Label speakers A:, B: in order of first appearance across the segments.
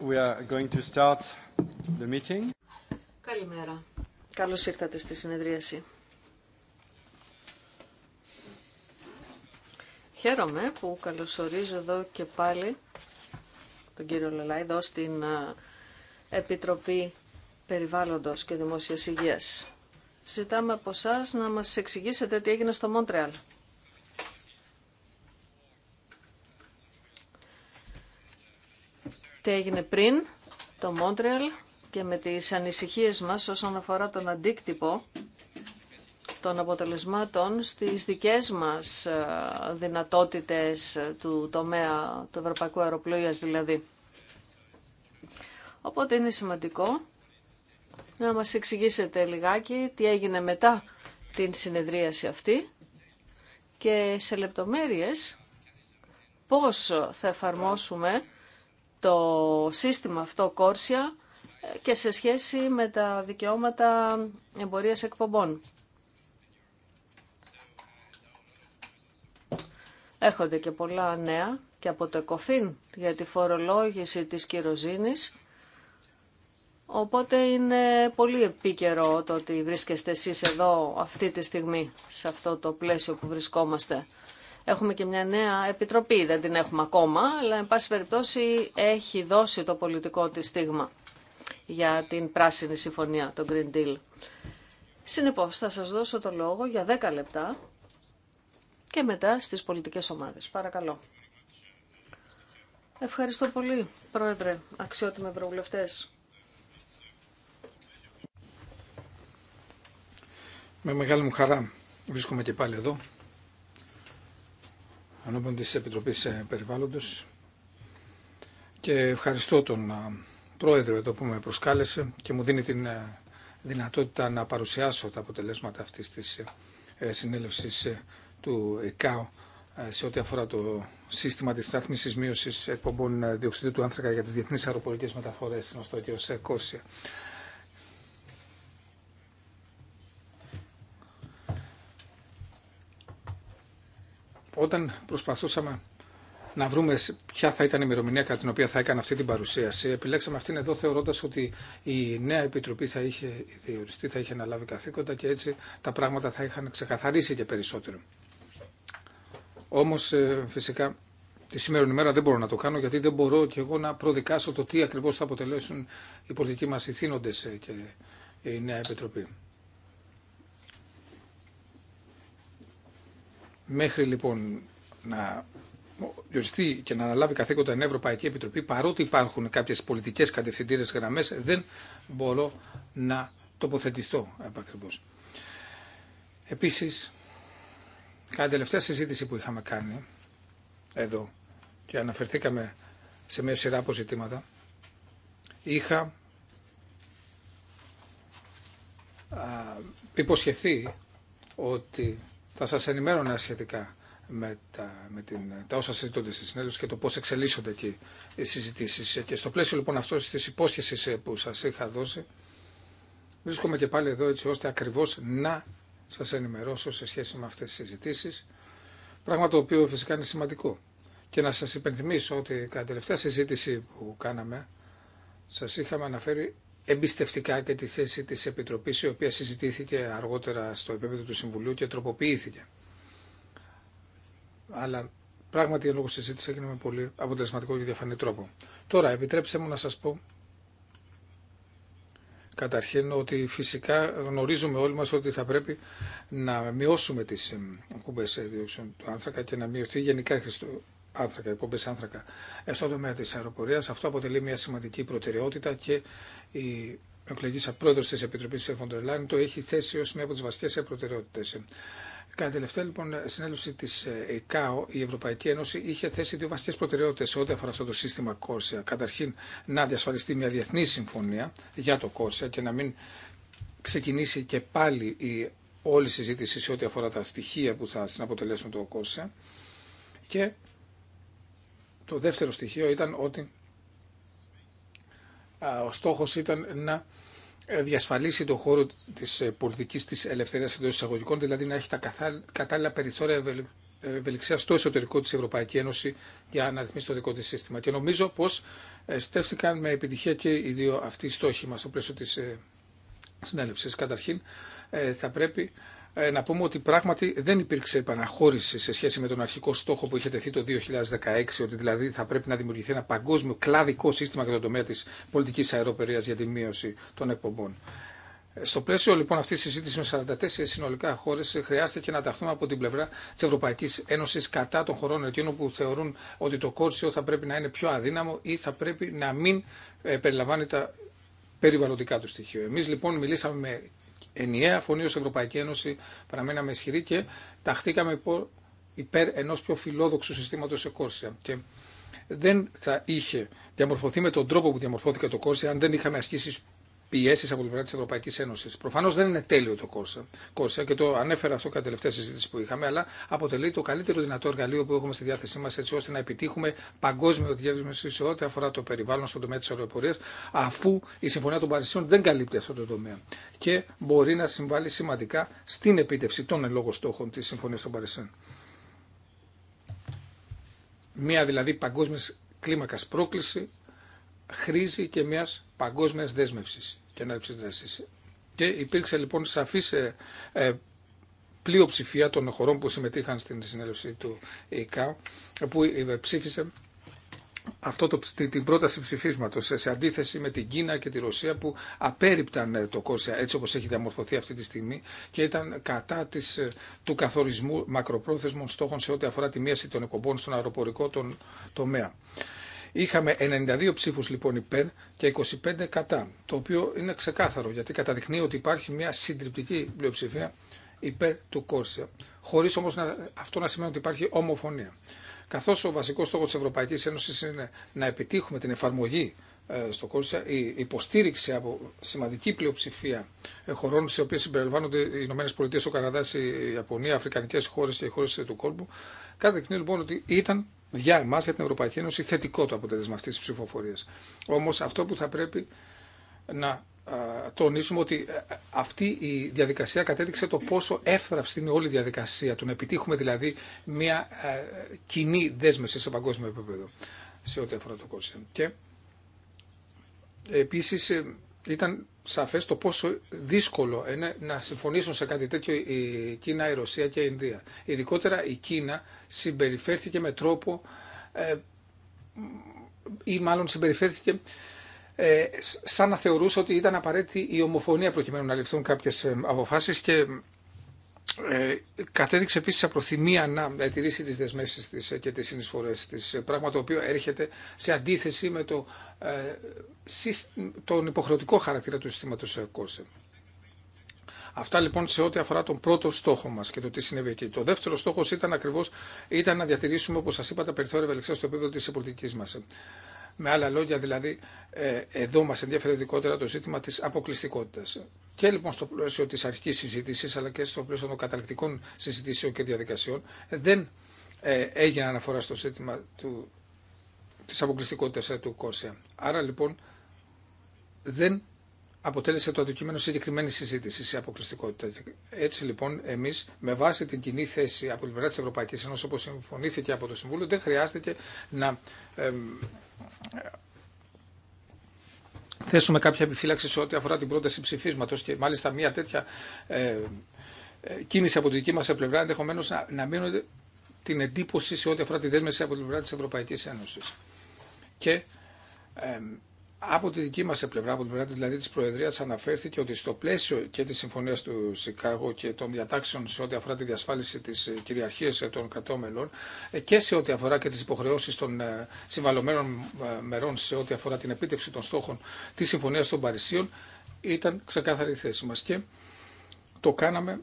A: we are going to start the meeting. Καλημέρα. Καλώς ήρθατε στη συνεδρίαση. Χαίρομαι που καλωσορίζω εδώ και πάλι τον κύριο Λελάη στην Επιτροπή Περιβάλλοντος και Δημόσιας Υγείας. Ζητάμε από εσά να μας εξηγήσετε τι έγινε στο Μόντρεαλ. τι έγινε πριν το Μόντρελ και με τις ανησυχίες μας όσον αφορά τον αντίκτυπο των αποτελεσμάτων στις δικές μας ε, δυνατότητες ε, του τομέα του Ευρωπαϊκού Αεροπλοίας δηλαδή. Οπότε είναι σημαντικό να μας εξηγήσετε λιγάκι τι έγινε μετά την συνεδρίαση αυτή και σε λεπτομέρειες πώς θα εφαρμόσουμε το σύστημα αυτό κόρσια ε, και σε σχέση με τα δικαιώματα εμπορίας εκπομπών. Έρχονται και πολλά νέα και από το ΕΚΟΦΗΝ για τη φορολόγηση της κυροζήνης. Οπότε είναι πολύ επίκαιρο το ότι βρίσκεστε εσείς εδώ αυτή τη στιγμή, σε αυτό το πλαίσιο που βρισκόμαστε. Έχουμε και μια νέα επιτροπή, δεν την έχουμε ακόμα, αλλά εν πάση περιπτώσει έχει δώσει το πολιτικό της στίγμα για την πράσινη συμφωνία, το Green Deal. Συνεπώς θα σας δώσω το λόγο για 10 λεπτά και μετά στις πολιτικές ομάδες. Παρακαλώ. Ευχαριστώ πολύ, Πρόεδρε, αξιότιμοι ευρωβουλευτές.
B: Με μεγάλη μου χαρά βρίσκομαι και πάλι εδώ Ανώπων της Επιτροπής ε, Περιβάλλοντος και ευχαριστώ τον ε, Πρόεδρο εδώ που με προσκάλεσε και μου δίνει την ε, δυνατότητα να παρουσιάσω τα αποτελέσματα αυτής της συνέλευσης του ΕΚΑΟ σε ό,τι αφορά το σύστημα της στάθμισης μείωσης εκπομπών διοξιδίου του άνθρακα για τις διεθνείς αεροπορικές μεταφορές, στην και ως όταν προσπαθούσαμε να βρούμε ποια θα ήταν η ημερομηνία κατά την οποία θα έκανε αυτή την παρουσίαση. Επιλέξαμε αυτήν εδώ θεωρώντας ότι η νέα επιτροπή θα είχε διοριστεί, θα είχε αναλάβει καθήκοντα και έτσι τα πράγματα θα είχαν ξεκαθαρίσει και περισσότερο. Όμως ε, φυσικά τη σήμερα ημέρα δεν μπορώ να το κάνω γιατί δεν μπορώ και εγώ να προδικάσω το τι ακριβώς θα αποτελέσουν οι πολιτικοί μας ηθήνοντες ε, και η νέα επιτροπή. Μέχρι λοιπόν να διοριστεί και να αναλάβει καθήκοντα η Ευρωπαϊκή Επιτροπή, παρότι υπάρχουν κάποιες πολιτικές κατευθυντήρε γραμμές, δεν μπορώ να τοποθετηθώ επακριβώς. Επίσης, κατά τελευταία συζήτηση που είχαμε κάνει εδώ και αναφερθήκαμε σε μια σειρά από ζητήματα, είχα υποσχεθεί ότι θα σας ενημέρωνα σχετικά με, τα, με την, τα όσα συζητούνται στη συνέλευση και το πώς εξελίσσονται εκεί οι συζητήσεις. Και στο πλαίσιο λοιπόν αυτό τη υπόσχεση που σας είχα δώσει, βρίσκομαι και πάλι εδώ έτσι ώστε ακριβώς να σας ενημερώσω σε σχέση με αυτές τις συζητήσεις, πράγμα το οποίο φυσικά είναι σημαντικό. Και να σας υπενθυμίσω ότι κατά τελευταία συζήτηση που κάναμε, σας είχαμε αναφέρει εμπιστευτικά και τη θέση της Επιτροπής η οποία συζητήθηκε αργότερα στο επίπεδο του Συμβουλίου και τροποποιήθηκε. Αλλά πράγματι η λόγω συζήτηση έγινε με πολύ αποτελεσματικό και διαφανή τρόπο. Τώρα επιτρέψτε μου να σας πω καταρχήν ότι φυσικά γνωρίζουμε όλοι μας ότι θα πρέπει να μειώσουμε τις ε, κουμπές ε, του άνθρακα και να μειωθεί γενικά η άνθρακα, εκπομπέ άνθρακα ε, στον τομέα τη αεροπορία. Αυτό αποτελεί μια σημαντική προτεραιότητα και η εκλεγή σαν πρόεδρο τη Επιτροπή Φοντρελάνη το έχει θέσει ω μια από τι βασικέ προτεραιότητε. Κατά τελευταία λοιπόν συνέλευση τη ε, ΕΚΑΟ, η Ευρωπαϊκή Ένωση είχε θέσει δύο βασικέ προτεραιότητε σε ό,τι αφορά αυτό το σύστημα Κόρσια. Καταρχήν, να διασφαλιστεί μια διεθνή συμφωνία για το Κόρσια και να μην ξεκινήσει και πάλι η όλη η συζήτηση σε ό,τι αφορά τα στοιχεία που θα συναποτελέσουν το Κόρσια. Και το δεύτερο στοιχείο ήταν ότι ο στόχος ήταν να διασφαλίσει το χώρο της ε, πολιτικής της ελευθερίας εντός εισαγωγικών, δηλαδή να έχει τα κατάλληλα περιθώρια ευελιξία στο εσωτερικό της Ευρωπαϊκή Ένωση για να ρυθμίσει το δικό της σύστημα. Και νομίζω πως ε, στέφθηκαν με επιτυχία και οι δύο αυτοί οι στόχοι μας στο πλαίσιο της ε, συνέλευσης. Καταρχήν θα πρέπει ε, να πούμε ότι πράγματι δεν υπήρξε επαναχώρηση σε σχέση με τον αρχικό στόχο που είχε τεθεί το 2016, ότι δηλαδή θα πρέπει να δημιουργηθεί ένα παγκόσμιο κλαδικό σύστημα για τον τομέα τη πολιτική αεροπορία για τη μείωση των εκπομπών. Ε, στο πλαίσιο λοιπόν αυτή τη συζήτηση με 44 συνολικά χώρε, ε, χρειάστηκε να ταχθούμε από την πλευρά τη Ευρωπαϊκή Ένωση κατά των χωρών εκείνων που θεωρούν ότι το κόρσιο θα πρέπει να είναι πιο αδύναμο ή θα πρέπει να μην περιλαμβάνει τα περιβαλλοντικά του στοιχεία. Εμεί λοιπόν μιλήσαμε με ενιαία φωνή ως Ευρωπαϊκή Ένωση παραμέναμε ισχυροί και ταχθήκαμε υπέρ ενός πιο φιλόδοξου συστήματος σε Κόρσια. Και δεν θα είχε διαμορφωθεί με τον τρόπο που διαμορφώθηκε το Κόρσια αν δεν είχαμε ασκήσει πιέσει από την πλευρά τη Ευρωπαϊκή Ένωση. Προφανώ δεν είναι τέλειο το Κόρσα, Κόρσα και το ανέφερα αυτό κατά τελευταία συζήτηση που είχαμε, αλλά αποτελεί το καλύτερο δυνατό εργαλείο που έχουμε στη διάθεσή μα έτσι ώστε να επιτύχουμε παγκόσμιο διεύθυνση σε ό,τι αφορά το περιβάλλον στον τομέα τη αεροπορία, αφού η Συμφωνία των Παρισιών δεν καλύπτει αυτό το τομέα και μπορεί να συμβάλλει σημαντικά στην επίτευξη των εν στόχων τη Συμφωνία των Παρισιών. Μία δηλαδή παγκόσμια κλίμακα πρόκληση χρήση και μιας παγκόσμιας δέσμευσης και να δράση. Και υπήρξε λοιπόν ε, ε, πλειοψηφία των χωρών που συμμετείχαν στην συνέλευση του ΙΚΑΟ που ε, ψήφισε αυτό το, την πρόταση ψηφίσματο σε αντίθεση με την Κίνα και τη Ρωσία που απέρριπταν ε, το Κόρσια έτσι όπω έχει διαμορφωθεί αυτή τη στιγμή και ήταν κατά της, του καθορισμού μακροπρόθεσμων στόχων σε ό,τι αφορά τη μίαση των εκπομπών στον αεροπορικό τον τομέα. Είχαμε 92 ψήφους λοιπόν υπέρ και 25 κατά, το οποίο είναι ξεκάθαρο γιατί καταδεικνύει ότι υπάρχει μια συντριπτική πλειοψηφία υπέρ του Κόρσια, χωρίς όμως να, αυτό να σημαίνει ότι υπάρχει ομοφωνία. Καθώς ο βασικός στόχος της Ευρωπαϊκής Ένωσης είναι να επιτύχουμε την εφαρμογή ε, στο Κόρσια, η υποστήριξη από σημαντική πλειοψηφία ε, χωρών σε οποίε συμπεριλαμβάνονται οι Ηνωμένε Πολιτείε, ο Καναδά, η Ιαπωνία, οι Αφρικανικέ χώρε και οι χώρε του κόλπου, καταδεικνύει λοιπόν ότι ήταν για εμά, για την Ευρωπαϊκή Ένωση, θετικό το αποτέλεσμα αυτή τη ψηφοφορία. Όμω αυτό που θα πρέπει να τονίσουμε ότι ε, αυτή η διαδικασία κατέδειξε το πόσο εύθραυστη είναι όλη η διαδικασία, του. να επιτύχουμε δηλαδή μια ε, κοινή δέσμευση σε παγκόσμιο επίπεδο σε ό,τι αφορά το κόσμο. Και επίσης ε, ήταν σαφές το πόσο δύσκολο είναι να συμφωνήσουν σε κάτι τέτοιο η Κίνα, η Ρωσία και η Ινδία. Ειδικότερα η Κίνα συμπεριφέρθηκε με τρόπο ε, ή μάλλον συμπεριφέρθηκε ε, σαν να θεωρούσε ότι ήταν απαραίτητη η ομοφωνία προκειμένου να ληφθούν κάποιες ε, αποφάσεις και ε, κατέδειξε επίση απροθυμία να ετηρήσει τι δεσμεύσει τη και τι συνεισφορέ τη. Πράγμα το οποίο έρχεται σε αντίθεση με το, ε, τον υποχρεωτικό χαρακτήρα του συστήματο ΚΟΣΕ. Αυτά λοιπόν σε ό,τι αφορά τον πρώτο στόχο μα και το τι συνέβη εκεί. Το δεύτερο στόχο ήταν ακριβώ ήταν να διατηρήσουμε, όπω σα είπα, τα περιθώρια ευελιξία στο επίπεδο τη πολιτική μα. Με άλλα λόγια, δηλαδή, ε, εδώ μας ενδιαφέρει ειδικότερα το ζήτημα τη αποκλειστικότητα. Και λοιπόν στο πλαίσιο τη αρχικής συζήτηση, αλλά και στο πλαίσιο των καταληκτικών συζητήσεων και διαδικασιών, δεν ε, έγινε αναφορά στο ζήτημα του, της αποκλειστικότητας ε, του Κόρσια. Άρα λοιπόν δεν αποτέλεσε το αντικείμενο συγκεκριμένη συζήτηση σε αποκλειστικότητα. Έτσι λοιπόν, εμεί με βάση την κοινή θέση από την πλευρά τη Ευρωπαϊκή Ένωση, όπω συμφωνήθηκε από το Συμβούλιο, δεν χρειάστηκε να θέσουμε κάποια επιφύλαξη σε ό,τι αφορά την πρόταση ψηφίσματος και μάλιστα μια τέτοια ε, ε κίνηση από τη δική μας πλευρά Ενδεχομένω, να, να μείνονται την εντύπωση σε ό,τι αφορά τη δέσμευση από την πλευρά της Ευρωπαϊκής Ένωσης. Και ε, από τη δική μα πλευρά, από την πλευρά δηλαδή της Προεδρίας, αναφέρθηκε ότι στο πλαίσιο και τη συμφωνία του Σικάγο και των διατάξεων σε ό,τι αφορά τη διασφάλιση τη ε, κυριαρχία ε, των κρατών μελών ε, και σε ό,τι αφορά και τι υποχρεώσει των συμβαλωμένων μερών σε ό,τι αφορά την επίτευξη των στόχων τη συμφωνία των Παρισίων, ήταν ξεκάθαρη η θέση μα. και το κάναμε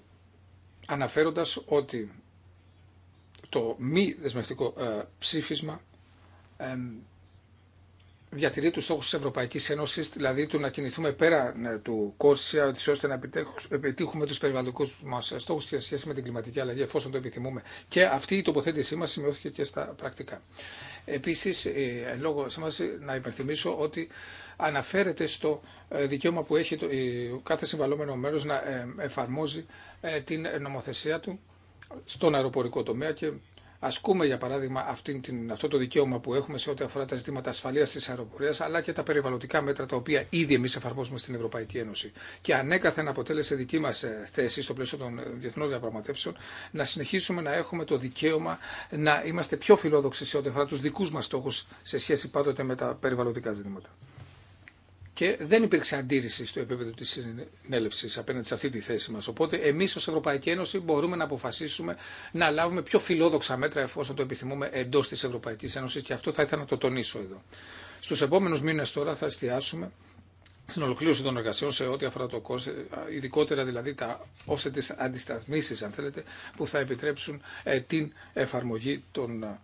B: αναφέροντα ότι το μη δεσμευτικό ψήφισμα διατηρεί του στόχου τη Ευρωπαϊκή Ένωση, δηλαδή του να κινηθούμε πέρα ναι, του Κόρσια, ώστε να επιτύχουμε του περιβαλλοντικού μας στόχους σε σχέση με την κλιματική αλλαγή, εφόσον το επιθυμούμε. Και αυτή η τοποθέτησή μα σημειώθηκε και στα πρακτικά. Επίσης, ε, λόγω σας να υπενθυμίσω ότι αναφέρεται στο ε, δικαίωμα που έχει το, ε, κάθε συμβαλόμενο μέρο να εφαρμόζει την νομοθεσία του στον αεροπορικό τομέα και ασκούμε για παράδειγμα αυτή την, αυτό το δικαίωμα που έχουμε σε ό,τι αφορά τα ζητήματα ασφαλεία τη αεροπορία, αλλά και τα περιβαλλοντικά μέτρα τα οποία ήδη εμεί εφαρμόζουμε στην Ευρωπαϊκή Ένωση. Και ανέκαθεν αποτέλεσε δική μα ε, θέση στο πλαίσιο των ε, διεθνών διαπραγματεύσεων να συνεχίσουμε να έχουμε το δικαίωμα να είμαστε πιο φιλόδοξοι σε ό,τι αφορά του δικού μα στόχου σε σχέση πάντοτε με τα περιβαλλοντικά ζητήματα και δεν υπήρξε αντίρρηση στο επίπεδο τη συνέλευση απέναντι σε αυτή τη θέση μα. Οπότε εμεί ω Ευρωπαϊκή Ένωση μπορούμε να αποφασίσουμε να λάβουμε πιο φιλόδοξα μέτρα εφόσον το επιθυμούμε εντό τη Ευρωπαϊκή Ένωση και αυτό θα ήθελα να το τονίσω εδώ. Στου επόμενου μήνε τώρα θα εστιάσουμε στην ολοκλήρωση των εργασιών σε ό,τι αφορά το κόστο, ειδικότερα δηλαδή τα offset τη αντισταθμίσεις αν θέλετε, που θα επιτρέψουν ε, την εφαρμογή των ε,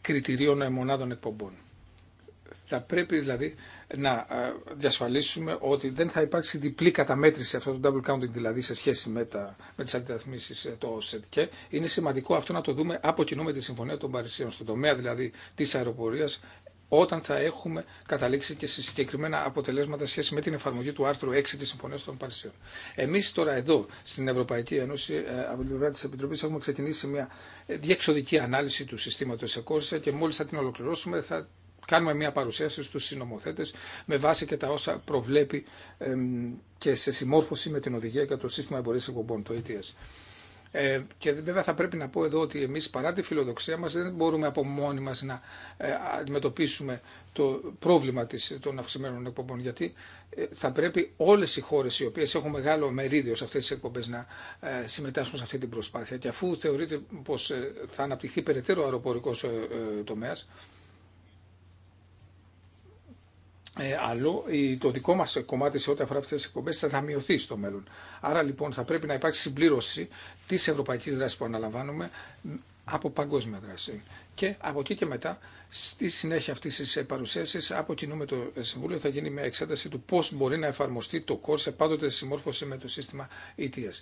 B: κριτηρίων ε, μονάδων εκπομπών. Θα πρέπει δηλαδή να ε, διασφαλίσουμε ότι δεν θα υπάρξει διπλή καταμέτρηση αυτό το double counting δηλαδή σε σχέση με, τα, με τις αντιταθμίσεις ε, το offset και είναι σημαντικό αυτό να το δούμε από κοινού με τη Συμφωνία των Παρισίων στον τομέα δηλαδή της αεροπορίας όταν θα έχουμε καταλήξει και σε συγκεκριμένα αποτελέσματα σχέση με την εφαρμογή του άρθρου 6 της συμφωνία των Παρισίων. Εμείς τώρα εδώ στην Ευρωπαϊκή Ένωση ε, από την πλευρά της Επιτροπής έχουμε ξεκινήσει μια διεξοδική ανάλυση του συστήματος και μόλις θα την ολοκληρώσουμε θα κάνουμε μια παρουσίαση στους συνομοθέτες με βάση και τα όσα προβλέπει και σε συμμόρφωση με την οδηγία για το σύστημα εμπορίας εκπομπών, το ETS. Ε, και βέβαια θα πρέπει να πω εδώ ότι εμείς παρά τη φιλοδοξία μας δεν μπορούμε από μόνοι μας να ε, αντιμετωπίσουμε το πρόβλημα της, των αυξημένων εκπομπών γιατί ε, θα πρέπει όλες οι χώρες οι οποίες έχουν μεγάλο μερίδιο σε αυτές τις εκπομπές να ε, συμμετάσχουν σε αυτή την προσπάθεια και αφού θεωρείται πως θα αναπτυχθεί περαιτέρω αεροπορικός τομέας ε, αλλού το δικό μας κομμάτι σε ό,τι αφορά αυτές τις εκπομπές θα, θα μειωθεί στο μέλλον. Άρα λοιπόν θα πρέπει να υπάρξει συμπλήρωση της ευρωπαϊκής δράσης που αναλαμβάνουμε από παγκόσμια δράση. Και από εκεί και μετά, στη συνέχεια αυτή τη παρουσίαση, από το Συμβούλιο θα γίνει μια εξέταση του πώ μπορεί να εφαρμοστεί το ΚΟΡ σε πάντοτε συμμόρφωση με το σύστημα ETS.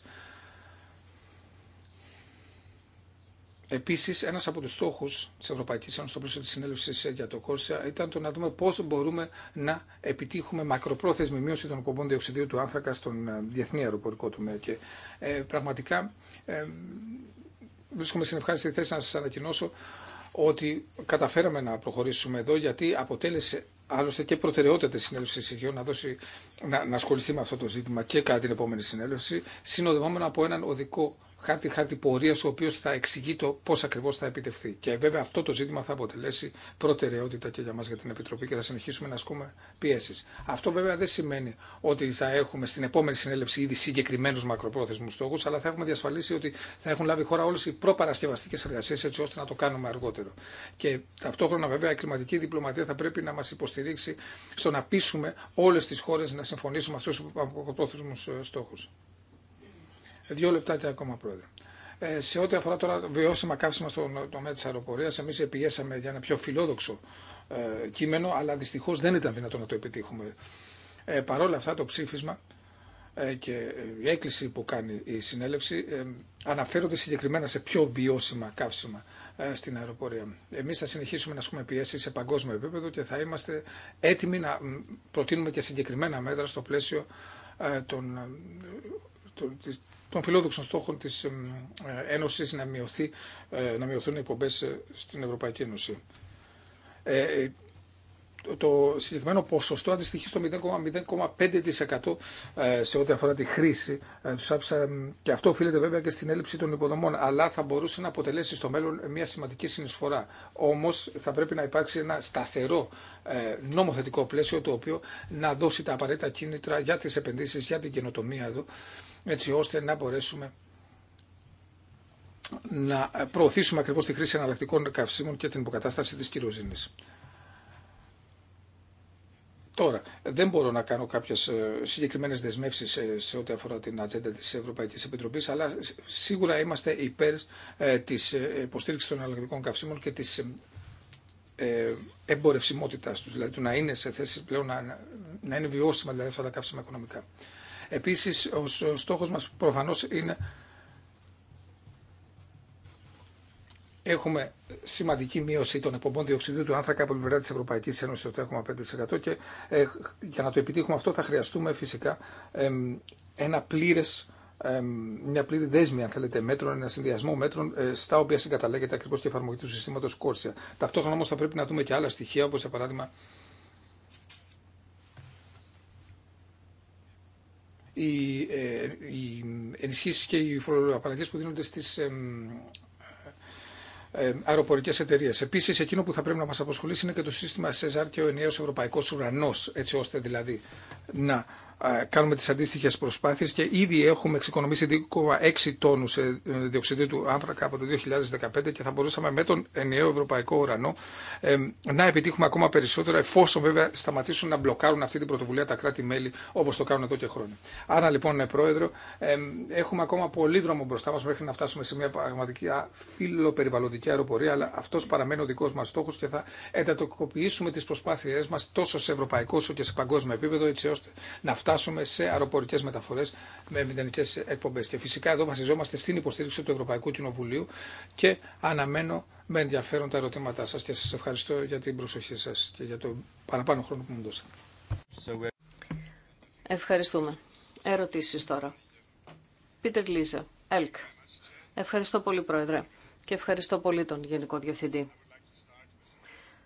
B: Επίση, ένα από του στόχου τη Ευρωπαϊκή Ένωση στο πλαίσιο τη συνέλευση για το Κόρσια ήταν το να δούμε πώ μπορούμε να επιτύχουμε μακροπρόθεσμη μείωση των κομπών διοξιδίου του άνθρακα στον ε, διεθνή αεροπορικό τομέα. Και ε, πραγματικά ε, βρίσκομαι στην ευχάριστη θέση να σα ανακοινώσω ότι καταφέραμε να προχωρήσουμε εδώ γιατί αποτέλεσε άλλωστε και προτεραιότητα τη συνέλευση ηγείων να, δώσει, να, να ασχοληθεί με αυτό το ζήτημα και κατά την επόμενη συνέλευση, συνοδευόμενο από έναν οδικό χάρτη, χάρτη πορεία ο οποίο θα εξηγεί το πώ ακριβώς θα επιτευχθεί. Και βέβαια αυτό το ζήτημα θα αποτελέσει προτεραιότητα και για μα για την Επιτροπή και θα συνεχίσουμε να ασκούμε πιέσει. Αυτό βέβαια δεν σημαίνει ότι θα έχουμε στην επόμενη συνέλευση ήδη συγκεκριμένου μακροπρόθεσμου στόχου, αλλά θα έχουμε διασφαλίσει ότι θα έχουν λάβει χώρα όλε οι προπαρασκευαστικέ εργασίε έτσι ώστε να το κάνουμε αργότερο. Και ταυτόχρονα βέβαια η κλιματική διπλωματία θα πρέπει να μα υποστηρίξει στο να πείσουμε όλε τι χώρε να συμφωνήσουμε αυτού του μακροπρόθεσμου ε, στόχου. Δύο λεπτά και ακόμα, Πρόεδρε. Ε, σε ό,τι αφορά τώρα βιώσιμα καύσιμα στο τομέα τη αεροπορία, εμεί επιέσαμε για ένα πιο φιλόδοξο ε, κείμενο, αλλά δυστυχώ δεν ήταν δυνατό να το επιτύχουμε. Ε, Παρ' όλα αυτά, το ψήφισμα ε, και η έκκληση που κάνει η συνέλευση ε, αναφέρονται συγκεκριμένα σε πιο βιώσιμα καύσιμα ε, στην αεροπορία. Εμεί θα συνεχίσουμε να ασκούμε πιέσει σε παγκόσμιο επίπεδο και θα είμαστε έτοιμοι να προτείνουμε και συγκεκριμένα μέτρα στο πλαίσιο των φιλόδοξων στόχων της ε, Ένωσης να, μειωθεί, ε, να μειωθούν οι εκπομπές ε, στην Ευρωπαϊκή Ένωση. Το συγκεκριμένο ποσοστό αντιστοιχεί στο 0,5% σε ό,τι αφορά τη χρήση του ΣΑΠΣΑ και αυτό οφείλεται βέβαια και στην έλλειψη των υποδομών, αλλά θα μπορούσε να αποτελέσει στο μέλλον μια σημαντική συνεισφορά. Όμω θα πρέπει να υπάρξει ένα σταθερό νομοθετικό πλαίσιο το οποίο να δώσει τα απαραίτητα κίνητρα για τι επενδύσει, για την καινοτομία εδώ έτσι ώστε να μπορέσουμε να προωθήσουμε ακριβώς τη χρήση εναλλακτικών καυσίμων και την υποκατάσταση της κυροζήνης. Τώρα, δεν μπορώ να κάνω κάποιε συγκεκριμένε δεσμεύσει ε, σε, ό,τι αφορά την ατζέντα τη Ευρωπαϊκή Επιτροπή, αλλά σίγουρα είμαστε υπέρ ε, της τη ε, υποστήριξη των εναλλακτικών καυσίμων και τη εμπορευσιμότητά του. Δηλαδή, του να είναι σε θέση πλέον να, να είναι βιώσιμα δηλαδή, αυτά τα καύσιμα οικονομικά. Επίσης, ο στόχος μας προφανώς είναι έχουμε σημαντική μείωση των εκπομπών διοξιδίου του άνθρακα από την πλευρά τη Ευρωπαϊκή Ένωση έχουμε 5% και ε, για να το επιτύχουμε αυτό θα χρειαστούμε φυσικά ε, ένα πλήρες, μια πλήρη δέσμη, αν θέλετε, μέτρων, ένα συνδυασμό μέτρων ε, στα οποία συγκαταλέγεται ακριβώ και η εφαρμογή του συστήματο Κόρσια. Ταυτόχρονα όμω θα πρέπει να δούμε και άλλα στοιχεία, όπω για παράδειγμα οι, ε, οι ενισχύσεις και οι φοροαπαλλαγές που δίνονται στις ε, αεροπορικές εταιρείες. Επίσης, εκείνο που θα πρέπει να μας απασχολήσει είναι και το σύστημα ΣΕΖΑΡ και ο ενιαίος ευρωπαϊκός ουρανός, έτσι ώστε δηλαδή να κάνουμε τις αντίστοιχες προσπάθειες και ήδη έχουμε εξοικονομήσει 2,6 τόνους ε, διοξιδίου του άνθρακα από το 2015 και θα μπορούσαμε με τον ενιαίο ευρωπαϊκό ουρανό ε, να επιτύχουμε ακόμα περισσότερο εφόσον βέβαια σταματήσουν να μπλοκάρουν αυτή την πρωτοβουλία τα κράτη-μέλη όπως το κάνουν εδώ και χρόνια. Άρα λοιπόν ε, Πρόεδρο, έχουμε ακόμα πολύ δρόμο μπροστά μας μέχρι να φτάσουμε σε μια πραγματική φιλοπεριβαλλοντική αεροπορία αλλά αυτός παραμένει ο δικός μας στόχος και θα εντατοκοποιήσουμε τις προσπάθειές μας τόσο σε ευρωπαϊκό όσο και σε παγκόσμιο επίπεδο έτσι ώστε να φτάσουμε σε αεροπορικέ μεταφορέ με μηδενικέ εκπομπέ. Και φυσικά εδώ βασιζόμαστε στην υποστήριξη του Ευρωπαϊκού Κοινοβουλίου και αναμένω με ενδιαφέρον τα ερωτήματά σα και σα ευχαριστώ για την προσοχή σα και για το παραπάνω
A: χρόνο που μου δώσατε. Ευχαριστούμε. ερωτήσει τώρα. Πίτερ Λίζα, ΕΛΚ. Ευχαριστώ πολύ, Πρόεδρε, και ευχαριστώ πολύ τον Γενικό Διευθυντή.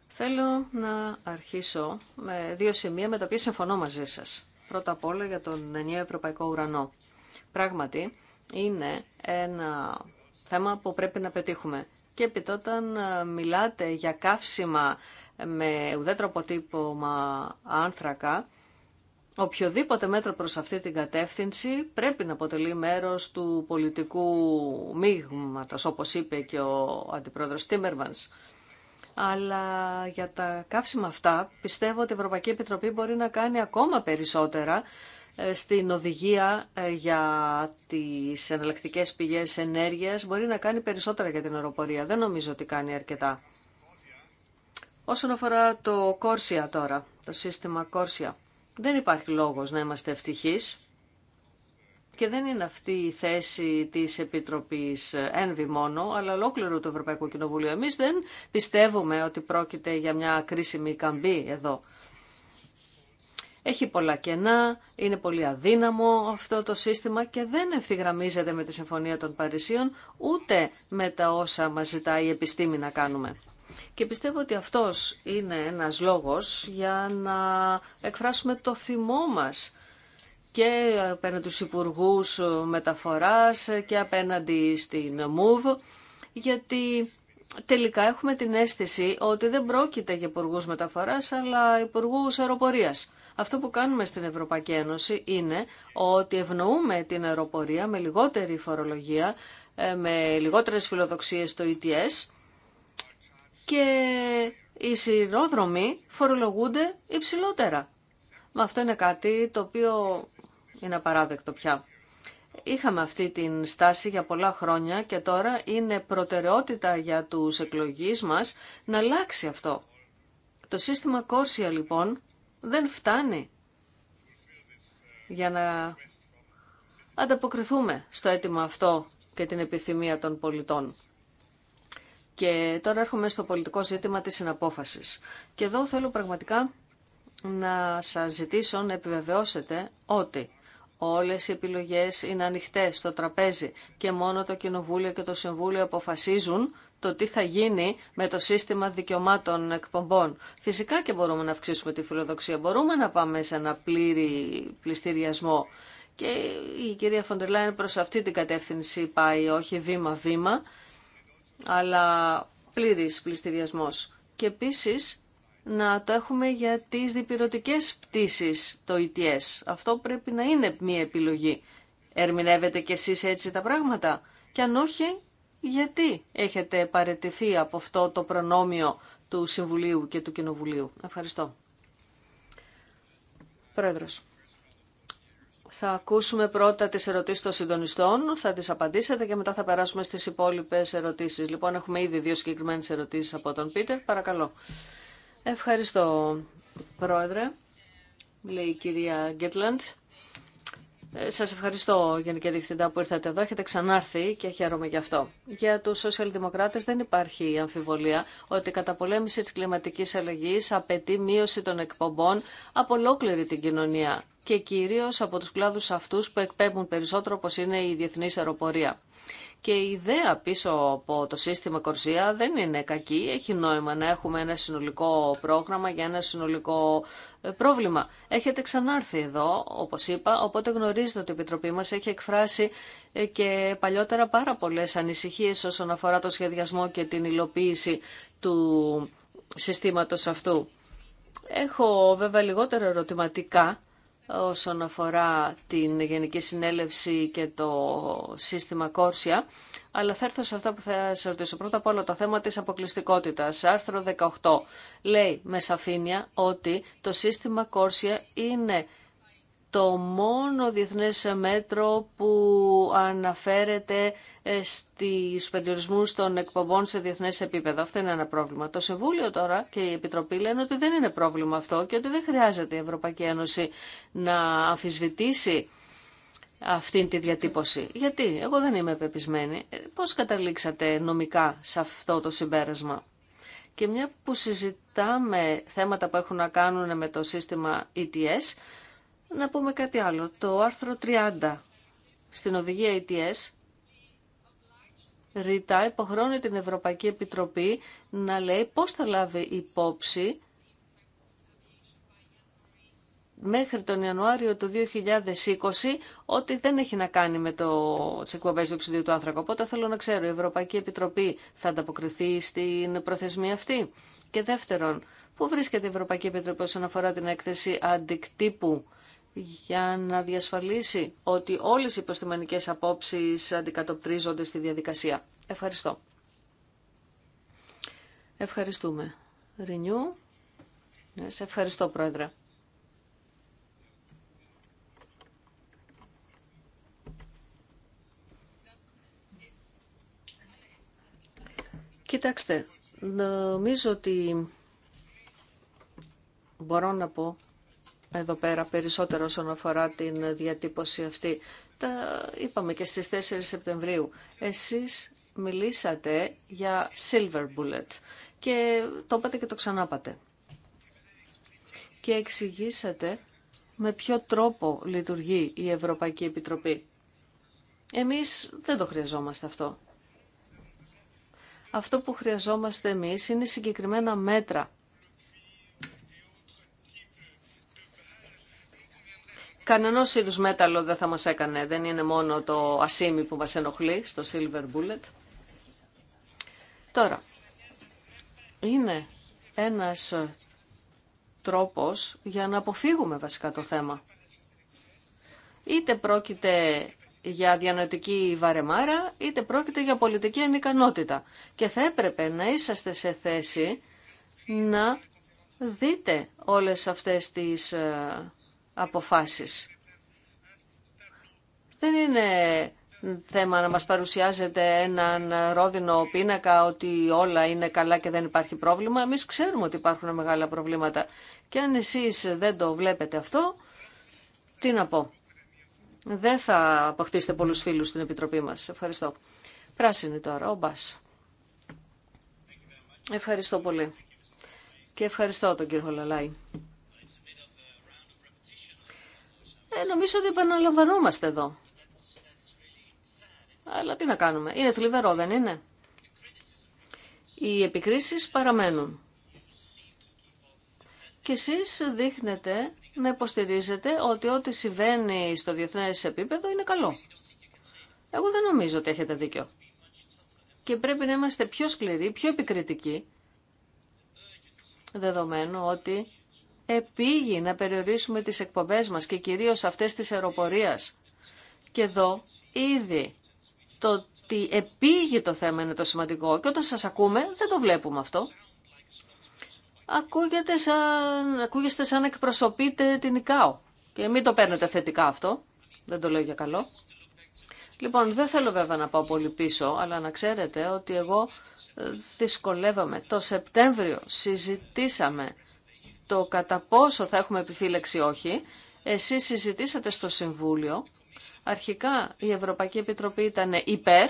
A: Θέλω να αρχίσω με δύο σημεία με τα οποία συμφωνώ μαζί σας. Πρώτα απ' όλα για τον ενιαίο ευρωπαϊκό ουρανό. Πράγματι, είναι ένα θέμα που πρέπει να πετύχουμε. Και επί όταν ε, μιλάτε για καύσιμα με ουδέτερο αποτύπωμα άνθρακα, οποιοδήποτε μέτρο προς αυτή την κατεύθυνση πρέπει να αποτελεί μέρος του πολιτικού μείγματος, όπως είπε και ο Αντιπρόεδρος Τίμερμανς. Αλλά για τα καύσιμα αυτά πιστεύω ότι η Ευρωπαϊκή Επιτροπή μπορεί να κάνει ακόμα περισσότερα ε, στην οδηγία ε, για τις εναλλακτικέ πηγές ενέργειας μπορεί να κάνει περισσότερα για την αεροπορία. Δεν νομίζω ότι κάνει αρκετά. Όσον αφορά το Κόρσια τώρα, το σύστημα Κόρσια, δεν υπάρχει λόγος να είμαστε ευτυχείς. Και δεν είναι αυτή η θέση της Επιτροπής ένβη μόνο, αλλά ολόκληρου του Ευρωπαϊκού Κοινοβουλίου. Εμεί δεν πιστεύουμε ότι πρόκειται για μια κρίσιμη καμπή εδώ. Έχει πολλά κενά, είναι πολύ αδύναμο αυτό το σύστημα και δεν ευθυγραμμίζεται με τη Συμφωνία των Παρισίων, ούτε με τα όσα μας ζητάει η επιστήμη να κάνουμε. Και πιστεύω ότι αυτός είναι ένας λόγος για να εκφράσουμε το θυμό μας και απέναντι στους υπουργούς μεταφοράς και απέναντι στην ΜΟΥΒ, γιατί τελικά έχουμε την αίσθηση ότι δεν πρόκειται για υπουργού μεταφοράς, αλλά υπουργού αεροπορίας. Αυτό που κάνουμε στην Ευρωπαϊκή Ένωση είναι ότι ευνοούμε την αεροπορία με λιγότερη φορολογία, ε, με λιγότερες φιλοδοξίες στο ETS και οι συνόδρομοι φορολογούνται υψηλότερα μα Αυτό είναι κάτι το οποίο είναι απαράδεκτο πια. Είχαμε αυτή την στάση για πολλά χρόνια και τώρα είναι προτεραιότητα για τους εκλογείς μας να αλλάξει αυτό. Το σύστημα Κόρσια λοιπόν δεν φτάνει για να ανταποκριθούμε στο αίτημα αυτό και την επιθυμία των πολιτών. Και τώρα έρχομαι στο πολιτικό ζήτημα της συναπόφασης. Και εδώ θέλω πραγματικά να σας ζητήσω να επιβεβαιώσετε ότι όλες οι επιλογές είναι ανοιχτές στο τραπέζι και μόνο το Κοινοβούλιο και το Συμβούλιο αποφασίζουν το τι θα γίνει με το σύστημα δικαιωμάτων εκπομπών. Φυσικά και μπορούμε να αυξήσουμε τη φιλοδοξία, μπορούμε να πάμε σε ένα πλήρη πληστηριασμό. Και η κυρία Φοντερλάιν προς αυτή την κατεύθυνση πάει, όχι βήμα-βήμα, αλλά πλήρης πληστηριασμός. Και επίσης να το έχουμε για τις διπυρωτικές πτήσεις το ETS. Αυτό πρέπει να είναι μία επιλογή. Ερμηνεύετε κι εσείς έτσι τα πράγματα. Και αν όχι, γιατί έχετε παρετηθεί από αυτό το προνόμιο του Συμβουλίου και του Κοινοβουλίου. Ευχαριστώ. Πρόεδρος. Θα ακούσουμε πρώτα τις ερωτήσεις των συντονιστών, θα τις απαντήσετε και μετά θα περάσουμε στις υπόλοιπες ερωτήσεις. Λοιπόν, έχουμε ήδη δύο συγκεκριμένες ερωτήσεις από τον Πίτερ. Παρακαλώ. Ευχαριστώ, Πρόεδρε, λέει η κυρία Γκέτλαντ. Ε, σας ευχαριστώ, Γενική Διευθυντά, που ήρθατε εδώ. Έχετε ξανάρθει και χαίρομαι γι' αυτό. Για τους σοσιαλδημοκράτες δεν υπάρχει αμφιβολία ότι η καταπολέμηση της κλιματικής αλλαγής απαιτεί μείωση των εκπομπών από ολόκληρη την κοινωνία και κυρίως από τους κλάδους αυτούς που εκπέμπουν περισσότερο όπως είναι η διεθνής αεροπορία. Και η ιδέα πίσω από το σύστημα Κορσία δεν είναι κακή. Έχει νόημα να έχουμε ένα συνολικό πρόγραμμα για ένα συνολικό ε, πρόβλημα. Έχετε ξανάρθει εδώ, όπως είπα, οπότε γνωρίζετε ότι η Επιτροπή μας έχει εκφράσει ε, και παλιότερα πάρα πολλές ανησυχίες όσον αφορά το σχεδιασμό και την υλοποίηση του συστήματος αυτού. Έχω βέβαια λιγότερα ερωτηματικά όσον αφορά την Γενική Συνέλευση και το σύστημα Κόρσια, αλλά θα έρθω σε αυτά που θα σα ρωτήσω. Πρώτα απ' όλα το θέμα της αποκλειστικότητας. Άρθρο 18 λέει με σαφήνεια ότι το σύστημα Κόρσια είναι το μόνο διεθνές μέτρο που αναφέρεται ε, στις περιορισμούς των εκπομπών σε διεθνές επίπεδο. Αυτό είναι ένα πρόβλημα. Το Συμβούλιο τώρα και η Επιτροπή λένε ότι δεν είναι πρόβλημα αυτό και ότι δεν χρειάζεται η Ευρωπαϊκή Ένωση να αμφισβητήσει αυτή τη διατύπωση. Γιατί εγώ δεν είμαι πεπισμένη. Ε, πώς καταλήξατε νομικά σε αυτό το συμπέρασμα. Και μια που συζητάμε θέματα που έχουν να κάνουν με το σύστημα ETS, να πούμε κάτι άλλο. Το άρθρο 30 στην οδηγία ETS ε ρητά υποχρώνει την Ευρωπαϊκή Επιτροπή να λέει πώς θα λάβει υπόψη μέχρι τον Ιανουάριο του 2020 ότι δεν έχει να κάνει με το εκπομπέ οξυδιού του άνθρακα. Οπότε θέλω να ξέρω, η Ευρωπαϊκή Επιτροπή θα ανταποκριθεί στην προθεσμία αυτή. Και δεύτερον, πού βρίσκεται η Ευρωπαϊκή Επιτροπή όσον αφορά την έκθεση αντικτύπου για να διασφαλίσει ότι όλες οι υποστημονικές απόψεις αντικατοπτρίζονται στη διαδικασία. Ευχαριστώ. Ευχαριστούμε. Ρινιού. Ναι, σε ευχαριστώ, Πρόεδρε. Κοιτάξτε, νομίζω ότι μπορώ να πω εδώ πέρα περισσότερο όσον αφορά την διατύπωση αυτή. Τα είπαμε και στις 4 Σεπτεμβρίου. Εσείς μιλήσατε για silver bullet και το είπατε και το ξανάπατε. Και εξηγήσατε με ποιο τρόπο λειτουργεί η Ευρωπαϊκή Επιτροπή. Εμείς δεν το χρειαζόμαστε αυτό. Αυτό που χρειαζόμαστε εμείς είναι συγκεκριμένα μέτρα Κανενός είδου μέταλλο δεν θα μας έκανε. Δεν είναι μόνο το ασίμι που μας ενοχλεί στο Silver Bullet. Τώρα, είναι ένας τρόπος για να αποφύγουμε βασικά το θέμα. Είτε πρόκειται για διανοητική βαρεμάρα, είτε πρόκειται για πολιτική ανικανότητα. Και θα έπρεπε να είσαστε σε θέση να δείτε όλες αυτές τις ε, αποφάσεις. Δεν είναι θέμα να μας παρουσιάζεται έναν ρόδινο πίνακα ότι όλα είναι καλά και δεν υπάρχει πρόβλημα. Εμείς ξέρουμε ότι υπάρχουν μεγάλα προβλήματα. Και αν εσείς δεν το βλέπετε αυτό, τι να πω. Δεν θα αποκτήσετε πολλούς φίλους στην Επιτροπή μας. Ευχαριστώ. Πράσινη τώρα, ο Μπάς. Ευχαριστώ πολύ. Και ευχαριστώ τον κύριο Λαλάη. Ε, νομίζω ότι επαναλαμβανόμαστε εδώ. Αλλά τι να κάνουμε. Είναι θλιβερό, δεν είναι. Οι επικρίσεις παραμένουν. Και εσείς δείχνετε να υποστηρίζετε ότι ό,τι συμβαίνει στο διεθνές επίπεδο είναι καλό. Εγώ δεν νομίζω ότι έχετε δίκιο. Και πρέπει να είμαστε πιο σκληροί, πιο επικριτικοί, δεδομένου ότι επίγει να περιορίσουμε τις εκπομπές μας και κυρίως αυτές της αεροπορίας. Και εδώ ήδη το ότι επίγει το θέμα είναι το σημαντικό και όταν σας ακούμε δεν το βλέπουμε αυτό. Ακούγεται σαν, ακούγεστε σαν εκπροσωπείτε την ΙΚΑΟ και μην το παίρνετε θετικά αυτό, δεν το λέω για καλό. Λοιπόν, δεν θέλω βέβαια να πάω πολύ πίσω, αλλά να ξέρετε ότι εγώ ε, δυσκολεύομαι. Το Σεπτέμβριο συζητήσαμε το κατά πόσο θα έχουμε επιφύλαξη όχι, εσείς συζητήσατε στο Συμβούλιο. Αρχικά η Ευρωπαϊκή Επιτροπή ήταν υπέρ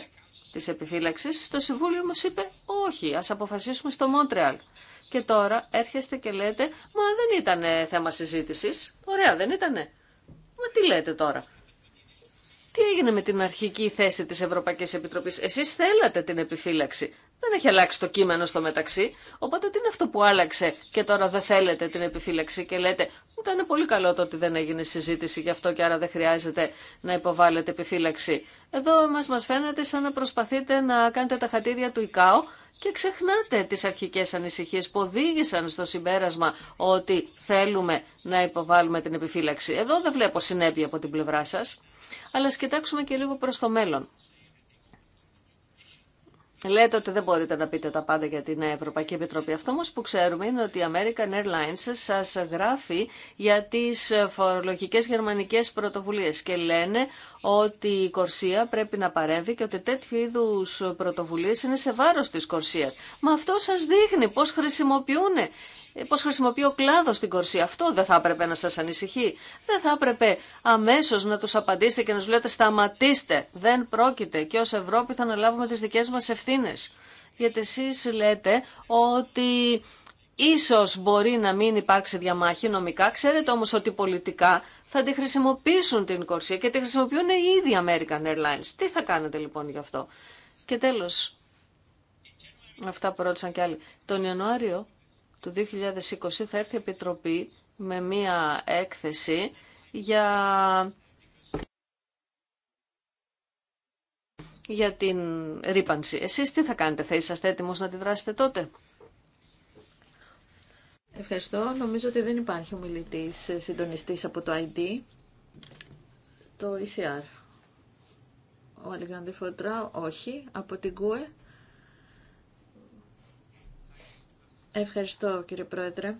A: της επιφύλαξης, στο Συμβούλιο όμως είπε όχι, ας αποφασίσουμε στο Μόντρεαλ. Και τώρα έρχεστε και λέτε, μα δεν ήταν θέμα συζήτησης, ωραία δεν ήτανε. Μα τι λέτε τώρα. Τι έγινε με την αρχική θέση της Ευρωπαϊκής Επιτροπής. Εσείς θέλατε την επιφύλαξη. Δεν έχει αλλάξει το κείμενο στο μεταξύ. Οπότε τι είναι αυτό που άλλαξε και τώρα δεν θέλετε την επιφύλαξη και λέτε ήταν πολύ καλό το ότι δεν έγινε συζήτηση γι' αυτό και άρα δεν χρειάζεται να υποβάλλετε επιφύλαξη. Εδώ μας, μας φαίνεται σαν να προσπαθείτε να κάνετε τα χατήρια του ΙΚΑΟ και ξεχνάτε τις αρχικές ανησυχίες που οδήγησαν στο συμπέρασμα ότι θέλουμε να υποβάλουμε την επιφύλαξη. Εδώ δεν βλέπω συνέπεια από την πλευρά σας, αλλά σκετάξουμε κοιτάξουμε και λίγο προς το μέλλον. Λέτε ότι δεν μπορείτε να πείτε τα πάντα για την Ευρωπαϊκή Επιτροπή. Αυτό όμω που ξέρουμε είναι ότι η American Airlines σας γράφει για τι φορολογικές γερμανικές πρωτοβουλίε και λένε ότι η Κορσία πρέπει να παρεύει και ότι τέτοιου είδους πρωτοβουλίε είναι σε βάρος της Κορσίας. Μα αυτό σας δείχνει πώς χρησιμοποιούν ε, Πώ χρησιμοποιεί ο κλάδο την κορσία. Αυτό δεν θα έπρεπε να σα ανησυχεί. Δεν θα έπρεπε αμέσω να του απαντήσετε και να του λέτε σταματήστε. Δεν πρόκειται και ω Ευρώπη θα αναλάβουμε τι δικέ μα ευθύνε. Γιατί εσεί λέτε ότι ίσω μπορεί να μην υπάρξει διαμάχη νομικά. Ξέρετε όμω ότι πολιτικά θα τη χρησιμοποιήσουν την κορσία και τη χρησιμοποιούν οι ίδιοι American Airlines. Τι θα κάνετε λοιπόν γι' αυτό. Και τέλο. αυτά που ρώτησαν κι άλλοι. Τον Ιανουάριο το 2020 θα έρθει η Επιτροπή με μία έκθεση για, για την ρήπανση. Εσείς τι θα κάνετε, θα είσαστε έτοιμος να δράσετε τότε. Ευχαριστώ. Νομίζω ότι
C: δεν υπάρχει ομιλητής ε, συντονιστής από το ID, το ECR. Ο Αλεγάνδη Φωτρά, όχι. Από την ΚΟΕ, Ευχαριστώ κύριε Πρόεδρε.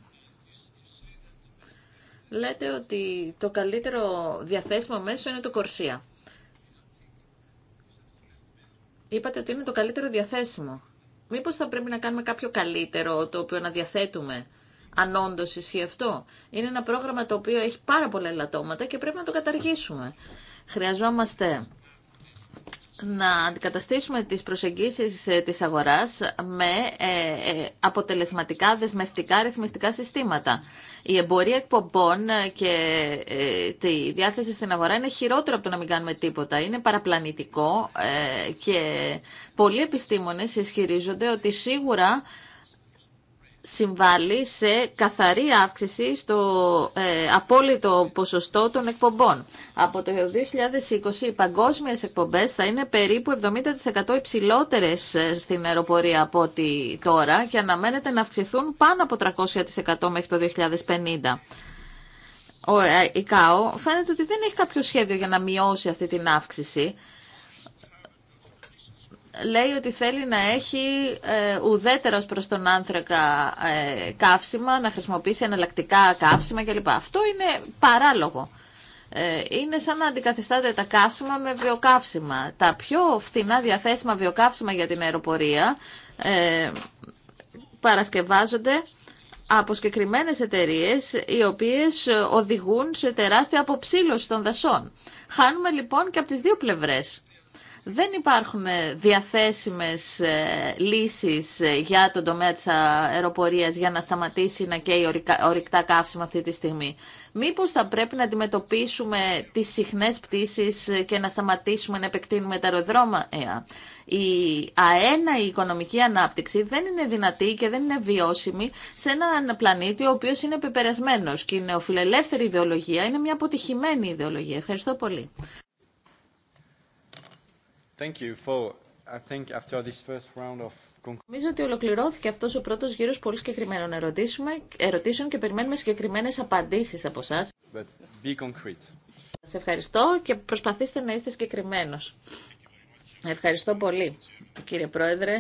C: Λέτε ότι το καλύτερο διαθέσιμο μέσο είναι το Κορσία. Είπατε ότι είναι το καλύτερο διαθέσιμο. Μήπως θα πρέπει να κάνουμε κάποιο καλύτερο το οποίο να διαθέτουμε, αν όντω ισχύει αυτό. Είναι ένα πρόγραμμα το οποίο έχει πάρα πολλά ελαττώματα και πρέπει να το καταργήσουμε. Χρειαζόμαστε να αντικαταστήσουμε τις προσεγγίσεις ε, της αγοράς με ε, ε, αποτελεσματικά δεσμευτικά ρυθμιστικά συστήματα. Η εμπορία εκπομπών και τη διάθεση στην αγορά είναι χειρότερο από το να μην κάνουμε τίποτα. Είναι παραπλανητικό και πολλοί επιστήμονες ισχυρίζονται ότι σίγουρα συμβάλλει σε καθαρή αύξηση στο ε, απόλυτο ποσοστό των εκπομπών. Από το 2020 οι παγκόσμιες εκπομπές θα είναι περίπου 70% υψηλότερες ε, στην αεροπορία από ό,τι τώρα και αναμένεται να αυξηθούν πάνω από 300% μέχρι το 2050. Ο ΙΚΑΟ ε, φαίνεται ότι δεν έχει κάποιο σχέδιο για να μειώσει αυτή την αύξηση λέει ότι θέλει να έχει ε, ουδέτερος προς τον άνθρακα ε, καύσιμα, να χρησιμοποιήσει εναλλακτικά καύσιμα κλπ. Αυτό είναι παράλογο. Ε, είναι σαν να αντικαθιστάτε τα καύσιμα με βιοκαύσιμα. Τα πιο φθηνά διαθέσιμα βιοκαύσιμα για την αεροπορία ε, παρασκευάζονται από συγκεκριμένε εταιρείε οι οποίε οδηγούν σε τεράστια αποψήλωση των δασών. Χάνουμε λοιπόν και από τι δύο πλευρέ δεν υπάρχουν διαθέσιμες ε, λύσεις ε, για τον τομέα της αεροπορίας για να σταματήσει να καίει ορυκτά καύσιμα αυτή τη στιγμή. Μήπως θα πρέπει να αντιμετωπίσουμε τις συχνές πτήσεις ε, και να σταματήσουμε να επεκτείνουμε τα αεροδρόμια. Η αένα η οικονομική ανάπτυξη δεν είναι δυνατή και δεν είναι βιώσιμη σε έναν πλανήτη ο οποίος είναι πεπερασμένος και η νεοφιλελεύθερη ιδεολογία είναι μια αποτυχημένη ιδεολογία. Ευχαριστώ πολύ. Νομίζω ότι ολοκληρώθηκε αυτό ο πρώτος γύρος πολύ συγκεκριμένων ερωτήσεων και περιμένουμε συγκεκριμένε απαντήσεις από εσά. Σας ευχαριστώ και προσπαθήστε να είστε συγκεκριμένο. Ευχαριστώ πολύ, κύριε Πρόεδρε.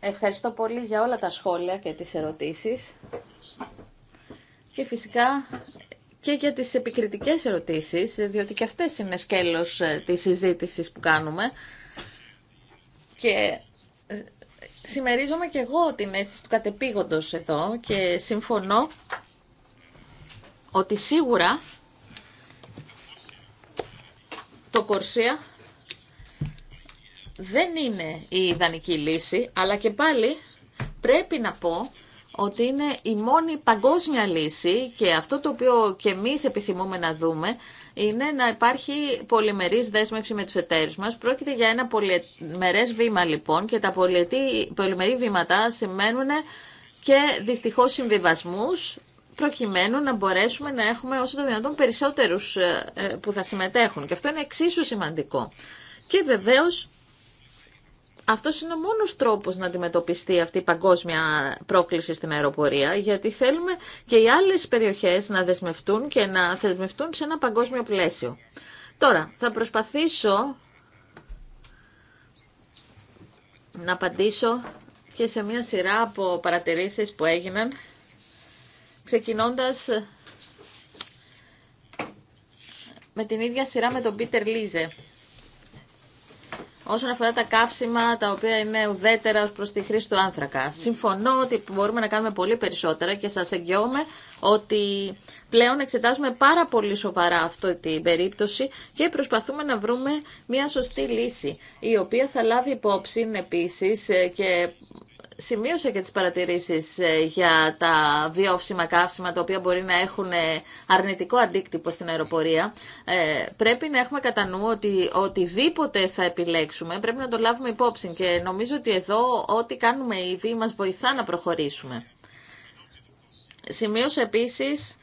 C: Ευχαριστώ πολύ για όλα τα σχόλια και τις ερωτήσεις. Και φυσικά και για τις επικριτικές ερωτήσεις, διότι και αυτές είναι σκέλος ε, της συζήτησης που κάνουμε. Και ε, συμμερίζομαι και εγώ την αίσθηση του κατεπήγοντος εδώ και συμφωνώ ότι σίγουρα το Κορσία δεν είναι η ιδανική λύση, αλλά και πάλι πρέπει να πω ότι είναι η μόνη παγκόσμια λύση και αυτό το οποίο και εμείς επιθυμούμε να δούμε είναι να υπάρχει πολυμερής δέσμευση με τους εταίρους μας. Πρόκειται για ένα πολυμερές βήμα λοιπόν και τα πολυμερή βήματα σημαίνουν και δυστυχώς συμβιβασμούς προκειμένου να μπορέσουμε να έχουμε όσο το δυνατόν περισσότερους ε, ε, που θα συμμετέχουν. Και αυτό είναι εξίσου σημαντικό. Και βεβαίως αυτό είναι ο μόνος τρόπος να αντιμετωπιστεί αυτή η παγκόσμια πρόκληση στην αεροπορία, γιατί θέλουμε και οι άλλες περιοχές να δεσμευτούν και να θεσμευτούν σε ένα παγκόσμιο πλαίσιο. Τώρα, θα προσπαθήσω να απαντήσω και σε μια σειρά από παρατηρήσεις που έγιναν, ξεκινώντας με την ίδια σειρά με τον Πίτερ Λίζε όσον αφορά τα καύσιμα τα οποία είναι ουδέτερα ω προς τη χρήση του άνθρακα. Συμφωνώ ότι μπορούμε να κάνουμε πολύ περισσότερα και σας εγγυώμαι ότι πλέον εξετάζουμε πάρα πολύ σοβαρά αυτή την περίπτωση και προσπαθούμε να βρούμε μια σωστή λύση η οποία θα λάβει υπόψη ε, επίσης ε, και σημείωσα και τις παρατηρήσεις ε, για τα βιώσιμα καύσιμα τα οποία μπορεί να έχουν ε, αρνητικό αντίκτυπο στην αεροπορία. Ε, πρέπει να έχουμε κατά νου ότι οτιδήποτε θα επιλέξουμε πρέπει να το λάβουμε υπόψη και νομίζω ότι εδώ ό,τι κάνουμε ήδη μας βοηθά να προχωρήσουμε. Σημείωσα επίσης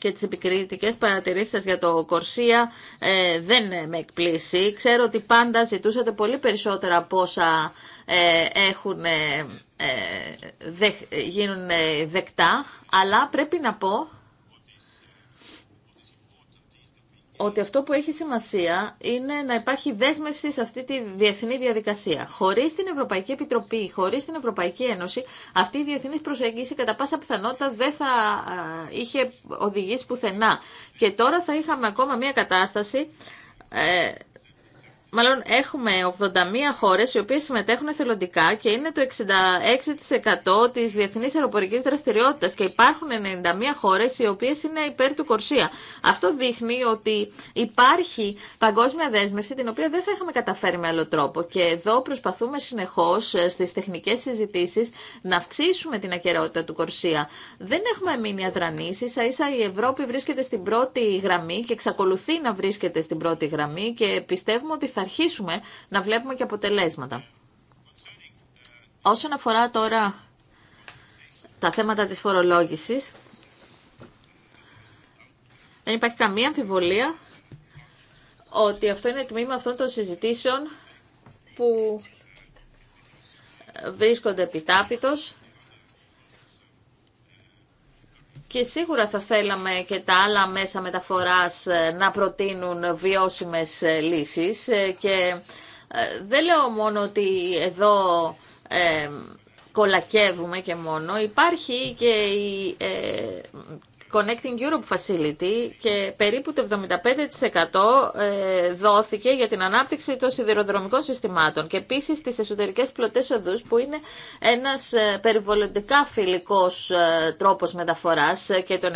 C: και τις επικριτικές παρατηρήσεις σας για το Κορσία ε, δεν με εκπλήσει. Ξέρω ότι πάντα ζητούσατε πολύ περισσότερα από όσα ε, έχουν ε, γίνουν δεκτά, αλλά πρέπει να πω ότι αυτό που έχει σημασία είναι να υπάρχει δέσμευση σε αυτή τη διεθνή διαδικασία. Χωρί την Ευρωπαϊκή Επιτροπή, χωρί την Ευρωπαϊκή Ένωση, αυτή η διεθνή προσέγγιση κατά πάσα πιθανότητα δεν θα είχε οδηγήσει πουθενά. Και τώρα θα είχαμε ακόμα μια κατάσταση ε, μάλλον έχουμε 81 χώρε οι οποίε συμμετέχουν εθελοντικά και είναι το 66% τη διεθνή αεροπορική δραστηριότητα. και υπάρχουν 91 χώρε οι οποίε είναι υπέρ του Κορσία. Αυτό δείχνει ότι υπάρχει παγκόσμια δέσμευση την οποία δεν θα είχαμε καταφέρει με άλλο τρόπο και εδώ προσπαθούμε συνεχώ ε, στι τεχνικέ συζητήσει να αυξήσουμε την ακαιρεότητα του Κορσία. Δεν έχουμε μείνει αδρανεί. σα ίσα η Ευρώπη βρίσκεται στην πρώτη γραμμή και εξακολουθεί να βρίσκεται στην πρώτη γραμμή και πιστεύουμε ότι θα αρχίσουμε να βλέπουμε και αποτελέσματα. Όσον αφορά τώρα τα θέματα της φορολόγησης, δεν υπάρχει καμία αμφιβολία ότι αυτό είναι τμήμα αυτών των συζητήσεων που βρίσκονται επιτάπητος Και σίγουρα θα θέλαμε και τα άλλα μέσα μεταφοράς ε, να προτείνουν βιώσιμες ε, λύσεις ε, και δεν λέω μόνο ότι εδώ κολακεύουμε και μόνο. Υπάρχει και η Connecting Europe Facility και περίπου το 75% ε, δόθηκε για την ανάπτυξη των σιδηροδρομικών συστημάτων και επίσης στις εσωτερικές πλωτές οδούς που είναι ένας ε, περιβολοντικά φιλικός ε, τρόπος μεταφοράς και το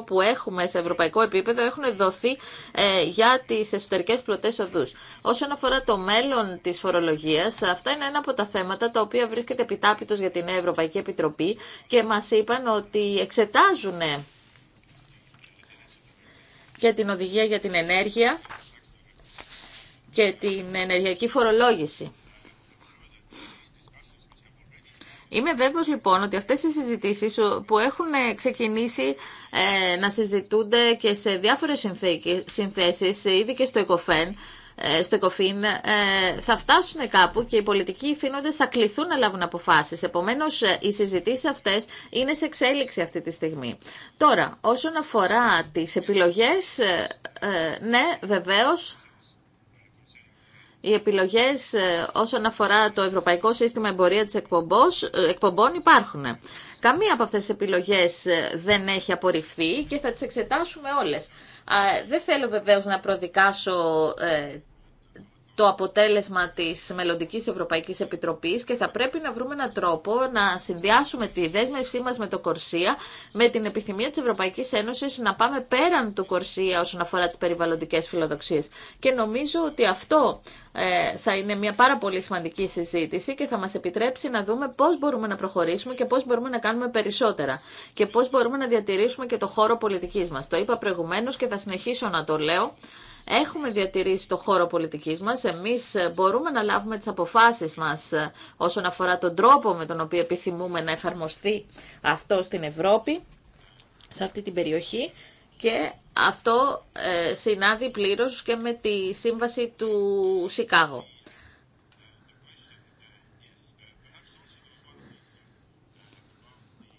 C: 90% που έχουμε σε ευρωπαϊκό επίπεδο έχουν δοθεί για τις εσωτερικές πλωτές οδούς. Όσον αφορά το μέλλον της φορολογίας, αυτά είναι ένα από τα θέματα τα οποία βρίσκεται επιτάπητος για την Ευρωπαϊκή Επιτροπή και μας είπαν ότι εξετάζουν για την οδηγία για την ενέργεια και την ενεργειακή φορολόγηση. Είμαι βέβαιος λοιπόν ότι αυτές οι συζητήσεις που έχουν ε, ξεκινήσει ε, να συζητούνται και σε διάφορες συνθέσεις, ε, ήδη και στο ΕΚΟΦΕΝ, ε, στο ΕΚΟΦΗΝ ε, θα φτάσουν κάπου και οι πολιτικοί φύνοντε θα κληθούν να λάβουν αποφάσεις. Επομένως, ε, οι συζητήσει αυτές είναι σε εξέλιξη αυτή τη στιγμή. Τώρα, όσον αφορά τις επιλογές, ναι, βεβαίως, οι επιλογές όσον αφορά το Ευρωπαϊκό Σύστημα Εμπορία της Εκπομπών υπάρχουν. Καμία από αυτές τις επιλογές δεν έχει απορριφθεί και θα τις εξετάσουμε όλες. Δεν θέλω βεβαίως να προδικάσω το αποτέλεσμα της μελλοντική Ευρωπαϊκής Επιτροπής και θα πρέπει να βρούμε έναν τρόπο να συνδυάσουμε τη δέσμευσή μας με το Κορσία με την επιθυμία της Ευρωπαϊκής Ένωσης να πάμε πέραν του Κορσία όσον αφορά τις περιβαλλοντικές φιλοδοξίες. Και νομίζω ότι αυτό ε, θα είναι μια πάρα πολύ σημαντική συζήτηση και θα μας επιτρέψει να δούμε πώς μπορούμε να προχωρήσουμε και πώς μπορούμε να κάνουμε περισσότερα και πώς μπορούμε να διατηρήσουμε και το χώρο πολιτικής μας. Το είπα προηγουμένως και θα συνεχίσω να το λέω. Έχουμε διατηρήσει το χώρο πολιτικής μας. Εμείς μπορούμε να λάβουμε τις αποφάσεις μας ε, όσον αφορά τον τρόπο με τον οποίο επιθυμούμε να εφαρμοστεί αυτό στην Ευρώπη, σε αυτή την περιοχή και αυτό ε, συνάδει πλήρως και με τη σύμβαση του Σικάγο.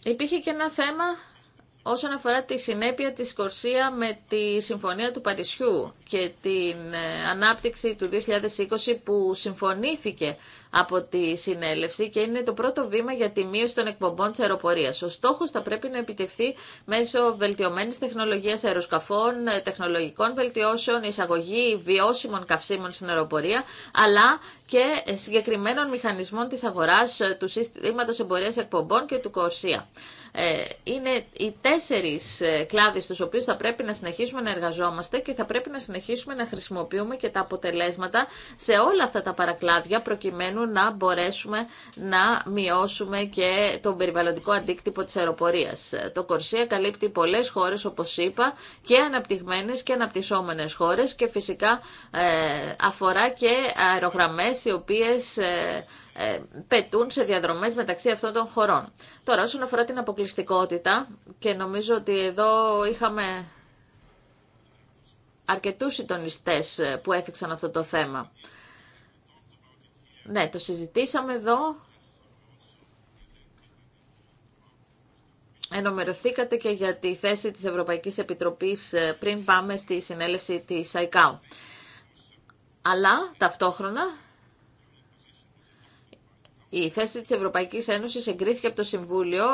C: Υπήρχε και ένα θέμα όσον αφορά τη συνέπεια της Κορσία με τη Συμφωνία του Παρισιού και την ε, ανάπτυξη του 2020 που συμφωνήθηκε από τη συνέλευση και είναι το πρώτο βήμα για τη μείωση των εκπομπών της αεροπορίας. Ο στόχος θα πρέπει να επιτευχθεί μέσω βελτιωμένης τεχνολογίας αεροσκαφών, τεχνολογικών βελτιώσεων, εισαγωγή βιώσιμων καυσίμων στην αεροπορία, αλλά και συγκεκριμένων μηχανισμών της αγοράς ε, του συστήματος εμπορίας εκπομπών και του Κορσία. Ε, είναι οι τέσσερις ε, κλάδοι στους οποίους θα πρέπει να συνεχίσουμε να εργαζόμαστε και θα πρέπει να συνεχίσουμε να χρησιμοποιούμε και τα αποτελέσματα σε όλα αυτά τα παρακλάδια προκειμένου να μπορέσουμε να μειώσουμε και τον περιβαλλοντικό αντίκτυπο της αεροπορίας. Το Κορσία καλύπτει πολλές χώρες όπως είπα και αναπτυγμένες και αναπτυσσόμενες χώρες και φυσικά αφορά και αερογραμμέ οι οποίες ε, ε, πετούν σε διαδρομές μεταξύ αυτών των χωρών. Τώρα, όσον αφορά την αποκλειστικότητα, και νομίζω ότι εδώ είχαμε αρκετούς συντονιστέ ε, που έφυξαν αυτό το θέμα. Ναι, το συζητήσαμε εδώ. Ενομερωθήκατε και για τη θέση της Ευρωπαϊκής Επιτροπής πριν πάμε στη συνέλευση της ΑΙΚΑΟ. Αλλά ταυτόχρονα η θέση της Ευρωπαϊκής Ένωσης εγκρίθηκε από το Συμβούλιο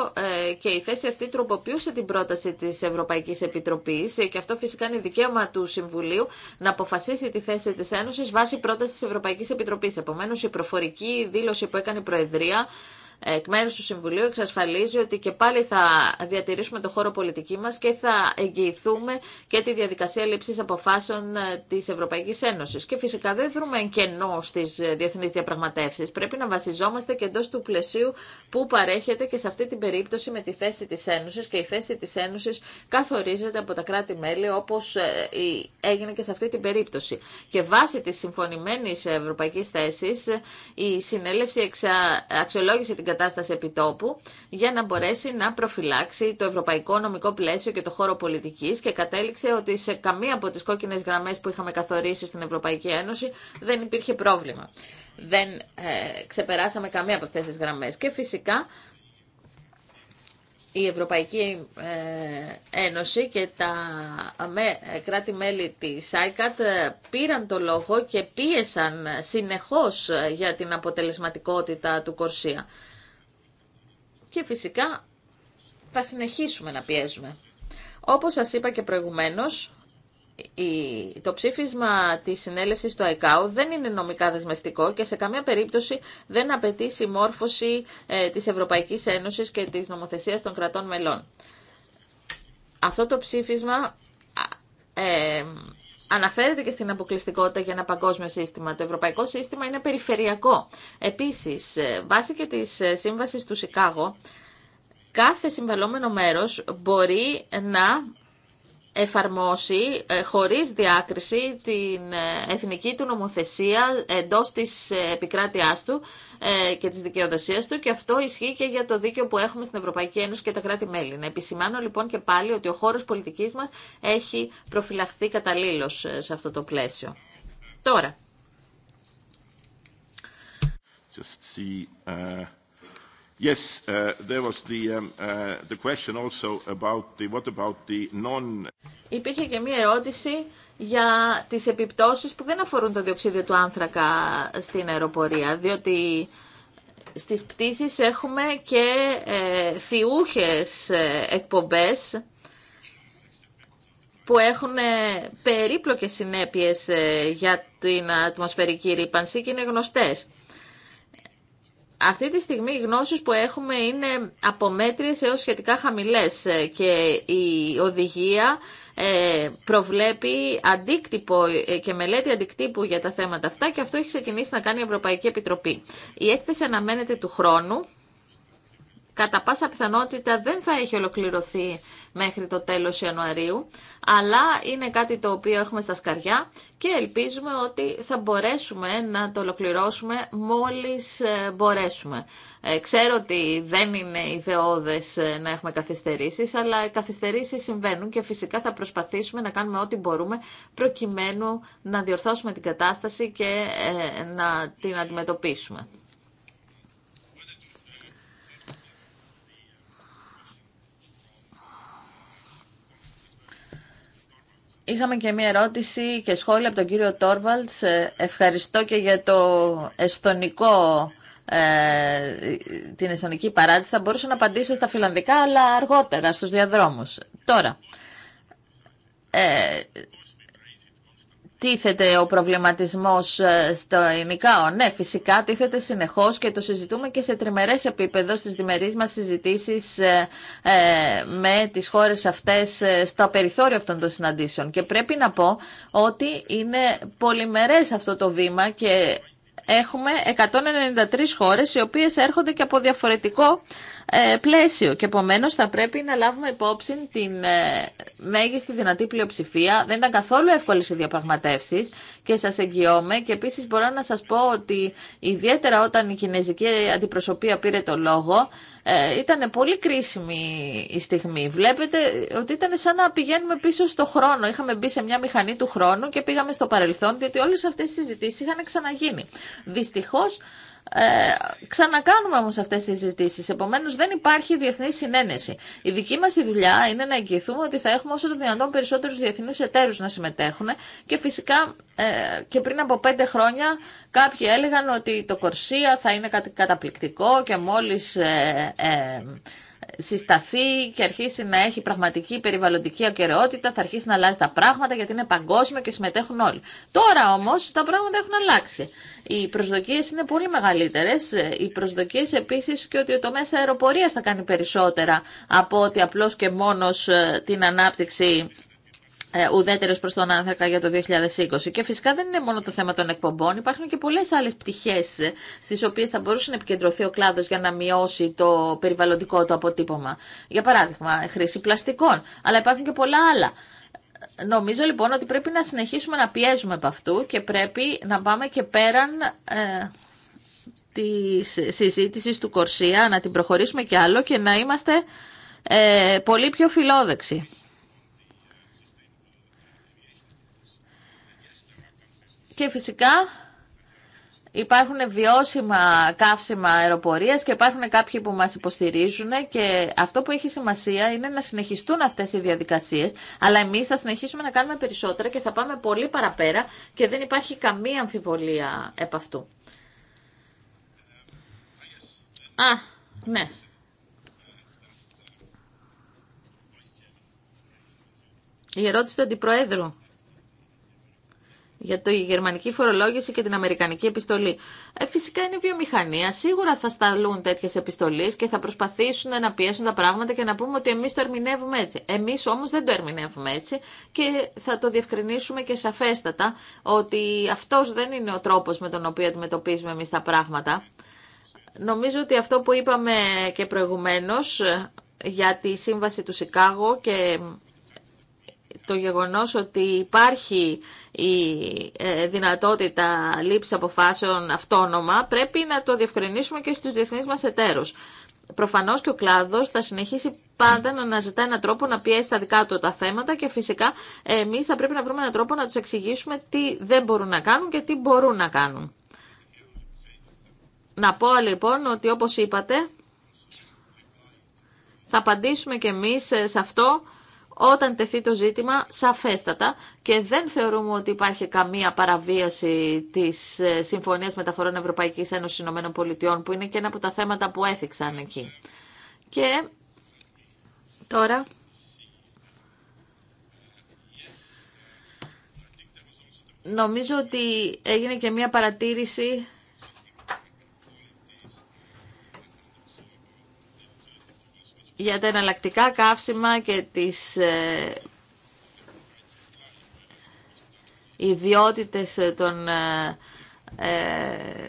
C: ε, και η θέση αυτή τροποποιούσε την πρόταση της Ευρωπαϊκής Επιτροπής ε, και αυτό φυσικά είναι δικαίωμα του Συμβουλίου να αποφασίσει τη θέση της Ένωσης βάσει πρόταση της Ευρωπαϊκής Επιτροπής. Επομένως η προφορική δήλωση που έκανε η Προεδρία εκ μέρους του Συμβουλίου εξασφαλίζει ότι και πάλι θα διατηρήσουμε το χώρο πολιτική μας και θα εγγυηθούμε και τη διαδικασία λήψης αποφάσεων ε, της Ευρωπαϊκής Ένωσης. Και φυσικά δεν δρούμε κενό στις ε, διεθνείς διαπραγματεύσεις. Πρέπει να βασιζόμαστε και εντός του πλαισίου που παρέχεται και σε αυτή την περίπτωση με τη θέση της Ένωσης και η θέση της Ένωσης καθορίζεται από τα κράτη-μέλη όπως ε, έγινε και σε αυτή την περίπτωση. Και βάσει της συμφωνημένης ευρωπαϊκής θέσης η συνέλευση αξιολόγησε την κατάσταση επιτόπου για να μπορέσει να προφυλάξει το ευρωπαϊκό νομικό πλαίσιο και το χώρο Πολιτική και κατέληξε ότι σε καμία από τι κόκκινε γραμμέ που είχαμε καθορίσει στην Ευρωπαϊκή Ένωση δεν υπήρχε πρόβλημα. Δεν ε, ξεπεράσαμε καμία από αυτέ τι γραμμέ. και φυσικά η Ευρωπαϊκή ε, Ένωση και τα ε, κράτη-μέλη της ΆΙΚΑΤ πήραν το λόγο και πίεσαν συνεχώς για την αποτελεσματικότητα του Κορσία και φυσικά θα συνεχίσουμε να πιέζουμε. Όπως σας είπα και προηγουμένως, το ψήφισμα της συνέλευσης του ΑΕΚΑΟ δεν είναι νομικά δεσμευτικό και σε καμία περίπτωση δεν απαιτεί συμμόρφωση ε, της Ευρωπαϊκής Ένωσης και της νομοθεσίας των κρατών μελών. Αυτό το ψήφισμα ε, αναφέρεται και στην αποκλειστικότητα για ένα παγκόσμιο σύστημα. Το ευρωπαϊκό σύστημα είναι περιφερειακό. Επίσης, ε, βάσει και της ε, σύμβασης του Σικάγο, κάθε συμβαλόμενο μέρος μπορεί να εφαρμόσει ε, χωρίς διάκριση την ε, εθνική του νομοθεσία εντός της ε, επικράτειάς του και της δικαιοδοσίας του και αυτό ισχύει και για το δίκαιο που έχουμε στην Ευρωπαϊκή Ένωση και τα κράτη-μέλη. Να επισημάνω λοιπόν και πάλι ότι ο χώρος πολιτικής μας έχει προφυλαχθεί καταλήλως σε αυτό το πλαίσιο. Τώρα.
A: Just see, uh, Yes, uh, there um, uh, the, question about the,
C: Υπήρχε και μία ερώτηση για τις επιπτώσεις που δεν αφορούν το διοξίδιο του άνθρακα στην αεροπορία, διότι στις πτήσεις έχουμε και ε, θιούχες ε, εκπομπές που έχουν ε, περίπλοκες συνέπειες ε, για την ατμοσφαιρική ρήπανση και είναι γνωστές αυτή τη στιγμή οι γνώσεις που έχουμε είναι από μέτριες έως σχετικά χαμηλές ε, και η οδηγία ε, προβλέπει αντίκτυπο ε, και μελέτη αντικτύπου για τα θέματα αυτά και αυτό έχει ξεκινήσει να κάνει η Ευρωπαϊκή Επιτροπή. Η έκθεση αναμένεται του χρόνου κατά πάσα πιθανότητα δεν θα έχει ολοκληρωθεί μέχρι το τέλος Ιανουαρίου, αλλά είναι κάτι το οποίο έχουμε στα σκαριά και ελπίζουμε ότι θα μπορέσουμε να το ολοκληρώσουμε μόλις ε, μπορέσουμε. Ε, ξέρω ότι δεν είναι ιδεώδες ε, να έχουμε καθυστερήσεις, αλλά οι καθυστερήσεις συμβαίνουν και φυσικά θα προσπαθήσουμε να κάνουμε ό,τι μπορούμε προκειμένου να διορθώσουμε την κατάσταση και να την αντιμετωπίσουμε. Είχαμε και μία ερώτηση και σχόλια από τον κύριο Τόρβαλτς. Ε, ευχαριστώ και για το εστονικό, ε, την εστονική παράτηση. Θα μπορούσα να απαντήσω στα φιλανδικά, αλλά αργότερα στους διαδρόμους. Τώρα, ε, τίθεται ο προβληματισμός ε, στο ΕΝΙΚΑΟ. Ναι, φυσικά τίθεται συνεχώς και το συζητούμε και σε τριμερές επίπεδο στις διμερείς μας συζητήσεις ε, ε, με τις χώρες αυτές στο περιθώριο αυτών των συναντήσεων. Και πρέπει να πω ότι είναι πολυμερές αυτό το βήμα και έχουμε 193 χώρες οι οποίες έρχονται και από διαφορετικό ε, πλαίσιο και επομένω θα πρέπει να λάβουμε υπόψη την ε, μέγιστη δυνατή πλειοψηφία. Δεν ήταν καθόλου εύκολε οι διαπραγματεύσει και σα εγγυώμαι και επίση μπορώ να σα πω ότι ιδιαίτερα όταν η κινέζικη αντιπροσωπεία πήρε το λόγο ε, ήταν πολύ κρίσιμη η στιγμή. Βλέπετε ότι ήταν σαν να πηγαίνουμε πίσω στο χρόνο. Είχαμε μπει σε μια μηχανή του χρόνου και πήγαμε στο παρελθόν διότι όλε αυτέ οι συζητήσει είχαν ξαναγίνει. Δυστυχώ. Ε, ξανακάνουμε όμως αυτές τις συζητήσεις. Επομένως δεν υπάρχει διεθνή συνένεση. Η δική μας δουλειά είναι να εγγυηθούμε ότι θα έχουμε όσο το δυνατόν περισσότερους διεθνούς εταίρους να συμμετέχουν και φυσικά ε, και πριν από πέντε χρόνια κάποιοι έλεγαν ότι το Κορσία θα είναι καταπληκτικό και μόλις... Ε, ε, συσταθεί και αρχίσει να έχει πραγματική περιβαλλοντική ακαιρεότητα, θα αρχίσει να αλλάζει τα πράγματα γιατί είναι παγκόσμιο και συμμετέχουν όλοι. Τώρα όμως τα πράγματα έχουν αλλάξει. Οι προσδοκίε είναι πολύ μεγαλύτερες. Οι προσδοκίε επίσης και ότι ο τομέας αεροπορία θα κάνει περισσότερα από ότι απλώ και μόνο ε, την ανάπτυξη ε, ουδέτερος προς τον άνθρακα για το 2020. Και φυσικά δεν είναι μόνο το θέμα των εκπομπών, υπάρχουν και πολλές άλλες πτυχές ε, στις οποίες θα μπορούσε να επικεντρωθεί ο κλάδος για να μειώσει το περιβαλλοντικό του αποτύπωμα. Για παράδειγμα, χρήση πλαστικών, αλλά υπάρχουν και πολλά άλλα. Νομίζω λοιπόν ότι πρέπει να συνεχίσουμε να πιέζουμε από αυτού και πρέπει να πάμε και πέραν ε, της συζήτησης του Κορσία, να την προχωρήσουμε και άλλο και να είμαστε ε, πολύ πιο φιλόδεξοι. Και φυσικά υπάρχουν βιώσιμα καύσιμα αεροπορία και υπάρχουν κάποιοι που μας υποστηρίζουν και αυτό που έχει σημασία είναι να συνεχιστούν αυτές οι διαδικασίες αλλά εμείς θα συνεχίσουμε να κάνουμε περισσότερα και θα πάμε πολύ παραπέρα και δεν υπάρχει καμία αμφιβολία επ' αυτού. Α, ναι. Η ερώτηση του Αντιπροέδρου για τη γερμανική φορολόγηση και την αμερικανική επιστολή. Ε, φυσικά είναι βιομηχανία. Σίγουρα θα σταλούν τέτοιε επιστολέ και θα προσπαθήσουν να πιέσουν τα πράγματα και να πούμε ότι εμεί το ερμηνεύουμε έτσι. Εμεί όμω δεν το ερμηνεύουμε έτσι και θα το διευκρινίσουμε και σαφέστατα ότι αυτό δεν είναι ο τρόπο με τον οποίο αντιμετωπίζουμε εμεί τα πράγματα. Νομίζω ότι αυτό που είπαμε και προηγουμένω ε, για τη σύμβαση του Σικάγο και το γεγονός ότι υπάρχει η ε, δυνατότητα λήψης αποφάσεων αυτόνομα πρέπει να το διευκρινίσουμε και στους διεθνείς μας εταίρους. Προφανώς και ο κλάδος θα συνεχίσει πάντα να αναζητά έναν τρόπο να πιέσει τα δικά του τα θέματα και φυσικά εμείς θα πρέπει να βρούμε έναν τρόπο να τους εξηγήσουμε τι δεν μπορούν να κάνουν και τι μπορούν να κάνουν. Να πω λοιπόν ότι όπως είπατε θα απαντήσουμε και εμείς σε αυτό όταν τεθεί το ζήτημα σαφέστατα και δεν θεωρούμε ότι υπάρχει καμία παραβίαση της ε, Συμφωνίας Μεταφορών Ευρωπαϊκής Ένωσης Ηνωμένων Πολιτειών που είναι και ένα από τα θέματα που έθιξαν εκεί. Και τώρα... Νομίζω ότι έγινε και μία παρατήρηση για τα εναλλακτικά καύσιμα και τις ε, ιδιότητες των ε, ε,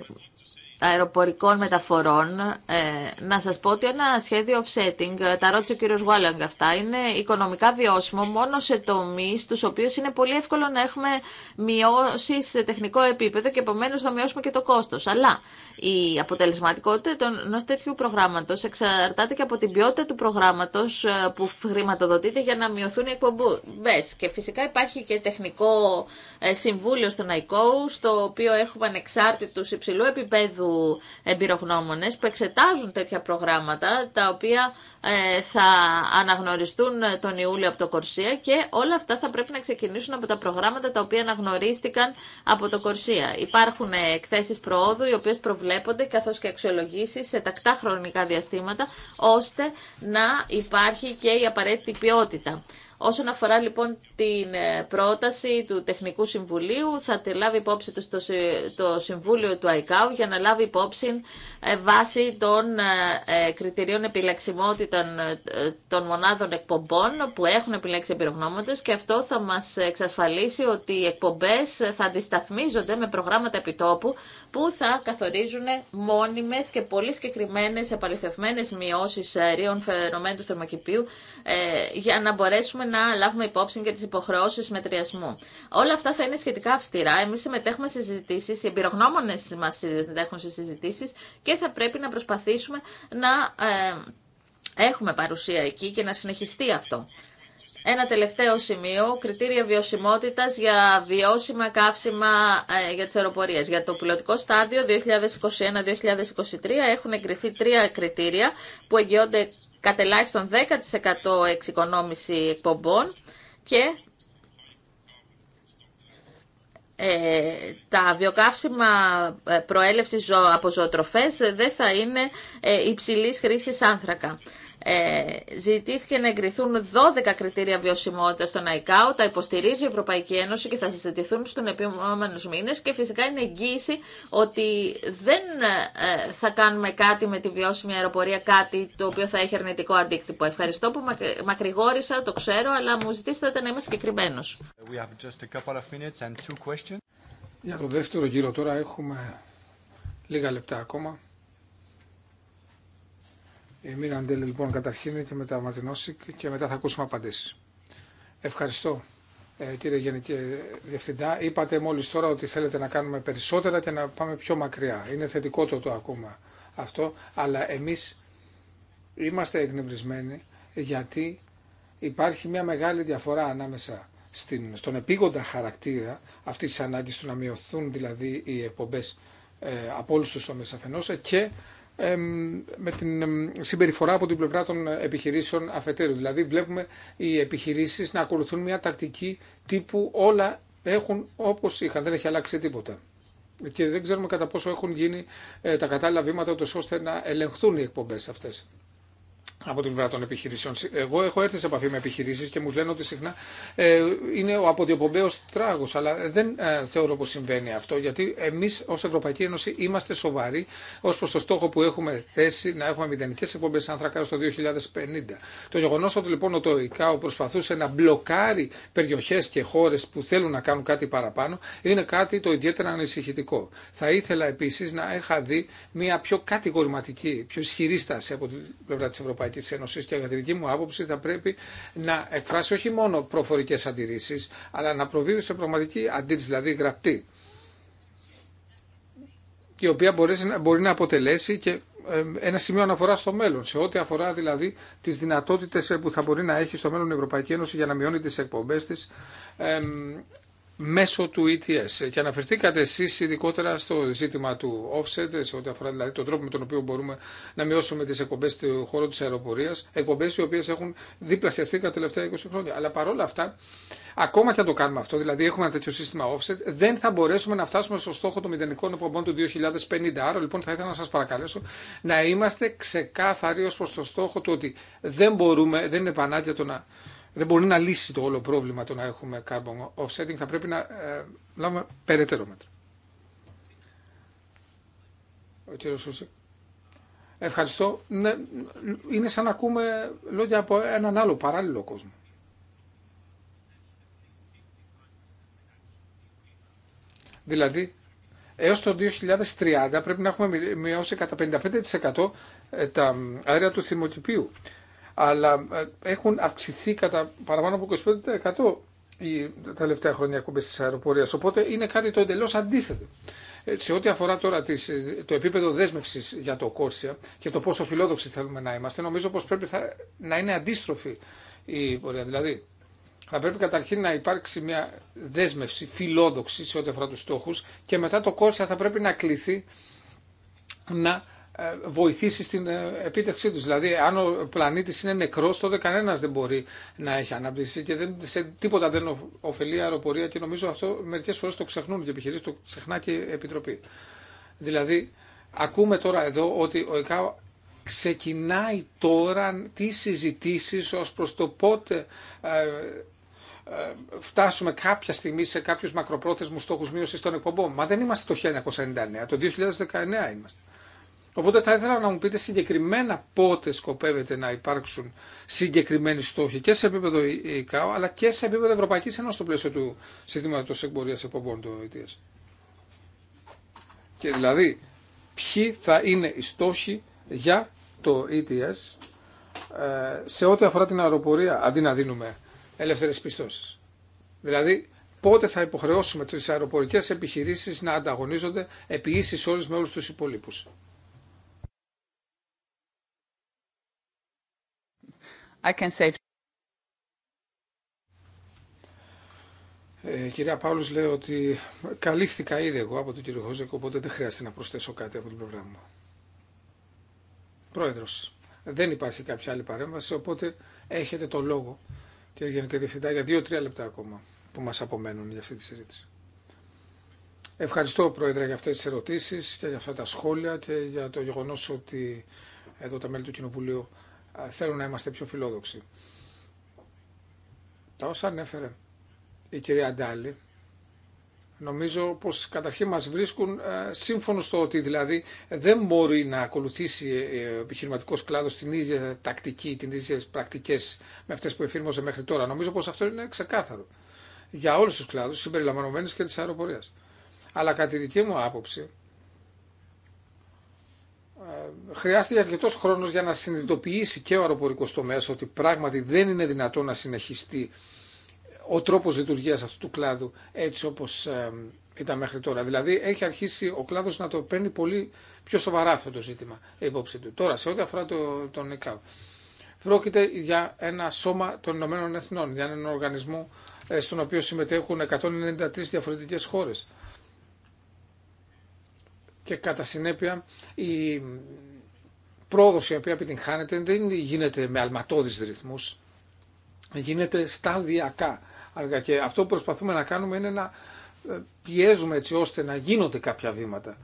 C: αεροπορικών μεταφορών, ε, να σας πω ότι ένα σχέδιο offsetting, ε, τα ρώτησε ο κύριος Γουάλαγκ αυτά, είναι οικονομικά βιώσιμο μόνο σε τομείς στους οποίους είναι πολύ εύκολο να έχουμε μειώσει σε τεχνικό επίπεδο και επομένως να μειώσουμε και το κόστος. Αλλά η αποτελεσματικότητα ενό τέτοιου προγράμματος εξαρτάται και από την ποιότητα του προγράμματος ε, που χρηματοδοτείται για να μειωθούν οι εκπομπές. Και φυσικά υπάρχει και τεχνικό συμβούλιο στον ΑΙΚΟ, στο οποίο έχουμε ανεξάρτητους υψηλού επίπεδου εμπειρογνώμονες που εξετάζουν τέτοια προγράμματα τα οποία ε, θα αναγνωριστούν τον Ιούλιο από το Κορσία και όλα αυτά θα πρέπει να ξεκινήσουν από τα προγράμματα τα οποία αναγνωρίστηκαν από το Κορσία. Υπάρχουν ε, εκθέσεις προόδου οι οποίες προβλέπονται καθώς και αξιολογήσεις σε τακτά χρονικά διαστήματα ώστε να υπάρχει και η απαραίτητη ποιότητα. Όσον αφορά λοιπόν την ε, πρόταση του Τεχνικού Συμβουλίου, θα τη λάβει υπόψη το Συμβούλιο του ΑΙΚΑΟ για να λάβει υπόψη ε, βάση των ε, κριτηρίων επιλεξιμότητων των μονάδων εκπομπών που έχουν επιλέξει εμπειρογνώματος και αυτό θα μας εξασφαλίσει ότι οι εκπομπές θα αντισταθμίζονται με προγράμματα επιτόπου που θα καθορίζουν μόνιμες και πολύ συγκεκριμένε επαληθευμένες μειώσεις αερίων φαινομένου του θερμοκηπίου ε, για να μπορέσουμε να λάβουμε υπόψη και τις υποχρεώσεις μετριασμού. Όλα αυτά θα είναι σχετικά αυστηρά. Εμείς συμμετέχουμε σε συζητήσεις, οι εμπειρογνώμονες μας συμμετέχουν σε συζητήσεις και θα πρέπει να προσπαθήσουμε να ε, έχουμε παρουσία εκεί και να συνεχιστεί αυτό. Ένα τελευταίο σημείο, κριτήρια βιωσιμότητας για βιώσιμα καύσιμα ε, για τις αεροπορίες. Για το πιλωτικό στάδιο 2021-2023 έχουν εγκριθεί τρία κριτήρια που εγγυώνται ελάχιστον 10% εξοικονόμηση εκπομπών και ε, τα βιοκαύσιμα ε, προέλευσης από ζωοτροφές δεν θα είναι ε, υψηλής χρήσης άνθρακα. Ε, ζητήθηκε να εγκριθούν 12 κριτήρια βιωσιμότητα στον ΑΙΚΑΟ, τα υποστηρίζει η Ευρωπαϊκή Ένωση και θα συζητηθούν στον επόμενου μήνε και φυσικά είναι εγγύηση ότι δεν ε, θα κάνουμε κάτι με τη βιώσιμη αεροπορία, κάτι το οποίο θα έχει αρνητικό αντίκτυπο. Ευχαριστώ που μακρηγόρησα, το ξέρω, αλλά μου ζητήσατε να είμαι συγκεκριμένο.
B: Για το δεύτερο γύρο τώρα έχουμε λίγα λεπτά ακόμα. Ε, Αντέλη, λοιπόν καταρχήν και μετά Μαρτινόσικ και μετά θα ακούσουμε απαντήσεις. Ευχαριστώ ε, κύριε Γενική Διευθυντά. Είπατε μόλις τώρα ότι θέλετε να κάνουμε περισσότερα και να πάμε πιο μακριά. Είναι θετικό το το ακόμα αυτό, αλλά εμείς είμαστε εκνευρισμένοι γιατί υπάρχει μια μεγάλη διαφορά ανάμεσα στην, στον επίγοντα χαρακτήρα αυτής της ανάγκης του να μειωθούν δηλαδή οι εκπομπές ε, από όλου του τομείς αφενός και με την συμπεριφορά από την πλευρά των επιχειρήσεων αφετέρου. Δηλαδή βλέπουμε οι επιχειρήσεις να ακολουθούν μια τακτική τύπου όλα έχουν όπως είχαν, δεν έχει αλλάξει τίποτα. Και δεν ξέρουμε κατά πόσο έχουν γίνει ε, τα κατάλληλα βήματα ώστε να ελεγχθούν οι εκπομπές αυτές από την πλευρά των επιχειρήσεων. Εγώ έχω έρθει σε επαφή με επιχειρήσει και μου λένε ότι συχνά ε, είναι ο αποδιοπομπαίο τράγο. Αλλά δεν ε, θεωρώ πω συμβαίνει αυτό, γιατί εμεί ω Ευρωπαϊκή Ένωση είμαστε σοβαροί ω προ το στόχο που έχουμε θέσει να έχουμε μηδενικέ εκπομπέ ανθρακά στο 2050. Το γεγονό ότι λοιπόν ο ΤΟΙΚΑΟ προσπαθούσε να μπλοκάρει περιοχέ και χώρε που θέλουν να κάνουν κάτι παραπάνω είναι κάτι το ιδιαίτερα ανησυχητικό. Θα ήθελα επίση να είχα δει μια πιο κατηγορηματική, πιο ισχυρή στάση από την πλευρά τη Ευρωπαϊκή τη Ένωσης και για τη δική μου άποψη θα πρέπει να εκφράσει όχι μόνο προφορικέ αντιρρήσει, αλλά να προβεί σε πραγματική αντίρρηση, δηλαδή γραπτή η οποία μπορεί, μπορεί να αποτελέσει και ένα σημείο αναφορά στο μέλλον, σε ό,τι αφορά δηλαδή τι δυνατότητε ε, που θα μπορεί να έχει στο μέλλον η Ευρωπαϊκή Ένωση για να μειώνει τι εκπομπέ τη μέσω του ETS. Και αναφερθήκατε εσεί ειδικότερα στο ζήτημα του offset, σε ό,τι αφορά δηλαδή τον τρόπο με τον οποίο μπορούμε να μειώσουμε τι εκπομπέ του χώρου τη αεροπορία. Εκπομπέ οι οποίε έχουν διπλασιαστεί τα τελευταία 20 χρόνια. Αλλά παρόλα αυτά, ακόμα και αν το κάνουμε αυτό, δηλαδή έχουμε ένα τέτοιο σύστημα offset, δεν θα μπορέσουμε να φτάσουμε στο στόχο των μηδενικών εκπομπών του 2050. Άρα λοιπόν θα ήθελα να σα παρακαλέσω να είμαστε ξεκάθαροι ω προ το στόχο του ότι δεν μπορούμε, δεν είναι πανάτια το να δεν μπορεί να λύσει το όλο πρόβλημα το να έχουμε carbon offsetting, θα πρέπει να ε, λάβουμε περαιτέρω μέτρα. Ο κύριο Ευχαριστώ. Ναι, είναι σαν να ακούμε λόγια από έναν άλλο παράλληλο κόσμο. Δηλαδή, έως το 2030 πρέπει να έχουμε μειώσει κατά 55% ε, τα αέρια του θερμοκηπίου αλλά ε, έχουν αυξηθεί κατά παραπάνω από 25% τα τελευταία χρόνια εκπομπέ τη αεροπορία. Οπότε είναι κάτι το εντελώ αντίθετο. Σε ό,τι αφορά τώρα ε, το επίπεδο δέσμευση για το Κόρσια και το πόσο φιλόδοξοι θέλουμε να είμαστε, νομίζω πω πρέπει να είναι αντίστροφη η πορεία. Δηλαδή, θα πρέπει καταρχήν να υπάρξει μια δέσμευση φιλόδοξη σε ό,τι αφορά του στόχου και μετά το Κόρσια θα πρέπει να κληθεί να ε, βοηθήσει στην ε, επίτευξή του. Δηλαδή, αν ο πλανήτη είναι νεκρός, τότε κανένα δεν μπορεί να έχει αναπτύσσει και δεν, σε τίποτα δεν ωφελεί η αεροπορία και νομίζω αυτό μερικέ φορέ το ξεχνούν και επιχειρήσει το ξεχνά και η Επιτροπή. Δηλαδή, ακούμε τώρα εδώ ότι ο ΕΚΑΟ ξεκινάει τώρα τι συζητήσει ω προ το πότε ε, φτάσουμε κάποια στιγμή σε κάποιους μακροπρόθεσμους στόχους μείωσης των εκπομπών. Μα δεν είμαστε το 1999, το 2019 είμαστε. Οπότε θα ήθελα να μου πείτε συγκεκριμένα πότε σκοπεύετε να υπάρξουν συγκεκριμένοι στόχοι και σε επίπεδο ΙΚΑΟ αλλά και σε επίπεδο Ευρωπαϊκή Ένωση στο πλαίσιο του συστήματο εκπορία εκπομπών του ΟΕΤΕ. Και δηλαδή, ποιοι θα είναι οι στόχοι για το ETS ε, σε ό,τι αφορά την αεροπορία αντί να δίνουμε ελεύθερες πιστώσεις. Δηλαδή, πότε θα υποχρεώσουμε τις αεροπορικές επιχειρήσεις να ανταγωνίζονται επί ίσης όλες με όλους τους υπολείπους. I can save. Ε, κυρία Πάουλος λέω ότι καλύφθηκα ήδη εγώ από τον κύριο Χόζεκ, οπότε δεν χρειάζεται να προσθέσω κάτι από την πλευρά μου. Πρόεδρος, δεν υπάρχει κάποια άλλη παρέμβαση, οπότε έχετε το λόγο, κύριε Γενική Διευθυντά, για δύο-τρία λεπτά ακόμα που μας απομένουν για αυτή τη συζήτηση. Ευχαριστώ, Πρόεδρε, για αυτές τις ερωτήσεις και για αυτά τα σχόλια και για το γεγονός ότι εδώ τα μέλη του Κοινοβουλίου θέλουν να είμαστε πιο φιλόδοξοι. Τα όσα ανέφερε η κυρία Ντάλη, νομίζω πως καταρχήν μας βρίσκουν ε, σύμφωνο στο ότι δηλαδή δεν μπορεί να ακολουθήσει ε, ο επιχειρηματικός κλάδος την ίδια τακτική, την ίδια πρακτικές με αυτές που εφήρμοζε μέχρι τώρα. Νομίζω πως αυτό είναι ξεκάθαρο για όλους τους κλάδους, συμπεριλαμβανομένης και της αεροπορίας. Αλλά κατά τη δική μου άποψη, ε, χρειάστηκε αρκετό χρόνο για να συνειδητοποιήσει και ο αεροπορικό τομέα ότι πράγματι δεν είναι δυνατό να συνεχιστεί ο τρόπο λειτουργία αυτού του κλάδου έτσι όπω ε, ήταν μέχρι τώρα. Δηλαδή έχει αρχίσει ο κλάδο να το παίρνει πολύ πιο σοβαρά αυτό το ζήτημα υπόψη του. Τώρα σε ό,τι αφορά το, τον ΕΚΑΒ. Πρόκειται για ένα σώμα των Ηνωμένων Εθνών, για έναν οργανισμό ε, στον οποίο συμμετέχουν 193 διαφορετικές χώρες και κατά συνέπεια η πρόοδος η οποία επιτυγχάνεται δεν γίνεται με αλματώδεις ρυθμούς, γίνεται σταδιακά αργά και αυτό που προσπαθούμε να κάνουμε είναι να ε, πιέζουμε έτσι ώστε να γίνονται κάποια βήματα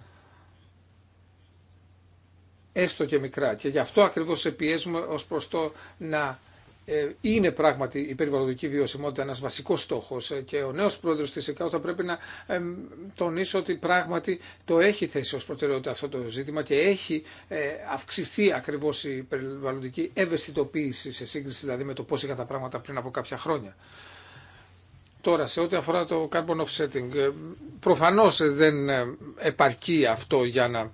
B: έστω και μικρά. Και γι' αυτό ακριβώς πιέζουμε ως προς το να ε, είναι πράγματι η περιβαλλοντική βιωσιμότητα ένας βασικός στόχος και ο νέος πρόεδρος της ΕΚΑΟ θα πρέπει να τονίσω ότι πράγματι το έχει θέσει ως προτεραιότητα αυτό το ζήτημα και έχει ε, αυξηθεί ακριβώς η περιβαλλοντική ευαισθητοποίηση σε σύγκριση δηλαδή με το πώς είχαν τα πράγματα πριν από κάποια χρόνια. Τώρα, σε ό,τι αφορά το carbon offsetting, ε, προφανώς δεν επαρκεί αυτό για να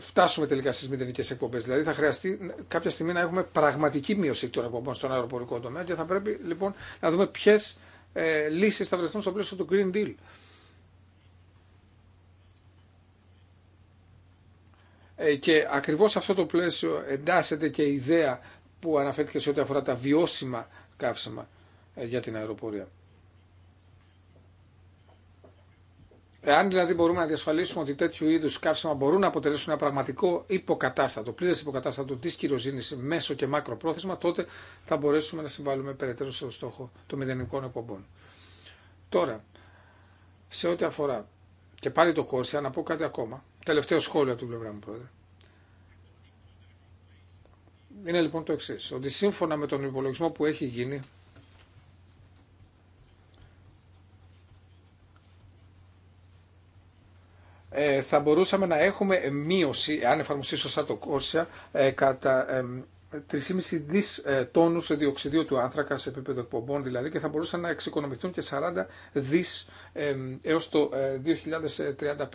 B: φτάσουμε τελικά στι μηδενικέ εκπομπέ. Δηλαδή θα χρειαστεί κάποια στιγμή να έχουμε πραγματική μείωση των εκπομπών στον αεροπορικό τομέα και θα πρέπει λοιπόν να δούμε ποιε ε, λύσει θα βρεθούν στο πλαίσιο του Green Deal. Ε, και ακριβώς αυτό το πλαίσιο εντάσσεται και η ιδέα που αναφέρθηκε σε ό,τι αφορά τα βιώσιμα καύσιμα ε, για την αεροπορία. Εάν δηλαδή μπορούμε να διασφαλίσουμε ότι τέτοιου είδου καύσιμα μπορούν να αποτελέσουν ένα πραγματικό υποκατάστατο, πλήρε υποκατάστατο τη κυροζήνη μέσω και μακροπρόθεσμα, τότε θα μπορέσουμε να συμβάλλουμε περαιτέρω στο στόχο των μηδενικών εκπομπών. Τώρα, σε ό,τι αφορά και πάλι το Κόρσια, να πω κάτι ακόμα. Τελευταίο σχόλιο από την πλευρά μου, Πρόεδρε. Είναι λοιπόν το εξή, ότι σύμφωνα με τον υπολογισμό που έχει γίνει, Ε, θα μπορούσαμε να έχουμε μείωση, αν εφαρμοστεί σωστά το κόρσια, ε, κατά 3,5 δις ε, τόνους διοξιδίου του άνθρακα σε επίπεδο εκπομπών δηλαδή και θα μπορούσαν να εξοικονομηθούν και 40 δις έως το 2035.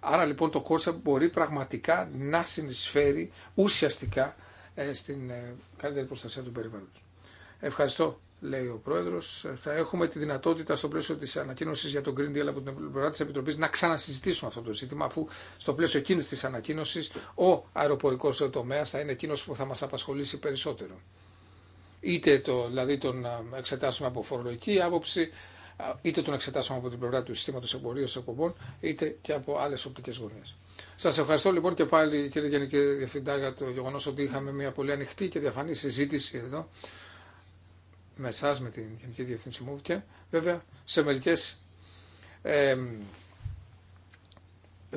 B: Άρα λοιπόν το Κόρσια μπορεί πραγματικά να συνεισφέρει ουσιαστικά στην καλύτερη προστασία του περιβάλλοντος. Ευχαριστώ λέει ο πρόεδρο, θα έχουμε τη δυνατότητα στο πλαίσιο τη ανακοίνωση για τον Green Deal από την πλευρά τη Επιτροπή να ξανασυζητήσουμε αυτό το ζήτημα, αφού στο πλαίσιο εκείνη τη ανακοίνωση ο αεροπορικό τομέα θα είναι εκείνο που θα μα απασχολήσει περισσότερο. Είτε το, δηλαδή τον ε, εξετάσουμε από φορολογική άποψη, ε, είτε τον εξετάσουμε από την πλευρά του συστήματο εμπορίου εκπομπών, είτε και από άλλε οπτικέ γωνίε. Σα ευχαριστώ λοιπόν και πάλι κύριε Γενική Διευθυντά το γεγονό ότι είχαμε μια πολύ ανοιχτή και διαφανή συζήτηση εδώ με εσά, με την Γενική Διευθύνση μου και βέβαια σε μερικέ. Ε,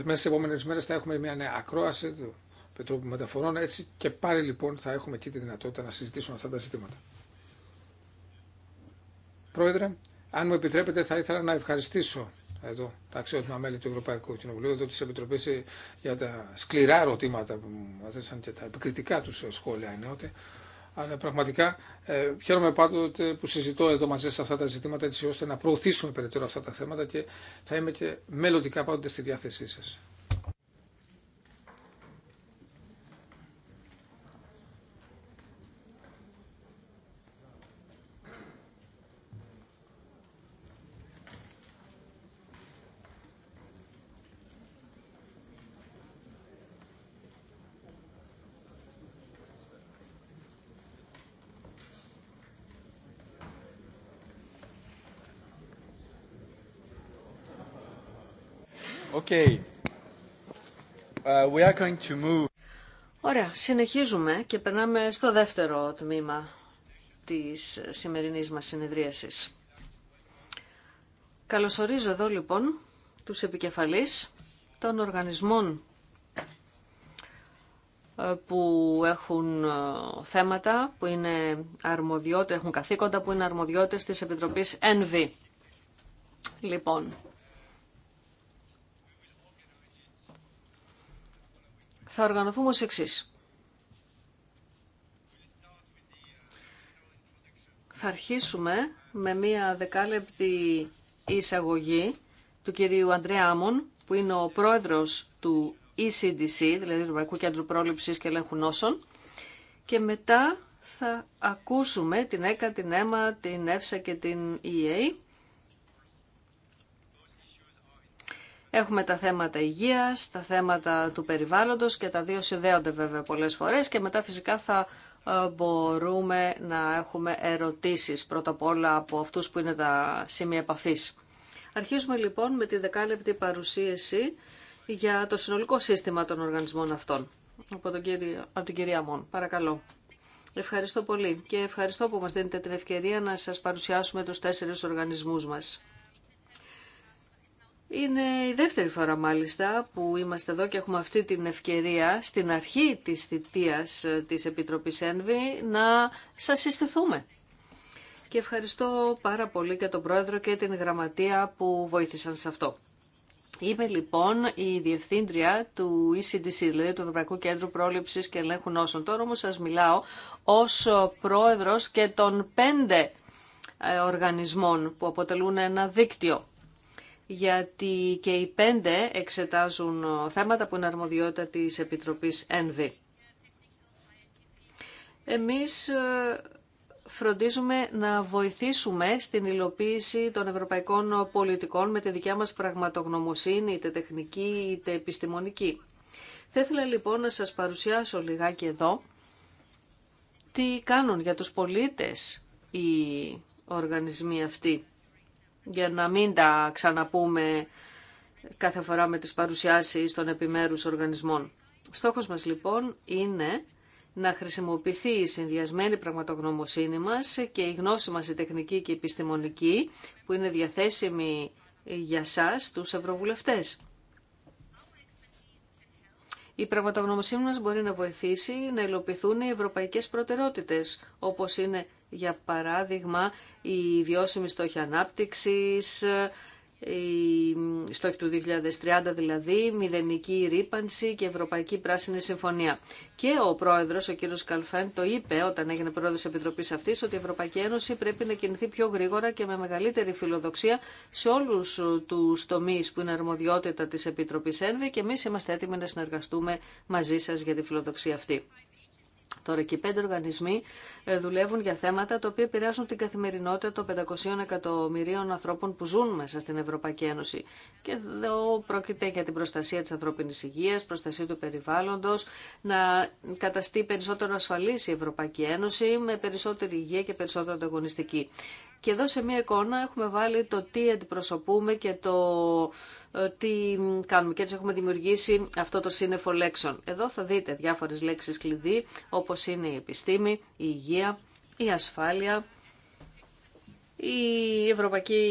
B: μέσα στι επόμενε μέρε θα έχουμε μια νέα ακρόαση του Πετρόπου Μεταφορών. Έτσι και πάλι λοιπόν θα έχουμε εκεί τη δυνατότητα να συζητήσουμε αυτά τα ζητήματα. Πρόεδρε, αν μου επιτρέπετε, θα ήθελα να ευχαριστήσω εδώ τα αξιότιμα μέλη του Ευρωπαϊκού Κοινοβουλίου, εδώ τη Επιτροπή για τα σκληρά ερωτήματα που μου έθεσαν και τα επικριτικά του σχόλια αλλά πραγματικά ε, χαίρομαι πάντοτε που συζητώ εδώ μαζί σε αυτά τα ζητήματα έτσι ώστε να προωθήσουμε περαιτέρω αυτά τα θέματα και θα είμαι και μελλοντικά πάντοτε στη διάθεσή σας. Uh,
A: Ωραία, συνεχίζουμε και περνάμε στο δεύτερο τμήμα της σημερινής μας συνεδρίασης. Καλωσορίζω εδώ λοιπόν τους επικεφαλείς των οργανισμών ε, που έχουν ε, θέματα, που είναι αρμοδιότητα, έχουν καθήκοντα που είναι αρμοδιότητες της Επιτροπής ΕΝΒΗ. Λοιπόν, Θα οργανωθούμε ως εξή. Θα αρχίσουμε με μία δεκάλεπτη εισαγωγή του κυρίου Αντρέα Άμον, που είναι ο πρόεδρος του ECDC, δηλαδή του Ευρωπαϊκού Κέντρου Πρόληψης και Ελέγχου Νόσων, και μετά θα ακούσουμε την ΕΚΑ, την ΕΜΑ, την ΕΦΣΑ και την EA Έχουμε τα θέματα υγείας, τα θέματα του περιβάλλοντος και τα δύο συνδέονται βέβαια πολλές φορές και μετά φυσικά θα ε, μπορούμε να έχουμε ερωτήσεις πρώτα απ' όλα από αυτούς που είναι τα σημεία επαφής. Αρχίζουμε λοιπόν με τη δεκάλεπτη παρουσίαση για το συνολικό σύστημα των οργανισμών αυτών. Από, τον κύριο, από την κυρία Μον, παρακαλώ. Ευχαριστώ πολύ και ευχαριστώ που μας δίνετε την ευκαιρία να σας παρουσιάσουμε τους τέσσερις οργανισμούς μας. Είναι η δεύτερη φορά μάλιστα που είμαστε εδώ και έχουμε αυτή την ευκαιρία στην αρχή της θητείας ε, της Επιτροπής ΕΝΒΗ να σας συστηθούμε. Και ευχαριστώ πάρα πολύ και τον Πρόεδρο και την Γραμματεία που βοήθησαν σε αυτό. Είμαι λοιπόν η Διευθύντρια του ECDC, δηλαδή του Ευρωπαϊκού Κέντρου Πρόληψης και Ελέγχου Νόσων. Τώρα όμως σας μιλάω ως Πρόεδρος και των πέντε ε, οργανισμών που αποτελούν ένα δίκτυο γιατί και οι πέντε εξετάζουν ε, θέματα που είναι αρμοδιότητα της Επιτροπής ΕΝΒΗ. Εμείς ε, φροντίζουμε να βοηθήσουμε στην υλοποίηση των ευρωπαϊκών πολιτικών με τη δικιά μας πραγματογνωμοσύνη, είτε τεχνική είτε επιστημονική. Θα ήθελα λοιπόν να σας παρουσιάσω λιγάκι εδώ τι κάνουν για τους πολίτες οι οργανισμοί αυτοί για να μην τα ξαναπούμε κάθε φορά με τις παρουσιάσεις των επιμέρους οργανισμών. Στόχος μας λοιπόν είναι να χρησιμοποιηθεί η συνδυασμένη πραγματογνωμοσύνη μας και η γνώση μας η τεχνική και η επιστημονική που είναι διαθέσιμη για σας τους ευρωβουλευτές. Η πραγματογνωμοσύνη μας μπορεί να βοηθήσει να υλοποιηθούν οι ευρωπαϊκές προτεραιότητες, όπως είναι για παράδειγμα η βιώσιμη στόχη ανάπτυξης, η στόχη του 2030 δηλαδή, μηδενική ρήπανση και Ευρωπαϊκή Πράσινη Συμφωνία. Και ο πρόεδρος, ο κύριος Καλφέν, το είπε όταν έγινε πρόεδρος Επιτροπής αυτής ότι η Ευρωπαϊκή Ένωση πρέπει να κινηθεί πιο γρήγορα και με μεγαλύτερη φιλοδοξία σε όλους τους τομείς που είναι αρμοδιότητα της Επιτροπής ΕΝΒΗ και εμείς είμαστε έτοιμοι να συνεργαστούμε μαζί σας για τη φιλοδοξία αυτή. Τώρα και οι πέντε οργανισμοί ε, δουλεύουν για θέματα τα οποία επηρεάζουν την καθημερινότητα των 500 εκατομμυρίων ανθρώπων που ζουν μέσα στην Ευρωπαϊκή Ένωση. Και εδώ πρόκειται για την προστασία της ανθρώπινης υγείας, προστασία του περιβάλλοντος, να καταστεί περισσότερο ασφαλής η Ευρωπαϊκή Ένωση με περισσότερη υγεία και περισσότερο ανταγωνιστική. Και εδώ σε μία εικόνα έχουμε βάλει το τι αντιπροσωπούμε και το ε, τι κάνουμε. Και έτσι έχουμε δημιουργήσει αυτό το σύννεφο λέξεων. Εδώ θα δείτε διάφορες λέξεις κλειδί, όπως είναι η επιστήμη, η υγεία, η ασφάλεια, η ευρωπαϊκή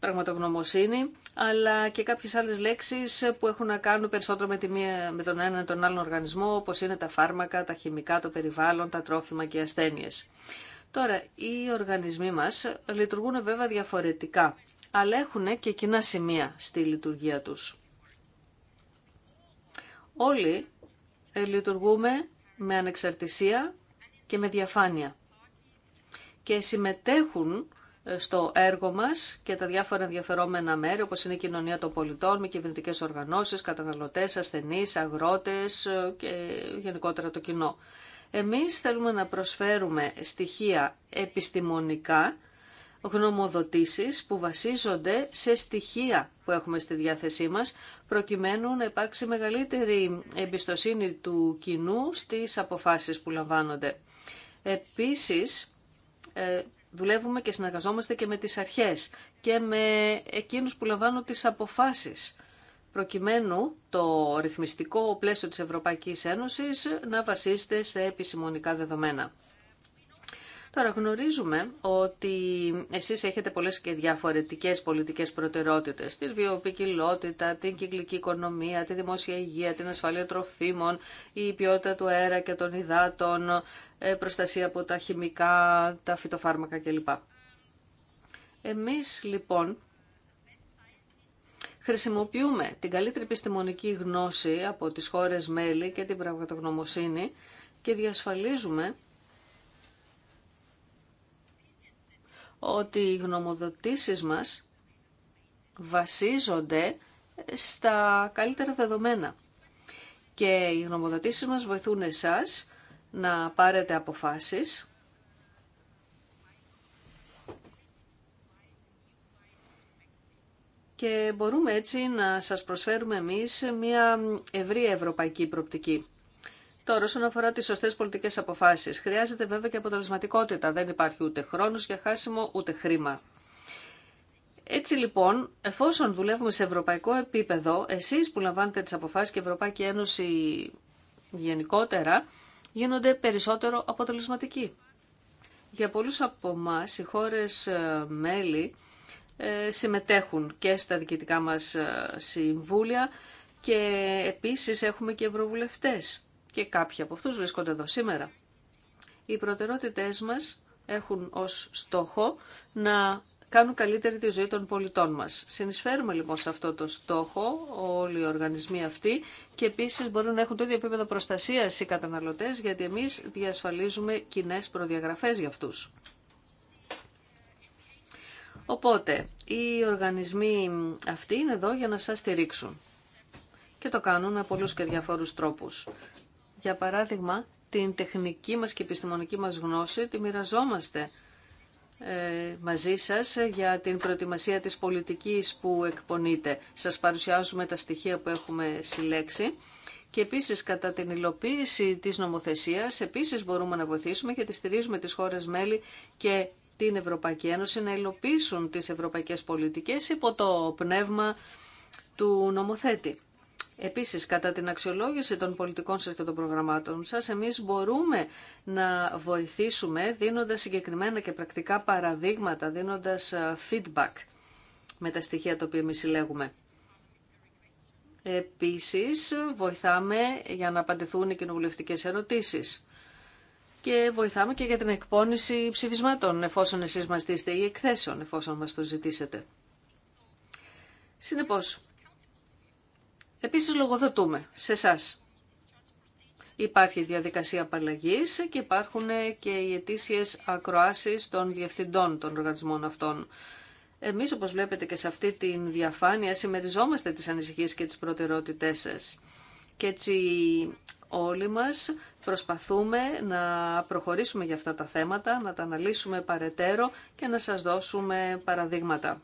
A: πραγματογνωμοσύνη, αλλά και κάποιες άλλες λέξεις που έχουν να κάνουν περισσότερο με, με τον έναν ή τον άλλον οργανισμό, όπως είναι τα φάρμακα, τα χημικά, το περιβάλλον, τα τρόφιμα και οι ασθένειες. Τώρα, οι οργανισμοί μας λειτουργούν βέβαια διαφορετικά, αλλά έχουν και κοινά σημεία στη λειτουργία τους. Όλοι ε, λειτουργούμε με ανεξαρτησία και με διαφάνεια και συμμετέχουν ε, στο έργο μας και τα διάφορα ενδιαφερόμενα μέρη, όπως είναι η κοινωνία των πολιτών, με κυβερνητικέ οργανώσεις, καταναλωτές, ασθενείς, αγρότες ε, και γενικότερα το κοινό. Εμείς θέλουμε να προσφέρουμε στοιχεία επιστημονικά, γνωμοδοτήσεις που βασίζονται σε στοιχεία που έχουμε στη διάθεσή μας, προκειμένου να υπάρξει μεγαλύτερη εμπιστοσύνη του κοινού στις αποφάσεις που λαμβάνονται. Επίσης, ε, δουλεύουμε και συνεργαζόμαστε και με τις αρχές και με εκείνους που λαμβάνουν τις αποφάσεις προκειμένου το ρυθμιστικό πλαίσιο της Ευρωπαϊκής Ένωσης να βασίζεται σε επισημονικά δεδομένα. Τώρα γνωρίζουμε ότι εσείς έχετε πολλές και διαφορετικές πολιτικές προτεραιότητες, την βιοποικιλότητα, την κυκλική οικονομία, τη δημόσια υγεία, την ασφαλεία τροφίμων, η ποιότητα του αέρα και των υδάτων, ε, προστασία από τα χημικά, τα φυτοφάρμακα κλπ. Εμείς λοιπόν Χρησιμοποιούμε την καλύτερη επιστημονική γνώση από τις χώρες μέλη και την πραγματογνωμοσύνη και διασφαλίζουμε ότι οι γνωμοδοτήσεις μας βασίζονται στα καλύτερα δεδομένα. Και οι γνωμοδοτήσεις μας βοηθούν εσάς να πάρετε αποφάσεις και μπορούμε έτσι να σας προσφέρουμε εμείς μια ευρία ευρωπαϊκή προπτική. Τώρα, όσον αφορά τι σωστέ πολιτικέ αποφάσει, χρειάζεται βέβαια και αποτελεσματικότητα. Δεν υπάρχει ούτε χρόνο για χάσιμο, ούτε χρήμα. Έτσι λοιπόν, εφόσον δουλεύουμε σε ευρωπαϊκό επίπεδο, εσεί που λαμβάνετε τι αποφάσει και η Ευρωπαϊκή Ένωση γενικότερα, γίνονται περισσότερο αποτελεσματικοί. Για πολλού από εμά, οι χώρε ε, μέλη ε, συμμετέχουν και στα διοικητικά μας ε, συμβούλια και επίσης έχουμε και ευρωβουλευτές και κάποιοι από αυτούς βρίσκονται εδώ σήμερα. Οι προτερότητες μας έχουν ως στόχο να κάνουν καλύτερη τη ζωή των πολιτών μας. Συνεισφέρουμε λοιπόν σε αυτό το στόχο όλοι οι οργανισμοί αυτοί και επίσης μπορούν να έχουν το ίδιο επίπεδο προστασίας οι καταναλωτές γιατί εμείς διασφαλίζουμε κοινέ προδιαγραφές για αυτούς. Οπότε, οι οργανισμοί αυτοί είναι εδώ για να σας στηρίξουν. Και το κάνουν με πολλούς και διαφόρους τρόπους. Για παράδειγμα, την τεχνική μας και επιστημονική μας γνώση τη μοιραζόμαστε ε, μαζί σας για την προετοιμασία της πολιτικής που εκπονείτε. Σας παρουσιάζουμε τα στοιχεία που έχουμε συλλέξει και επίσης κατά την υλοποίηση της νομοθεσίας επίσης μπορούμε να βοηθήσουμε γιατί στηρίζουμε τις χώρες μέλη και την Ευρωπαϊκή Ένωση να υλοποιήσουν τις ευρωπαϊκές πολιτικές υπό το πνεύμα του νομοθέτη. Επίσης, κατά την αξιολόγηση των πολιτικών σας και των προγραμμάτων σας, εμείς μπορούμε να βοηθήσουμε δίνοντας συγκεκριμένα και πρακτικά παραδείγματα, δίνοντας feedback με τα στοιχεία τα οποία εμείς συλλέγουμε. Επίσης, βοηθάμε για να απαντηθούν οι κοινοβουλευτικές ερωτήσεις και βοηθάμε και για την εκπόνηση ψηφισμάτων εφόσον εσείς μας δείστε ή εκθέσεων εφόσον μας το ζητήσετε. Συνεπώς, επίσης λογοδοτούμε σε εσά. Υπάρχει διαδικασία απαλλαγή και υπάρχουν και οι αιτήσιε ακροασει των διευθυντών των οργανισμών αυτών. Εμείς, όπως βλέπετε και σε αυτή τη διαφάνεια, συμμεριζόμαστε τις ανησυχίες και τις προτεραιότητές σας. Και έτσι όλοι μας προσπαθούμε να προχωρήσουμε για αυτά τα θέματα, να τα αναλύσουμε παρετέρω και να σας δώσουμε παραδείγματα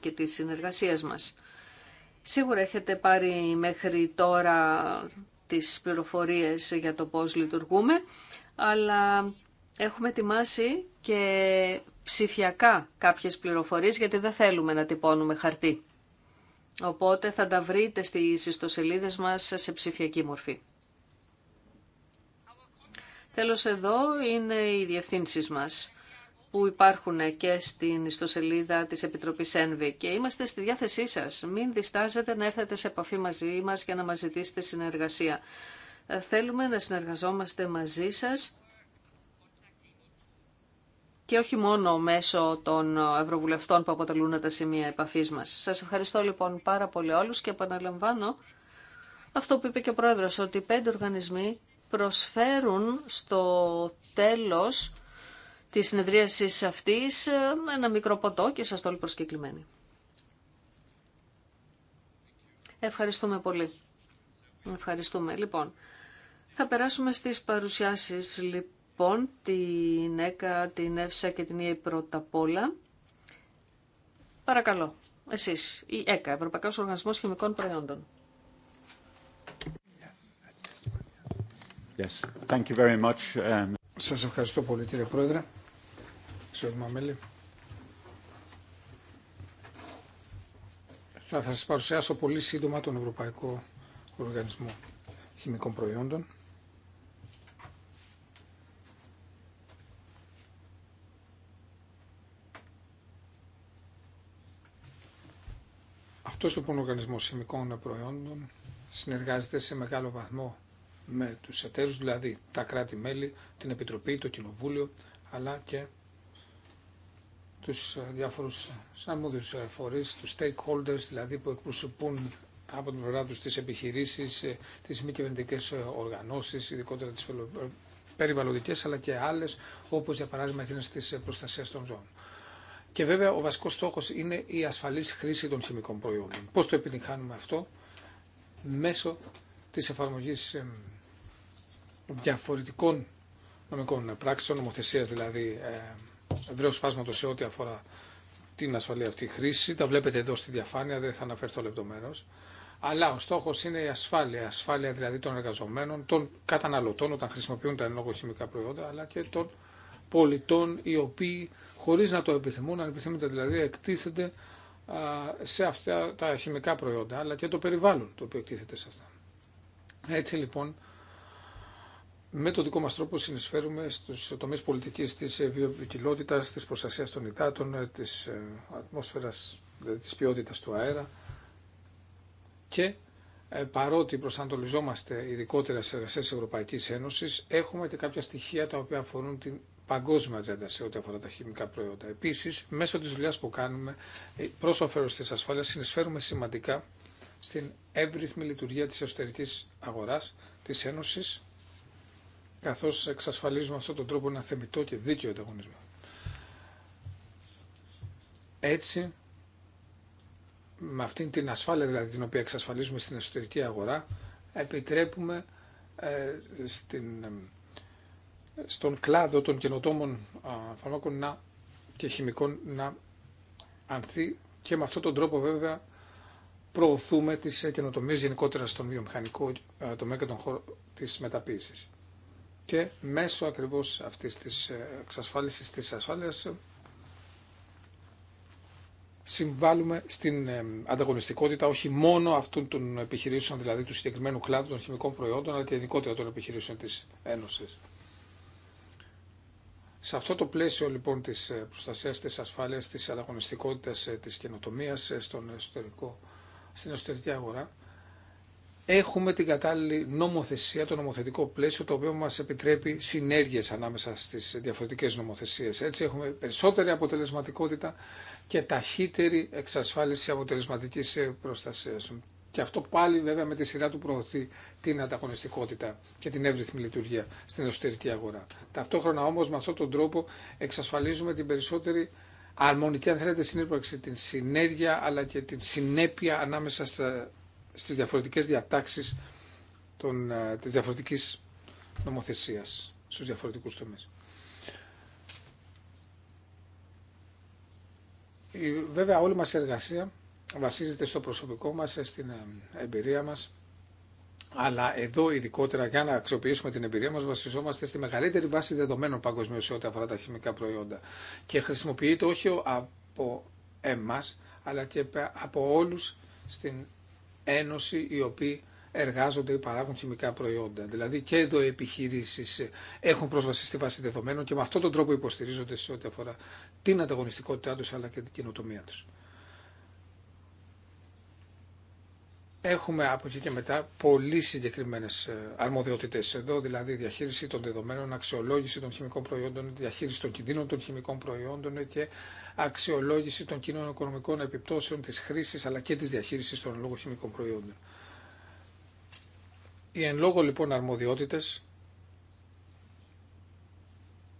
A: και τις συνεργασίες μας. Σίγουρα έχετε πάρει μέχρι τώρα τις πληροφορίες για το πώς λειτουργούμε, αλλά έχουμε ετοιμάσει και ψηφιακά κάποιες πληροφορίες γιατί δεν θέλουμε να τυπώνουμε χαρτί. Οπότε θα τα βρείτε στις ιστοσελίδες μας σε ψηφιακή μορφή. Τέλος εδώ είναι οι διευθύνσει μας που υπάρχουν και στην ιστοσελίδα της Επιτροπής ΕΝΒΗ και είμαστε στη διάθεσή σας. Μην διστάζετε να έρθετε σε επαφή μαζί μας για να μας ζητήσετε συνεργασία. Ε, θέλουμε να συνεργαζόμαστε μαζί σας και όχι μόνο μέσω των ευρωβουλευτών που αποτελούν τα σημεία επαφή μα. Σα ευχαριστώ λοιπόν πάρα πολύ όλου και επαναλαμβάνω αυτό που είπε και ο πρόεδρο, ότι οι πέντε οργανισμοί προσφέρουν στο τέλο τη συνεδρίασης αυτή ένα μικρό ποτό και σα το όλοι Ευχαριστούμε πολύ. Ευχαριστούμε. Λοιπόν, θα περάσουμε στις παρουσιάσεις λοιπόν λοιπόν την ΕΚΑ, την ΕΦΣΑ και την ΕΕ πρώτα απ' όλα. Παρακαλώ, εσείς, η ΕΚΑ, Ευρωπαϊκός Οργανισμός Χημικών Προϊόντων.
B: Yes, thank you very much. Um, σας ευχαριστώ πολύ κύριε Πρόεδρε, μέλη. Θα σας παρουσιάσω πολύ σύντομα τον Ευρωπαϊκό Οργανισμό Χημικών Προϊόντων. Αυτός λοιπόν ο οργανισμός χημικών προϊόντων συνεργάζεται σε μεγάλο βαθμό με τους εταίρους, δηλαδή τα κράτη-μέλη, την Επιτροπή, το Κοινοβούλιο, αλλά και τους ε, διάφορους ε, αρμόδιους ε, φορείς, τους stakeholders, δηλαδή που εκπροσωπούν από την πλευρά τους τις επιχειρήσεις, τις μη κυβερνητικέ οργανώσεις, ειδικότερα τις περιβαλλοντικές, αλλά και άλλες, όπως για παράδειγμα εκείνες της προστασίας των ζώων. Και βέβαια ο βασικός στόχος είναι η ασφαλής χρήση των χημικών προϊόντων. Πώς το επιτυγχάνουμε αυτό μέσω της εφαρμογής διαφορετικών νομικών πράξεων, νομοθεσίας δηλαδή ε, ευρέω σπάσματο σε ό,τι αφορά την ασφαλή αυτή χρήση. Τα βλέπετε εδώ στη διαφάνεια, δεν θα αναφερθώ λεπτομέρω. Αλλά ο στόχο είναι η ασφάλεια. ασφάλεια δηλαδή των εργαζομένων, των καταναλωτών όταν χρησιμοποιούν τα ενόγω χημικά προϊόντα, αλλά και των πολιτών οι οποίοι χωρίς να το επιθυμούν, αν επιθυμούνται δηλαδή, εκτίθενται σε αυτά τα χημικά προϊόντα, αλλά και το περιβάλλον το οποίο εκτίθεται σε αυτά. Έτσι λοιπόν, με το δικό μας τρόπο συνεισφέρουμε στους τομείς πολιτικής της ε, βιοποικιλότητας, της προστασίας των υδάτων, ε, της ε, ατμόσφαιρας, δηλαδή της ποιότητας του αέρα και παρότι προσανατολιζόμαστε ειδικότερα σε εργασίες της Ευρωπαϊκής Ένωσης, έχουμε και κάποια στοιχεία τα οποία αφορούν την παγκόσμια ατζέντα σε ό,τι αφορά τα χημικά προϊόντα. Επίση, μέσω τη δουλειά που κάνουμε ε, προ όφελο τη ασφάλεια, συνεισφέρουμε σημαντικά στην εύρυθμη λειτουργία τη εσωτερική αγορά τη Ένωση, καθώ εξασφαλίζουμε αυτόν τον τρόπο ένα θεμητό και δίκαιο ανταγωνισμό. Έτσι, με αυτήν την ασφάλεια δηλαδή την οποία εξασφαλίζουμε στην εσωτερική αγορά, επιτρέπουμε ε, στην ε, στον κλάδο των καινοτόμων φαρμάκων να, και χημικών να ανθεί και με αυτόν τον τρόπο βέβαια προωθούμε τις ε, καινοτομίες γενικότερα στον βιομηχανικό ε, τομέα και τον χώρο της μεταποίησης. Και μέσω ακριβώς αυτής της ε, εξασφάλισης της ασφάλειας συμβάλλουμε στην ανταγωνιστικότητα όχι μόνο αυτών των επιχειρήσεων, δηλαδή του συγκεκριμένου κλάδου των χημικών προϊόντων, αλλά και γενικότερα των επιχειρήσεων της Ένωσης. Σε αυτό το πλαίσιο λοιπόν της ε, προστασίας της ασφάλειας, της ανταγωνιστικότητας, ε, της καινοτομίας ε, στον εσωτερικό, στην εσωτερική αγορά, έχουμε την κατάλληλη νομοθεσία, το νομοθετικό πλαίσιο, το οποίο μας επιτρέπει συνέργειες ανάμεσα στις διαφορετικές νομοθεσίες. Έτσι έχουμε περισσότερη αποτελεσματικότητα και ταχύτερη εξασφάλιση αποτελεσματικής προστασίας. Και αυτό πάλι βέβαια με τη σειρά του προωθεί την ανταγωνιστικότητα και την εύρυθμη λειτουργία στην εσωτερική αγορά. Ταυτόχρονα όμω με αυτόν τον τρόπο εξασφαλίζουμε την περισσότερη αρμονική αν θέλετε συνύπαρξη, την συνέργεια αλλά και την συνέπεια ανάμεσα στις διαφορετικές διατάξεις ε, τη διαφορετική νομοθεσία στου διαφορετικού διαφορετικούς Βέβαια όλη μας η εργασία βασίζεται στο προσωπικό μας, ε, στην ε, εμπειρία μας. Αλλά εδώ ειδικότερα για να αξιοποιήσουμε την εμπειρία μας βασιζόμαστε στη μεγαλύτερη βάση δεδομένων παγκοσμίω σε ό,τι αφορά τα χημικά προϊόντα. Και χρησιμοποιείται όχι από εμάς, αλλά και από όλους στην Ένωση οι οποίοι εργάζονται ή παράγουν χημικά προϊόντα. Δηλαδή και εδώ οι επιχειρήσεις ε, έχουν πρόσβαση στη βάση δεδομένων και με αυτόν τον τρόπο υποστηρίζονται σε ό,τι αφορά την ανταγωνιστικότητά τους αλλά και την κοινοτομία τους. έχουμε από εκεί και μετά πολύ συγκεκριμένε αρμοδιότητε εδώ, δηλαδή διαχείριση των δεδομένων, αξιολόγηση των χημικών προϊόντων, διαχείριση των κινδύνων των χημικών προϊόντων και αξιολόγηση των κοινών οικονομικών επιπτώσεων τη χρήση αλλά και τη διαχείριση των λόγω χημικών προϊόντων. Οι εν λόγω λοιπόν αρμοδιότητε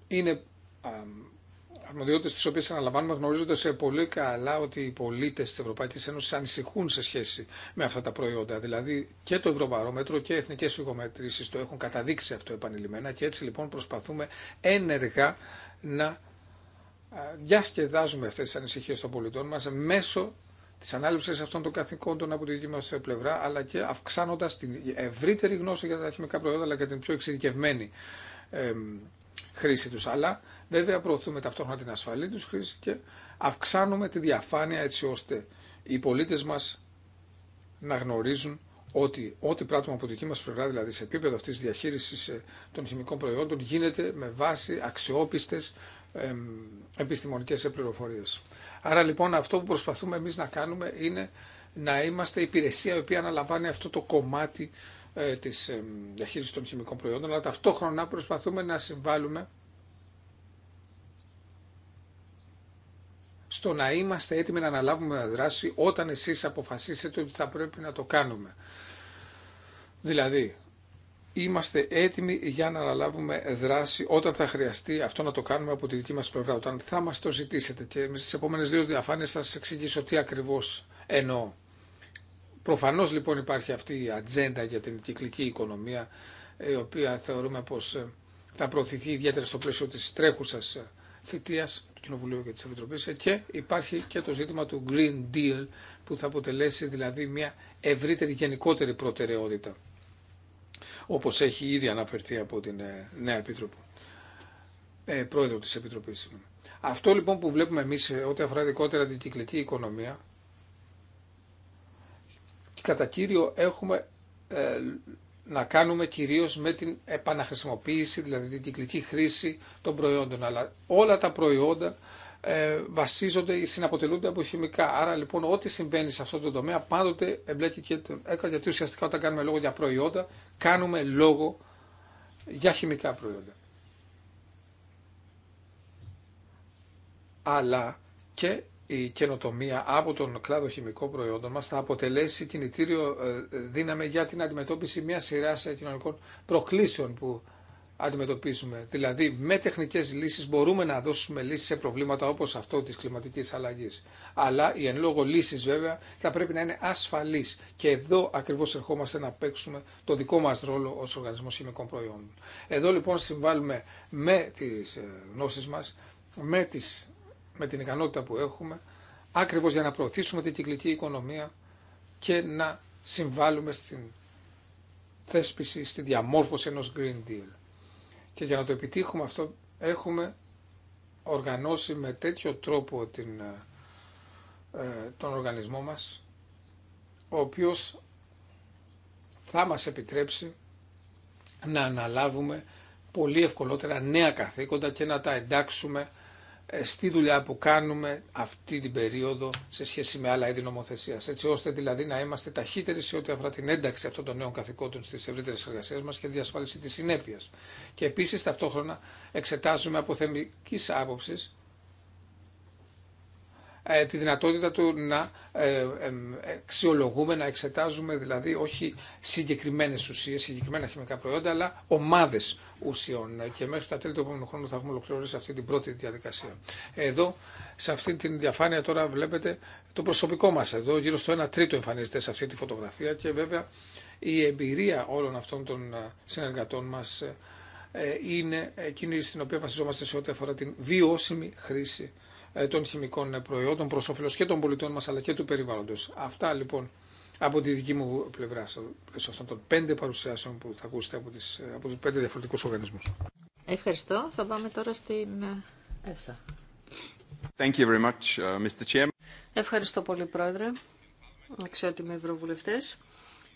B: είναι αρμοδιότητε τι οποίε αναλαμβάνουμε, γνωρίζοντα πολύ καλά ότι οι πολίτε τη Ευρωπαϊκή Ένωση ανησυχούν σε σχέση με αυτά τα προϊόντα. Δηλαδή και το Ευρωβαρόμετρο και οι εθνικέ οικομετρήσει το έχουν καταδείξει αυτό επανειλημμένα και έτσι λοιπόν προσπαθούμε ένεργα να διασκεδάζουμε αυτέ τι ανησυχίε των πολιτών μα μέσω τη ανάληψη αυτών των καθηκόντων από τη δική μα πλευρά, αλλά και αυξάνοντα την ευρύτερη γνώση για τα χημικά προϊόντα, αλλά και την πιο εξειδικευμένη χρήση του Αλλά Βέβαια, προωθούμε ταυτόχρονα την ασφαλή του χρήση και αυξάνουμε τη διαφάνεια έτσι ώστε οι πολίτε μα να γνωρίζουν ότι ό,τι πράττουμε από δική μας πλευρά, δηλαδή σε επίπεδο αυτή τη διαχείριση ε, των χημικών προϊόντων, γίνεται με βάση αξιόπιστες επιστημονικέ πληροφορίε. Άρα λοιπόν αυτό που προσπαθούμε εμεί να κάνουμε είναι να είμαστε υπηρεσία η οποία αναλαμβάνει αυτό το κομμάτι ε, της διαχείρισης των χημικών προϊόντων, αλλά ταυτόχρονα προσπαθούμε να συμβάλλουμε στο να είμαστε έτοιμοι να αναλάβουμε δράση όταν εσείς αποφασίσετε ότι θα πρέπει να το κάνουμε. Δηλαδή, είμαστε έτοιμοι για να αναλάβουμε δράση όταν θα χρειαστεί αυτό να το κάνουμε από τη δική μας πλευρά, όταν θα μας το ζητήσετε. Και με στις επόμενες δύο διαφάνειες θα σας εξηγήσω τι ακριβώς εννοώ. Προφανώς λοιπόν υπάρχει αυτή η ατζέντα για την κυκλική οικονομία, ε, η οποία θεωρούμε πως ε, θα προωθηθεί ιδιαίτερα στο πλαίσιο της τρέχουσας ε, θητείας Κοινοβουλίου και τη επιτροπή ε, και υπάρχει και το ζήτημα του Green Deal που θα αποτελέσει δηλαδή μια ευρύτερη γενικότερη προτεραιότητα όπως έχει ήδη αναφερθεί από την ε, νέα Επίτροπο, ε, πρόεδρο της Επιτροπής. Αυτό λοιπόν που βλέπουμε εμείς ό,τι αφορά ειδικότερα την κυκλική οικονομία, κατά κύριο έχουμε να κάνουμε κυρίως με την επαναχρησιμοποίηση, δηλαδή την κυκλική χρήση των προϊόντων. Αλλά όλα τα προϊόντα ε, βασίζονται ή συναποτελούνται από χημικά. Άρα λοιπόν ό,τι συμβαίνει σε αυτό το τομέα πάντοτε εμπλέκει και τον έκα γιατί ουσιαστικά όταν κάνουμε λόγο για προϊόντα κάνουμε λόγο για χημικά προϊόντα. Αλλά και η καινοτομία από τον κλάδο χημικών προϊόντων μας θα αποτελέσει κινητήριο ε, δύναμη για την αντιμετώπιση μιας σειράς κοινωνικών προκλήσεων που αντιμετωπίζουμε. Δηλαδή με τεχνικές λύσεις μπορούμε να δώσουμε λύσεις σε προβλήματα όπως αυτό της κλιματικής αλλαγής. Αλλά η εν λόγω λύσεις βέβαια θα πρέπει να είναι ασφαλείς και εδώ ακριβώς ερχόμαστε να παίξουμε το δικό μας ρόλο ως οργανισμός χημικών προϊόντων. Εδώ λοιπόν συμβάλλουμε με τις ε, γνώσεις μας, με τις με την ικανότητα που έχουμε, ακριβώς για να προωθήσουμε την κυκλική οικονομία και να συμβάλλουμε στην θέσπιση, στη διαμόρφωση ενός Green Deal. Και για να το επιτύχουμε αυτό έχουμε οργανώσει με τέτοιο τρόπο την, ε, ε, τον οργανισμό μας, ο οποίος θα μας επιτρέψει να αναλάβουμε πολύ ευκολότερα νέα καθήκοντα και να τα εντάξουμε ε, στη δουλειά που κάνουμε αυτή την περίοδο σε σχέση με άλλα είδη νομοθεσία. Έτσι ώστε δηλαδή να είμαστε ταχύτεροι σε ό,τι αφορά την ένταξη αυτών των νέων καθηκόντων στι ευρύτερε εργασίε μα και διασφάλιση τη συνέπεια. Και επίση ταυτόχρονα εξετάζουμε από θεμική άποψη ε, τη δυνατότητα του να αξιολογούμε, ε, να εξετάζουμε δηλαδή όχι συγκεκριμένες ουσίες, συγκεκριμένα χημικά προϊόντα, αλλά ομάδες ουσιών. Και μέχρι τα τέλη του επόμενου χρόνου θα έχουμε ολοκληρώσει αυτή την πρώτη διαδικασία. Εδώ, σε αυτή την διαφάνεια τώρα βλέπετε το προσωπικό μας εδώ, γύρω στο 1 τρίτο εμφανίζεται σε αυτή τη φωτογραφία και βέβαια η εμπειρία όλων αυτών των ε, συνεργατών μας είναι εκείνη στην οποία βασιζόμαστε σε ό,τι αφορά την βιώσιμη χρήση ε, των χημικών προϊόντων προ όφελο και των πολιτών μα, αλλά και του περιβάλλοντος. Αυτά λοιπόν από τη δική μου πλευρά σε πλαίσιο αυτών των πέντε παρουσιάσεων που θα ακούσετε από, ε, από τους πέντε διαφορετικούς οργανισμούς.
C: Ευχαριστώ. Θα πάμε τώρα στην ΕΦΣΑ.
B: Thank you very much, uh, Mr.
A: Ευχαριστώ πολύ, Πρόεδρε. Αξιότιμοι Ευρωβουλευτές.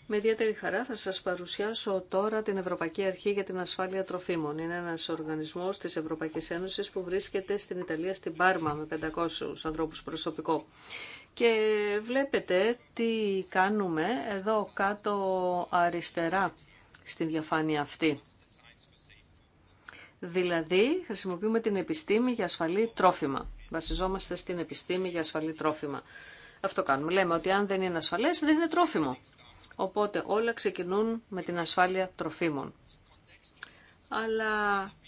A: Με ιδιαίτερη χαρά θα σας παρουσιάσω τώρα την Ευρωπαϊκή Αρχή για την Ασφάλεια Τροφίμων. Είναι ένας οργανισμός της Ευρωπαϊκής Ένωσης που βρίσκεται στην Ιταλία, στην Πάρμα, με 500 ανθρώπους προσωπικό. Και βλέπετε τι κάνουμε εδώ κάτω αριστερά στην διαφάνεια αυτή. Δηλαδή, χρησιμοποιούμε την επιστήμη για ασφαλή τρόφιμα. Βασιζόμαστε στην επιστήμη για ασφαλή τρόφιμα. Αυτό κάνουμε. Λέμε ότι αν δεν είναι ασφαλές, δεν είναι τρόφιμο. Οπότε όλα ξεκινούν με την ασφάλεια τροφίμων. Αλλά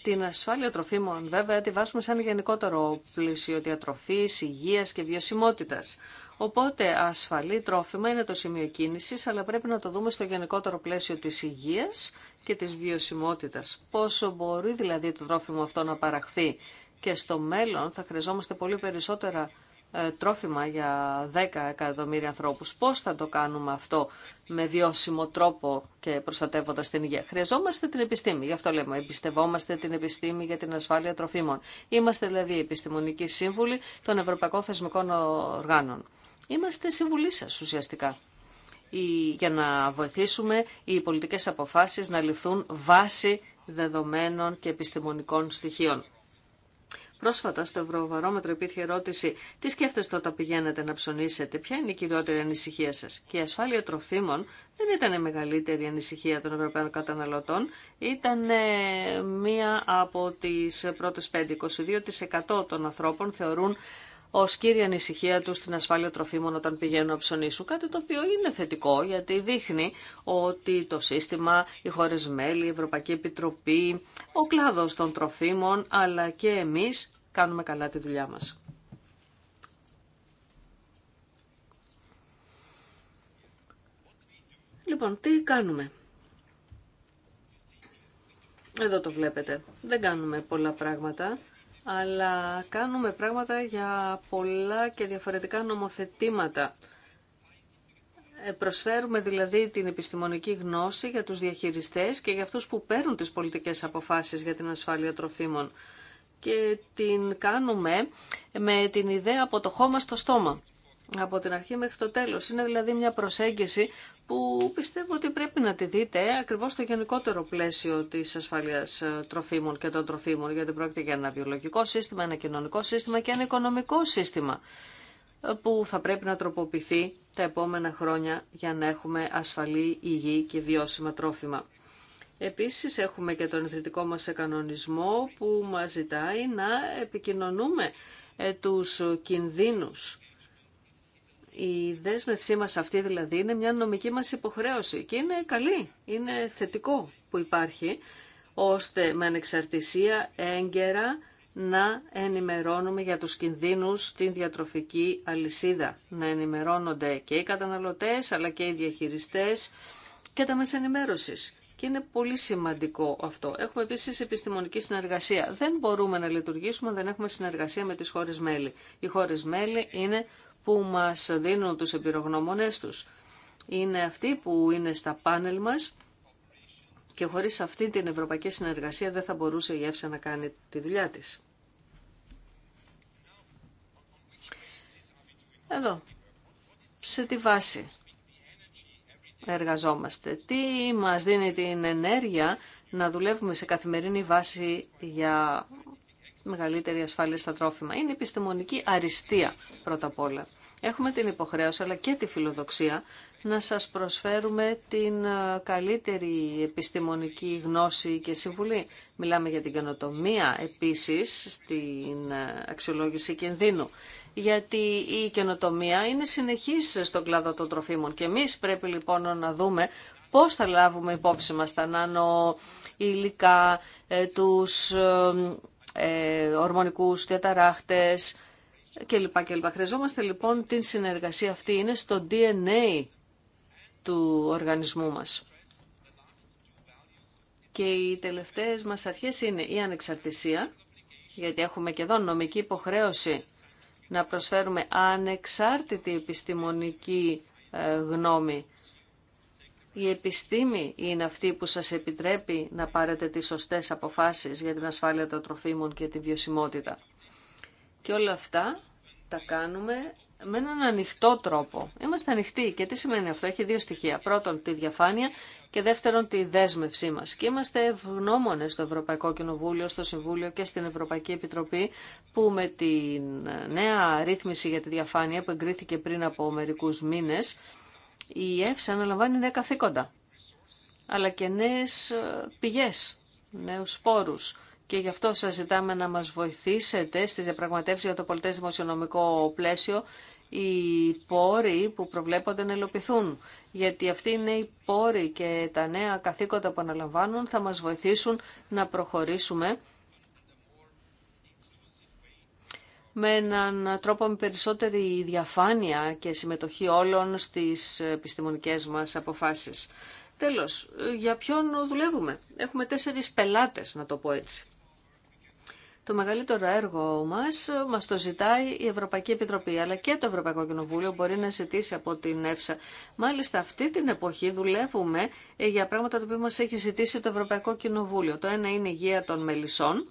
A: την ασφάλεια τροφίμων βέβαια τη βάζουμε σαν γενικότερο πλαίσιο διατροφής, υγείας και βιωσιμότητας. Οπότε ασφαλή τρόφιμα είναι το σημείο κίνησης, αλλά πρέπει να το δούμε στο γενικότερο πλαίσιο της υγείας και της βιωσιμότητας. Πόσο μπορεί δηλαδή το τρόφιμο αυτό να παραχθεί και στο μέλλον θα χρειαζόμαστε πολύ περισσότερα ε, τρόφιμα για 10 εκατομμύρια ανθρώπους. Πώς θα το κάνουμε αυτό με βιώσιμο τρόπο και προστατεύοντας την υγεία. Χρειαζόμαστε την επιστήμη, γι' αυτό λέμε εμπιστευόμαστε την επιστήμη για την ασφάλεια τροφίμων. Είμαστε δηλαδή επιστημονικοί σύμβουλοι των Ευρωπαϊκών Θεσμικών Οργάνων. Είμαστε σύμβουλοι σας ουσιαστικά για να βοηθήσουμε οι πολιτικές αποφάσεις να ληφθούν βάση δεδομένων και επιστημονικών στοιχείων. Πρόσφατα στο Ευρωβαρόμετρο υπήρχε ερώτηση τι σκέφτεστε όταν πηγαίνετε να ψωνίσετε, ποια είναι η κυριότερη ανησυχία σα. Και η ασφάλεια τροφίμων δεν ήταν η μεγαλύτερη ανησυχία των Ευρωπαίων καταναλωτών, ήταν ε, μία από τι πρώτε 5. 22% των ανθρώπων θεωρούν ω κύρια ανησυχία του στην ασφάλεια τροφίμων όταν πηγαίνουν να ψωνίσουν. Κάτι το οποίο είναι θετικό γιατί δείχνει ότι το σύστημα, οι χώρε μέλη, η Ευρωπαϊκή Επιτροπή, ο κλάδο των τροφίμων αλλά και εμεί κάνουμε καλά τη δουλειά μας. Λοιπόν, τι κάνουμε. Εδώ το βλέπετε. Δεν κάνουμε πολλά πράγματα, αλλά κάνουμε πράγματα για πολλά και διαφορετικά νομοθετήματα. Ε, προσφέρουμε δηλαδή την επιστημονική γνώση για τους διαχειριστές και για αυτούς που παίρνουν τις πολιτικές αποφάσεις για την ασφάλεια τροφίμων και την κάνουμε με την ιδέα από το χώμα στο στόμα. Από την αρχή μέχρι το τέλος. Είναι δηλαδή μια προσέγγιση που πιστεύω ότι πρέπει να τη δείτε ακριβώς στο γενικότερο πλαίσιο της ασφαλείας ε, τροφίμων και των τροφίμων, γιατί πρόκειται για ένα βιολογικό σύστημα, ένα κοινωνικό σύστημα και ένα οικονομικό σύστημα ε, που θα πρέπει να τροποποιηθεί τα επόμενα χρόνια για να έχουμε ασφαλή, υγιή και βιώσιμα τρόφιμα. Επίσης έχουμε και τον ιδρυτικό μας κανονισμό που μας ζητάει να επικοινωνούμε ε, τους κινδύνους. Η δέσμευσή μας αυτή δηλαδή είναι μια νομική μας υποχρέωση και είναι καλή, είναι θετικό που υπάρχει, ώστε με ανεξαρτησία έγκαιρα να ενημερώνουμε για τους κινδύνους την διατροφική αλυσίδα. Να ενημερώνονται και οι καταναλωτές αλλά και οι διαχειριστές και τα μέσα ενημέρωσης. Και είναι πολύ σημαντικό αυτό. Έχουμε επίση επιστημονική συνεργασία. Δεν μπορούμε να λειτουργήσουμε αν δεν έχουμε συνεργασία με τι χώρε μέλη. Οι χώρε μέλη είναι που μα δίνουν του εμπειρογνώμονέ του. Είναι αυτοί που είναι στα πάνελ μα και χωρί αυτή την ευρωπαϊκή συνεργασία δεν θα μπορούσε η ΕΦΣΑ να κάνει τη δουλειά τη. Εδώ. Σε τι βάση εργαζόμαστε, τι μας δίνει την ενέργεια να δουλεύουμε σε καθημερινή βάση για μεγαλύτερη ασφάλεια στα τρόφιμα. Είναι επιστημονική αριστεία πρώτα απ' όλα. Έχουμε την υποχρέωση αλλά και τη φιλοδοξία να σας προσφέρουμε την ε, καλύτερη επιστημονική γνώση και συμβουλή. Μιλάμε για την καινοτομία επίσης στην ε, αξιολόγηση κινδύνου γιατί η καινοτομία είναι συνεχής στον κλάδο των τροφίμων και εμείς πρέπει λοιπόν να δούμε πώς θα λάβουμε υπόψη μας τα νάνο υλικά, ε, τους ε, ορμονικούς διαταράχτες κλπ. κλπ. Χρειαζόμαστε λοιπόν την συνεργασία αυτή, είναι στο DNA του οργανισμού μας. Και οι τελευταίες μας αρχές είναι η ανεξαρτησία, γιατί έχουμε και εδώ νομική υποχρέωση να προσφέρουμε ανεξάρτητη επιστημονική ε, γνώμη. Η επιστήμη είναι αυτή που σας επιτρέπει να πάρετε τις σωστές αποφάσεις για την ασφάλεια των τροφίμων και τη βιωσιμότητα. Και όλα αυτά τα κάνουμε με έναν ανοιχτό τρόπο. Είμαστε ανοιχτοί και τι σημαίνει αυτό. Έχει δύο στοιχεία. Πρώτον, τη διαφάνεια και δεύτερον τη δέσμευσή μας. Και είμαστε ευγνώμονες στο Ευρωπαϊκό Κοινοβούλιο, στο Συμβούλιο και στην Ευρωπαϊκή Επιτροπή που με τη νέα ρύθμιση για τη διαφάνεια που εγκρίθηκε πριν από μερικούς μήνες η ΕΦΣΑ αναλαμβάνει νέα καθήκοντα αλλά και νέες ε, πηγές, νέους σπόρους. Και γι' αυτό σας ζητάμε να μας βοηθήσετε στις διαπραγματεύσεις για το πολιτές δημοσιονομικό πλαίσιο οι πόροι που προβλέπονται να ελοπιθούν, Γιατί αυτοί είναι οι πόροι και τα νέα καθήκοντα που αναλαμβάνουν θα μας βοηθήσουν να προχωρήσουμε με έναν τρόπο με περισσότερη διαφάνεια και συμμετοχή όλων στις επιστημονικές μας αποφάσεις. Τέλος, για ποιον δουλεύουμε. Έχουμε τέσσερις πελάτες, να το πω έτσι. Το μεγαλύτερο έργο μας ε, μας το ζητάει η Ευρωπαϊκή Επιτροπή, αλλά και το Ευρωπαϊκό Κοινοβούλιο μπορεί να ζητήσει από την ΕΦΣΑ. Μάλιστα αυτή την εποχή δουλεύουμε ε, για πράγματα που οποία μας έχει ζητήσει το Ευρωπαϊκό Κοινοβούλιο. Το ένα είναι η υγεία των μελισσών.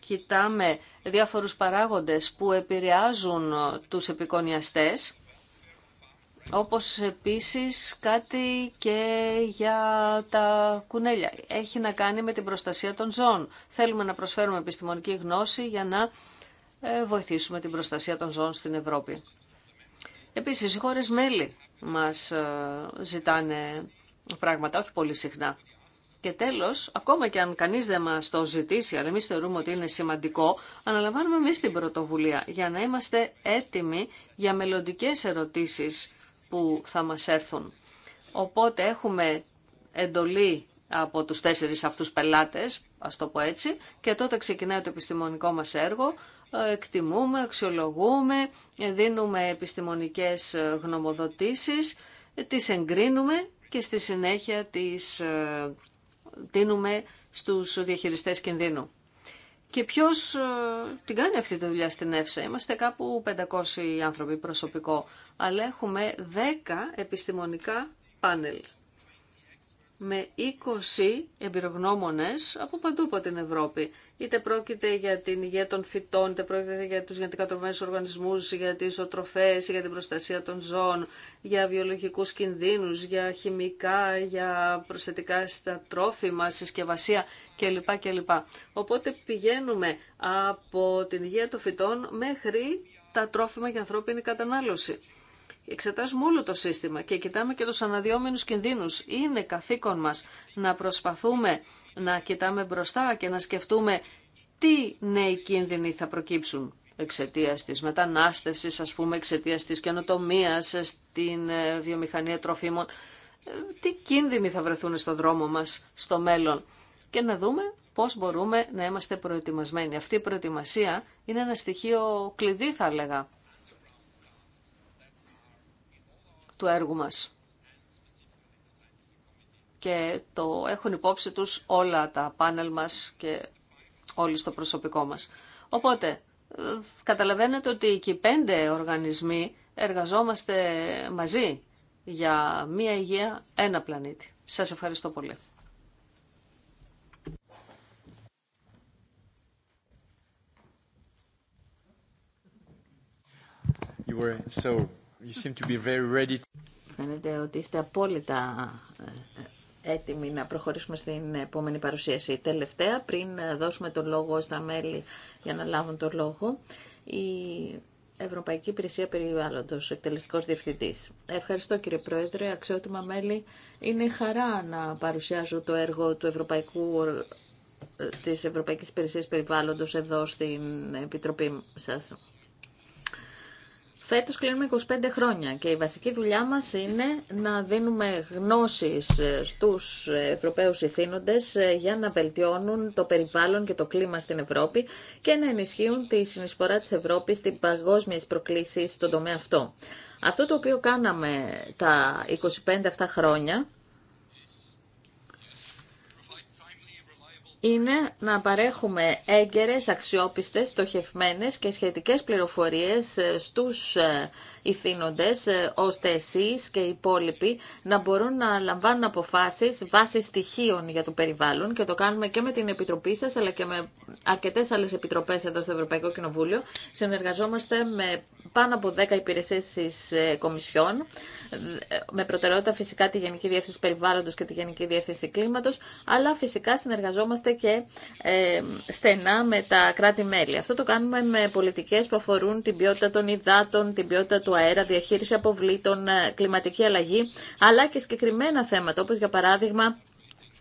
A: Κοιτάμε διάφορου παράγοντες που επηρεάζουν ε, του επικονιαστές όπως επίσης κάτι και για τα κουνέλια. Έχει να κάνει με την προστασία των ζώων. Θέλουμε να προσφέρουμε επιστημονική γνώση για να ε, βοηθήσουμε την προστασία των ζώων στην Ευρώπη. Επίσης, οι χώρες μέλη μας ε, ζητάνε πράγματα, όχι πολύ συχνά. Και τέλος, ακόμα και αν κανείς δεν μας το ζητήσει, αλλά εμείς θεωρούμε ότι είναι σημαντικό, αναλαμβάνουμε εμείς την πρωτοβουλία για να είμαστε έτοιμοι για μελλοντικέ ερωτήσεις που θα μας έρθουν. Οπότε έχουμε εντολή από τους τέσσερις αυτούς πελάτες, ας το πω έτσι, και τότε ξεκινάει το επιστημονικό μας έργο, ε, εκτιμούμε, αξιολογούμε, δίνουμε επιστημονικές ε, γνωμοδοτήσεις, ε, τις εγκρίνουμε και στη συνέχεια τις δίνουμε στους διαχειριστές κινδύνου. Και ποιος ε, την κάνει αυτή τη δουλειά στην ΕΦΣΑ. Είμαστε κάπου 500 άνθρωποι προσωπικό, αλλά έχουμε 10 επιστημονικά πάνελ με 20 εμπειρογνώμονες από παντού από την Ευρώπη. Είτε πρόκειται για την υγεία των φυτών, είτε πρόκειται για τους γενετικά οργανισμούς, για τις οτροφές, για την προστασία των ζώων, για βιολογικούς κινδύνους, για χημικά, για προσθετικά στα τρόφιμα, συσκευασία κλπ. κλπ. Οπότε πηγαίνουμε από την υγεία των φυτών μέχρι τα τρόφιμα για ανθρώπινη κατανάλωση εξετάζουμε όλο το σύστημα και κοιτάμε και τους αναδιόμενους κινδύνους. Είναι καθήκον μας να προσπαθούμε να κοιτάμε μπροστά και να σκεφτούμε τι νέοι κίνδυνοι θα προκύψουν εξαιτία τη μετανάστευση, α πούμε, εξαιτία τη καινοτομία στην ε, βιομηχανία τροφίμων. Ε, τι κίνδυνοι θα βρεθούν στο δρόμο μα στο μέλλον και να δούμε πώς μπορούμε να είμαστε προετοιμασμένοι. Αυτή η προετοιμασία είναι ένα στοιχείο κλειδί θα έλεγα του έργου μας. Και το έχουν υπόψη τους όλα τα πάνελ μας και όλοι στο προσωπικό μας. Οπότε, καταλαβαίνετε ότι και οι πέντε οργανισμοί εργαζόμαστε μαζί για μία υγεία, ένα πλανήτη. Σας ευχαριστώ πολύ. You were so
C: Φαίνεται ότι είστε απόλυτα ε, ε, έτοιμοι να προχωρήσουμε στην επόμενη παρουσίαση. Τελευταία, πριν ε, δώσουμε το λόγο στα μέλη για να λάβουν το λόγο, η Ευρωπαϊκή Υπηρεσία Περιβάλλοντος, εκτελεστικός διευθυντής. Ευχαριστώ κύριε Πρόεδρε, αξιότιμα μέλη. Είναι χαρά να παρουσιάζω το έργο του Ευρωπαϊκού της Ευρωπαϊκής Υπηρεσίας Περιβάλλοντος εδώ στην Επιτροπή σας. Φέτος κλείνουμε 25 χρόνια και η βασική δουλειά μας είναι να δίνουμε γνώσεις ε, στους Ευρωπαίους ηθήνοντες ε, για να βελτιώνουν το περιβάλλον και το κλίμα στην Ευρώπη και να ενισχύουν τη συνεισφορά της Ευρώπης στην παγκόσμια προκλήσεις στον τομέα αυτό. Αυτό το οποίο κάναμε τα 25 αυτά χρόνια είναι να παρέχουμε έγκαιρες, αξιόπιστες, στοχευμένες και σχετικές πληροφορίες ε, στους ε, ηθήνοντες, ε, ώστε εσείς και οι υπόλοιποι να μπορούν να λαμβάνουν αποφάσεις βάσει στοιχείων για το περιβάλλον και το κάνουμε και με την Επιτροπή σας, αλλά και με αρκετές άλλες επιτροπές εδώ στο Ευρωπαϊκό Κοινοβούλιο. Συνεργαζόμαστε με πάνω από 10 υπηρεσίες της Κομισιόν, με προτεραιότητα φυσικά τη Γενική Διεύθυνση Περιβάλλοντος και τη Γενική Διεύθυνση Κλίματος, αλλά φυσικά συνεργαζόμαστε και ε, στενά με τα κράτη-μέλη. Αυτό το κάνουμε με πολιτικές που αφορούν την ποιότητα των υδάτων, την ποιότητα του αέρα, διαχείριση αποβλήτων, ε, κλιματική αλλαγή, αλλά και συγκεκριμένα θέματα, όπως για παράδειγμα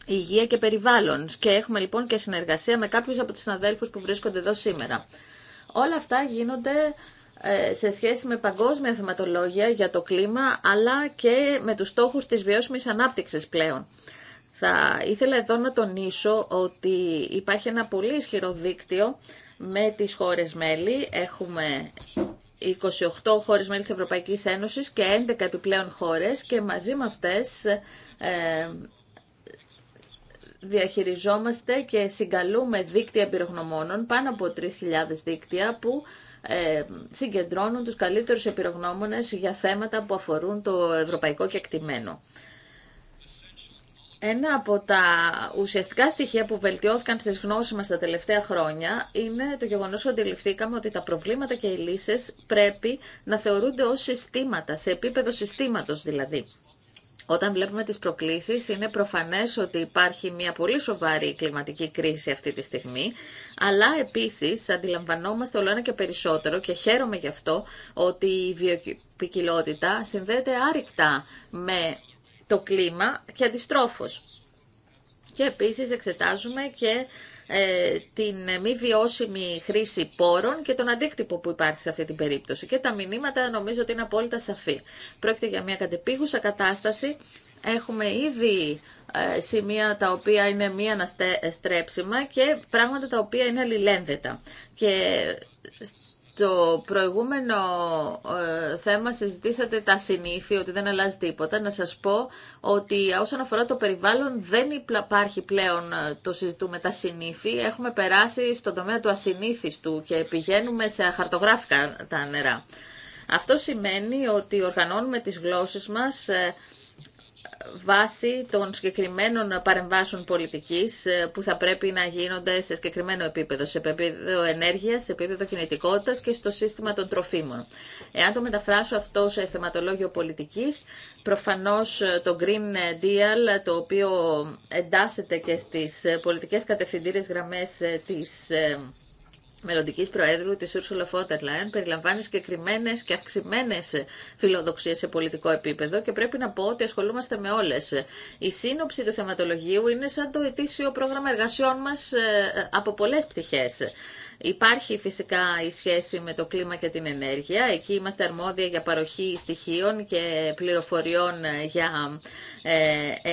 C: υγεία και περιβάλλον. Και έχουμε λοιπόν και συνεργασία με κάποιους από τους συναδέλφους που βρίσκονται εδώ σήμερα. Όλα αυτά γίνονται ε, σε σχέση με παγκόσμια θεματολόγια για το κλίμα, αλλά και με τους στόχους της βιώσιμης ανάπτυξης πλέον. Θα ήθελα εδώ να τονίσω ότι υπάρχει ένα πολύ ισχυρό δίκτυο με τις χώρες μέλη. Έχουμε 28 χώρες μέλη της Ευρωπαϊκής Ένωσης και 11 επιπλέον χώρες και μαζί με αυτές ε, διαχειριζόμαστε και συγκαλούμε δίκτυα εμπειρογνωμόνων, πάνω από 3.000 δίκτυα που ε, συγκεντρώνουν τους καλύτερους εμπειρογνώμονες για θέματα που αφορούν το ευρωπαϊκό κεκτημένο. Ένα από τα ουσιαστικά στοιχεία που βελτιώθηκαν στις γνώσεις μας τα τελευταία χρόνια είναι το γεγονός ότι αντιληφθήκαμε ότι τα προβλήματα και οι λύσεις πρέπει να θεωρούνται ως συστήματα, σε επίπεδο συστήματος δηλαδή. Όταν βλέπουμε τις προκλήσεις είναι προφανές ότι υπάρχει μια πολύ σοβαρή κλιματική κρίση αυτή τη στιγμή, αλλά επίσης αντιλαμβανόμαστε όλο ένα και περισσότερο και χαίρομαι γι' αυτό ότι η βιοποικιλότητα συνδέεται άρρηκτα με το κλίμα και αντιστρόφως. Και επίσης εξετάζουμε και ε, την μη βιώσιμη χρήση πόρων και τον αντίκτυπο που υπάρχει σε αυτή την περίπτωση. Και τα μηνύματα νομίζω ότι είναι απόλυτα σαφή. Πρόκειται για μια κατεπίγουσα κατάσταση. Έχουμε ήδη ε, σημεία τα οποία είναι μία αναστρέψιμα και πράγματα τα οποία είναι αλληλένδετα. Και στο προηγούμενο ε, θέμα συζητήσατε τα συνήθη, ότι δεν αλλάζει τίποτα. Να σας πω ότι όσον αφορά το περιβάλλον δεν υπάρχει πλέον ε, το συζητούμε τα συνήθη. Έχουμε περάσει στον τομέα του ασυνήθιστου και πηγαίνουμε σε αχαρτογράφικα τα νερά. Αυτό σημαίνει ότι οργανώνουμε τις γλώσσες μας... Ε, βάση των συγκεκριμένων παρεμβάσεων πολιτικής ε, που θα πρέπει να γίνονται σε συγκεκριμένο επίπεδο, σε επίπεδο ενέργειας, σε επίπεδο κινητικότητας και στο σύστημα των τροφίμων. Εάν το μεταφράσω αυτό σε θεματολόγιο πολιτικής, προφανώς ε, το Green Deal, το οποίο εντάσσεται και στις ε, πολιτικές κατευθυντήριες γραμμές της μελλοντική Προέδρου τη Ursula von der Leyen περιλαμβάνει συγκεκριμένε και αυξημένε φιλοδοξίε σε πολιτικό επίπεδο και πρέπει να πω ότι ασχολούμαστε με όλε. Η σύνοψη του θεματολογίου είναι σαν το ετήσιο πρόγραμμα εργασιών μα ε, ε, από πολλέ πτυχέ. Υπάρχει φυσικά η σχέση με το κλίμα και την ενέργεια. Εκεί είμαστε αρμόδια για παροχή στοιχείων και πληροφοριών για ε,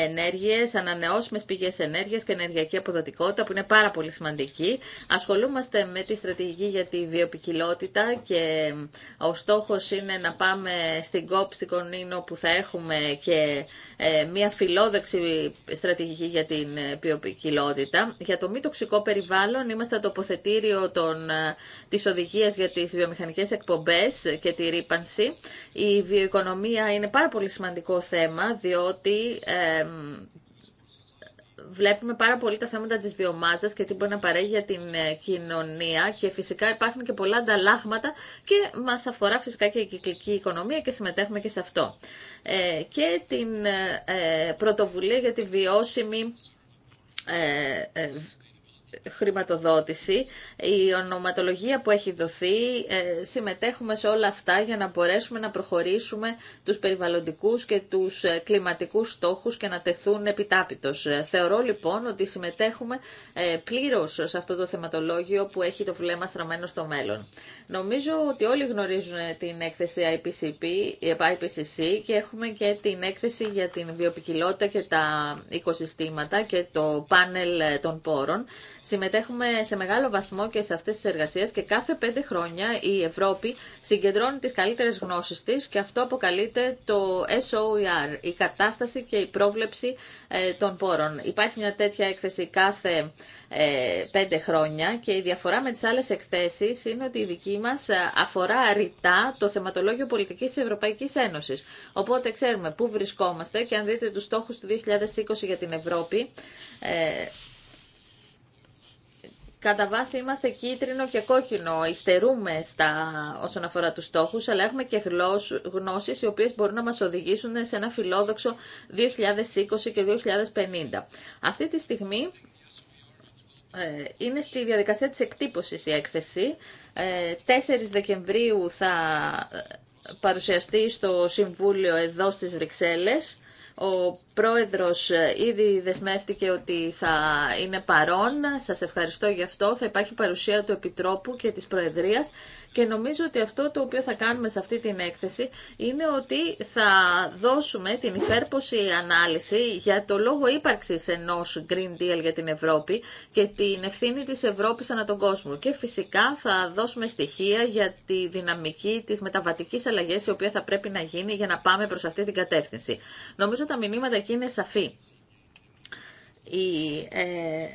C: ενέργειες, ανανεώσιμες πηγές ενέργειας και ενεργειακή αποδοτικότητα που είναι πάρα πολύ σημαντική. Ασχολούμαστε με τη στρατηγική για τη βιοπικιλότητα και ο στόχος είναι να πάμε στην COP στην Κονίνο που θα έχουμε και ε, μια φιλόδοξη στρατηγική για την ε, βιοπικιλότητα. Για το μη τοξικό περιβάλλον είμαστε τοποθετήριο τον, ε, τις οδηγίες για τις βιομηχανικές εκπομπές και τη ρήπανση. Η βιοοικονομία είναι πάρα πολύ σημαντικό θέμα, διότι βλέπουμε πάρα πολύ τα θέματα της βιομάζας και τι μπορεί να παρέχει για την ε, κοινωνία και φυσικά υπάρχουν και πολλά ανταλλάγματα και μας αφορά φυσικά και η κυκλική οικονομία και συμμετέχουμε και σε αυτό. Ε, και την πρωτοβουλία για τη βιώσιμη χρηματοδότηση, η ονοματολογία που έχει δοθεί, ε, συμμετέχουμε σε όλα αυτά για να μπορέσουμε να προχωρήσουμε τους περιβαλλοντικούς και τους ε, κλιματικούς στόχους και να τεθούν επιτάπητος. Ε, θεωρώ λοιπόν ότι συμμετέχουμε πλήρως σε αυτό το θεματολόγιο που έχει το βλέμμα στραμμένο στο μέλλον. Νομίζω ότι όλοι γνωρίζουν την έκθεση IPCP, IPCC και έχουμε και την έκθεση για την βιοπικιλότητα και τα οικοσυστήματα και το πάνελ των πόρων. Συμμετέχουμε σε μεγάλο βαθμό και σε αυτέ τι εργασίε και κάθε πέντε χρόνια η Ευρώπη συγκεντρώνει τι καλύτερε γνώσει τη και αυτό αποκαλείται το SOER, η κατάσταση και η πρόβλεψη ε, των πόρων. Υπάρχει μια τέτοια έκθεση κάθε ε, πέντε χρόνια και η διαφορά με τις άλλες εκθέσεις είναι ότι η δική μας ε, αφορά ρητά το θεματολόγιο πολιτικής της Ευρωπαϊκής Ένωσης. Οπότε ξέρουμε πού βρισκόμαστε και αν δείτε τους στόχους του 2020 για την Ευρώπη, Κατά βάση είμαστε κίτρινο και κόκκινο, υστερούμε στα, όσον αφορά τους στόχους, αλλά έχουμε και γνώσεις οι οποίες μπορούν να μας οδηγήσουν σε ένα φιλόδοξο 2020 και 2050. Αυτή τη στιγμή ε, είναι στη διαδικασία της εκτύπωσης η έκθεση. 4 ε, Δεκεμβρίου θα ε, παρουσιαστεί στο Συμβούλιο εδώ στις Βρυξέλλες ο πρόεδρος ε, ήδη δεσμεύτηκε ότι θα είναι παρόν. Σας ευχαριστώ γι' αυτό. Θα υπάρχει παρουσία του Επιτρόπου και της Προεδρίας και νομίζω ότι αυτό το οποίο θα κάνουμε σε αυτή την έκθεση είναι ότι θα δώσουμε την υφέρπωση ανάλυση για το λόγο ύπαρξης ενός Green Deal για την Ευρώπη και την ευθύνη της Ευρώπης ανά τον κόσμο. Και φυσικά θα δώσουμε στοιχεία για τη δυναμική της μεταβατικής αλλαγής η οποία θα πρέπει να γίνει για να πάμε προς αυτή την κατεύθυνση. Νομίζω τα μηνύματα εκεί είναι σαφή. Η, ε,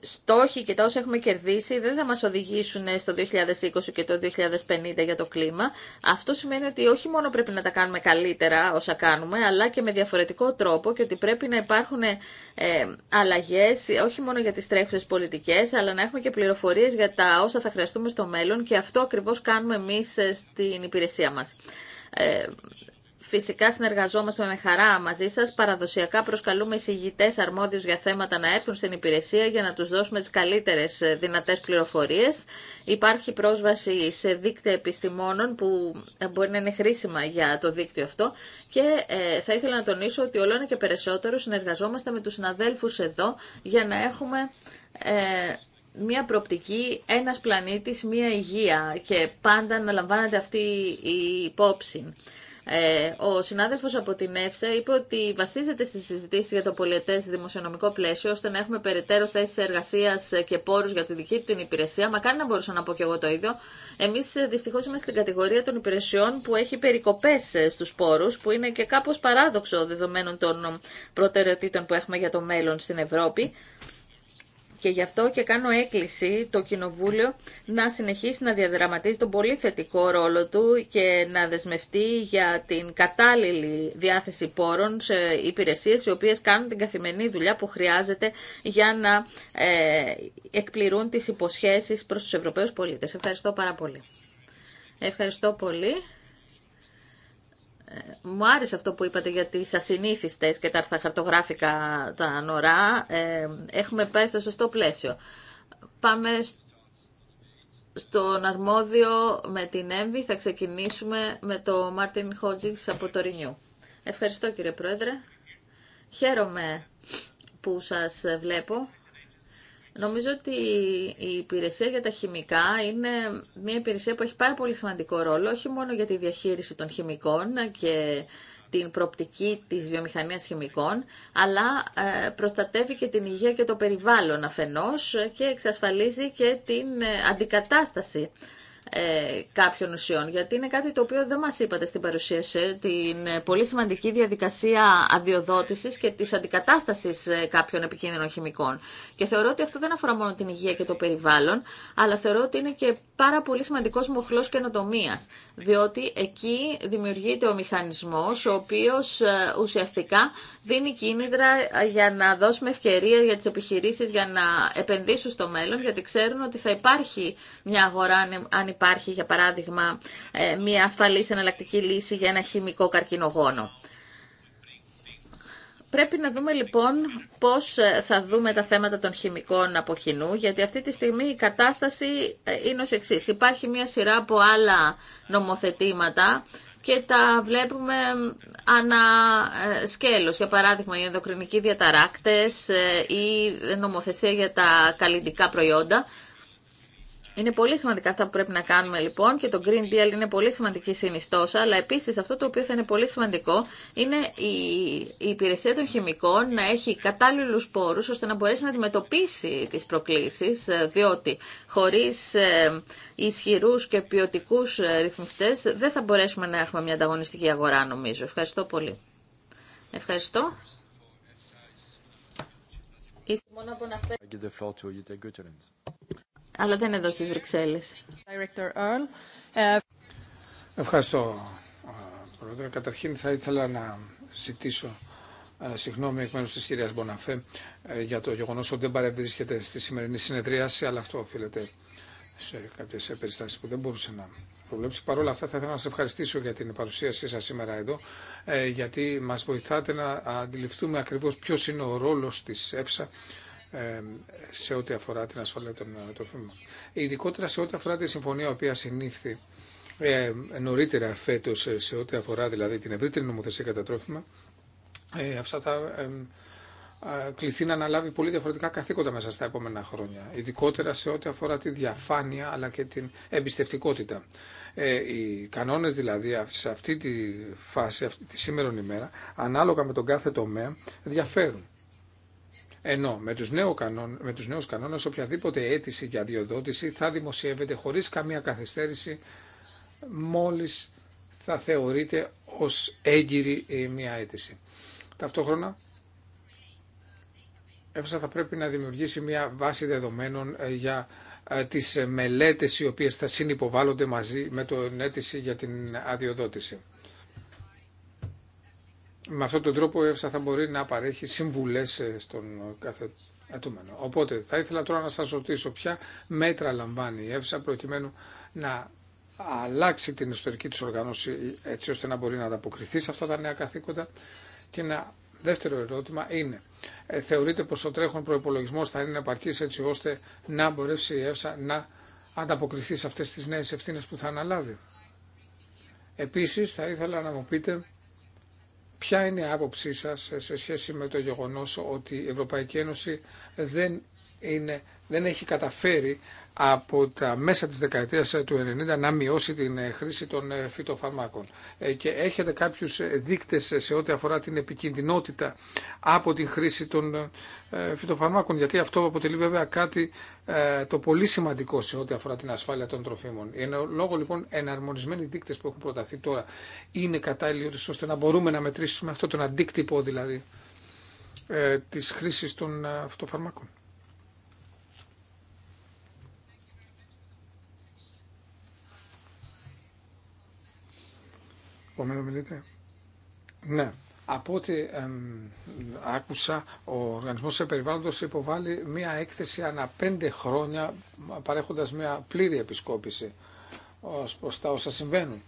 C: στόχοι και τα όσα έχουμε κερδίσει δεν θα μας οδηγήσουν στο 2020 και το 2050 για το κλίμα. Αυτό σημαίνει ότι όχι μόνο πρέπει να τα κάνουμε καλύτερα όσα κάνουμε, αλλά και με διαφορετικό τρόπο και ότι πρέπει να υπάρχουν ε, αλλαγές, όχι μόνο για τις τρέχουσες πολιτικές, αλλά να έχουμε και πληροφορίες για τα όσα θα χρειαστούμε στο μέλλον και αυτό ακριβώς κάνουμε εμείς ε, στην υπηρεσία μας. Ε, Φυσικά συνεργαζόμαστε με χαρά μαζί σα, Παραδοσιακά προσκαλούμε εισηγητέ αρμόδιους για θέματα να έρθουν στην υπηρεσία για να του δώσουμε τι καλύτερε ε, δυνατέ πληροφορίε. Υπάρχει πρόσβαση σε δίκτυα επιστημόνων που ε, μπορεί να είναι χρήσιμα για το δίκτυο αυτό και ε, θα ήθελα να τονίσω ότι όλο και περισσότερο συνεργαζόμαστε με του συναδέλφου εδώ για να έχουμε μια προοπτική, ένας πλανήτης, μια υγεία και πάντα να λαμβάνεται αυτή η υπόψη. Ε, ο συνάδελφος από την ΕΦΣΕ είπε ότι βασίζεται στη συζητήση για το πολιετές δημοσιονομικό πλαίσιο ώστε να έχουμε περαιτέρω θέσει εργασίας και πόρους για τη δική του την υπηρεσία. Μακάρι να μπορούσα να πω και εγώ το ίδιο. Εμείς ε, δυστυχώς είμαστε στην κατηγορία των υπηρεσιών που έχει περικοπές ε, στους πόρους που είναι και κάπως παράδοξο δεδομένων των προτεραιοτήτων που έχουμε για το μέλλον στην Ευρώπη. Και γι' αυτό και κάνω έκκληση το Κοινοβούλιο να συνεχίσει να διαδραματίζει τον πολύ θετικό ρόλο του και να δεσμευτεί για την κατάλληλη διάθεση πόρων σε υπηρεσίες οι οποίες κάνουν την καθημερινή δουλειά που χρειάζεται για να ε, εκπληρούν τις υποσχέσεις προς τους Ευρωπαίους πολίτες. Ευχαριστώ πάρα πολύ. Ευχαριστώ πολύ. Ε, μου άρεσε αυτό που είπατε για τις ασυνήθιστες και τα αρθαχαρτογράφικα τα νορά. Ε, έχουμε πάει στο σωστό πλαίσιο. Πάμε στον αρμόδιο με την ΕΜΒΗ. Θα ξεκινήσουμε με το Μάρτιν Χότζινγκς από το Ρινιού. Ευχαριστώ κύριε Πρόεδρε. Χαίρομαι που σας βλέπω. Νομίζω ότι η υπηρεσία για τα χημικά είναι μια υπηρεσία που έχει πάρα πολύ σημαντικό ρόλο, όχι μόνο για τη διαχείριση των χημικών και την προπτική της βιομηχανίας χημικών, αλλά ε, προστατεύει και την υγεία και το περιβάλλον αφενός και εξασφαλίζει και την ε, αντικατάσταση ε, κάποιων ουσιών, γιατί είναι κάτι το οποίο δεν μας είπατε στην παρουσίαση, την ε, πολύ σημαντική διαδικασία αδειοδότησης και της αντικατάστασης ε, κάποιων επικίνδυνων χημικών. Και θεωρώ ότι αυτό δεν αφορά μόνο την υγεία και το περιβάλλον, αλλά θεωρώ ότι είναι και πάρα πολύ σημαντικός μοχλός καινοτομία, διότι εκεί δημιουργείται ο μηχανισμός, ο οποίος ε, ουσιαστικά δίνει κίνητρα για να δώσουμε ευκαιρία για τις επιχειρήσεις για να επενδύσουν στο μέλλον, γιατί ξέρουν ότι θα υπάρχει μια αγορά αν υπάρχει, για παράδειγμα, ε, μια ασφαλής εναλλακτική λύση για ένα χημικό καρκινογόνο. Πρέπει να δούμε λοιπόν πώς ε, θα δούμε τα θέματα των χημικών από κοινού, γιατί αυτή τη στιγμή η κατάσταση ε, είναι ως εξής. Υπάρχει μια σειρά από άλλα νομοθετήματα και τα βλέπουμε ανά σκέλος. Για παράδειγμα, οι ενδοκρινικοί διαταράκτες ή νομοθεσία για τα καλλιντικά προϊόντα. Είναι πολύ σημαντικά αυτά που πρέπει να κάνουμε λοιπόν και το Green Deal είναι πολύ σημαντική συνιστόσα, αλλά επίσης αυτό το οποίο θα είναι πολύ σημαντικό είναι η, υπηρεσία των χημικών να έχει κατάλληλους πόρους ώστε να μπορέσει να αντιμετωπίσει τις προκλήσεις, ε, διότι χωρίς ε, ισχυρούς και ποιοτικού ε, ρυθμιστές δεν θα μπορέσουμε να έχουμε μια ανταγωνιστική αγορά νομίζω. Ευχαριστώ πολύ. Ευχαριστώ αλλά δεν εδώ στις Βρυξέλλες.
B: Ευχαριστώ, Πρόεδρε. Καταρχήν θα ήθελα να ζητήσω συγγνώμη εκ μέρους της κυρίας Μποναφέ για το γεγονός ότι δεν παρεμπιρίσκεται στη σημερινή συνεδρίαση, αλλά αυτό οφείλεται σε κάποιες περιστάσεις που δεν μπορούσε να προβλέψει. Παρ' όλα αυτά θα ήθελα να σας ευχαριστήσω για την παρουσίασή σας σήμερα εδώ, ε, γιατί μας βοηθάτε να αντιληφθούμε ακριβώς ποιος είναι ο ρόλος της ΕΦΣΑ ε, σε ό,τι αφορά την ασφάλεια των ε, τροφίμων. Ειδικότερα σε ό,τι αφορά τη συμφωνία η οποία συνήφθη ε, νωρίτερα φέτο, σε ό,τι αφορά δηλαδή την ευρύτερη νομοθεσία κατά τρόφιμα, αυτά θα ε, κληθεί να αναλάβει πολύ διαφορετικά καθήκοντα μέσα στα επόμενα χρόνια. Ειδικότερα σε ό,τι αφορά τη διαφάνεια αλλά και την εμπιστευτικότητα. Ε, οι κανόνες δηλαδή σε αυτή τη φάση, αυτή τη σήμερον ημέρα, ανάλογα με τον κάθε τομέα, διαφέρουν. Ενώ με τους, νέου κανόν, με τους νέους κανόνες οποιαδήποτε αίτηση για διοδότηση θα δημοσιεύεται χωρίς καμία καθυστέρηση μόλις θα θεωρείται ως έγκυρη ε, μια αίτηση. Ταυτόχρονα έφασα θα πρέπει να δημιουργήσει μια βάση δεδομένων ε, για ε, τις μελέτες οι οποίες θα συνυποβάλλονται μαζί με την αίτηση για την αδειοδότηση με αυτόν τον τρόπο η ΕΦΣΑ θα μπορεί να παρέχει συμβουλές ε, στον κάθε Οπότε θα ήθελα τώρα να σας ρωτήσω ποια μέτρα λαμβάνει η ΕΦΣΑ προκειμένου να αλλάξει την ιστορική της οργανώση έτσι ώστε να μπορεί να ανταποκριθεί σε αυτά τα νέα καθήκοντα και ένα Δεύτερο ερώτημα είναι, ε, θεωρείτε πως ο τρέχον προπολογισμό θα είναι επαρκής έτσι ώστε να μπορέσει η ΕΦΣΑ να ανταποκριθεί σε αυτές τις νέες ευθύνες που θα αναλάβει. Επίσης θα ήθελα να μου πείτε Ποια είναι η άποψή σας σε σχέση με το γεγονός ότι η Ευρωπαϊκή Ένωση δεν, είναι, δεν έχει καταφέρει από τα μέσα της δεκαετίας του 90 να μειώσει την ε, χρήση των ε, φυτοφαρμάκων. Ε, και έχετε κάποιους δείκτες σε ό,τι αφορά την επικινδυνότητα από την χρήση των φυτοφαρμάκων, γιατί αυτό αποτελεί βέβαια κάτι ε, το πολύ σημαντικό σε ό,τι αφορά την ασφάλεια των τροφίμων. Λόγω λοιπόν εναρμονισμένοι δείκτε που έχουν προταθεί τώρα είναι κατάλληλοι ώστε να μπορούμε να μετρήσουμε αυτό τον αντίκτυπο δηλαδή ε, της χρήσης των ε, αυτοφαρμάκων. Επόμενο μιλήτρια. Ναι. Από ό,τι άκουσα, ο Οργανισμός σε Περιβάλλοντος υποβάλλει μία έκθεση ανά πέντε χρόνια, παρέχοντας μία πλήρη επισκόπηση ως προς τα όσα συμβαίνουν.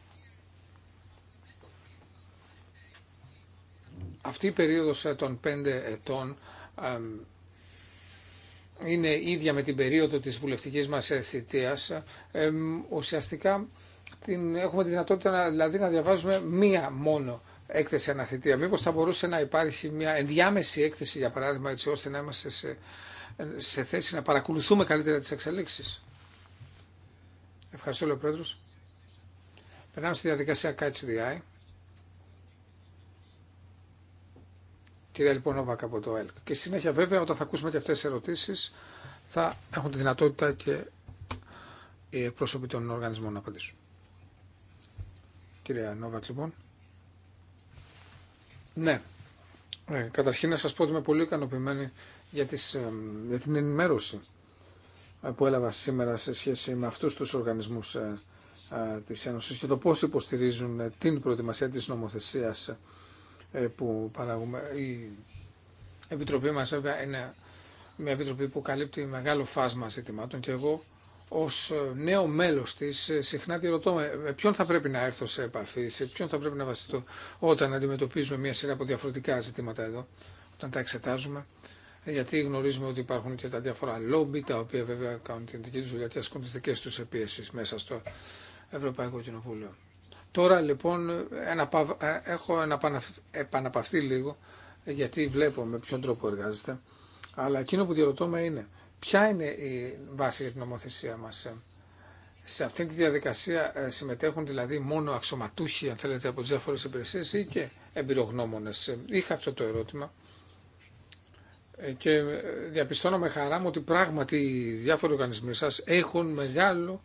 B: Αυτή η περίοδος ε, των πέντε ετών είναι ίδια με την περίοδο της βουλευτικής μας ε, θητείας. Ουσιαστικά την, έχουμε τη δυνατότητα δηλαδή, να διαβάζουμε μία μόνο έκθεση αναθετία. Μήπω θα μπορούσε να υπάρχει μια ενδιάμεση έκθεση, για παράδειγμα, έτσι ώστε να είμαστε σε, σε θέση να παρακολουθούμε καλύτερα τι εξελίξει. Ευχαριστώ, λέει ο Περνάμε στη διαδικασία Catch the Eye. Κυρία Λιπονόβακα από το ΕΛΚ. Και συνέχεια βέβαια όταν θα ακούσουμε και αυτές τις ερωτήσεις θα έχουν τη δυνατότητα και οι εκπρόσωποι των οργανισμών να απαντήσουν. Κυρία Νόβακ λοιπόν. Ναι. Ε, καταρχήν να σας πω ότι είμαι πολύ ικανοποιημένη για, τις, ε, για την ενημέρωση ε, που έλαβα σήμερα σε σχέση με αυτούς τους οργανισμούς της Ένωσης και το πώς υποστηρίζουν την προετοιμασία της νομοθεσίας που παράγουμε. Η Επιτροπή μας βέβαια είναι μια επιτροπή που καλύπτει μεγάλο φάσμα ζητημάτων και εγώ ως ε, νέο μέλος της ε, συχνά διαρωτώ με ε, ποιον θα πρέπει να έρθω σε επαφή, σε ποιον θα πρέπει να βασιστώ όταν αντιμετωπίζουμε μια σειρά από διαφορετικά ζητήματα εδώ, όταν τα εξετάζουμε. Γιατί γνωρίζουμε ότι υπάρχουν και τα διάφορα λόμπι, τα οποία βέβαια κάνουν την δική του δουλειά και ασκούν τι δικέ του επίεσει μέσα στο Ευρωπαϊκό Κοινοβούλιο. Τώρα λοιπόν έχω ένα επαναπαυθεί λίγο γιατί βλέπω με ποιον τρόπο εργάζεστε. Αλλά εκείνο που διαρωτώ είναι Ποια είναι η βάση για την νομοθεσία μας. Ε? Σε αυτή τη διαδικασία ε, συμμετέχουν δηλαδή μόνο αξιωματούχοι, αν θέλετε, από διάφορε υπηρεσίε ή και εμπειρογνώμονε. Ε? Είχα αυτό το ερώτημα και διαπιστώνω με χαρά μου ότι πράγματι οι διάφοροι οργανισμοί σα έχουν μεγάλο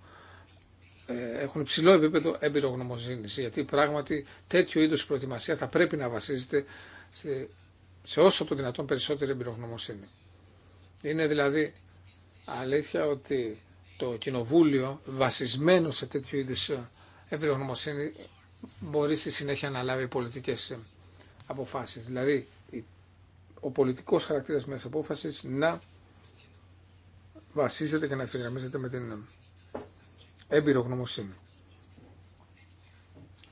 B: έχουν υψηλό επίπεδο εμπειρογνωμοσύνη. Γιατί πράγματι τέτοιο είδου προετοιμασία θα πρέπει να βασίζεται σε, σε όσο το δυνατόν περισσότερη εμπειρογνωμοσύνη. Είναι δηλαδή αλήθεια ότι το Κοινοβούλιο βασισμένο σε τέτοιου είδους ε, εμπειρογνωμοσύνη μπορεί στη συνέχεια να λάβει πολιτικέ ε, αποφάσεις. Δηλαδή, ο πολιτικό χαρακτήρα μια απόφαση να βασίζεται και να ευθυγραμμίζεται με την ε, εμπειρογνωμοσύνη.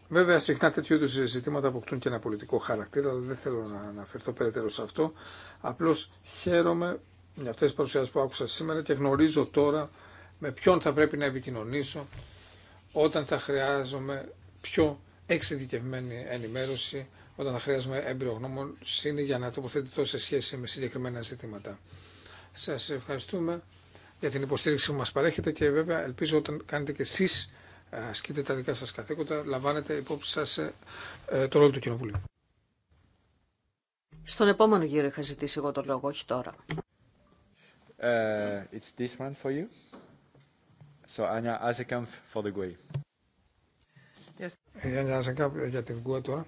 B: Βέβαια, συχνά τέτοιου είδου ζητήματα αποκτούν και ένα πολιτικό χαρακτήρα, αλλά δεν θέλω να αναφερθώ περαιτέρω σε αυτό. Απλώ χαίρομαι με αυτές τις παρουσιάσεις που άκουσα σήμερα και γνωρίζω τώρα με ποιον θα πρέπει να επικοινωνήσω όταν θα χρειάζομαι πιο εξειδικευμένη ενημέρωση, όταν θα χρειάζομαι εμπειρογνώμοσύνη για να τοποθετηθώ σε σχέση με συγκεκριμένα ζητήματα. Σας ευχαριστούμε για την υποστήριξη που μας παρέχετε και βέβαια ελπίζω όταν κάνετε και εσείς ασκείτε τα δικά σας καθήκοντα, λαμβάνετε υπόψη σας ε, ε, το ρόλο του Κοινοβουλίου.
A: Στον επόμενο γύρο είχα ζητήσει εγώ το λόγο, όχι τώρα. Uh, It's this one for you. So, Anya Azekamp
C: for the GUE. Yes. Η
B: Άνια Αζεκάμπ για την ΓΚΟΕ e τώρα.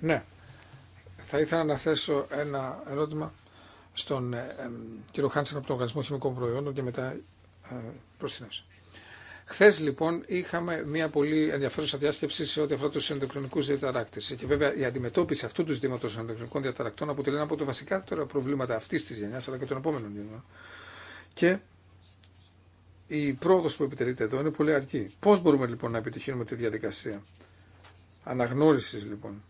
B: Ναι, θα ήθελα να θέσω ένα ερώτημα στον ε, ε, κύριο Χάντσεν από τον Οργανισμό Χημικών Προϊόντων και μετά ε, προς την Χθε λοιπόν είχαμε μια πολύ ενδιαφέρουσα διάσκεψη σε ό,τι αφορά του ενδοκρινικού διαταράκτε. Και βέβαια η αντιμετώπιση αυτού του ζητήματο των ενδοκρινικών διαταρακτών αποτελεί ένα από τα βασικά τώρα προβλήματα αυτή τη γενιά αλλά και των επόμενων γενιών. Και η πρόοδο που επιτελείται εδώ είναι πολύ αρκή. Πώ μπορούμε λοιπόν να επιτυχίνουμε τη διαδικασία αναγνώριση λοιπόν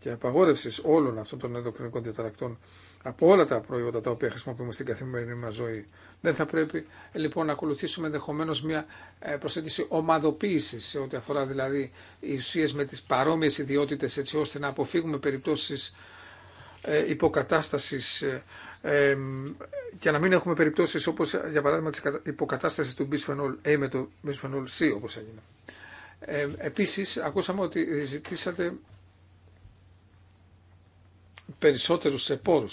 B: και απαγόρευση όλων αυτών των ενδοκρινικών διαταρακτών από όλα τα προϊόντα τα οποία χρησιμοποιούμε στην καθημερινή μα ζωή. Δεν θα πρέπει λοιπόν να ακολουθήσουμε ενδεχομένω μια ε, προσέγγιση ομαδοποίηση σε ό,τι αφορά δηλαδή οι ουσίε με τι παρόμοιε ιδιότητε έτσι ώστε να αποφύγουμε περιπτώσει ε, υποκατάσταση ε, και να μην έχουμε περιπτώσει όπω για παράδειγμα τη υποκατάσταση του bisphenol A με το bisphenol C όπω έγινε. Επίση, ακούσαμε ότι ζητήσατε περισσότερου πόρου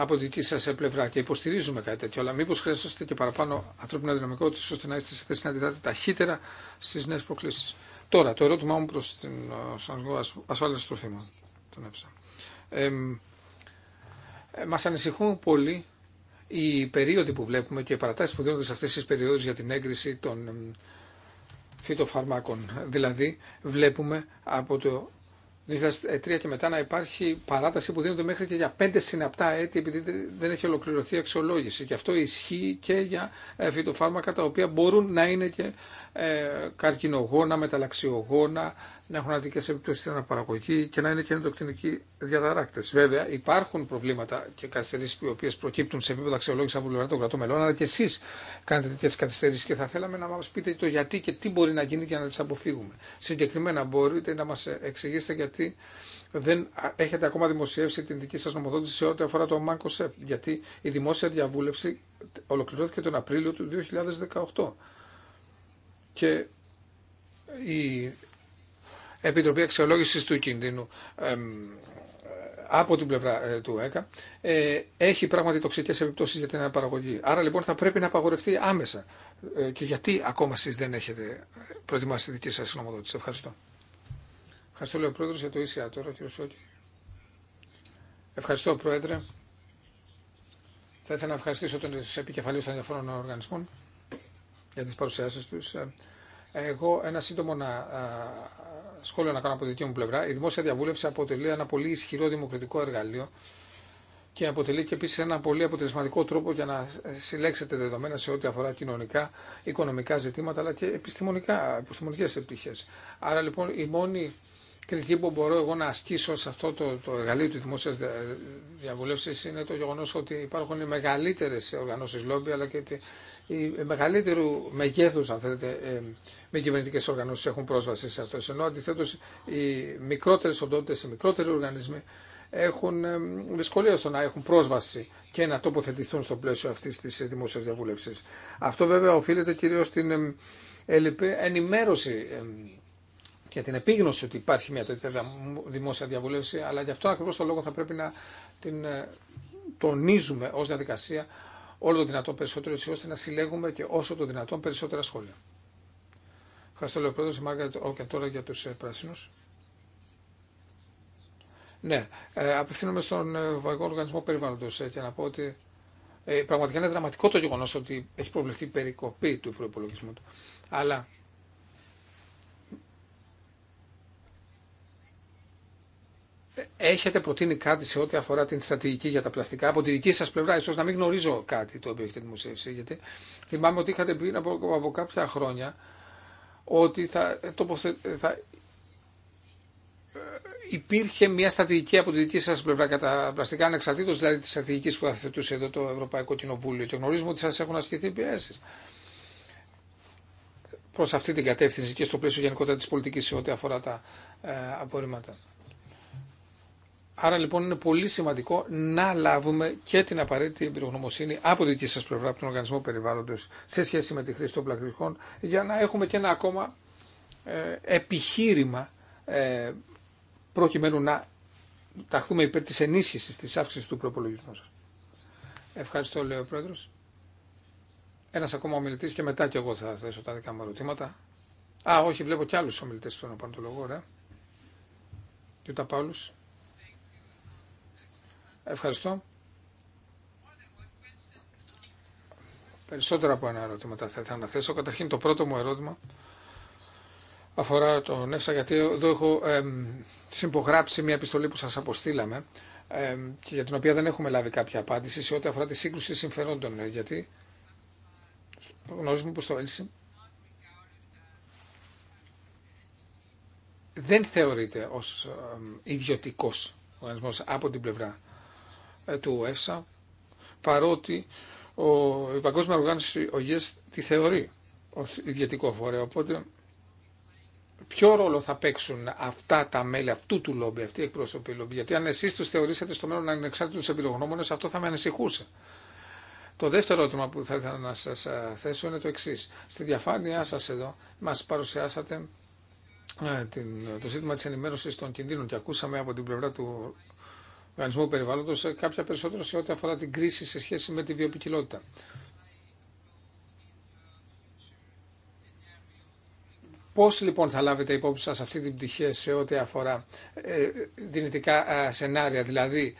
B: από τη δική σα πλευρά και υποστηρίζουμε κάτι τέτοιο. Αλλά μήπω χρειάζεστε και παραπάνω ανθρώπινο δυναμικό, ώστε να είστε σε θέση να αντιδράτε ταχύτερα στι νέε προκλήσει. Τώρα, το ερώτημά μου προ την ε, Ασφάλεια Τροφίμων, τον μου. ε, Μα ανησυχούν πολύ οι περίοδοι που βλέπουμε και οι παρατάσει που δίνονται σε αυτέ τι περιόδου για την έγκριση των φυτοφαρμάκων. Δηλαδή, βλέπουμε από το 2003 ε, και μετά να υπάρχει παράταση που δίνονται μέχρι και για πέντε συναπτά έτη επειδή δεν έχει ολοκληρωθεί η αξιολόγηση. Και αυτό ισχύει και για ε, φυτοφάρμακα τα οποία μπορούν να είναι και ε, καρκινογόνα, μεταλλαξιογόνα, να έχουν αρνητικέ επιπτώσεις στην αναπαραγωγή και να είναι και ενδοκτηνική Διαταράκτε Βέβαια υπάρχουν προβλήματα και καθυστερήσει οι οποίε προκύπτουν σε επίπεδο αξιολόγηση από πλευρά των κρατών μελών, αλλά και εσεί κάνετε τέτοιε καθυστερήσει και θα θέλαμε να μα πείτε το γιατί και τι μπορεί να γίνει για να τι αποφύγουμε. Συγκεκριμένα μπορείτε να μα εξηγήσετε γιατί δεν έχετε ακόμα δημοσιεύσει την δική σα νομοδότηση σε ό,τι αφορά το Μάνκο ΣΕΠ, γιατί η δημόσια διαβούλευση ολοκληρώθηκε τον Απρίλιο του 2018. Και η Επιτροπή αξιολόγηση του Κινδύνου από την πλευρά ε, του ΕΚΑ ε, έχει πράγματι τοξικές επιπτώσεις για την αναπαραγωγή. Άρα λοιπόν θα πρέπει να απαγορευτεί άμεσα. Ε, και γιατί ακόμα εσείς δεν έχετε προετοιμάσει τη δική σας γνωμοδότηση. Ευχαριστώ. Ευχαριστώ λέει ο Πρόεδρος για το ίσια τώρα κύριο Σόκη. Ευχαριστώ Πρόεδρε. Θα ήθελα να ευχαριστήσω τον Επικεφαλή των διαφόρων οργανισμών για τις παρουσιάσεις τους. Εγώ ένα σύντομο να σχόλιο να κάνω από τη δική μου πλευρά. Η δημόσια διαβούλευση αποτελεί ένα πολύ ισχυρό δημοκρατικό εργαλείο και αποτελεί και επίση ένα πολύ αποτελεσματικό τρόπο για να συλλέξετε δεδομένα σε ό,τι αφορά κοινωνικά, οικονομικά ζητήματα αλλά και επιστημονικά, επιστημονικέ επιτυχίε. Άρα λοιπόν η μόνη κριτική που μπορώ εγώ να ασκήσω σε αυτό το, το εργαλείο τη δημόσια διαβούλευση είναι το γεγονό ότι υπάρχουν οι μεγαλύτερε οργανώσει λόμπι αλλά και οι μεγαλύτερου μεγέθου, αν θέλετε, ε, με κυβερνητικέ οργανώσει έχουν πρόσβαση σε αυτό. Ενώ αντιθέτω οι μικρότερε οντότητε, οι μικρότεροι οργανισμοί έχουν ε, δυσκολία στο να έχουν πρόσβαση και να τοποθετηθούν στο πλαίσιο αυτής της δημόσιας διαβούλευση. Αυτό βέβαια οφείλεται κυρίω στην ε, ενημέρωση για την επίγνωση ότι υπάρχει μια τέτοια δημόσια διαβούλευση, αλλά γι' αυτό ακριβώ το λόγο θα πρέπει να την ε, τονίζουμε ω διαδικασία όλο το δυνατόν περισσότερο, έτσι ώστε να συλλέγουμε και όσο το δυνατόν περισσότερα σχόλια. Ευχαριστώ, λέει ο πρόεδρο Μάργαρετ και τώρα για του ε, πράσινου. Ναι, ε, απευθύνομαι στον Ευρωπαϊκό Οργανισμό Περιβάλλοντο ε, και να πω ότι πραγματικά είναι δραματικό το γεγονό ότι έχει προβλεφθεί περικοπή του προπολογισμού του. Αλλά έχετε προτείνει κάτι σε ό,τι αφορά την στρατηγική για τα πλαστικά. Από τη δική σα πλευρά, ίσω να μην γνωρίζω κάτι το οποίο έχετε δημοσιεύσει, γιατί θυμάμαι ότι είχατε πει από, από κάποια χρόνια ότι θα, τοποθε, θα ε, υπήρχε μια στρατηγική από τη δική σα πλευρά για τα πλαστικά, ανεξαρτήτω δηλαδή τη στρατηγική που θα θετούσε εδώ το Ευρωπαϊκό Κοινοβούλιο. Και γνωρίζουμε ότι σα έχουν ασκηθεί πιέσει προ αυτή την κατεύθυνση και στο πλαίσιο γενικότερα τη πολιτική σε ό,τι αφορά τα ε, απορρίμματα. Άρα λοιπόν είναι πολύ σημαντικό να λάβουμε και την απαραίτητη εμπειρογνωμοσύνη από τη δική σα πλευρά, από τον Οργανισμό Περιβάλλοντο, σε σχέση με τη χρήση των πλακτικών, για να έχουμε και ένα ακόμα ε, επιχείρημα ε, προκειμένου να ταχθούμε υπέρ τη ενίσχυση τη αύξηση του προπολογισμού σα. Ευχαριστώ, λέει ο Πρόεδρο. Ένα ακόμα ομιλητή και μετά και εγώ θα θέσω τα δικά μου ερωτήματα. Α, όχι, βλέπω και άλλου ομιλητέ που θέλουν να πάρουν το λόγο, ωραία. Ευχαριστώ. Περισσότερα από ένα ερώτημα θα ήθελα να θέσω. Καταρχήν το πρώτο μου ερώτημα αφορά το ΝΕΦΣΑ γιατί εδώ έχω συμπογράψει μια επιστολή που σας αποστήλαμε και για την οποία δεν έχουμε λάβει κάποια απάντηση σε ό,τι αφορά τη σύγκρουση συμφερόντων. Γιατί γνωρίζουμε πως το έλυσε. δεν θεωρείται ως ιδιωτικός οργανισμός από την πλευρά ε, του ΕΦΣΑ, παρότι ο, η Παγκόσμια Οργάνωση Υγείας τη θεωρεί ως ιδιωτικό φορέα. Οπότε ποιο ρόλο θα παίξουν αυτά τα μέλη αυτού του λόμπι, αυτή η εκπρόσωπη λόμπι. Γιατί αν εσεί του θεωρήσατε στο μέλλον ανεξάρτητους εμπειρογνώμονες, αυτό θα με ανησυχούσε. Το δεύτερο ερώτημα που θα ήθελα να σας ε, θέσω είναι το εξή. Στη διαφάνειά σας εδώ μας παρουσιάσατε ε, το ζήτημα τη ενημέρωση των κινδύνων και ακούσαμε από την πλευρά του οργανισμού περιβάλλοντος, ε, κάποια περισσότερο σε ό,τι αφορά την κρίση σε σχέση με τη βιοπικιλότητα. Πώς λοιπόν θα λάβετε υπόψη σας αυτή την πτυχή σε ό,τι αφορά ε, δυνητικά ε, σενάρια, δηλαδή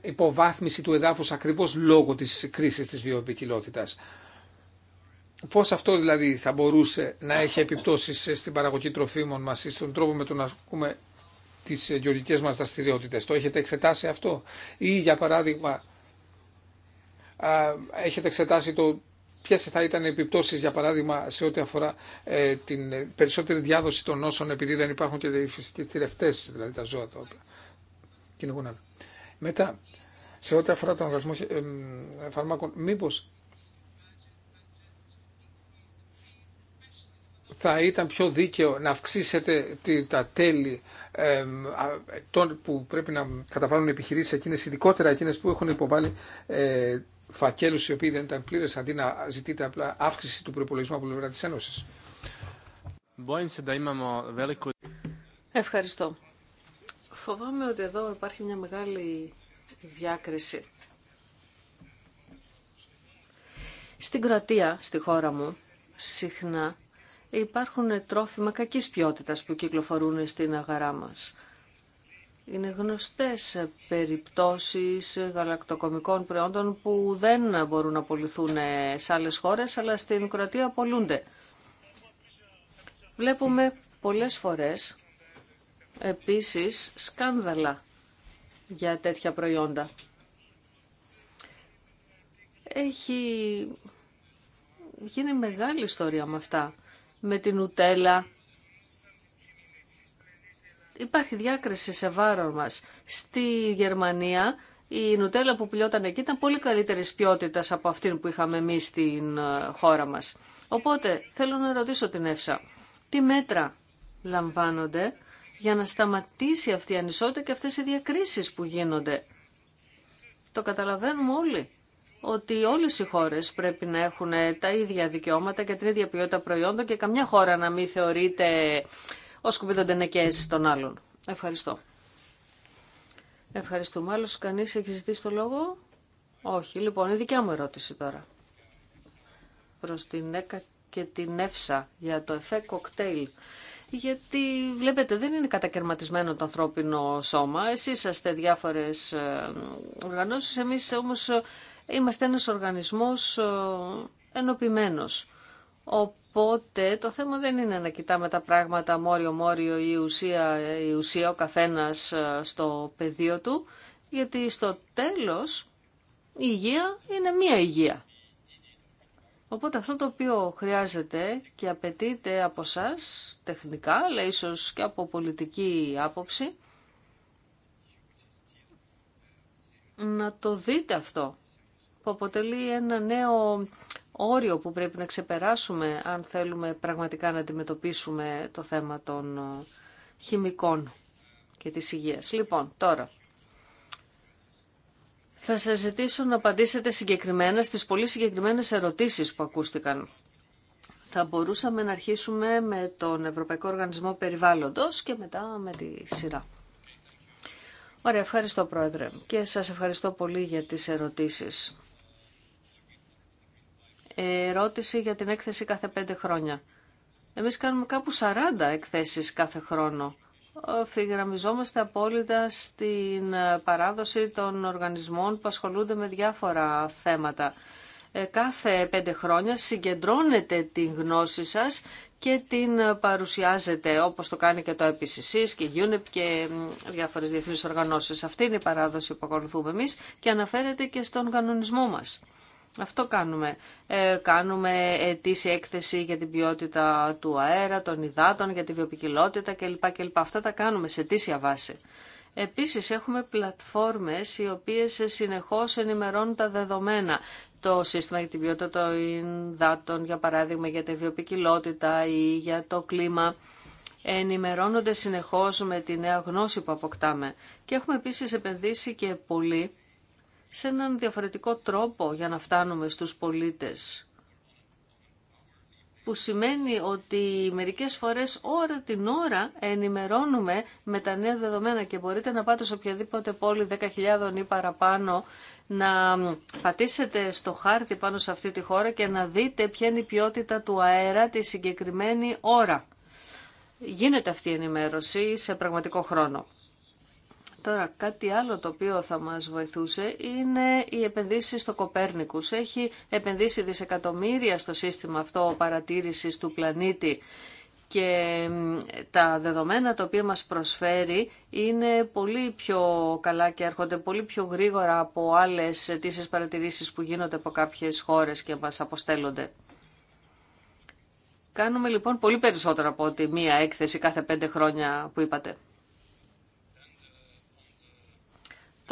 B: υποβάθμιση του εδάφους ακριβώς λόγω της κρίσης της βιοπικιλότητας. Πώς αυτό δηλαδή θα μπορούσε να έχει επιπτώσεις στην παραγωγή τροφίμων μα ή στον τρόπο με τον, τις γεωργικές μας δραστηριότητε. Το έχετε εξετάσει αυτό ή για παράδειγμα έχετε εξετάσει το ποιε θα ήταν οι επιπτώσει, για παράδειγμα, σε ό,τι αφορά ε, την περισσότερη διάδοση των νόσων, επειδή δεν υπάρχουν και οι θηρευτέ, δηλαδή τα ζώα τα οποία κυνηγούν. Μετά, σε ό,τι αφορά τον οργασμό ε, ε, φαρμάκων, μήπω θα ήταν πιο δίκαιο να αυξήσετε τα τέλη τον που πρέπει να καταβάλουν επιχειρήσεις εκείνες, ειδικότερα εκείνες που έχουν υποβάλει ε, φακέλους οι οποίοι δεν ήταν πλήρες, αντί να ζητείτε απλά αύξηση του προπολογισμού από πλευρά της Ένωσης.
A: Ευχαριστώ. Φοβάμαι ότι εδώ υπάρχει μια μεγάλη διάκριση. Στην Κροατία, στη χώρα μου, συχνά υπάρχουν τρόφιμα κακής ποιότητας που κυκλοφορούν στην αγαρά μας. Είναι γνωστές περιπτώσεις γαλακτοκομικών προϊόντων που δεν μπορούν να απολυθούν σε άλλες χώρες, αλλά στην Κροατία απολούνται. Βλέπουμε πολλές φορές επίσης σκάνδαλα για τέτοια προϊόντα. Έχει γίνει μεγάλη ιστορία με αυτά με την ουτέλα. Υπάρχει διάκριση σε βάρο μας. Στη Γερμανία η νουτέλα που πλειόταν εκεί ήταν πολύ καλύτερης ποιότητας από αυτήν που είχαμε εμεί στην ε, χώρα μας. Οπότε θέλω να ρωτήσω την Εύσα, τι μέτρα λαμβάνονται για να σταματήσει αυτή η ανισότητα και αυτές οι διακρίσεις που γίνονται. Το καταλαβαίνουμε όλοι ότι όλες οι χώρες πρέπει να έχουν τα ίδια δικαιώματα και την ίδια ποιότητα προϊόντων και καμιά χώρα να μην θεωρείται ως νεκέ των άλλων. Ευχαριστώ. Ευχαριστούμε. Άλλος κανείς έχει ζητήσει το λόγο. Όχι. Λοιπόν, η δικιά μου ερώτηση τώρα. Προς την ΕΚΑ και την ΕΦΣΑ για το εφέ κοκτέιλ. Γιατί βλέπετε δεν είναι κατακαιρματισμένο το ανθρώπινο σώμα. Εσείς είσαστε διάφορες ε, οργανώσεις. Εμείς Είμαστε ένας οργανισμός ε, ενωπημένος. Οπότε το θέμα δεν είναι να κοιτάμε τα πράγματα μόριο-μόριο ή ουσία, η ουσία ο καθένας ε, στο πεδίο του, γιατί στο τέλος η υγεία είναι μία υγεία. Οπότε αυτό το οποίο χρειάζεται και απαιτείται από σας τεχνικά, αλλά ίσως και από πολιτική άποψη, να το δείτε αυτό που αποτελεί ένα νέο όριο που πρέπει να ξεπεράσουμε αν θέλουμε πραγματικά να αντιμετωπίσουμε το θέμα των ε, χημικών και της υγείας. Λοιπόν, τώρα, θα σας ζητήσω να απαντήσετε συγκεκριμένα στις πολύ συγκεκριμένες ερωτήσεις που ακούστηκαν. Θα μπορούσαμε να αρχίσουμε με τον Ευρωπαϊκό Οργανισμό Περιβάλλοντος και μετά με τη σειρά. Ωραία, ευχαριστώ Πρόεδρε και σας ευχαριστώ πολύ για τις ερωτήσεις ερώτηση για την έκθεση κάθε πέντε χρόνια. Εμείς κάνουμε κάπου 40 εκθέσεις κάθε χρόνο. Φυγραμμιζόμαστε απόλυτα στην ε, παράδοση των οργανισμών που ασχολούνται με διάφορα θέματα. Ε, κάθε πέντε χρόνια συγκεντρώνετε την γνώση σας και την παρουσιάζετε όπως το κάνει και το IPCC και UNEP και διάφορες διεθνείς οργανώσεις. Αυτή είναι η παράδοση που ακολουθούμε εμείς και αναφέρεται και στον κανονισμό μας. Αυτό κάνουμε. Ε, κάνουμε αιτήσια έκθεση για την ποιότητα του αέρα, των υδάτων, για τη βιοπικιλότητα κλπ. κλπ. Αυτά τα κάνουμε σε αιτήσια βάση. Επίσης έχουμε πλατφόρμες οι οποίες συνεχώς ενημερώνουν τα δεδομένα. Το σύστημα για την ποιότητα των υδάτων, για παράδειγμα για τη βιοπικιλότητα ή για το κλίμα ενημερώνονται συνεχώς με τη νέα γνώση που αποκτάμε. Και έχουμε επίσης επενδύσει και πολύ σε έναν διαφορετικό τρόπο για να φτάνουμε στους πολίτες. Που σημαίνει ότι μερικές φορές ώρα την ώρα ενημερώνουμε με τα νέα δεδομένα και μπορείτε να πάτε σε οποιαδήποτε πόλη 10.000 ή παραπάνω να πατήσετε στο χάρτη πάνω σε αυτή τη χώρα και να δείτε ποια είναι η ποιότητα του αέρα τη συγκεκριμένη ώρα. Γίνεται αυτή η ενημέρωση σε πραγματικό χρόνο. Τώρα, κάτι άλλο το οποίο θα μας βοηθούσε είναι οι επενδύσεις στο Κοπέρνικους. Έχει επενδύσει δισεκατομμύρια στο σύστημα αυτό παρατήρησης του πλανήτη και τα δεδομένα τα οποία μας προσφέρει είναι πολύ πιο καλά και έρχονται πολύ πιο γρήγορα από άλλες αιτήσεις παρατηρήσεις που γίνονται από κάποιες χώρες και μας αποστέλλονται. Κάνουμε λοιπόν πολύ περισσότερο από ότι μία έκθεση κάθε πέντε χρόνια που είπατε.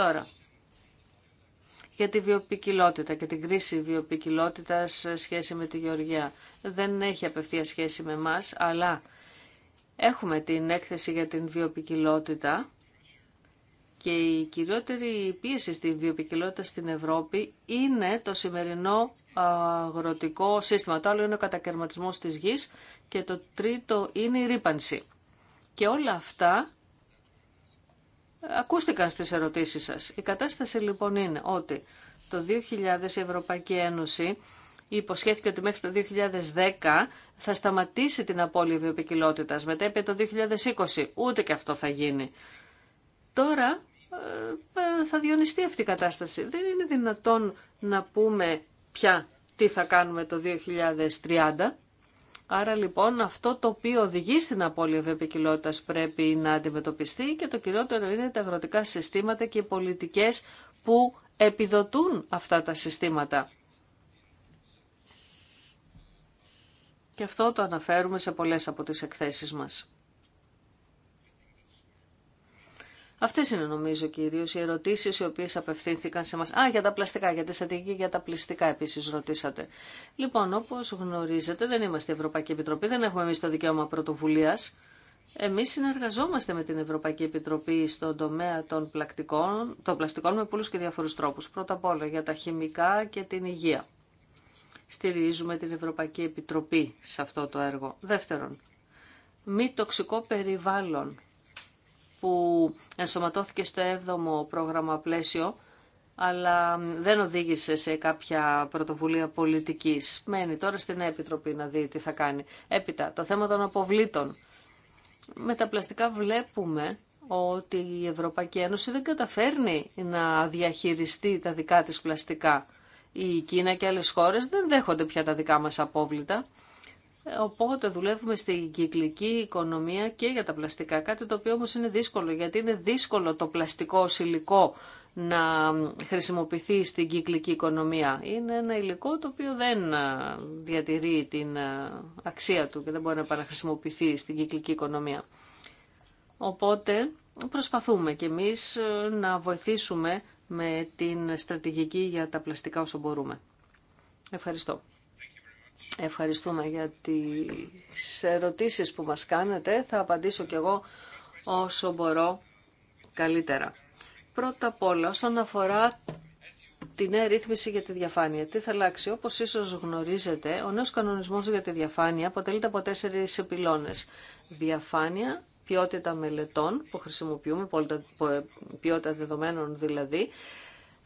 A: Τώρα, για τη βιοπικιλότητα και την κρίση βιοπικιλότητας σε σχέση με τη Γεωργία. Δεν έχει απευθεία σχέση με μας, αλλά έχουμε την έκθεση για την βιοπικιλότητα και η κυριότερη πίεση στη βιοπικιλότητα στην Ευρώπη είναι το σημερινό αγροτικό σύστημα. Το άλλο είναι ο κατακαιρματισμός της γης και το τρίτο είναι η ρήπανση. Και όλα αυτά ακούστηκαν στις ερωτήσεις σας. Η κατάσταση λοιπόν είναι ότι το 2000 η Ευρωπαϊκή Ένωση υποσχέθηκε ότι μέχρι το 2010 θα σταματήσει την απώλεια βιοπικιλότητας. Μετά είπε το 2020 ούτε και αυτό θα γίνει. Τώρα ε, ε, θα διονυστεί αυτή η κατάσταση. Δεν είναι δυνατόν να πούμε πια τι θα κάνουμε το 2030. Άρα λοιπόν αυτό το οποίο οδηγεί στην απώλεια βιοπικιλότητας πρέπει να αντιμετωπιστεί και το κυριότερο είναι τα αγροτικά συστήματα και οι πολιτικές που επιδοτούν αυτά τα συστήματα. Και αυτό το αναφέρουμε σε πολλές από τις εκθέσεις μας. Αυτέ είναι νομίζω κυρίω οι ερωτήσει οι οποίε απευθύνθηκαν σε εμά. Α, για τα πλαστικά, για τη στρατηγική για τα πλαστικά επίση ρωτήσατε. Λοιπόν, όπω γνωρίζετε δεν είμαστε η Ευρωπαϊκή Επιτροπή, δεν έχουμε εμεί το δικαίωμα πρωτοβουλία. Εμεί συνεργαζόμαστε με την Ευρωπαϊκή Επιτροπή στον τομέα των, πλακτικών, των πλαστικών με πολλού και διάφορου τρόπου. Πρώτα απ' όλα για τα χημικά και την υγεία. Στηρίζουμε την Ευρωπαϊκή Επιτροπή σε αυτό το έργο. Δεύτερον, μη τοξικό περιβάλλον που ενσωματώθηκε στο 7ο πρόγραμμα πλαίσιο, αλλά δεν οδήγησε σε κάποια πρωτοβουλία πολιτικής. Μένει τώρα στην Επιτροπή να δει τι θα κάνει. Έπειτα, το θέμα των αποβλήτων. Με τα πλαστικά βλέπουμε ότι η Ευρωπαϊκή Ένωση δεν καταφέρνει να διαχειριστεί τα δικά της πλαστικά. Η Κίνα και άλλες χώρες δεν δέχονται πια τα δικά μας απόβλητα. Οπότε δουλεύουμε στην κυκλική οικονομία και για τα πλαστικά, κάτι το οποίο όμως είναι δύσκολο, γιατί είναι δύσκολο το πλαστικό υλικό να χρησιμοποιηθεί στην κυκλική οικονομία. Είναι ένα υλικό το οποίο δεν ε, διατηρεί την ε, αξία του και δεν μπορεί να παραχρησιμοποιηθεί στην κυκλική οικονομία. Οπότε προσπαθούμε και εμείς ε, να βοηθήσουμε με την στρατηγική για τα πλαστικά όσο μπορούμε. Ευχαριστώ. Ευχαριστούμε για τις ερωτήσεις που μας κάνετε. Θα απαντήσω κι εγώ όσο μπορώ καλύτερα. Πρώτα απ' όλα, όσον αφορά τη νέα ρύθμιση για τη διαφάνεια. Τι θα αλλάξει, όπως ίσως γνωρίζετε, ο νέος κανονισμός για τη διαφάνεια αποτελείται από τέσσερις επιλώνες. Διαφάνεια, ποιότητα μελετών που χρησιμοποιούμε, ποιότητα δεδομένων δηλαδή,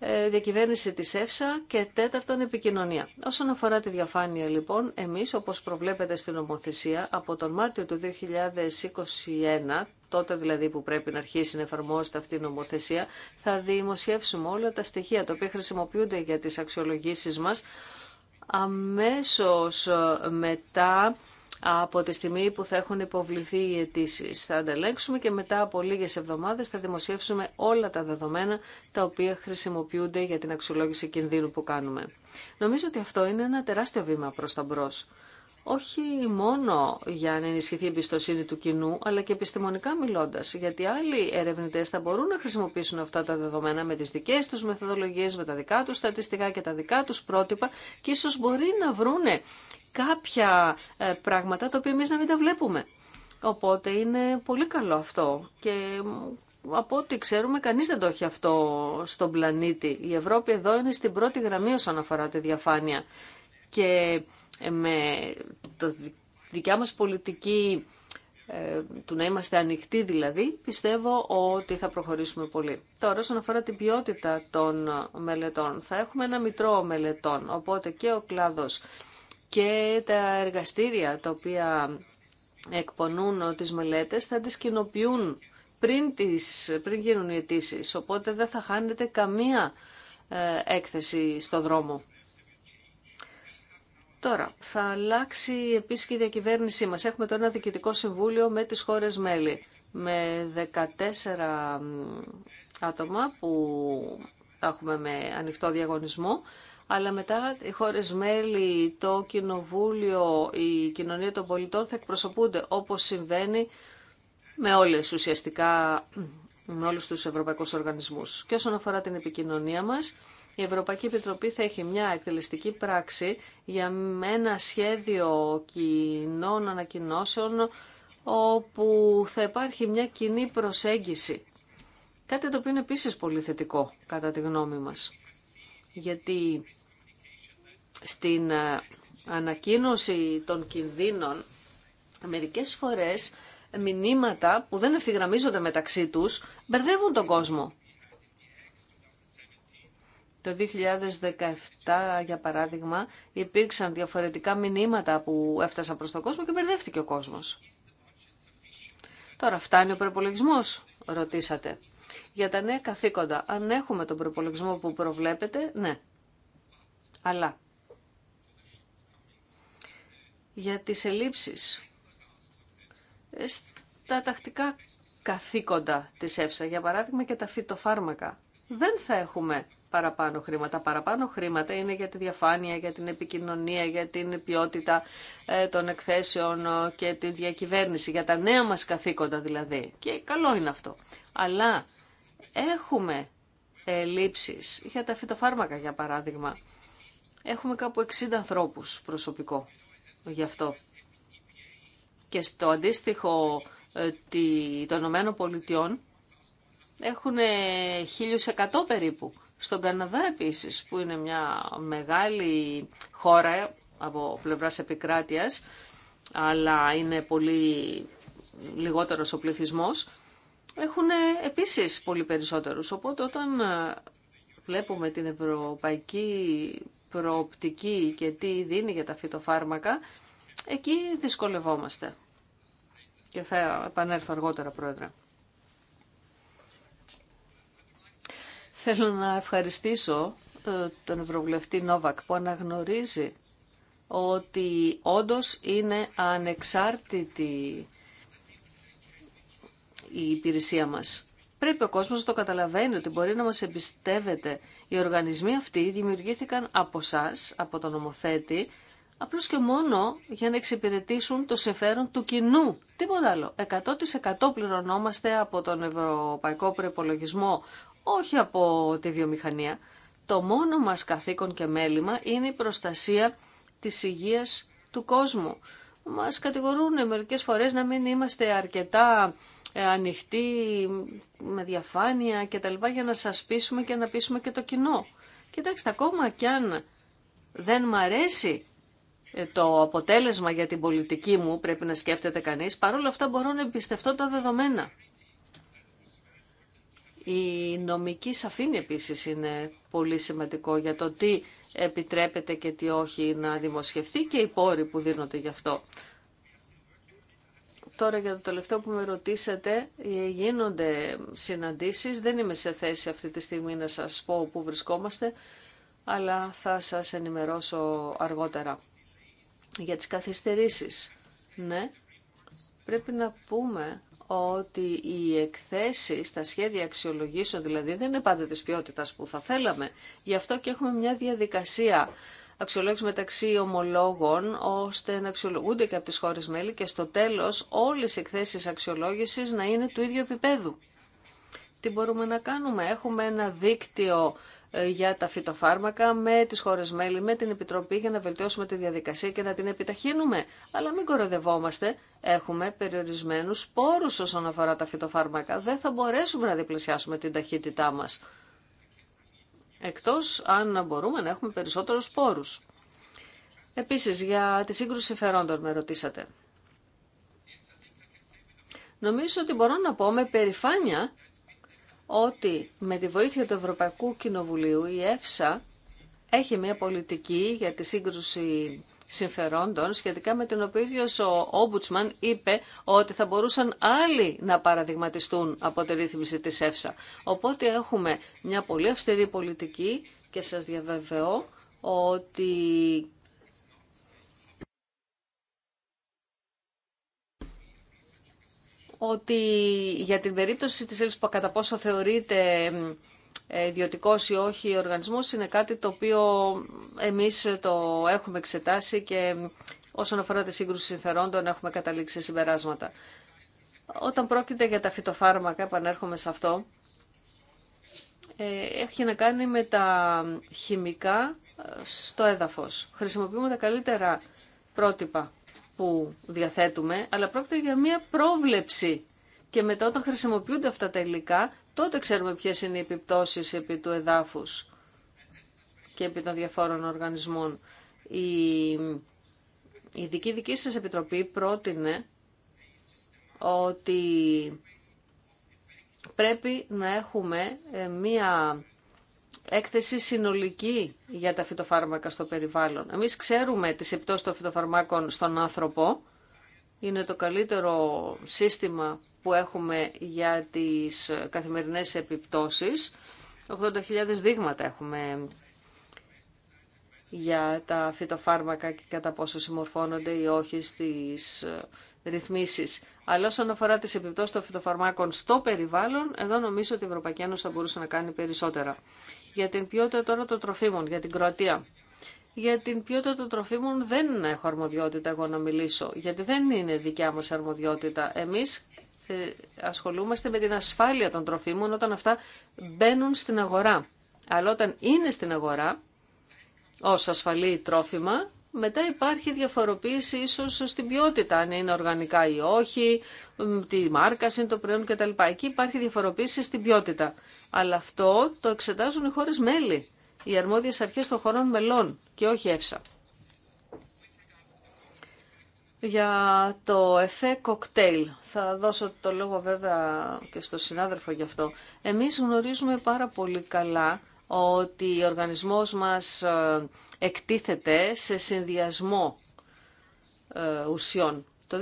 A: ε, διακυβέρνηση της ΕΦΣΑ και τέταρτον επικοινωνία. Όσον αφορά τη διαφάνεια λοιπόν, εμείς όπως προβλέπετε στην νομοθεσία από τον Μάρτιο του 2021, τότε δηλαδή που πρέπει να αρχίσει να εφαρμόζεται αυτή η νομοθεσία, θα δημοσιεύσουμε όλα τα στοιχεία τα οποία χρησιμοποιούνται για τις αξιολογήσεις μας αμέσως μετά από τη στιγμή που θα έχουν υποβληθεί οι αιτήσει. Θα αντελέξουμε και μετά από λίγε εβδομάδε θα δημοσιεύσουμε όλα τα δεδομένα τα οποία χρησιμοποιούνται για την αξιολόγηση κινδύνου που κάνουμε. Νομίζω ότι αυτό είναι ένα τεράστιο βήμα προ τα μπρο. Όχι μόνο για να ενισχυθεί η εμπιστοσύνη του κοινού, αλλά και επιστημονικά μιλώντα. Γιατί άλλοι ερευνητέ θα μπορούν να χρησιμοποιήσουν αυτά τα δεδομένα με τι δικέ του μεθοδολογίε, με τα δικά του στατιστικά και τα δικά του πρότυπα και ίσω μπορεί να βρούνε κάποια ε, πράγματα τα οποία εμείς να μην τα βλέπουμε. Οπότε είναι πολύ καλό αυτό και από ό,τι ξέρουμε κανείς δεν το έχει αυτό στον πλανήτη. Η Ευρώπη εδώ είναι στην πρώτη γραμμή όσον αφορά τη διαφάνεια και ε, με το δικιά μας πολιτική ε, του να είμαστε ανοιχτοί δηλαδή, πιστεύω ότι θα προχωρήσουμε πολύ. Τώρα, όσον αφορά την ποιότητα των μελετών, θα έχουμε ένα μητρό μελετών, οπότε και ο κλάδος και τα εργαστήρια τα οποία εκπονούν τις μελέτες θα τις κοινοποιούν πριν, τις, πριν γίνουν οι αιτήσει, οπότε δεν θα χάνετε καμία ε, έκθεση στο δρόμο. Τώρα, θα αλλάξει επίσης και η διακυβέρνησή μας. Έχουμε τώρα ένα διοικητικό συμβούλιο με τις χώρες μέλη, με 14 άτομα που έχουμε με ανοιχτό διαγωνισμό αλλά μετά οι χώρε μέλη, το κοινοβούλιο, η κοινωνία των πολιτών θα εκπροσωπούνται όπως συμβαίνει με όλες ουσιαστικά με όλους τους ευρωπαϊκούς οργανισμούς. Και όσον αφορά την επικοινωνία μας, η Ευρωπαϊκή Επιτροπή θα έχει μια εκτελεστική πράξη για ένα σχέδιο κοινών ανακοινώσεων όπου θα υπάρχει μια κοινή προσέγγιση. Κάτι το οποίο είναι επίσης πολύ θετικό κατά τη γνώμη μας γιατί στην ε, ανακοίνωση των κινδύνων μερικές φορές μηνύματα που δεν ευθυγραμμίζονται μεταξύ τους μπερδεύουν τον κόσμο. Το 2017, για παράδειγμα, υπήρξαν διαφορετικά μηνύματα που έφτασαν προς τον κόσμο και μπερδεύτηκε ο κόσμος. Τώρα φτάνει ο προπολογισμό, ρωτήσατε. Για τα νέα καθήκοντα, αν έχουμε τον προπολογισμό που προβλέπετε, ναι. Αλλά για τις ελλείψεις ε, στα τακτικά καθήκοντα της ΕΦΣΑ, για παράδειγμα και τα φυτοφάρμακα, δεν θα έχουμε παραπάνω χρήματα. Παραπάνω χρήματα είναι για τη διαφάνεια, για την επικοινωνία, για την ποιότητα ε, των εκθέσεων ε, και τη διακυβέρνηση, για τα νέα μας καθήκοντα δηλαδή. Και καλό είναι αυτό. Αλλά Έχουμε ελλείψεις για τα φυτοφάρμακα για παράδειγμα. Έχουμε κάπου 60 ανθρώπους προσωπικό γι' αυτό. Και στο αντίστοιχο ε, των Ηνωμένων Πολιτειών έχουν 1.100 ε, περίπου. Στον Καναδά επίσης που είναι μια μεγάλη χώρα από πλευράς επικράτειας αλλά είναι πολύ λιγότερος ο πληθυσμός έχουν ε, επίσης πολύ περισσότερους. Οπότε όταν ε, βλέπουμε την ευρωπαϊκή προοπτική και τι δίνει για τα φυτοφάρμακα, εκεί δυσκολευόμαστε. Και θα επανέλθω αργότερα, Πρόεδρε. Θέλω να ευχαριστήσω ε, τον Ευρωβουλευτή Νόβακ που αναγνωρίζει ότι όντως είναι ανεξάρτητη η υπηρεσία μας. Πρέπει ο κόσμος να το καταλαβαίνει ότι μπορεί να μας εμπιστεύετε Οι οργανισμοί αυτοί δημιουργήθηκαν από εσά, από τον νομοθέτη, απλώς και μόνο για να εξυπηρετήσουν το συμφέρον του κοινού. Τίποτα άλλο. 100% πληρωνόμαστε από τον ευρωπαϊκό προπολογισμό, όχι από τη βιομηχανία. Το μόνο μας καθήκον και μέλημα είναι η προστασία της υγείας του κόσμου. Μας κατηγορούν μερικές φορές να μην είμαστε αρκετά ε, ανοιχτή, με διαφάνεια κτλ. για να σας πείσουμε και να πείσουμε και το κοινό. Κοιτάξτε, ακόμα κι αν δεν μ' αρέσει ε, το αποτέλεσμα για την πολιτική μου, πρέπει να σκέφτεται κανείς, παρόλα αυτά μπορώ να εμπιστευτώ τα δεδομένα. Η νομική σαφήνεια επίσης είναι πολύ σημαντικό για το τι επιτρέπεται και τι όχι να δημοσιευθεί και οι πόροι που δίνονται γι' αυτό. Τώρα για το τελευταίο που με ρωτήσατε, ε, γίνονται συναντήσεις. Δεν είμαι σε θέση αυτή τη στιγμή να σας πω πού βρισκόμαστε, αλλά θα σας ενημερώσω αργότερα. Για τις καθυστερήσεις, ναι, πρέπει να πούμε ότι οι εκθέσεις, τα σχέδια αξιολογήσεων, δηλαδή δεν είναι πάντα της ποιότητας που θα θέλαμε. Γι' αυτό και έχουμε μια διαδικασία αξιολόγηση μεταξύ ομολόγων, ώστε να αξιολογούνται και από τις χώρες μέλη και στο τέλος όλες οι εκθέσεις αξιολόγησης να είναι του ίδιου επίπεδου. Τι μπορούμε να κάνουμε. Έχουμε ένα δίκτυο ε, για τα φυτοφάρμακα με τις χώρες μέλη, με την Επιτροπή για να βελτιώσουμε τη διαδικασία και να την επιταχύνουμε. Αλλά μην κοροδευόμαστε. Έχουμε περιορισμένους πόρους όσον αφορά τα φυτοφάρμακα. Δεν θα μπορέσουμε να διπλασιάσουμε την ταχύτητά μας εκτός αν μπορούμε να έχουμε περισσότερους πόρους. Επίσης, για τη σύγκρουση συμφερόντων με ρωτήσατε. Νομίζω ότι μπορώ να πω με περηφάνεια ότι με τη βοήθεια του Ευρωπαϊκού Κοινοβουλίου η ΕΦΣΑ έχει μια πολιτική για τη σύγκρουση συμφερόντων σχετικά με την οποία ο Όμπουτσμαν είπε ότι θα μπορούσαν άλλοι να παραδειγματιστούν από τη ρύθμιση της ΕΦΣΑ. Οπότε έχουμε μια πολύ αυστηρή πολιτική και σας διαβεβαιώ ότι ότι για την περίπτωση της ΕΦΣΑ κατά πόσο θεωρείται ε, ιδιωτικό ή όχι οργανισμό είναι κάτι το οποίο εμείς το έχουμε εξετάσει και όσον αφορά τη σύγκρουση συμφερόντων έχουμε καταλήξει συμπεράσματα. Όταν πρόκειται για τα φυτοφάρμακα, επανέρχομαι σε αυτό, ε, έχει να κάνει με τα χημικά ε, στο έδαφος. Χρησιμοποιούμε τα καλύτερα πρότυπα που διαθέτουμε, αλλά πρόκειται για μία πρόβλεψη. Και μετά όταν χρησιμοποιούνται αυτά τα υλικά, τότε ξέρουμε ποιες είναι οι επιπτώσεις επί του εδάφους και επί των διαφόρων οργανισμών. Η, ειδική δική σας επιτροπή πρότεινε ότι πρέπει να έχουμε ε, μία έκθεση συνολική για τα φυτοφάρμακα στο περιβάλλον. Εμείς ξέρουμε τις επιπτώσεις των φυτοφαρμάκων στον άνθρωπο, είναι το καλύτερο σύστημα που έχουμε για τις καθημερινές επιπτώσεις. 80.000 δείγματα έχουμε για τα φυτοφάρμακα και κατά πόσο συμμορφώνονται ή όχι στις ε, ρυθμίσεις. Αλλά όσον αφορά τις επιπτώσεις των φυτοφαρμάκων στο περιβάλλον, εδώ νομίζω ότι η Ευρωπαϊκή Ένωση θα μπορούσε να κάνει περισσότερα. Για την ποιότητα τώρα των τροφίμων, για την Κροατία. Για την ποιότητα των τροφίμων δεν έχω αρμοδιότητα εγώ να μιλήσω, γιατί δεν είναι δικιά μας αρμοδιότητα. Εμείς ε, ασχολούμαστε με την ασφάλεια των τροφίμων όταν αυτά μπαίνουν στην αγορά. Αλλά όταν είναι στην αγορά, ως ασφαλή τρόφιμα, μετά υπάρχει διαφοροποίηση ίσως στην ποιότητα, αν είναι οργανικά ή όχι, τη μάρκα είναι το προϊόν κτλ. Εκεί υπάρχει διαφοροποίηση στην ποιότητα. Αλλά αυτό το εξετάζουν οι χώρες μέλη οι αρμόδιες αρχές των χωρών μελών και όχι ΕΦΣΑ. Για το εφέ κοκτέιλ, θα δώσω το λόγο βέβαια και στο συνάδελφο γι' αυτό. Εμείς γνωρίζουμε πάρα πολύ καλά ότι ο οργανισμός μας ε, εκτίθεται σε συνδυασμό ε, ουσιών. Το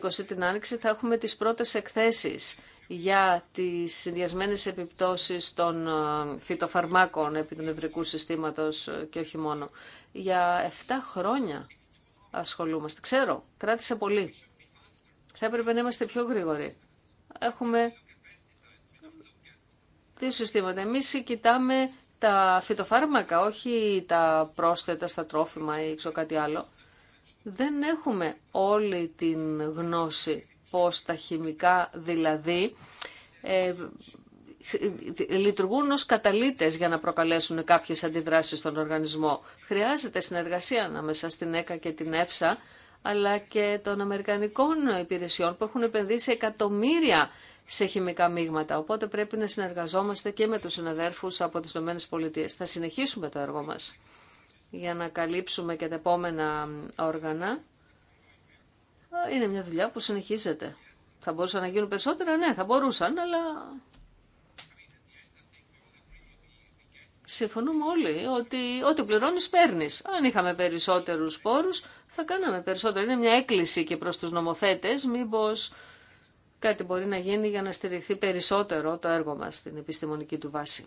A: 2020 την Άνοιξη θα έχουμε τις πρώτες εκθέσεις για τις συνδυασμένε επιπτώσεις των ε, φυτοφαρμάκων επί του νευρικού συστήματος ε, και όχι μόνο. Για 7 χρόνια ασχολούμαστε. Ξέρω, κράτησε πολύ. Θα έπρεπε να είμαστε πιο γρήγοροι. Έχουμε δύο συστήματα. Εμείς κοιτάμε τα φυτοφάρμακα, όχι τα πρόσθετα στα τρόφιμα ή κάτι άλλο. Δεν έχουμε όλη την γνώση πως τα χημικά δηλαδή ε, λειτουργούν ως καταλύτες για να προκαλέσουν κάποιες αντιδράσεις στον οργανισμό. Χρειάζεται συνεργασία ανάμεσα στην ΕΚΑ και την ΕΦΣΑ, αλλά και των Αμερικανικών υπηρεσιών που έχουν επενδύσει εκατομμύρια σε χημικά μείγματα. Οπότε πρέπει να συνεργαζόμαστε και με τους συναδέρφους από τις ΗΠΑ. Θα συνεχίσουμε το έργο μας για να καλύψουμε και τα επόμενα όργανα είναι μια δουλειά που συνεχίζεται. Θα μπορούσαν να γίνουν περισσότερα, ναι, θα μπορούσαν, αλλά... Συμφωνούμε όλοι ότι ό,τι πληρώνεις παίρνεις. Αν είχαμε περισσότερους πόρους θα κάναμε περισσότερο. Είναι μια έκκληση και προς τους νομοθέτες μήπως κάτι μπορεί να γίνει για να στηριχθεί περισσότερο το έργο μας στην επιστημονική του βάση.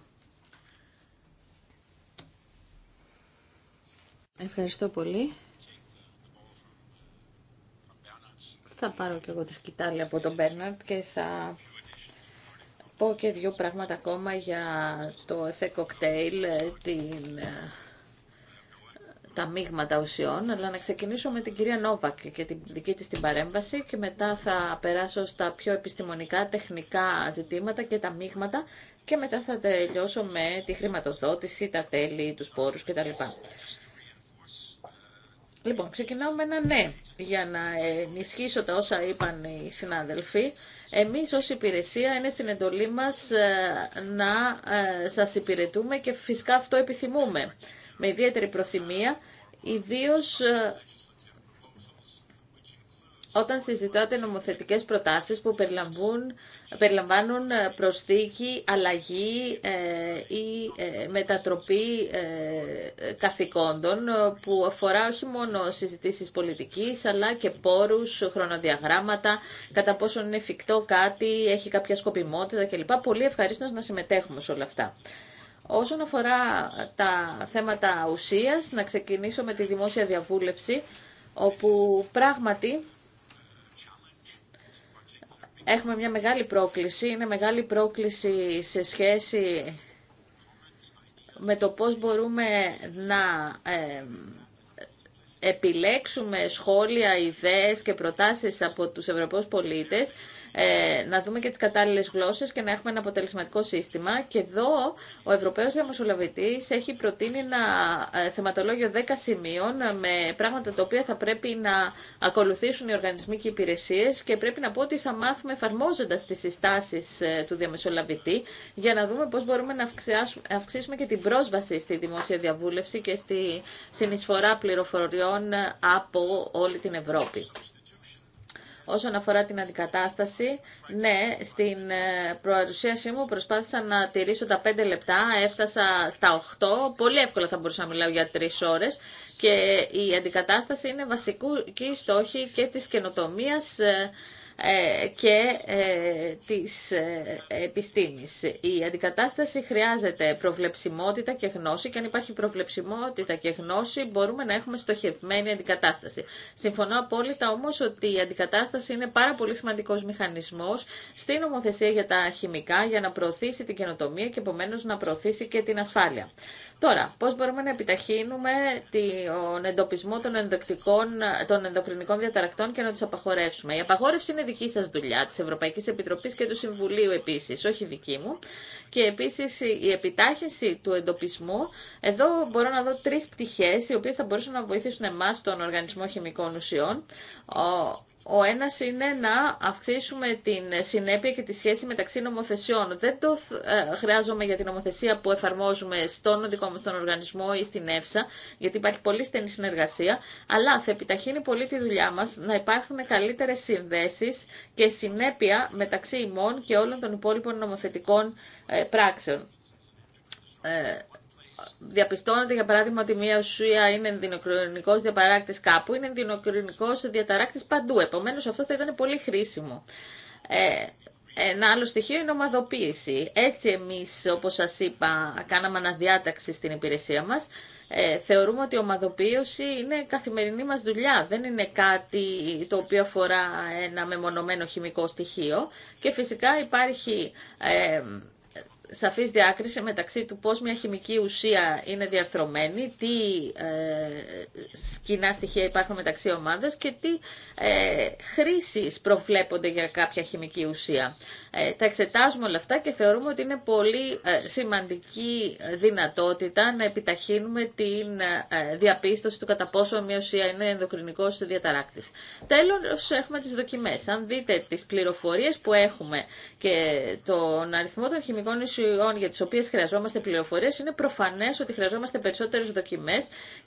A: Ευχαριστώ
C: πολύ. Θα πάρω και εγώ τη σκητάλη από τον Μπέρναρτ και θα πω και δύο πράγματα ακόμα για το εφέ κοκτέιλ, ε, την... Ε, τα μείγματα ουσιών, αλλά να ξεκινήσω με την κυρία Νόβακ και την δική της την παρέμβαση και μετά θα περάσω στα πιο επιστημονικά τεχνικά ζητήματα και τα μείγματα και μετά θα τελειώσω με τη χρηματοδότηση, τα τέλη, τους πόρους κτλ. Λοιπόν, ξεκινάω με ένα ναι για να ενισχύσω τα όσα είπαν οι συνάδελφοι. Εμείς ως υπηρεσία είναι στην εντολή μας ε, να ε, σας υπηρετούμε και φυσικά αυτό επιθυμούμε με ιδιαίτερη προθυμία, ιδίως ε, όταν συζητάτε νομοθετικές προτάσεις που περιλαμβάνουν, περιλαμβάνουν προσθήκη, αλλαγή ε, ή ε, μετατροπή ε, καθηκόντων που αφορά όχι μόνο συζητήσεις πολιτικής αλλά και πόρους, χρονοδιαγράμματα, κατά πόσον είναι εφικτό κάτι, έχει κάποια σκοπιμότητα κλπ. Πολύ ευχαρίστω να συμμετέχουμε σε όλα αυτά. Όσον αφορά τα θέματα ουσίας, να ξεκινήσω με τη δημόσια διαβούλευση, όπου πράγματι Έχουμε μια μεγάλη πρόκληση. Είναι μεγάλη πρόκληση σε σχέση με το πώς μπορούμε να επιλέξουμε σχόλια, ιδέες και προτάσεις από τους Ευρωπαίους πολίτες ε, να δούμε και τις κατάλληλες γλώσσες και να έχουμε ένα αποτελεσματικό σύστημα. Και εδώ ο Ευρωπαίος Διαμεσολαβητής έχει προτείνει ένα ε, θεματολόγιο 10 σημείων ε, με πράγματα τα οποία θα πρέπει να ακολουθήσουν οι οργανισμοί και οι υπηρεσίες και πρέπει να πω ότι θα μάθουμε εφαρμόζοντα τις συστάσεις του Διαμεσολαβητή για να δούμε πώς μπορούμε να αυξήσουμε και την πρόσβαση στη δημόσια διαβούλευση και στη συνεισφορά πληροφοριών από όλη την Ευρώπη. Όσον αφορά την αντικατάσταση, ναι, στην ε, προαρουσίασή μου προσπάθησα να τηρήσω τα πέντε λεπτά, έφτασα στα 8, πολύ εύκολα θα μπορούσα να μιλάω για 3 ώρες και η αντικατάσταση είναι βασικού και στόχη και της καινοτομίας ε, ε, και ε, της ε, επιστήμης. Η αντικατάσταση χρειάζεται προβλεψιμότητα και γνώση και αν υπάρχει προβλεψιμότητα και γνώση μπορούμε να έχουμε στοχευμένη αντικατάσταση. Συμφωνώ απόλυτα όμως ότι η αντικατάσταση είναι πάρα πολύ σημαντικός μηχανισμός στην νομοθεσία για τα χημικά για να προωθήσει την καινοτομία και επομένω να προωθήσει και την ασφάλεια. Τώρα, πώς μπορούμε να επιταχύνουμε τον εντοπισμό των, των ενδοκρινικών διαταρακτών και να τους απαγορεύσουμε. Η απαγόρευση είναι δική σας δουλειά, της Ευρωπαϊκής Επιτροπής και του Συμβουλίου επίσης, όχι δική μου. Και επίσης η επιτάχυνση του εντοπισμού, εδώ μπορώ να δω τρεις πτυχές οι οποίες θα μπορούσαν να βοηθήσουν εμά τον Οργανισμό Χημικών Ουσιών. Ο ένα είναι να αυξήσουμε την συνέπεια και τη σχέση μεταξύ νομοθεσιών. Δεν το ε, χρειάζομαι για την νομοθεσία που εφαρμόζουμε στον δικό μα τον οργανισμό ή στην ΕΦΣΑ, γιατί υπάρχει πολύ στενή συνεργασία, αλλά θα επιταχύνει πολύ τη δουλειά μας να υπάρχουν καλύτερες συνδέσει και συνέπεια μεταξύ ημών και όλων των υπόλοιπων νομοθετικών ε, πράξεων. Ε, διαπιστώνεται για παράδειγμα ότι μια ουσία είναι ενδυνοκρινικό διαπαράκτης κάπου, είναι ενδυνοκρινικό διαταράκτης παντού. Επομένως αυτό θα ήταν πολύ χρήσιμο. Ε, ένα άλλο στοιχείο είναι ομαδοποίηση. Έτσι εμείς, όπως σας είπα, κάναμε αναδιάταξη στην υπηρεσία μας. Ε, θεωρούμε ότι η ομαδοποίηση είναι καθημερινή μας δουλειά. Δεν είναι κάτι το οποίο αφορά ένα μεμονωμένο χημικό στοιχείο. Και φυσικά υπάρχει... Ε, σαφής διάκριση μεταξύ του πώς μια χημική ουσία είναι διαρθρωμένη, τι ε, κοινά στοιχεία υπάρχουν μεταξύ ομάδας και τι ε, χρήσεις προβλέπονται για κάποια χημική ουσία. Ε, τα εξετάζουμε όλα αυτά και θεωρούμε ότι είναι πολύ ε, σημαντική δυνατότητα να επιταχύνουμε την ε, διαπίστωση του κατά πόσο ομοιοσία είναι ενδοκρινικός διαταράκτη. Τέλο, έχουμε τι δοκιμέ. Αν δείτε τι πληροφορίε που έχουμε και τον αριθμό των χημικών ισιών για τι οποίε χρειαζόμαστε πληροφορίε, είναι προφανέ ότι χρειαζόμαστε περισσότερε δοκιμέ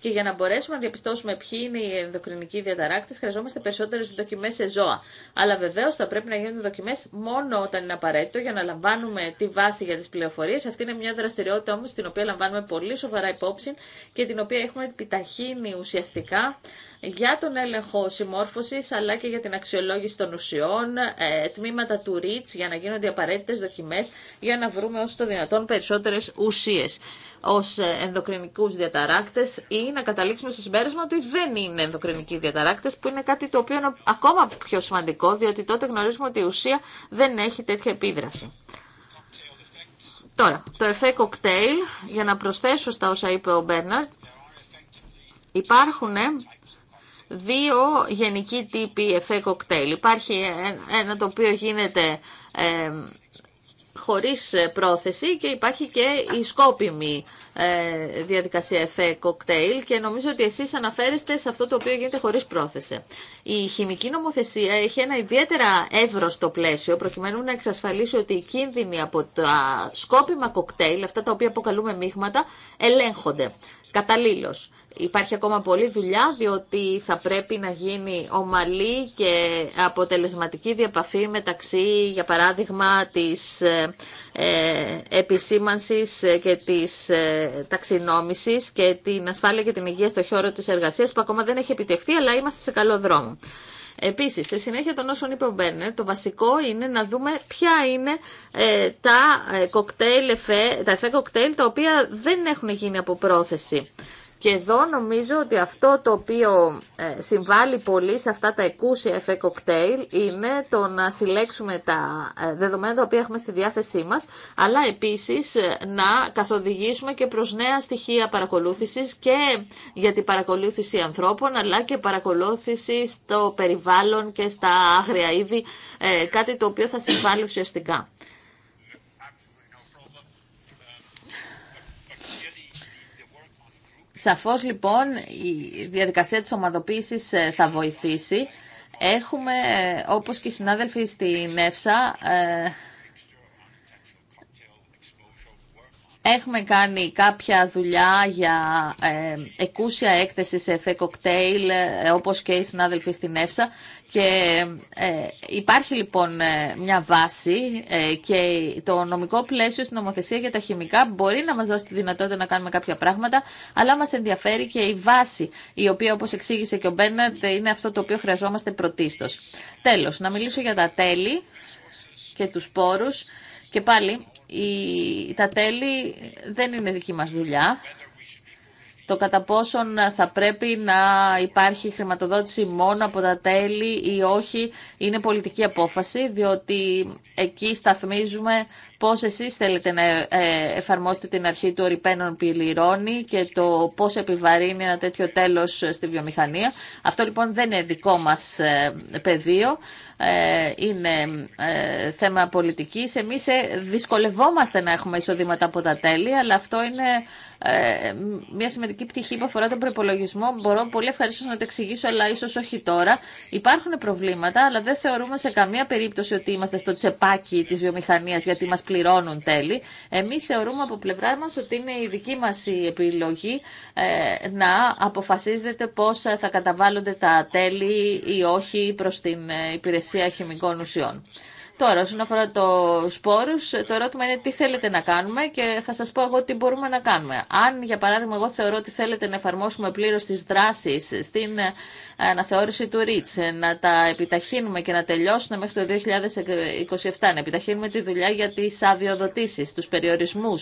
C: και για να μπορέσουμε να διαπιστώσουμε ποιοι είναι οι ενδοκρινικοί διαταράκτε, χρειαζόμαστε περισσότερε δοκιμέ σε ζώα. Αλλά βεβαίω θα πρέπει να γίνονται δοκιμέ μόνο όταν είναι απαραίτητο για να λαμβάνουμε τη βάση για τις πληροφορίε. Αυτή είναι μια δραστηριότητα όμως την οποία λαμβάνουμε πολύ σοβαρά υπόψη και την οποία έχουμε επιταχύνει ουσιαστικά για τον έλεγχο συμμόρφωσης αλλά και για την αξιολόγηση των ουσιών, ε, τμήματα του REACH για να γίνονται απαραίτητες δοκιμές για να βρούμε όσο το δυνατόν περισσότερες ουσίες ως ε, ενδοκρινικούς διαταράκτες ή να καταλήξουμε στο συμπέρασμα ότι δεν είναι ενδοκρινικοί διαταράκτες που είναι κάτι το οποίο είναι ακόμα πιο σημαντικό διότι τότε γνωρίζουμε ότι η ουσία δεν έχει τέτοια επίδραση. Τώρα, το εφέ κοκτέιλ, για να προσθέσω στα όσα είπε ο Μπέρναρτ, υπάρχουν δύο γενικοί τύποι εφέ κοκτέιλ. Υπάρχει ένα το οποίο γίνεται ε, χωρίς πρόθεση και υπάρχει και η σκόπιμη ε, διαδικασία εφέ κοκτέιλ και νομίζω ότι εσείς αναφέρεστε σε αυτό το οποίο γίνεται χωρίς πρόθεση. Η χημική νομοθεσία έχει ένα ιδιαίτερα εύρωστο πλαίσιο προκειμένου να εξασφαλίσει ότι οι κίνδυνοι από τα σκόπιμα κοκτέιλ, αυτά τα οποία αποκαλούμε μείγματα, ελέγχονται καταλήλως. Υπάρχει ακόμα πολλή δουλειά διότι θα πρέπει να γίνει ομαλή και αποτελεσματική διαπαφή μεταξύ, για παράδειγμα, της ε, ε, επισήμανσης και της ε, ταξινόμησης και την ασφάλεια και την υγεία στο χώρο της εργασίας που ακόμα δεν έχει επιτευχθεί αλλά είμαστε σε καλό δρόμο. Επίσης, σε συνέχεια των όσων είπε ο Μπέρνερ, το βασικό είναι να δούμε ποια είναι ε, τα, ε, τα εφέ κοκτέιλ τα οποία δεν έχουν γίνει από πρόθεση. Και εδώ νομίζω ότι αυτό το οποίο ε, συμβάλλει πολύ σε αυτά τα εκούσια εφέ κοκτέιλ είναι το να συλλέξουμε τα ε, δεδομένα τα οποία έχουμε στη διάθεσή μας, αλλά επίσης ε, να καθοδηγήσουμε και προς νέα στοιχεία παρακολούθησης και για την παρακολούθηση ανθρώπων, αλλά και παρακολούθηση στο περιβάλλον και στα άγρια είδη, κάτι το οποίο θα συμβάλλει ουσιαστικά. Σαφώς λοιπόν η διαδικασία της ομαδοποίησης ε, θα βοηθήσει. Έχουμε, ε, όπως και οι συνάδελφοι στην ΕΦΣΑ, ε, Έχουμε κάνει κάποια δουλειά για ε, εκούσια έκθεση σε εφέ κοκτέιλ, όπως και οι συνάδελφοι στην ΕΦΣΑ. Και ε, υπάρχει λοιπόν ε, μια βάση ε, και το νομικό πλαίσιο στην νομοθεσία για τα χημικά μπορεί να μας δώσει τη δυνατότητα να κάνουμε κάποια πράγματα, αλλά μας ενδιαφέρει και η βάση, η οποία όπως εξήγησε και ο Μπέρναρτ, είναι αυτό το οποίο χρειαζόμαστε πρωτίστως. Τέλος, να μιλήσω για τα τέλη και τους πόρους. Και πάλι η, τα τέλη δεν είναι δική μας δουλειά. Το κατά πόσον θα πρέπει να υπάρχει χρηματοδότηση μόνο από τα τέλη ή όχι είναι πολιτική απόφαση, διότι εκεί σταθμίζουμε πώς εσείς θέλετε να ε, εφαρμόσετε την αρχή του ορυπαίνων πληρώνει και το πώς επιβαρύνει ένα τέτοιο τέλος στη βιομηχανία. Αυτό λοιπόν δεν είναι δικό μας ε, πεδίο. Ε, είναι ε, θέμα πολιτικής. Εμείς ε, δυσκολευόμαστε να έχουμε εισοδήματα από τα τέλη, αλλά αυτό είναι ε, μια σημαντική πτυχή που αφορά τον προπολογισμό. Μπορώ πολύ ευχαρίστω να το εξηγήσω, αλλά ίσω όχι τώρα. Υπάρχουν προβλήματα, αλλά δεν θεωρούμε σε καμία περίπτωση ότι είμαστε στο τσεπάκι τη βιομηχανία γιατί μα πληρώνουν τέλη. Εμεί θεωρούμε από πλευρά μα ότι είναι η δική μα η επιλογή ε, να αποφασίζεται πώ θα καταβάλλονται τα τέλη ή όχι προ την ε, υπηρεσία χημικών ουσιών. Τώρα, όσον αφορά το σπόρου, το ερώτημα είναι τι θέλετε να κάνουμε και θα σα πω εγώ τι μπορούμε να κάνουμε. Αν, για παράδειγμα, εγώ θεωρώ ότι θέλετε να εφαρμόσουμε πλήρω τι δράσει στην αναθεώρηση του ΡΙΤΣ, να τα επιταχύνουμε και να τελειώσουν μέχρι το 2027, να επιταχύνουμε τη δουλειά για τι αδειοδοτήσει, του περιορισμού,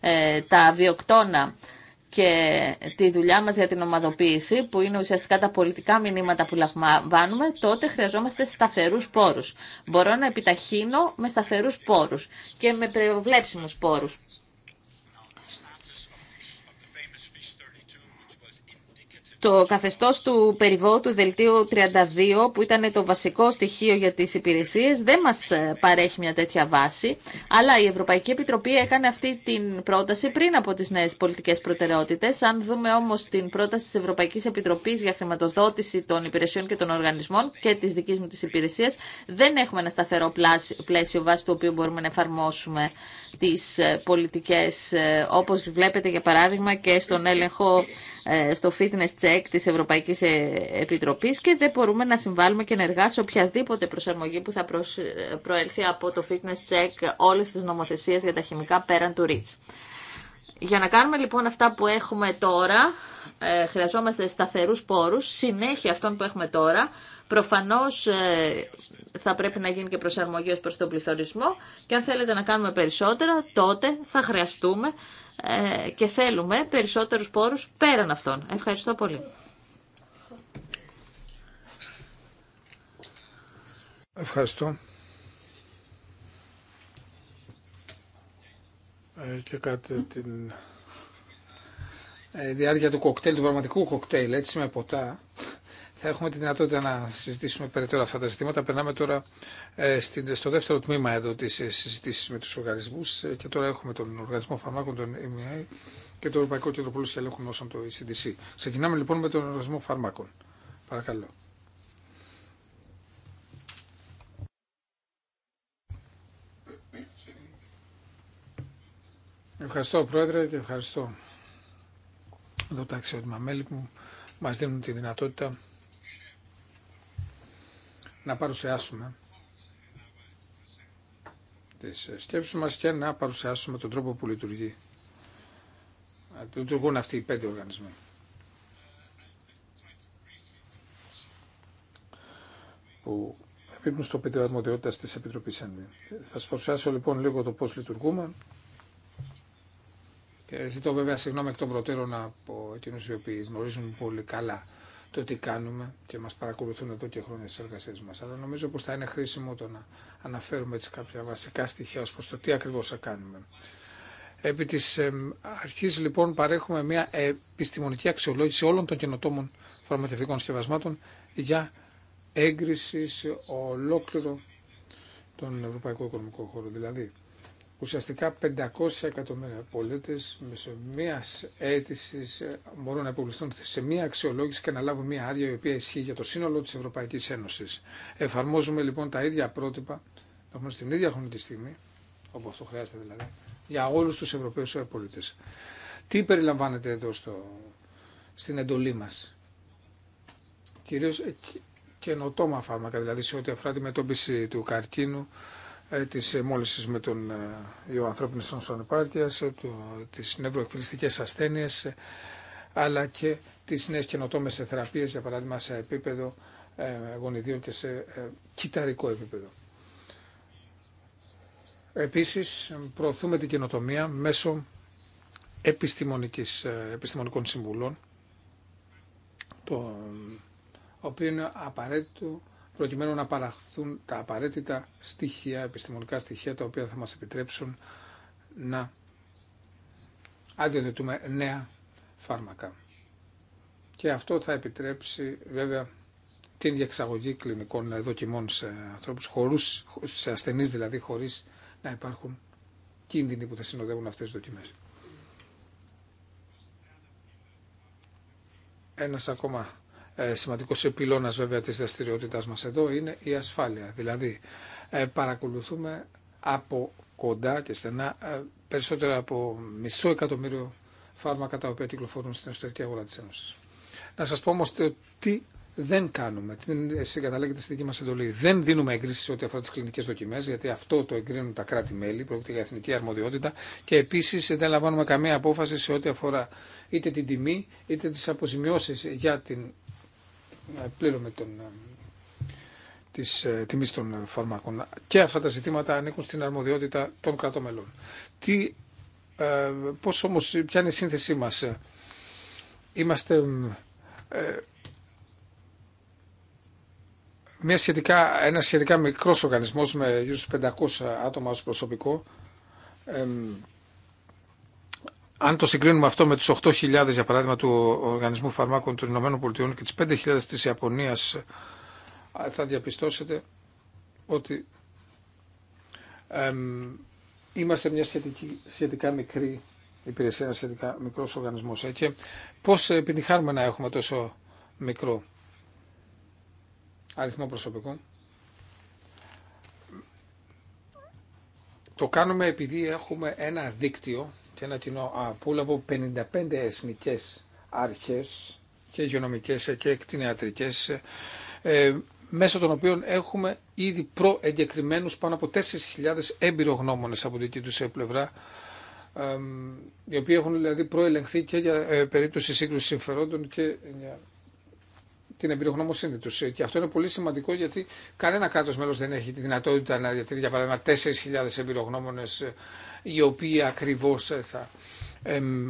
C: ε, τα βιοκτώνα και τη δουλειά μας για την ομαδοποίηση, που είναι ουσιαστικά τα πολιτικά μηνύματα που λαμβάνουμε, τότε χρειαζόμαστε σταθερούς πόρους. Μπορώ να επιταχύνω με σταθερούς πόρους και με προβλέψιμους πόρους. Το καθεστώ του περιβότου δελτίου 32 που ήταν το βασικό στοιχείο για τι υπηρεσίε, δεν μα ε, παρέχει μια τέτοια βάση αλλά η Ευρωπαϊκή Επιτροπή έκανε αυτή την πρόταση πριν από τι νέε πολιτικέ προτεραιότητε. Αν δούμε όμω την πρόταση τη Ευρωπαϊκή Επιτροπή για χρηματοδότηση των υπηρεσιών και των οργανισμών και τη δική μου τη υπηρεσία. δεν έχουμε ένα σταθερό πλαίσιο βάση του οποίου μπορούμε να εφαρμόσουμε τι ε, πολιτικέ, ε, όπω βλέπετε για παράδειγμα και στον έλεγχο στο fitness Τη της Ευρωπαϊκής ε, Επιτροπής και δεν μπορούμε να συμβάλλουμε και να σε οποιαδήποτε προσαρμογή που θα προέλθει από το fitness check όλες τις νομοθεσίες για τα χημικά πέραν του REACH. Για να κάνουμε λοιπόν αυτά που έχουμε τώρα, ε, χρειαζόμαστε σταθερούς πόρους, συνέχεια αυτών που έχουμε τώρα, προφανώς ε, θα πρέπει να γίνει και προσαρμογή προς τον πληθωρισμό και αν θέλετε να κάνουμε περισσότερα, τότε θα χρειαστούμε ε, και θέλουμε περισσότερους πόρους πέραν αυτών. Ευχαριστώ πολύ.
B: Ευχαριστώ. Ε, και κάτι την ε, διάρκεια του κοκτέιλ, του πραγματικού κοκτέιλ, έτσι με ποτά, θα έχουμε τη δυνατότητα να συζητήσουμε περαιτέρω αυτά τα ζητήματα. Περνάμε τώρα ε, στο δεύτερο τμήμα εδώ τη ε, συζήτηση με του οργανισμού ε, και τώρα έχουμε τον Οργανισμό Φαρμάκων, τον EMA και το Ευρωπαϊκό Κέντρο Ελέγχου Νόσων, το ECDC. Ξεκινάμε λοιπόν με τον Οργανισμό Φαρμάκων. Παρακαλώ. Ευχαριστώ Πρόεδρε και ευχαριστώ εδώ τα αξιότιμα μέλη που μα δίνουν τη δυνατότητα να παρουσιάσουμε τις σκέψεις μας και να παρουσιάσουμε τον τρόπο που λειτουργεί. Λειτουργούν αυτοί οι πέντε οργανισμοί. Που επίπνουν στο πεδίο αρμοδιότητας της Επιτροπής ΕΝΒΗ. Θα σας παρουσιάσω λοιπόν λίγο το πώς λειτουργούμε και ζητώ βέβαια συγγνώμη εκ των προτέρων από εκείνους οι οποίοι γνωρίζουν πολύ καλά το τι κάνουμε και μας παρακολουθούν εδώ και χρόνια στις εργασίες μας. Αλλά νομίζω πως θα είναι χρήσιμο το να αναφέρουμε έτσι κάποια βασικά στοιχεία ως προς το τι ακριβώς θα κάνουμε. Επί της αρχής λοιπόν παρέχουμε μια επιστημονική αξιολόγηση όλων των καινοτόμων φαρμακευτικών συσκευασμάτων για έγκριση σε ολόκληρο τον Ευρωπαϊκό Οικονομικό Χώρο. Δηλαδή, Ουσιαστικά 500 εκατομμύρια πολίτες μέσω μία αίτηση μπορούν να υποβληθούν σε μια αξιολόγηση και να λάβουν μια άδεια η οποία ισχύει για το σύνολο της Ευρωπαϊκής Ένωσης. Εφαρμόζουμε λοιπόν τα ίδια πρότυπα, έχουμε στην ίδια χρονική στιγμή, όπου αυτό χρειάζεται δηλαδή, για όλους τους Ευρωπαίους πολίτες. Τι περιλαμβάνεται εδώ στο, στην εντολή μας. Κυρίως καινοτόμα φάρμακα, δηλαδή σε ό,τι αφορά τη μετώπιση του καρκίνου, ε, της μόλυνσης με τον ε, ιό ανθρώπινης ε, το, τις νευροεκφυλιστικές ασθένειες, αλλά και τις νέες καινοτόμες θεραπείες, για παράδειγμα σε επίπεδο γονιδίων και σε κυταρικό επίπεδο. Επίσης, προωθούμε την καινοτομία μέσω επιστημονικής, επιστημονικών συμβουλών, το οποίο είναι απαραίτητο προκειμένου να παραχθούν τα απαραίτητα στοιχεία, επιστημονικά στοιχεία, τα οποία θα μας επιτρέψουν να αντιοδοτούμε νέα φάρμακα. Και αυτό θα επιτρέψει βέβαια την διεξαγωγή κλινικών δοκιμών σε ανθρώπους, χωρούς, σε ασθενείς δηλαδή, χωρίς να υπάρχουν κίνδυνοι που θα συνοδεύουν αυτές τις δοκιμές. Ένας ακόμα ε, σημαντικός πυλώνας βέβαια της δραστηριότητάς μας εδώ είναι η ασφάλεια. Δηλαδή ε, παρακολουθούμε από κοντά και στενά ε, περισσότερα από μισό εκατομμύριο φάρμακα τα οποία κυκλοφορούν στην εσωτερική αγορά της Ένωσης. Να σας πω όμως τι δεν κάνουμε, την συγκαταλέγεται στη δική μα εντολή. Δεν δίνουμε εγκρίσει ό,τι αφορά τι κλινικέ δοκιμέ, γιατί αυτό το εγκρίνουν τα κράτη-μέλη, πρόκειται για εθνική αρμοδιότητα. Και επίση δεν λαμβάνουμε καμία απόφαση σε ό,τι αφορά είτε την τιμή, είτε τι αποζημιώσει για την ε, πλήρωμε τον, ε, τις ε, τιμής των φαρμάκων. Και αυτά τα ζητήματα ανήκουν στην αρμοδιότητα των κρατομέλων. μελών. Τι, πώς όμως, ποια είναι η σύνθεσή μας. Είμαστε μια σχετικά, ένα σχετικά μικρός οργανισμός με γύρω 500 άτομα ως προσωπικό αν το συγκρίνουμε αυτό με τους 8.000 για παράδειγμα του Οργανισμού Φαρμάκων του Ηνωμένων Πολιτειών και τις 5.000 της Ιαπωνίας θα διαπιστώσετε ότι είμαστε μια σχετική, σχετικά μικρή υπηρεσία, ένα σχετικά μικρός οργανισμός. Ε, και πώς ε, επιτυχάνουμε να έχουμε τόσο μικρό αριθμό προσωπικό. Το κάνουμε επειδή έχουμε ένα δίκτυο και ένα κοινό πουλ από 55 εθνικές αρχές και υγειονομικές και εκτινεατρικές ε, μέσω των οποίων έχουμε ήδη προεγκεκριμένους πάνω από 4.000 εμπειρογνώμονες από την δική τους ε, πλευρά ε, οι οποίοι έχουν δηλαδή προελεγχθεί και για περίπτωση σύγκρουση συμφερόντων και την εμπειρογνώμοσύνη του. Ε, και αυτό είναι πολύ σημαντικό γιατί κανένα κράτο μέλο δεν έχει τη δυνατότητα να διατηρεί για παράδειγμα 4.000 εμπειρογνώμονε, ε, οι οποίοι ακριβώ ε, θα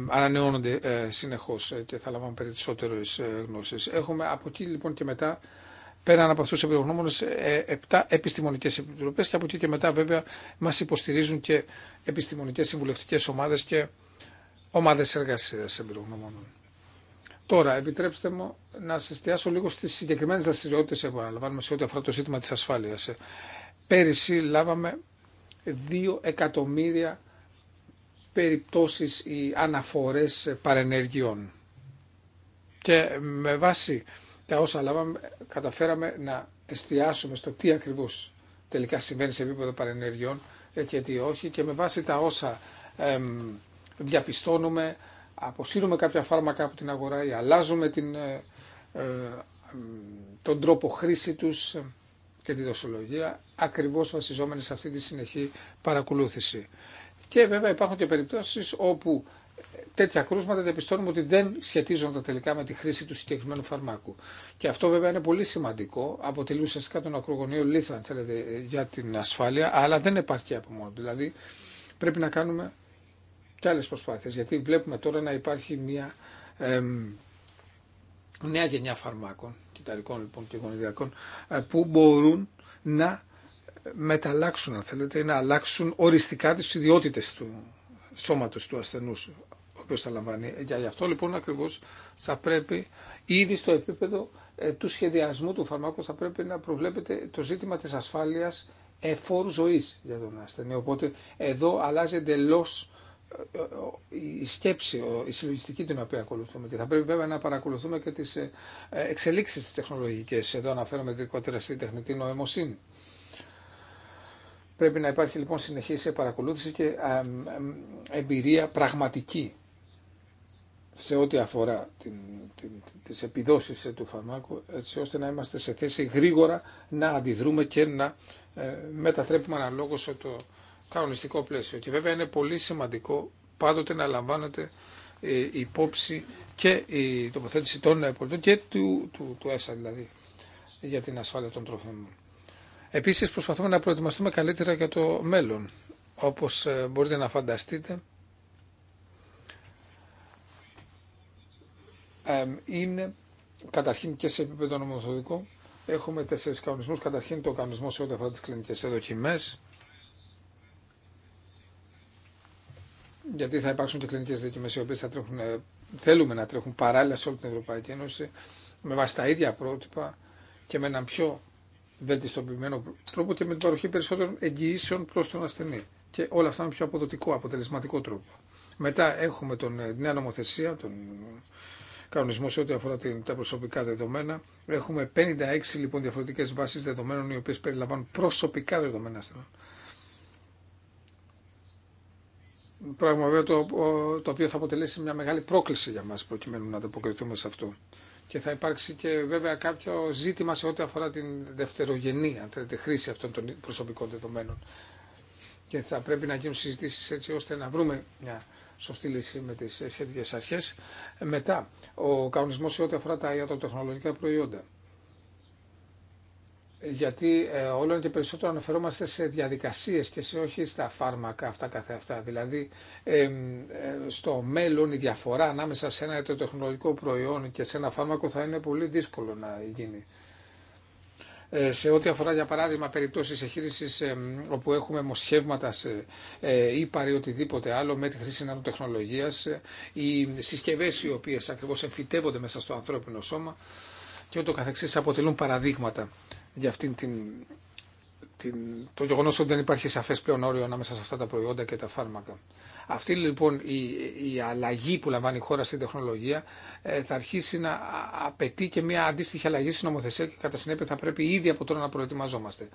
B: ανανεώνονται συνεχώ και θα λαμβάνουν περισσότερες γνώσει. Έχουμε από εκεί λοιπόν και μετά πέραν από αυτού του εμπειρογνώμονε, 7 επιστημονικέ επιτροπέ και από εκεί και μετά βέβαια μα υποστηρίζουν και επιστημονικέ συμβουλευτικέ ομάδε και ομάδε εργασία εμπειρογνώμονων. Τώρα, επιτρέψτε μου να σα εστιάσω λίγο στι συγκεκριμένε δραστηριότητε που αναλαμβάνουμε σε ό,τι αφορά το ζήτημα τη ασφάλεια. Πέρυσι λάβαμε 2 εκατομμύρια περιπτώσεις ή αναφορές παρενεργειών. Και με βάση τα όσα λάβαμε, καταφέραμε να εστιάσουμε στο τι ακριβώς τελικά συμβαίνει σε επίπεδο παρενεργειών ε, και τι όχι και με βάση τα όσα εμ, διαπιστώνουμε αποσύρουμε κάποια φάρμακα από την αγορά ή αλλάζουμε την, ε, ε, τον τρόπο χρήση τους και τη δοσολογία ακριβώς βασιζόμενοι σε αυτή τη συνεχή παρακολούθηση. Και βέβαια υπάρχουν και περιπτώσεις όπου τέτοια κρούσματα διαπιστώνουμε ότι δεν σχετίζονται τελικά με τη χρήση του συγκεκριμένου φαρμάκου. Και αυτό βέβαια είναι πολύ σημαντικό, αποτελεί ουσιαστικά τον ακρογωνίο λίθα, αν θέλετε, για την ασφάλεια, αλλά δεν υπάρχει από μόνο. Δηλαδή πρέπει να κάνουμε και άλλες προσπάθειες. Γιατί βλέπουμε τώρα να υπάρχει μια ε, νέα γενιά φαρμάκων, κυταρικών λοιπόν και γονιδιακών, ε, που μπορούν να μεταλλάξουν, αν θέλετε, να αλλάξουν οριστικά τις ιδιότητες του σώματος του ασθενούς, ο οποίος θα λαμβάνει. Για γι' αυτό λοιπόν ακριβώς θα πρέπει ήδη στο επίπεδο ε, του σχεδιασμού του φαρμάκου θα πρέπει να προβλέπεται το ζήτημα της ασφάλειας εφόρου ζωής για τον ασθενή. Οπότε εδώ αλλάζει εντελώς η σκέψη, η συλλογιστική την οποία ακολουθούμε και θα πρέπει βέβαια να παρακολουθούμε και τις ε, εξελίξεις τις τεχνολογικές. Εδώ αναφέρομαι ειδικότερα στη τεχνητή νοημοσύνη. Πρέπει να υπάρχει λοιπόν συνεχής παρακολούθηση και ε, ε, εμπειρία πραγματική σε ό,τι αφορά την, την, τις επιδόσεις του φαρμάκου, έτσι ώστε να είμαστε σε θέση γρήγορα να αντιδρούμε και να μετατρέπουμε αναλόγως το, κανονιστικό πλαίσιο. Και βέβαια είναι πολύ σημαντικό πάντοτε να λαμβάνεται ε, υπόψη και η τοποθέτηση των πολιτών και του, του, του ΕΣΑ δηλαδή για την ασφάλεια των τροφίμων. Επίσης προσπαθούμε να προετοιμαστούμε καλύτερα για το μέλλον. Όπως ε, μπορείτε να φανταστείτε είναι καταρχήν και σε επίπεδο νομοθετικό έχουμε τέσσερις κανονισμούς. Καταρχήν το κανονισμό σε ό,τι αφορά τις κλινικές δοκιμές γιατί θα υπάρξουν και κλινικέ δίκαιε οι οποίε θα τρέχουν, ε, θέλουμε να τρέχουν παράλληλα σε όλη την Ευρωπαϊκή Ένωση με βάση τα ίδια πρότυπα και με έναν πιο βελτιστοποιημένο τρόπο και με την παροχή περισσότερων εγγυήσεων προ τον ασθενή. Και όλα αυτά με πιο αποδοτικό, αποτελεσματικό τρόπο. Μετά έχουμε τον, την ε, νέα νομοθεσία, τον κανονισμό σε ό,τι αφορά την, τα προσωπικά δεδομένα. Έχουμε 56 λοιπόν διαφορετικέ βάσει δεδομένων οι οποίε περιλαμβάνουν προσωπικά δεδομένα ασθενών. Πράγμα βέβαια το, το οποίο θα αποτελέσει μια μεγάλη πρόκληση για μας προκειμένου να ανταποκριθούμε σε αυτό. Και θα υπάρξει και βέβαια κάποιο ζήτημα σε ό,τι αφορά την δευτερογενή, αν θέλετε, χρήση αυτών των προσωπικών δεδομένων. Και θα πρέπει να γίνουν συζητήσεις έτσι ώστε να βρούμε μια σωστή λύση με τις ε, σχετικέ αρχές. Μετά, ο κανονισμός σε ό,τι αφορά τα ιατροτεχνολογικά προϊόντα γιατί ε, όλο και περισσότερο αναφερόμαστε σε διαδικασίες και σε όχι στα φάρμακα αυτά καθεαυτά Δηλαδή ε, στο μέλλον η διαφορά ανάμεσα σε ένα τεχνολογικό προϊόν και σε ένα φάρμακο θα είναι πολύ δύσκολο να γίνει. Ε, σε ό,τι αφορά για παράδειγμα περιπτώσεις εχείρησης όπου έχουμε μοσχεύματα σε ε, ύπαρη ή οτιδήποτε άλλο με τη χρήση νανοτεχνολογίας, ε, οι συσκευές οι οποίες ακριβώς εμφυτεύονται μέσα στο ανθρώπινο σώμα και ούτω καθεξής αποτελούν παραδείγματα για αυτήν την, την, το γεγονός ότι δεν υπάρχει σαφές πλέον όριο ανάμεσα σε αυτά τα προϊόντα και τα φάρμακα. Αυτή λοιπόν η, η αλλαγή που λαμβάνει η χώρα στην τεχνολογία ε, θα αρχίσει να απαιτεί και μια αντίστοιχη αλλαγή στην νομοθεσία και κατά συνέπεια θα πρέπει ήδη από τώρα να προετοιμαζόμαστε.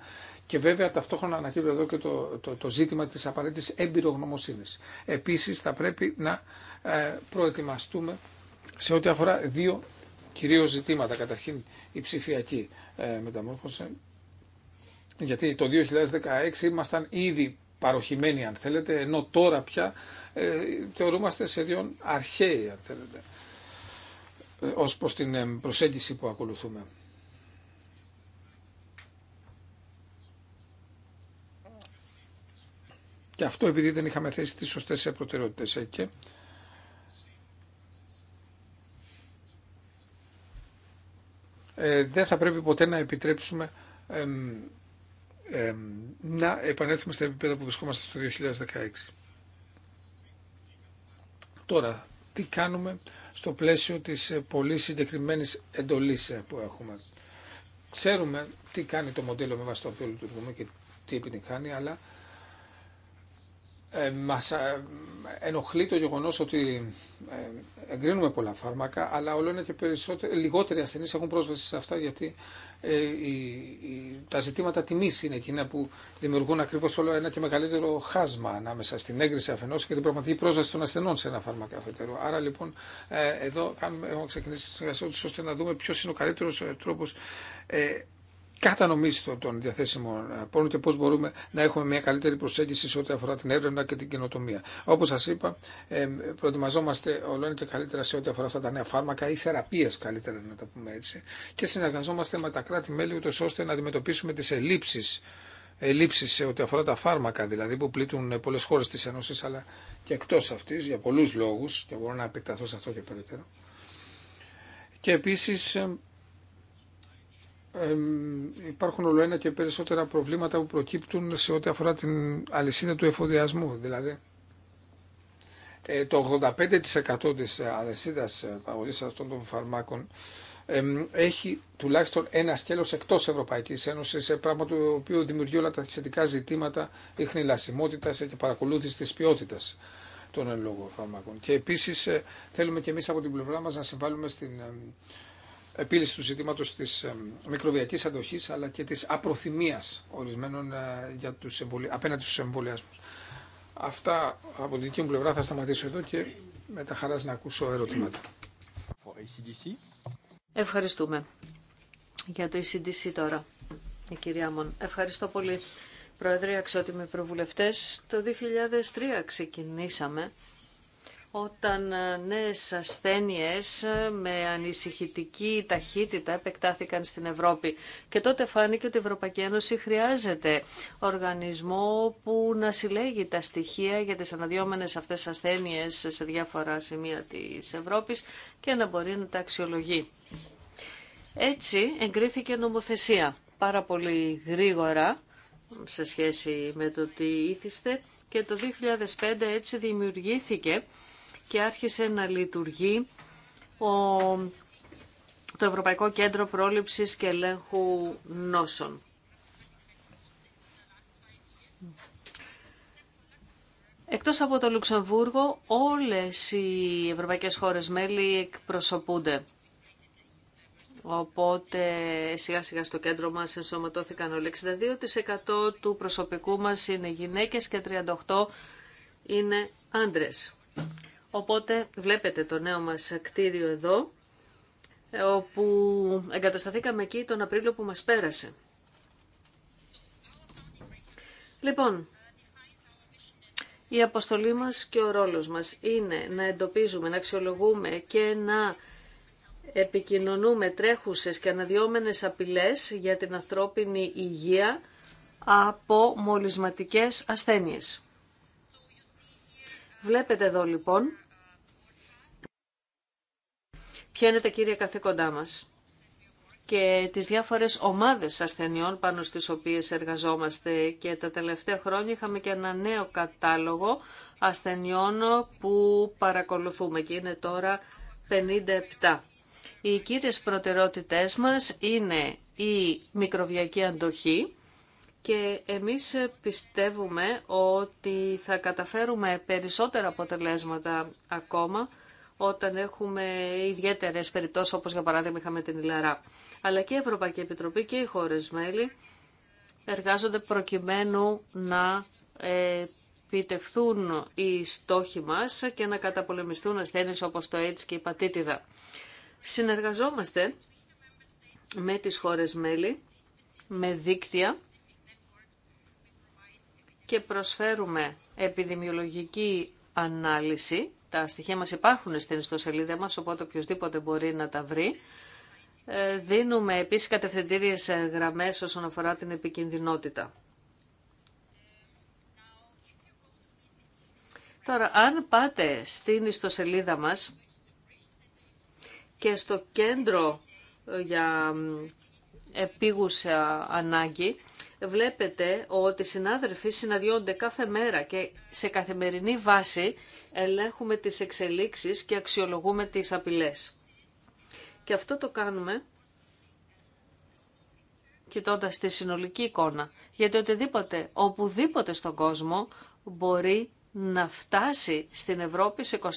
B: Και βέβαια ταυτόχρονα ανακύπτει εδώ και το, το, το ζήτημα της απαραίτητης εμπειρογνωμοσύνης. Επίσης θα πρέπει να ε, προετοιμαστούμε σε ό,τι αφορά δύο κυρίως ζητήματα. Καταρχήν η ψηφιακή ε, μεταμόρφωσε. Γιατί το 2016 ήμασταν ήδη παροχημένοι αν θέλετε, ενώ τώρα πια ε, θεωρούμαστε δύο αρχαίοι αν θέλετε ε, ως προς την ε, προσέγγιση που ακολουθούμε. Και αυτό επειδή δεν είχαμε θέσει τις σωστές προτεραιότητες. Και Ε, δεν θα πρέπει ποτέ να επιτρέψουμε να επανέλθουμε στα επίπεδα που βρισκόμαστε στο 2016. Τώρα, τι κάνουμε στο πλαίσιο της ε, πολύ συγκεκριμένης εντολής ε, που έχουμε. Ξέρουμε τι κάνει το μοντέλο με βάση το οποίο λειτουργούμε και τι επιτυγχάνει, αλλά ε, μας ε, ενοχλεί το γεγονός ότι ε, εγκρίνουμε πολλά φάρμακα, αλλά όλο είναι και περισσότερο, λιγότεροι ασθενείς έχουν πρόσβαση σε αυτά γιατί η, τα ζητήματα τιμής είναι εκείνα που δημιουργούν ακριβώς όλο ένα και μεγαλύτερο χάσμα ανάμεσα στην έγκριση αφενός και την πραγματική πρόσβαση των ασθενών σε ένα φάρμακα αφετέρου. Άρα λοιπόν εδώ κάνουμε, έχουμε ξεκινήσει τη συνεργασία ώστε να δούμε ποιο είναι ο καλύτερος τρόπος κατανομής των διαθέσιμων ε, πόρων και πώς μπορούμε να έχουμε μια καλύτερη προσέγγιση σε ό,τι αφορά την έρευνα και την καινοτομία. Όπως σας είπα, ε, προετοιμαζόμαστε όλο και καλύτερα σε ό,τι αφορά αυτά τα νέα φάρμακα ή θεραπείες καλύτερα να τα πούμε έτσι και συνεργαζόμαστε με τα κράτη-μέλη ούτως ώστε να αντιμετωπίσουμε τις ελλείψεις ελλείψεις σε ό,τι αφορά τα φάρμακα δηλαδή που πλήττουν πολλές χώρες της Ένωσης αλλά και εκτός αυτής για πολλούς λόγους και μπορώ να επεκταθώ σε αυτό και περαιτέρω. Και επίσης ε, υπάρχουν όλο ένα και περισσότερα προβλήματα που προκύπτουν σε ό,τι αφορά την αλυσίδα του εφοδιασμού. Δηλαδή, ε, το 85% της αλυσίδας ε, αγωγής αυτών των φαρμάκων έχει τουλάχιστον ένα σκέλος εκτός Ευρωπαϊκής Ένωσης, ε, πράγμα το οποίο δημιουργεί όλα τα θετικά ζητήματα λασιμότητας και παρακολούθηση της ποιότητας των ελόγων φαρμάκων. Και επίσης θέλουμε και εμείς από την πλευρά μας να συμβάλλουμε στην επίλυση του ζήτηματο τη μικροβιακή αντοχής αλλά και τη απροθυμίας ορισμένων ε, για τους εμβολια... απέναντι στου εμβολιασμού. Αυτά από την δική μου πλευρά θα σταματήσω εδώ και με τα χαρά να ακούσω ερωτήματα.
A: Ευχαριστούμε για το ECDC τώρα, η κυρία Μον. Ευχαριστώ πολύ. Πρόεδρε, αξιότιμοι προβουλευτές, το 2003 ξεκινήσαμε όταν ε, νέες ασθένειες ε, με ανησυχητική ταχύτητα επεκτάθηκαν στην Ευρώπη. Και τότε φάνηκε ότι η Ευρωπαϊκή Ένωση χρειάζεται οργανισμό που να συλλέγει τα στοιχεία για τις αναδιόμενες αυτές ασθένειες σε διάφορα σημεία της Ευρώπης και να μπορεί να τα αξιολογεί. Έτσι εγκρίθηκε νομοθεσία πάρα πολύ γρήγορα σε σχέση με το τι ήθιστε και το 2005 έτσι δημιουργήθηκε και άρχισε να λειτουργεί ο... το Ευρωπαϊκό Κέντρο Πρόληψης και Ελέγχου Νόσων. Εκτός από το Λουξεμβούργο, όλες οι ευρωπαϊκές χώρες μέλη εκπροσωπούνται. Οπότε σιγά σιγά στο κέντρο μας ενσωματώθηκαν όλοι. 62% του προσωπικού μας είναι γυναίκες και 38% είναι άντρες. Οπότε βλέπετε το νέο μας κτίριο εδώ, ε, όπου εγκατασταθήκαμε εκεί τον Απρίλιο που μας πέρασε. Λοιπόν, η αποστολή μας και ο ρόλος μας είναι να εντοπίζουμε, να αξιολογούμε και να επικοινωνούμε τρέχουσες και αναδιόμενες απειλές για την ανθρώπινη υγεία από μολυσματικές ασθένειες. Βλέπετε εδώ λοιπόν ποια είναι τα κύρια καθήκοντά μας και τις διάφορες ομάδες ασθενειών πάνω στις οποίες εργαζόμαστε και τα τελευταία χρόνια είχαμε και ένα νέο κατάλογο ασθενειών που παρακολουθούμε και είναι τώρα 57. Οι κύριες προτεραιότητές μας είναι η μικροβιακή αντοχή και εμείς πιστεύουμε ότι θα καταφέρουμε περισσότερα αποτελέσματα ακόμα όταν έχουμε ιδιαίτερε περιπτώσεις όπως για παράδειγμα είχαμε την Ιλαρά. Αλλά και η Ευρωπαϊκή Επιτροπή και οι χώρες μέλη εργάζονται προκειμένου να ε, επιτευχθούν οι στόχοι μας και να καταπολεμιστούν ασθένειες όπως το AIDS και η πατήτιδα. Συνεργαζόμαστε με τις χώρες μέλη, με δίκτυα και προσφέρουμε επιδημιολογική ανάλυση τα στοιχεία μας υπάρχουν στην ιστοσελίδα μας, οπότε οποιοδήποτε μπορεί να τα βρει. Ε, δίνουμε επίσης κατευθυντήριες ε, γραμμές όσον αφορά την επικινδυνότητα. Τώρα, αν πάτε στην ιστοσελίδα μας και στο κέντρο ε, για επίγουσα ανάγκη, βλέπετε ότι οι συνάδελφοι συναντιόνται κάθε μέρα και σε καθημερινή βάση ελέγχουμε τις εξελίξεις και αξιολογούμε τις απειλές. Και αυτό το κάνουμε κοιτώντα τη συνολική εικόνα. Γιατί οτιδήποτε, οπουδήποτε στον κόσμο μπορεί να φτάσει στην Ευρώπη σε 24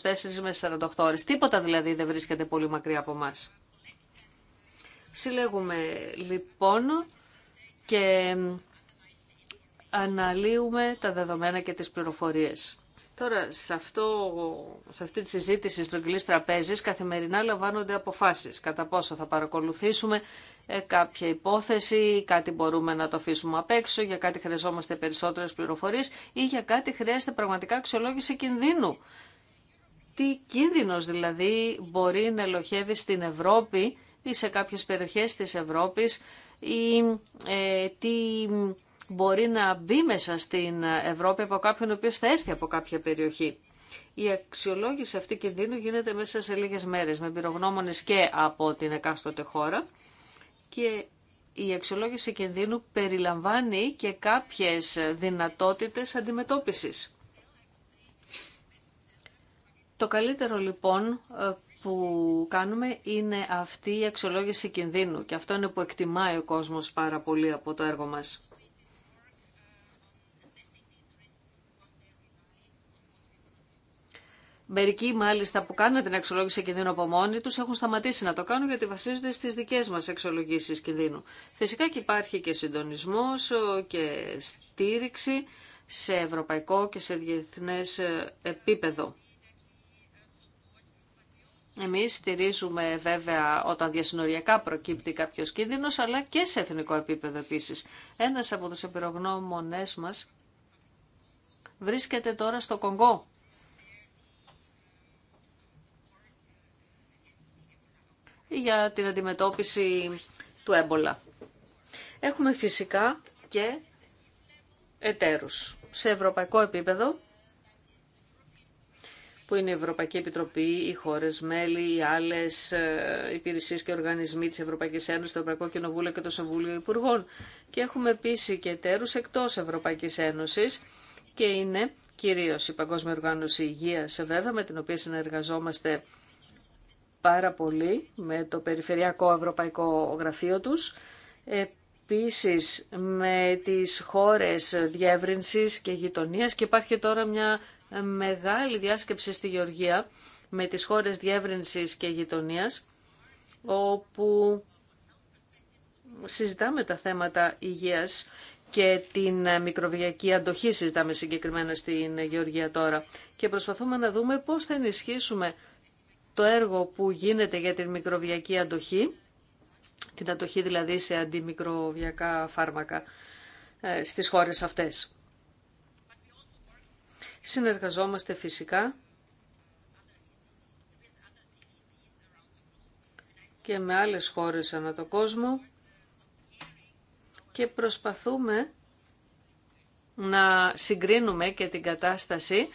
A: με 48 ώρες. Τίποτα δηλαδή δεν βρίσκεται πολύ μακριά από μας. Συλλέγουμε λοιπόν και αναλύουμε τα δεδομένα και τις πληροφορίες. Τώρα, σε, αυτό, σε αυτή τη συζήτηση στρογγυλής τραπέζης, καθημερινά λαμβάνονται αποφάσεις. Κατά πόσο θα παρακολουθήσουμε ε, κάποια υπόθεση, κάτι μπορούμε να το αφήσουμε απ' έξω, για κάτι χρειαζόμαστε περισσότερες πληροφορίες ή για κάτι χρειάζεται πραγματικά αξιολόγηση κινδύνου. Τι κίνδυνος δηλαδή μπορεί να ελοχεύει στην Ευρώπη ή σε κάποιες περιοχές της Ευρώπης ή ε, τι μπορεί να μπει μέσα στην Ευρώπη από κάποιον ο οποίος θα έρθει από κάποια περιοχή. Η αξιολόγηση αυτή κινδύνου γίνεται μέσα σε λίγες μέρες με πυρογνώμονες και από την εκάστοτε χώρα και η αξιολόγηση κινδύνου περιλαμβάνει και κάποιες δυνατότητες αντιμετώπισης. Το καλύτερο λοιπόν ε, που κάνουμε είναι αυτή η αξιολόγηση κινδύνου και αυτό είναι που εκτιμάει ο κόσμος πάρα πολύ από το έργο μας. Μερικοί μάλιστα που κάνουν την αξιολόγηση κινδύνου από μόνοι τους έχουν σταματήσει να το κάνουν γιατί βασίζονται στις δικές μας αξιολογήσεις κινδύνου. Φυσικά και υπάρχει και συντονισμός και στήριξη σε ευρωπαϊκό και σε διεθνές ε, επίπεδο. Εμείς στηρίζουμε βέβαια όταν διασυνοριακά προκύπτει κάποιος κίνδυνος, αλλά και σε εθνικό επίπεδο επίσης. Ένας από τους εμπειρογνώμονές μας βρίσκεται τώρα στο Κονγκό. για την αντιμετώπιση του έμπολα. Έχουμε φυσικά και εταίρους. Σε ευρωπαϊκό επίπεδο που είναι η Ευρωπαϊκή Επιτροπή, οι χώρε μέλη, οι άλλε υπηρεσίε και οργανισμοί τη Ευρωπαϊκή Ένωση, το Ευρωπαϊκό Κοινοβούλιο και το Συμβούλιο Υπουργών. Και έχουμε επίση και εταίρου εκτό Ευρωπαϊκή Ένωση και είναι κυρίω η Παγκόσμια Οργάνωση Υγείας, βέβαια, με την οποία συνεργαζόμαστε πάρα πολύ με το Περιφερειακό Ευρωπαϊκό Γραφείο τους. Επίσης με τις χώρες διεύρυνσης και γειτονίας και υπάρχει τώρα μια μεγάλη διάσκεψη στη Γεωργία με τις χώρες διεύρυνσης και γειτονίας, όπου συζητάμε τα θέματα υγείας και την μικροβιακή αντοχή συζητάμε συγκεκριμένα στην Γεωργία τώρα και προσπαθούμε να δούμε πώς θα ενισχύσουμε το έργο που γίνεται για την μικροβιακή αντοχή, την αντοχή δηλαδή σε αντιμικροβιακά φάρμακα ε, στις χώρες αυτές. Συνεργαζόμαστε φυσικά και με άλλες χώρες ανά τον κόσμο και προσπαθούμε να συγκρίνουμε και την κατάσταση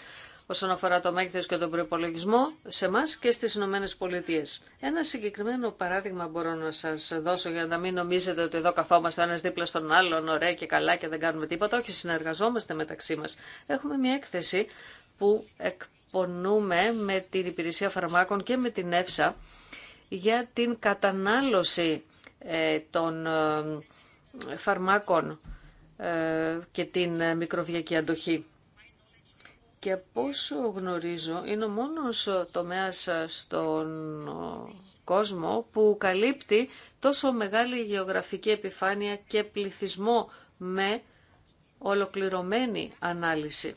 A: όσον αφορά το μέγεθος και τον προπολογισμό σε εμά και στις Ηνωμένε Πολιτείε. Ένα συγκεκριμένο παράδειγμα μπορώ να σας δώσω για να μην νομίζετε ότι εδώ καθόμαστε ένας δίπλα στον άλλον, ωραία και καλά και δεν κάνουμε τίποτα. Όχι, συνεργαζόμαστε μεταξύ μας. Έχουμε μια έκθεση που εκπονούμε με την Υπηρεσία Φαρμάκων και με την ΕΦΣΑ για την κατανάλωση ε, των ε, φαρμάκων ε, και την μικροβιακή αντοχή. Και πόσο γνωρίζω, είναι ο μόνος ε, τομέας ε, στον ε, κόσμο που καλύπτει τόσο μεγάλη γεωγραφική επιφάνεια και πληθυσμό με ολοκληρωμένη ανάλυση.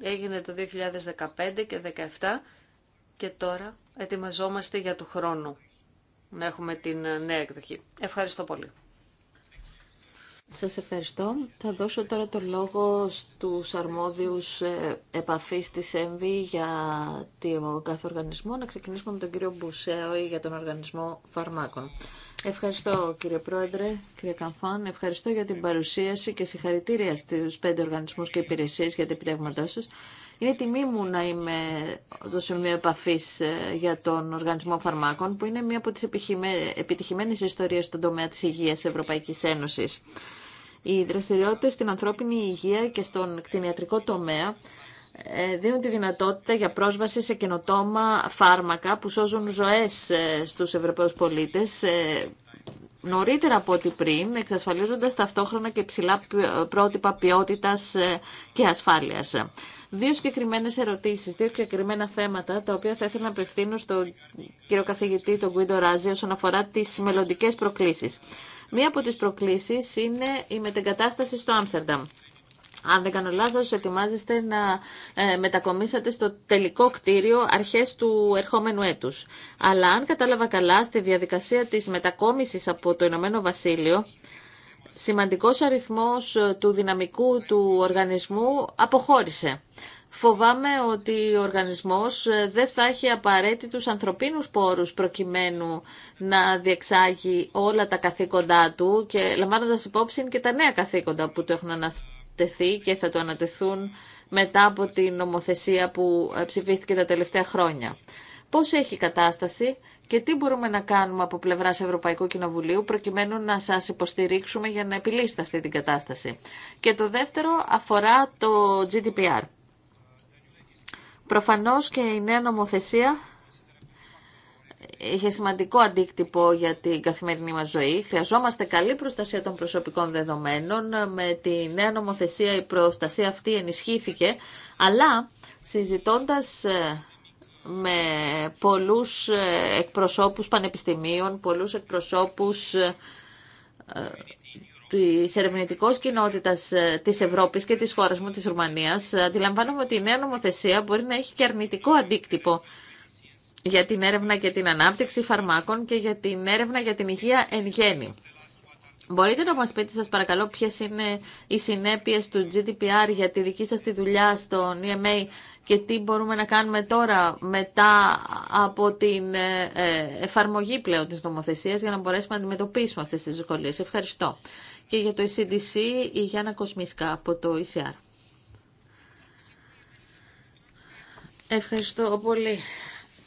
A: Έγινε το 2015 και 2017 και τώρα ετοιμαζόμαστε για του χρόνου να έχουμε την νέα εκδοχή. Ευχαριστώ πολύ.
C: Σας ευχαριστώ. Θα δώσω τώρα το λόγο στους αρμόδιους ε, επαφής της ΕΜΒΗ για το κάθε οργανισμό. Να ξεκινήσουμε με τον κύριο Μπουσέο για τον Οργανισμό Φαρμάκων. Ευχαριστώ κύριε Πρόεδρε, κύριε Καμφάν. Ευχαριστώ για την παρουσίαση και συγχαρητήρια στους πέντε οργανισμούς και υπηρεσίες για την επιτεύγματά σας. Είναι τιμή μου να είμαι το σημείο επαφή ε, για τον Οργανισμό Φαρμάκων, που είναι μία από τις επιτυχημένε ιστορίες στον τομέα της υγείας Ευρωπαϊκής Ένωσης. Οι δραστηριότητες στην ανθρώπινη υγεία και στον κτηνιατρικό τομέα ε, δίνουν τη δυνατότητα για πρόσβαση σε καινοτόμα φάρμακα που σώζουν ζωές ε, στους Ευρωπαίους πολίτες ε, νωρίτερα από ό,τι πριν, εξασφαλίζοντας ταυτόχρονα και ψηλά πρότυπα ποιότητας και ασφάλειας. Δύο συγκεκριμένε ερωτήσεις, δύο συγκεκριμένα θέματα, τα οποία θα ήθελα να απευθύνω στον κύριο καθηγητή, τον Γκουίντο Ράζη, όσον αφορά τι μελλοντικέ προκλήσει. Μία από τις προκλήσεις είναι η μετεγκατάσταση στο Άμστερνταμ. Αν δεν κάνω λάθο, ετοιμάζεστε να ε, μετακομίσατε στο τελικό κτίριο αρχές του ερχόμενου έτους. Αλλά αν κατάλαβα καλά, στη διαδικασία της μετακόμισης από το Ηνωμένο Βασίλειο, σημαντικός αριθμός ε, του δυναμικού του οργανισμού αποχώρησε. Φοβάμαι ότι ο οργανισμός ε, δεν θα έχει απαραίτητους ανθρωπίνους πόρους προκειμένου να διεξάγει όλα τα καθήκοντά του και λαμβάνοντας υπόψη και τα νέα καθήκοντα που του έχουν ανατεθεί και θα το ανατεθούν μετά από την νομοθεσία που ε, ψηφίστηκε τα τελευταία χρόνια. Πώς έχει η κατάσταση και τι μπορούμε να κάνουμε από πλευράς Ευρωπαϊκού Κοινοβουλίου προκειμένου να σας υποστηρίξουμε για να επιλύσετε αυτή την κατάσταση. Και το δεύτερο αφορά το GDPR. Προφανώς και η νέα νομοθεσία είχε σημαντικό αντίκτυπο για την καθημερινή μας ζωή. Χρειαζόμαστε καλή προστασία των προσωπικών δεδομένων. Με τη νέα νομοθεσία η προστασία αυτή ενισχύθηκε, αλλά συζητώντας ε, με πολλούς ε, εκπροσώπους πανεπιστημίων, πολλούς εκπροσώπους ε, Τη ερευνητικό κοινότητα ε, τη Ευρώπη και τη χώρα μου, τη Ρουμανία, ε, αντιλαμβάνομαι ότι η νέα νομοθεσία μπορεί να έχει και αρνητικό αντίκτυπο για την έρευνα και την ανάπτυξη φαρμάκων και για την έρευνα για την υγεία εν γέννη. Μπορείτε να μας πείτε σας παρακαλώ ποιες είναι οι συνέπειες του GDPR για τη δική σας τη δουλειά στον EMA και τι μπορούμε να κάνουμε τώρα μετά από την ε, εφαρμογή πλέον της νομοθεσίας για να μπορέσουμε να αντιμετωπίσουμε αυτές τις δυσκολίες. Ευχαριστώ και για το ECDC η Γιάννα Κοσμίσκα από το ECR. Ευχαριστώ πολύ.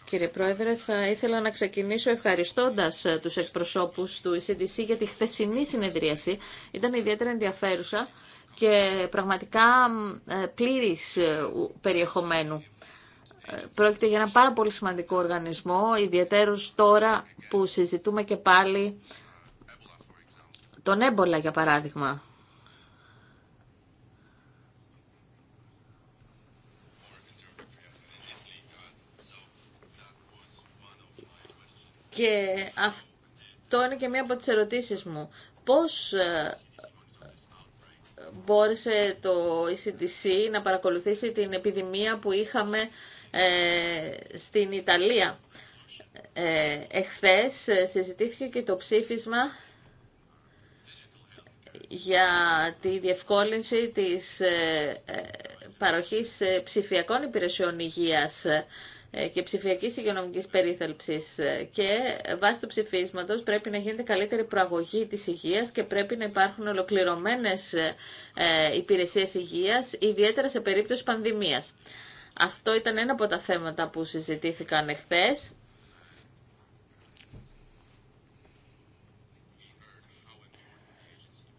C: Κύριε Πρόεδρε, θα ήθελα να ξεκινήσω ευχαριστώντα ε, του εκπροσώπους του ECDC για τη χθεσινή συνεδρίαση. Ήταν ιδιαίτερα ενδιαφέρουσα και πραγματικά ε, πλήρη ε, περιεχομένου. Πρόκειται για ένα πάρα πολύ σημαντικό οργανισμό, ιδιαίτερος τώρα που συζητούμε και πάλι τον έμπολα, για παράδειγμα. Και αυτό είναι και μία από τις ερωτήσεις μου. Πώς ε, μπόρεσε το ECDC να παρακολουθήσει την επιδημία που είχαμε ε, στην Ιταλία. Ε, εχθές ε, συζητήθηκε και το ψήφισμα για τη διευκόλυνση της ε, ε, παροχής ε, ψηφιακών υπηρεσιών υγείας και ψηφιακής υγειονομικής περίθαλψης. Και βάσει του ψηφίσματος πρέπει να γίνεται καλύτερη προαγωγή της υγείας και πρέπει να υπάρχουν ολοκληρωμένες υπηρεσίες υγείας, ιδιαίτερα σε περίπτωση πανδημίας. Αυτό ήταν ένα από τα θέματα που συζητήθηκαν εχθές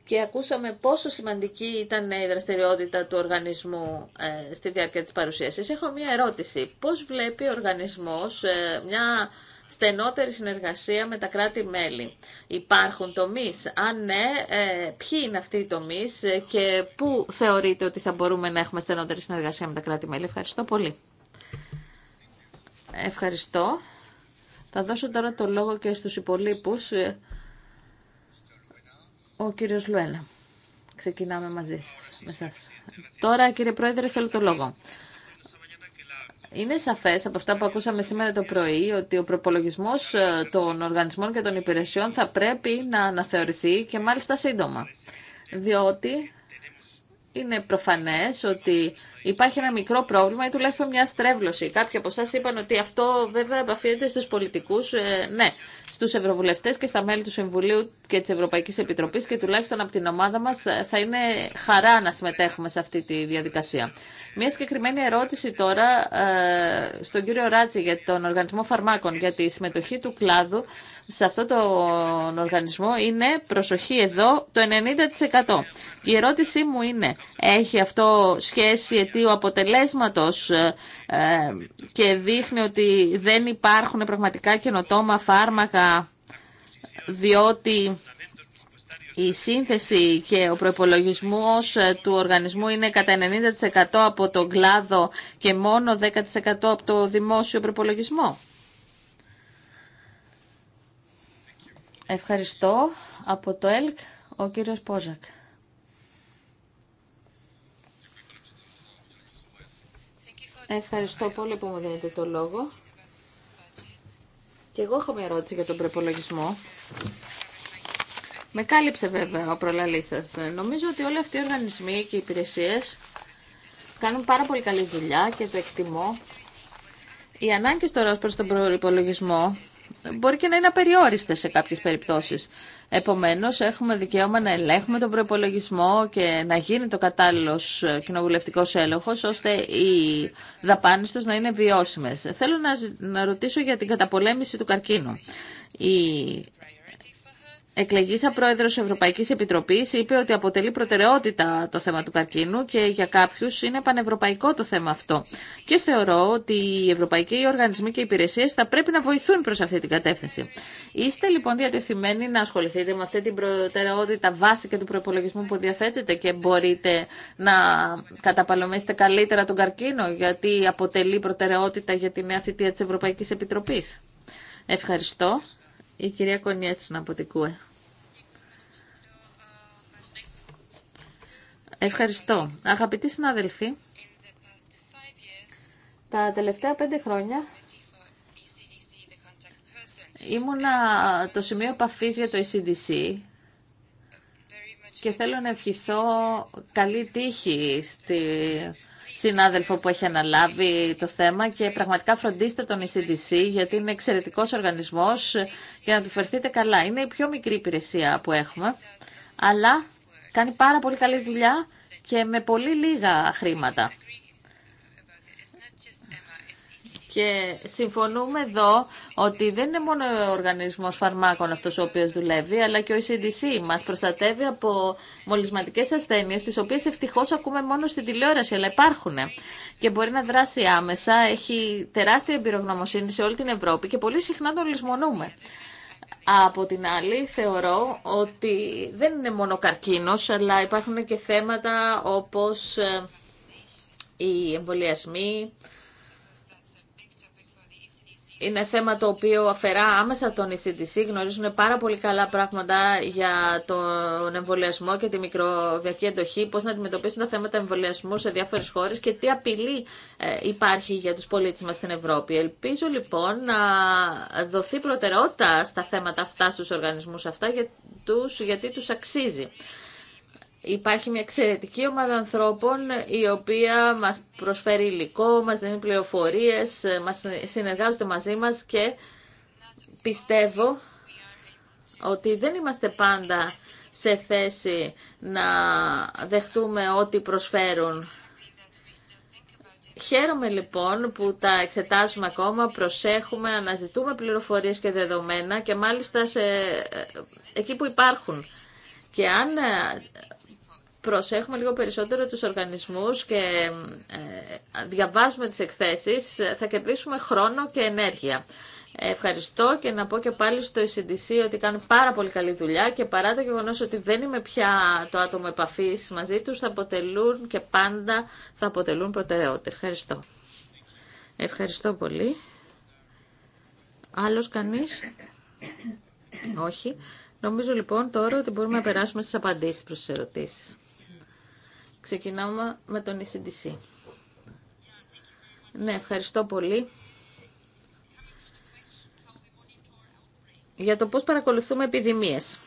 C: και ακούσαμε πόσο σημαντική ήταν η δραστηριότητα του οργανισμού ε, στη διάρκεια της παρουσίασης. Έχω μία ερώτηση. Πώς βλέπει ο οργανισμός ε, μια στενότερη συνεργασία με τα κράτη-μέλη. Υπάρχουν τομείς. Αν ναι, ε, ποιοι είναι αυτοί οι τομείς ε, και πού θεωρείτε ότι θα μπορούμε να έχουμε στενότερη συνεργασία με τα κράτη-μέλη. Ευχαριστώ πολύ. Ευχαριστώ. Θα δώσω τώρα το λόγο και στους υπολείπους ο κύριος Λουένα. Ξεκινάμε μαζί σας. Τώρα, κύριε Πρόεδρε, θέλω το λόγο. Είναι σαφέ από αυτά που ακούσαμε σήμερα το πρωί ότι ο προπολογισμό ε, των οργανισμών και των υπηρεσιών θα πρέπει να αναθεωρηθεί και μάλιστα σύντομα. Διότι είναι προφανέ ότι υπάρχει ένα μικρό πρόβλημα ή τουλάχιστον μια στρέβλωση. Κάποιοι από εσά είπαν ότι αυτό βέβαια επαφείται στου πολιτικού. Ε, ναι, Στου ευρωβουλευτέ και στα μέλη του Συμβουλίου και τη Ευρωπαϊκή Επιτροπή και τουλάχιστον από την ομάδα μα θα είναι χαρά να συμμετέχουμε σε αυτή τη διαδικασία. Μια συγκεκριμένη ερώτηση τώρα ε, στον κύριο Ράτσι για τον Οργανισμό Φαρμάκων, για τη συμμετοχή του κλάδου σε αυτόν τον οργανισμό είναι, προσοχή εδώ, το 90%. Η ερώτησή μου είναι, έχει αυτό σχέση αιτίου αποτελέσματος ε, ε και δείχνει ότι δεν υπάρχουν πραγματικά καινοτόμα φάρμακα διότι η σύνθεση και ο προϋπολογισμός ε, του οργανισμού είναι κατά 90% από τον κλάδο και μόνο 10% από το δημόσιο προϋπολογισμό. Ευχαριστώ. Από το ΕΛΚ, ο κύριος Πόζακ. Ευχαριστώ πολύ που μου δίνετε το λόγο. Και εγώ έχω μια ερώτηση για τον προπολογισμό. Με κάλυψε βέβαια ο προλαλή σα. Νομίζω ότι όλοι αυτοί οι οργανισμοί και οι υπηρεσίε κάνουν πάρα πολύ καλή δουλειά και το εκτιμώ. Οι ανάγκε τώρα προ τον προπολογισμό μπορεί και να είναι απεριόριστε σε κάποιες περιπτώσεις. Επομένως, έχουμε δικαίωμα να ελέγχουμε τον προπολογισμό και να γίνει το κατάλληλο κοινοβουλευτικό έλεγχος, ώστε οι δαπάνες τους να είναι βιώσιμες. Θέλω να, να ρωτήσω για την καταπολέμηση του καρκίνου. Η εκλεγήσα πρόεδρος Ευρωπαϊκή Επιτροπή είπε ότι αποτελεί προτεραιότητα το θέμα του καρκίνου και για κάποιους είναι πανευρωπαϊκό το θέμα αυτό. Και θεωρώ ότι οι ευρωπαϊκοί οργανισμοί και οι υπηρεσίες θα πρέπει να βοηθούν προ αυτή την κατεύθυνση. Είστε λοιπόν διατεθειμένοι να ασχοληθείτε με αυτή την προτεραιότητα βάση και του προπολογισμού που διαθέτετε και μπορείτε να καταπαλωμήσετε καλύτερα τον καρκίνο γιατί αποτελεί προτεραιότητα για τη νέα θητεία τη Ευρωπαϊκή Επιτροπής. Ευχαριστώ. Η κυρία Κονιέτσινα από την ΚΟΕ. Ευχαριστώ. Αγαπητοί συναδελφοί, τα τελευταία πέντε χρόνια ήμουνα το σημείο επαφή για το ECDC και θέλω να ευχηθώ καλή τύχη στη συνάδελφο που έχει αναλάβει το θέμα και πραγματικά φροντίστε τον ECDC γιατί είναι εξαιρετικός οργανισμός για να του φερθείτε καλά. Είναι η πιο μικρή υπηρεσία που έχουμε, αλλά κάνει πάρα πολύ καλή δουλειά και με πολύ λίγα χρήματα. Και συμφωνούμε εδώ ότι δεν είναι μόνο ο οργανισμός φαρμάκων αυτός ο οποίος δουλεύει, αλλά και ο ECDC μας προστατεύει από μολυσματικές ασθένειες, τις οποίες ευτυχώς ακούμε μόνο στην τηλεόραση, αλλά υπάρχουν. Και μπορεί να δράσει άμεσα, έχει τεράστια εμπειρογνωμοσύνη σε όλη την Ευρώπη και πολύ συχνά το λησμονούμε. Από την άλλη, θεωρώ ότι δεν είναι μόνο καρκίνος, αλλά υπάρχουν και θέματα όπως ε, οι εμβολιασμοί, είναι θέμα το οποίο αφαιρά άμεσα τον ECDC. Γνωρίζουν πάρα πολύ καλά πράγματα για τον εμβολιασμό και τη μικροβιακή εντοχή, πώ να αντιμετωπίσουν τα θέματα εμβολιασμού σε διάφορε χώρε και τι απειλή ε, υπάρχει για του πολίτε μα στην Ευρώπη. Ελπίζω λοιπόν να δοθεί προτεραιότητα στα θέματα αυτά, στους οργανισμού αυτά, για τους, γιατί του αξίζει. Υπάρχει μια εξαιρετική ομάδα ανθρώπων η οποία μας προσφέρει υλικό, μας δίνει πληροφορίες, μας συνεργάζονται μαζί μας και πιστεύω ότι δεν είμαστε πάντα σε θέση να δεχτούμε ό,τι προσφέρουν. Χαίρομαι λοιπόν που τα εξετάζουμε ακόμα, προσέχουμε, αναζητούμε πληροφορίες και δεδομένα και μάλιστα σε... Ε, εκεί που υπάρχουν. Και αν ε, προσέχουμε λίγο περισσότερο τους οργανισμούς και ε, διαβάζουμε τις εκθέσεις, ε, θα κερδίσουμε χρόνο και ενέργεια. Ευχαριστώ και να πω και πάλι στο ECDC ότι κάνουν πάρα πολύ καλή δουλειά και παρά το γεγονό ότι δεν είμαι πια το άτομο επαφή μαζί του, θα αποτελούν και πάντα θα αποτελούν προτεραιότητα. Ευχαριστώ. Ευχαριστώ πολύ. Άλλο κανεί. Όχι. Νομίζω λοιπόν τώρα ότι μπορούμε να περάσουμε στι απαντήσει προ τι ερωτήσει. Ξεκινάμε με τον ECDC. Ναι, ευχαριστώ πολύ. Για το πώς παρακολουθούμε επιδημίες.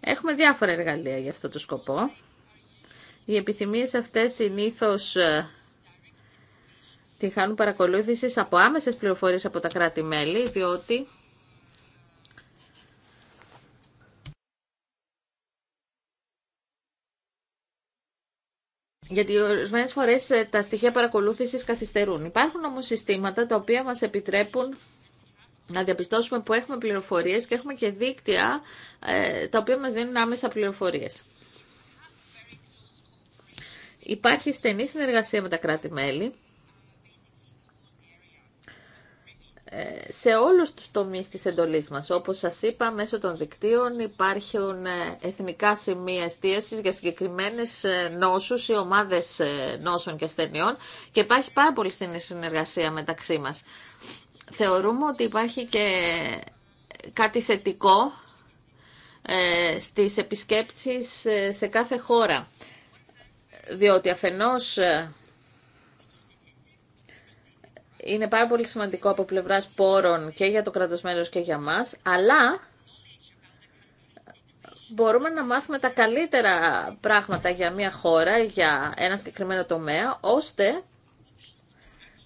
C: Έχουμε διάφορα εργαλεία για αυτό το σκοπό. Οι επιθυμίες αυτές συνήθως ε, τη χάνουν παρακολούθησης από άμεσες πληροφορίες από τα κράτη-μέλη, διότι Γιατί ορισμένε φορέ ε, τα στοιχεία παρακολούθηση καθυστερούν. Υπάρχουν όμω συστήματα τα οποία μα επιτρέπουν να διαπιστώσουμε που έχουμε πληροφορίε και έχουμε και δίκτυα ε, τα οποία μα δίνουν άμεσα πληροφορίε. Υπάρχει στενή συνεργασία με τα κράτη-μέλη σε όλους τους τομείς της εντολής μας. Όπως σας είπα, μέσω των δικτύων υπάρχουν ε, εθνικά σημεία εστίασης για συγκεκριμένες ε, νόσους ή ομάδες ε, νόσων και ασθενειών και υπάρχει πάρα πολύ στενή συνεργασία μεταξύ μας. Θεωρούμε ότι υπάρχει και κάτι θετικό στις επισκέψεις σε κάθε χώρα, διότι αφενός είναι πάρα πολύ σημαντικό από πλευράς πόρων και για το κράτος και για μας, αλλά μπορούμε να μάθουμε τα καλύτερα πράγματα για μια χώρα, για ένα συγκεκριμένο τομέα, ώστε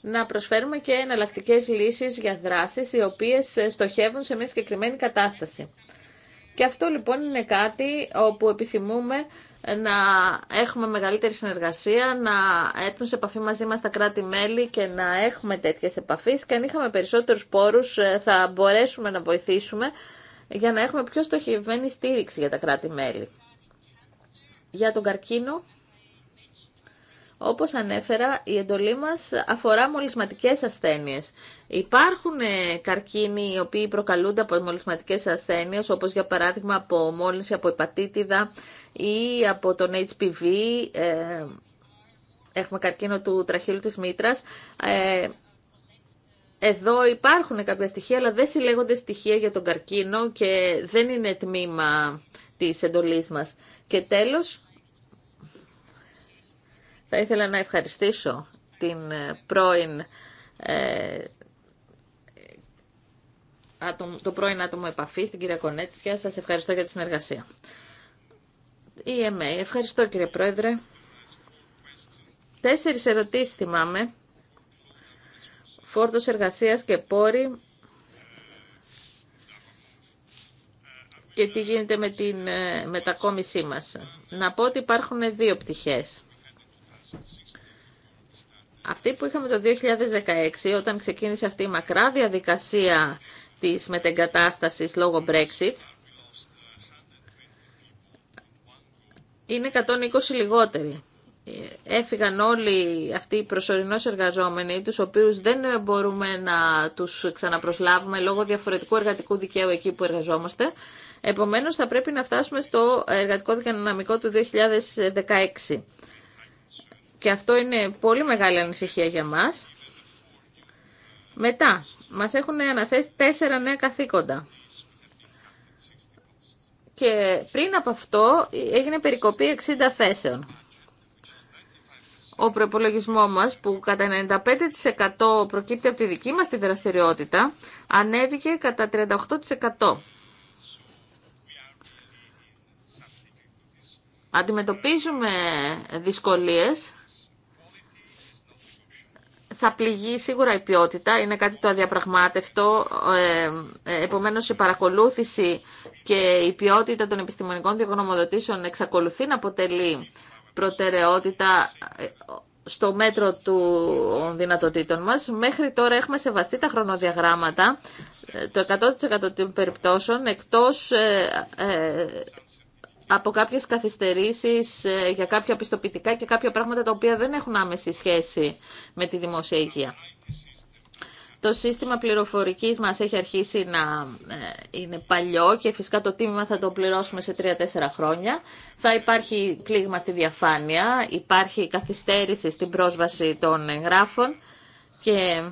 C: να προσφέρουμε και εναλλακτικέ λύσεις για δράσεις οι οποίες στοχεύουν σε μια συγκεκριμένη κατάσταση. Και αυτό λοιπόν είναι κάτι όπου επιθυμούμε να έχουμε μεγαλύτερη συνεργασία, να έρθουν σε επαφή μαζί μας τα κράτη-μέλη και να έχουμε τέτοιες επαφές και αν είχαμε περισσότερους πόρους ε, θα μπορέσουμε να βοηθήσουμε για να έχουμε πιο στοχευμένη στήριξη για τα κράτη-μέλη. Για τον καρκίνο, όπως ανέφερα, η εντολή μας αφορά μολυσματικές ασθένειες. Υπάρχουν ε, καρκίνοι οι οποίοι προκαλούνται από μολυσματικές ασθένειες, όπως για παράδειγμα από μόλυνση από υπατήτιδα, ή από τον HPV, ε, έχουμε καρκίνο του τραχύλου της μήτρας, ε, εδώ υπάρχουν κάποια στοιχεία, αλλά δεν συλλέγονται στοιχεία για τον καρκίνο και δεν είναι τμήμα της εντολής μας. Και τέλος, θα ήθελα να ευχαριστήσω την ε, πρώην, ε, το πρώην άτομο επαφής, την κυρία Κονέτσια. Σας ευχαριστώ για τη συνεργασία. EMA. Ευχαριστώ κύριε Πρόεδρε. Τέσσερις ερωτήσεις θυμάμαι. Φόρτος εργασίας και πόρη. Και τι γίνεται με την ε, μετακόμισή μας. Να πω ότι υπάρχουν δύο πτυχές. Αυτή που είχαμε το 2016, όταν ξεκίνησε αυτή η μακρά διαδικασία της μετεγκατάστασης λόγω Brexit, είναι 120 λιγότεροι. Έφυγαν όλοι αυτοί οι προσωρινώς εργαζόμενοι, τους οποίους δεν μπορούμε να τους ξαναπροσλάβουμε λόγω διαφορετικού εργατικού δικαίου εκεί που εργαζόμαστε. Επομένως θα πρέπει να φτάσουμε στο εργατικό δικαιονομικό του 2016. Και αυτό είναι πολύ μεγάλη ανησυχία για μας. Μετά, μας έχουν αναθέσει τέσσερα νέα καθήκοντα και πριν από αυτό έγινε περικοπή 60 θέσεων. Ο προπολογισμό μας που κατά 95% προκύπτει από τη δική μας τη δραστηριότητα ανέβηκε κατά 38%. Αντιμετωπίζουμε δυσκολίες θα πληγεί σίγουρα η ποιότητα, είναι κάτι το αδιαπραγμάτευτο, ε, ε, επομένως η παρακολούθηση και η ποιότητα των επιστημονικών διαγνωμοδοτήσεων εξακολουθεί να αποτελεί προτεραιότητα ε, στο μέτρο του δυνατοτήτων μας. Μέχρι τώρα έχουμε σεβαστεί τα χρονοδιαγράμματα, το 100% των περιπτώσεων, εκτός από κάποιες καθυστερήσεις ε, για κάποια πιστοποιητικά και κάποια πράγματα τα οποία δεν έχουν άμεση σχέση με τη δημόσια υγεία. Το σύστημα πληροφορικής μας έχει αρχίσει να ε, είναι παλιό και φυσικά το τίμημα θα το πληρώσουμε σε 3-4 χρόνια. Θα υπάρχει πλήγμα στη διαφάνεια, υπάρχει καθυστέρηση στην πρόσβαση των εγγράφων και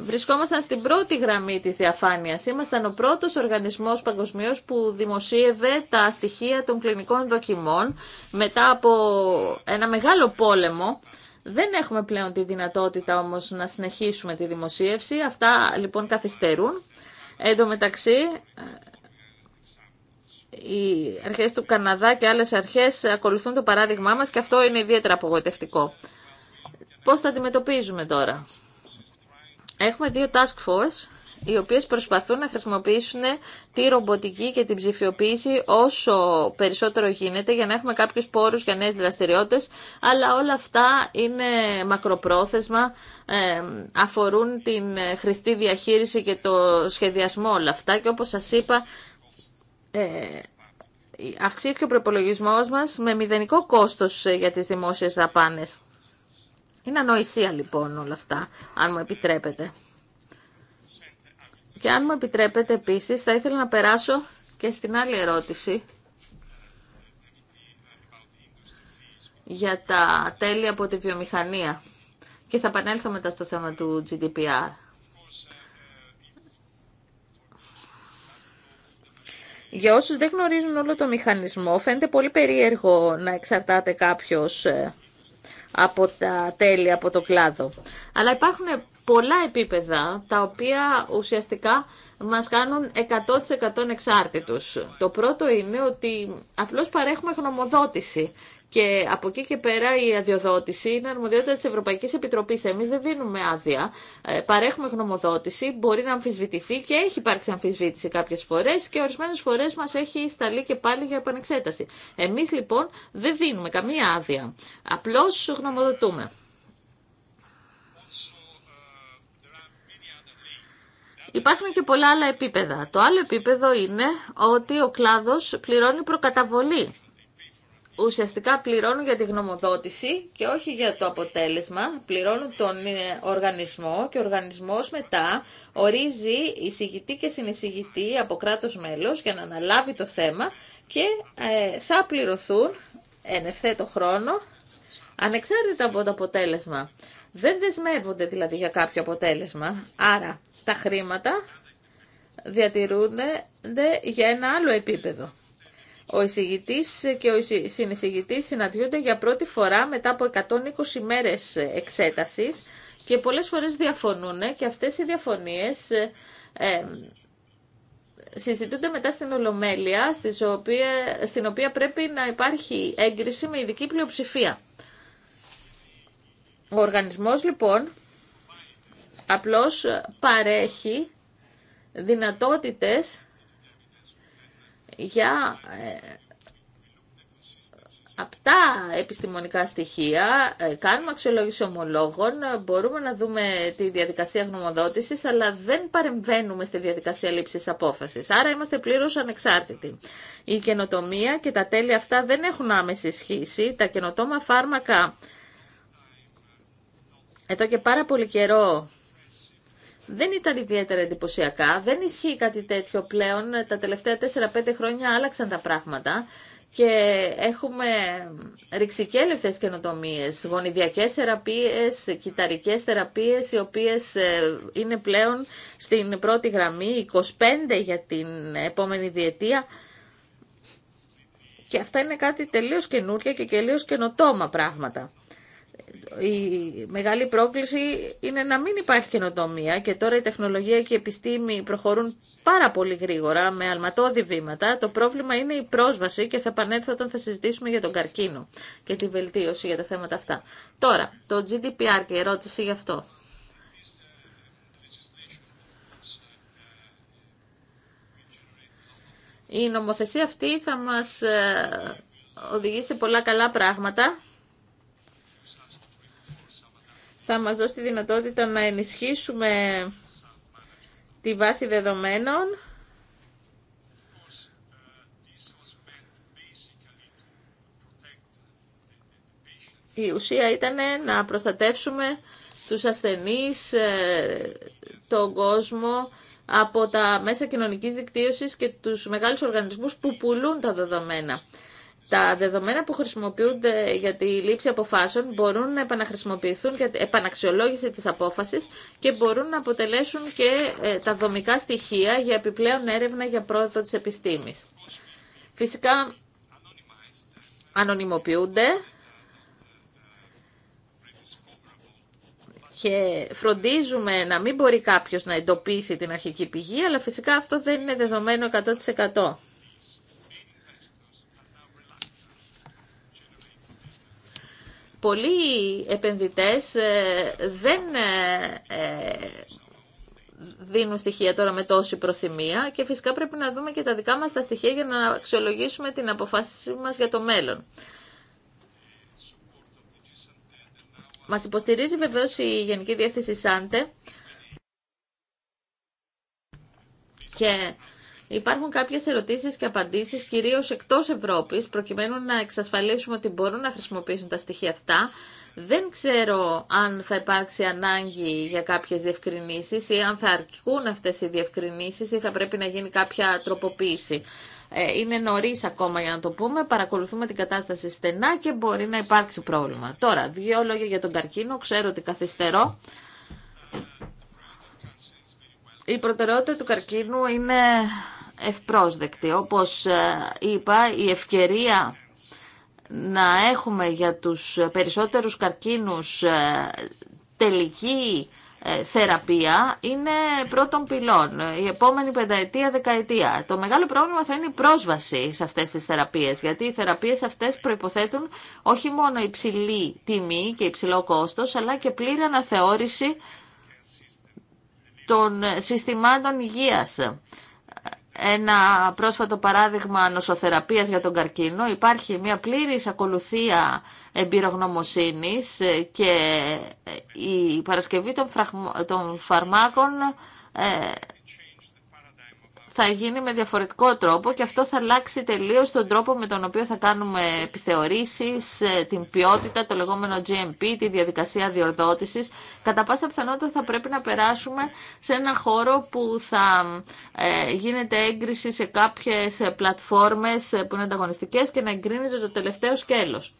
C: Βρισκόμασταν στην πρώτη γραμμή της διαφάνειας. Ήμασταν ο πρώτος οργανισμός παγκοσμίω που δημοσίευε τα στοιχεία των κλινικών δοκιμών μετά από ένα μεγάλο πόλεμο. Δεν έχουμε πλέον τη δυνατότητα όμως να συνεχίσουμε τη δημοσίευση. Αυτά λοιπόν καθυστερούν. Εν τω μεταξύ, οι αρχές του Καναδά και άλλες αρχές ακολουθούν το παράδειγμά μας και αυτό είναι ιδιαίτερα απογοητευτικό. Πώς θα αντιμετωπίζουμε τώρα. Έχουμε δύο task force οι οποίες προσπαθούν να χρησιμοποιήσουν τη ρομποτική και την ψηφιοποίηση όσο περισσότερο γίνεται για να έχουμε κάποιους πόρους για νέες δραστηριότητες, αλλά όλα αυτά είναι μακροπρόθεσμα, αφορούν την ε, χρηστή διαχείριση και το σχεδιασμό όλα αυτά και όπως σας είπα ε, αυξήθηκε ο προπολογισμό μας με μηδενικό κόστος ε, για τις δημόσιες δαπάνες. Είναι ανοησία λοιπόν όλα αυτά, αν μου επιτρέπετε. Και αν μου επιτρέπετε επίσης, θα ήθελα να περάσω και στην άλλη ερώτηση για τα τέλη από τη βιομηχανία. Και θα επανέλθω μετά στο θέμα του GDPR. Για όσους δεν γνωρίζουν όλο το μηχανισμό, φαίνεται πολύ περίεργο να εξαρτάται κάποιος ε, από τα τέλη, από το κλάδο. Αλλά υπάρχουν πολλά επίπεδα τα οποία ουσιαστικά μας κάνουν 100% εξάρτητους. Το πρώτο είναι ότι απλώς παρέχουμε γνωμοδότηση και από εκεί και πέρα η αδειοδότηση είναι αρμοδιότητα τη Ευρωπαϊκή Επιτροπή. Εμεί δεν δίνουμε άδεια. Ε, παρέχουμε γνωμοδότηση. Μπορεί να αμφισβητηθεί και έχει υπάρξει αμφισβήτηση κάποιε φορέ και ορισμένε φορέ μα έχει σταλεί και πάλι για επανεξέταση. Εμεί λοιπόν δεν δίνουμε καμία άδεια. Απλώ γνωμοδοτούμε. Υπάρχουν και πολλά άλλα επίπεδα. Το άλλο επίπεδο είναι ότι ο κλάδος πληρώνει προκαταβολή ουσιαστικά πληρώνουν για τη γνωμοδότηση και όχι για το αποτέλεσμα. Πληρώνουν τον ε, οργανισμό και ο οργανισμός μετά ορίζει εισηγητή και συνεισηγητή από κράτος μέλος για να αναλάβει το θέμα και ε, θα πληρωθούν εν ευθέτω χρόνο ανεξάρτητα από το αποτέλεσμα. Δεν δεσμεύονται δηλαδή για κάποιο αποτέλεσμα. Άρα τα χρήματα διατηρούνται για ένα άλλο επίπεδο. Ο εισηγητής και ο συνεισηγητής συναντιούνται για πρώτη φορά μετά από 120 μέρες εξέτασης και πολλές φορές διαφωνούν και αυτές οι διαφωνίες ε, ε συζητούνται μετά στην Ολομέλεια, στις οποία, στην οποία πρέπει να υπάρχει έγκριση με ειδική πλειοψηφία. Ο οργανισμός λοιπόν απλώς παρέχει δυνατότητες για ε, αυτά επιστημονικά στοιχεία, ε, κάνουμε αξιολόγηση ομολόγων, μπορούμε να δούμε τη διαδικασία γνωμοδότησης, αλλά δεν παρεμβαίνουμε στη διαδικασία λήψης απόφασης. Άρα είμαστε πλήρως ανεξάρτητοι. Η καινοτομία και τα τέλη αυτά δεν έχουν άμεση σχέση. Τα καινοτόμα φάρμακα εδώ και πάρα πολύ καιρό δεν ήταν ιδιαίτερα εντυπωσιακά, δεν ισχύει κάτι τέτοιο πλέον. Τα τελευταία 4-5 χρόνια άλλαξαν τα πράγματα και έχουμε ρηξικέλευτες καινοτομίες, γονιδιακές θεραπείες, κυταρικές θεραπείες, οι οποίες ε, είναι πλέον στην πρώτη γραμμή 25 για την επόμενη διετία. Και αυτά είναι κάτι τελείως καινούργια και τελείως καινοτόμα πράγματα η μεγάλη πρόκληση είναι να μην υπάρχει καινοτομία και τώρα η τεχνολογία και οι επιστήμη προχωρούν πάρα πολύ γρήγορα με αλματώδη βήματα. Το πρόβλημα είναι η πρόσβαση και θα επανέλθω όταν θα συζητήσουμε για τον καρκίνο και τη βελτίωση για τα θέματα αυτά. Τώρα, το GDPR και η ερώτηση γι' αυτό. Η νομοθεσία αυτή θα μας ε, οδηγήσει πολλά καλά πράγματα θα μας δώσει τη δυνατότητα να ενισχύσουμε τη βάση δεδομένων Η ουσία ήταν να προστατεύσουμε τους ασθενείς, ε, τον κόσμο από τα μέσα κοινωνικής δικτύωσης και τους μεγάλους οργανισμούς που πουλούν τα δεδομένα. Τα δεδομένα που χρησιμοποιούνται για τη λήψη αποφάσεων μπορούν να επαναχρησιμοποιηθούν για επαναξιολόγηση της απόφασης και μπορούν να αποτελέσουν και ε, τα δομικά στοιχεία για επιπλέον έρευνα για πρόοδο της επιστήμης. Φυσικά, ανωνυμοποιούνται και φροντίζουμε να μην μπορεί κάποιος να εντοπίσει την αρχική πηγή, αλλά φυσικά αυτό δεν είναι δεδομένο 100%. πολλοί επενδυτές ε, δεν ε, ε, δίνουν στοιχεία τώρα με τόση προθυμία και φυσικά πρέπει να δούμε και τα δικά μας τα στοιχεία για να αξιολογήσουμε την αποφάση μας για το μέλλον. Μας υποστηρίζει βεβαίως η Γενική Διεύθυνση ΣΑΝΤΕ και Υπάρχουν κάποιες ερωτήσεις και απαντήσεις, κυρίως εκτός Ευρώπης, προκειμένου να εξασφαλίσουμε ότι μπορούν να χρησιμοποιήσουν τα στοιχεία αυτά. Δεν ξέρω αν θα υπάρξει ανάγκη για κάποιες διευκρινήσεις ή αν θα αρκούν αυτές οι διευκρινήσεις ή θα πρέπει να γίνει κάποια τροποποίηση. Ε, είναι νωρί ακόμα για να το πούμε. Παρακολουθούμε την κατάσταση στενά και μπορεί να υπάρξει πρόβλημα. Τώρα, δύο λόγια για τον καρκίνο. Ξέρω ότι καθυστερώ. Η προτεραιότητα του καρκίνου είναι ευπρόσδεκτη. Όπως ε, είπα, η ευκαιρία να έχουμε για τους περισσότερους καρκίνους ε, τελική ε, θεραπεία είναι πρώτον πυλών, η επόμενη πενταετία, δεκαετία. Το μεγάλο πρόβλημα θα είναι η πρόσβαση σε αυτές τις θεραπείες, γιατί οι θεραπείες αυτές προϋποθέτουν όχι μόνο υψηλή τιμή και υψηλό κόστος, αλλά και πλήρη αναθεώρηση των συστημάτων υγείας ένα πρόσφατο παράδειγμα νοσοθεραπείας για τον καρκίνο. Υπάρχει μια πλήρης ακολουθία εμπειρογνωμοσύνης ε, και η παρασκευή των φαρμάκων ε, θα γίνει με διαφορετικό τρόπο και αυτό θα αλλάξει τελείως τον τρόπο με τον οποίο θα κάνουμε επιθεωρήσεις, ε, την ποιότητα, το λεγόμενο GMP, τη διαδικασία διορδότηση. Κατά πάσα πιθανότητα θα πρέπει να περάσουμε σε ένα χώρο που θα ε, γίνεται έγκριση σε κάποιες ε, πλατφόρμες που είναι ανταγωνιστικέ και να εγκρίνεται το τελευταίο σκέλος.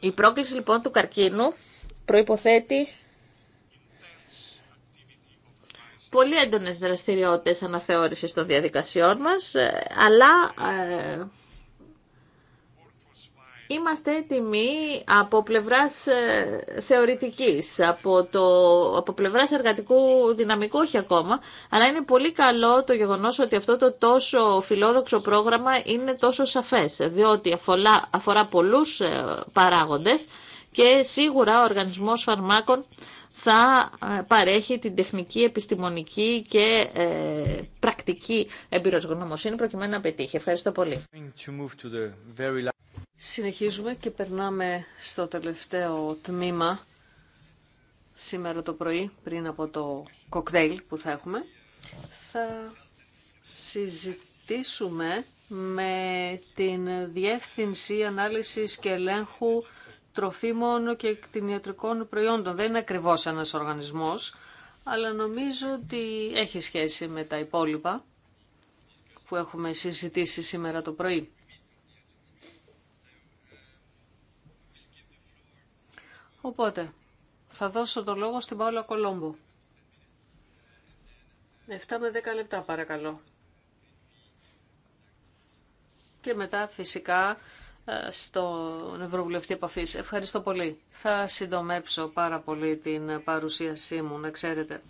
C: Η πρόκληση λοιπόν του καρκίνου προϋποθέτει πολύ έντονες δραστηριότητες αναθεώρησης των διαδικασιών μας, ε, αλλά ε, είμαστε έτοιμοι από πλευράς ε, θεωρητικής, από, το, από πλευράς εργατικού δυναμικού όχι ακόμα, αλλά είναι πολύ καλό το γεγονός ότι αυτό το τόσο φιλόδοξο πρόγραμμα είναι τόσο σαφές, διότι αφορά, αφορά πολλούς παράγοντες και σίγουρα ο οργανισμός φαρμάκων θα ε, παρέχει την τεχνική, επιστημονική και ε, πρακτική εμπειρογνωμοσύνη
A: προκειμένου να πετύχει. Ευχαριστώ πολύ. Συνεχίζουμε και περνάμε στο τελευταίο τμήμα σήμερα το πρωί πριν από το κοκτέιλ που θα έχουμε. Θα συζητήσουμε με την Διεύθυνση Ανάλυσης και Ελέγχου τροφίμων και κτηνιατρικών προϊόντων. Δεν είναι ακριβώς ένας οργανισμός, αλλά νομίζω ότι έχει σχέση με τα υπόλοιπα που έχουμε συζητήσει σήμερα το πρωί. Οπότε, θα δώσω το λόγο στην Πάολα Κολόμπου. 7 με 10 λεπτά παρακαλώ. Και μετά φυσικά ε, στον Ευρωβουλευτή επαφή. Ευχαριστώ πολύ. Θα συντομέψω πάρα πολύ την παρουσίασή μου, να ξέρετε.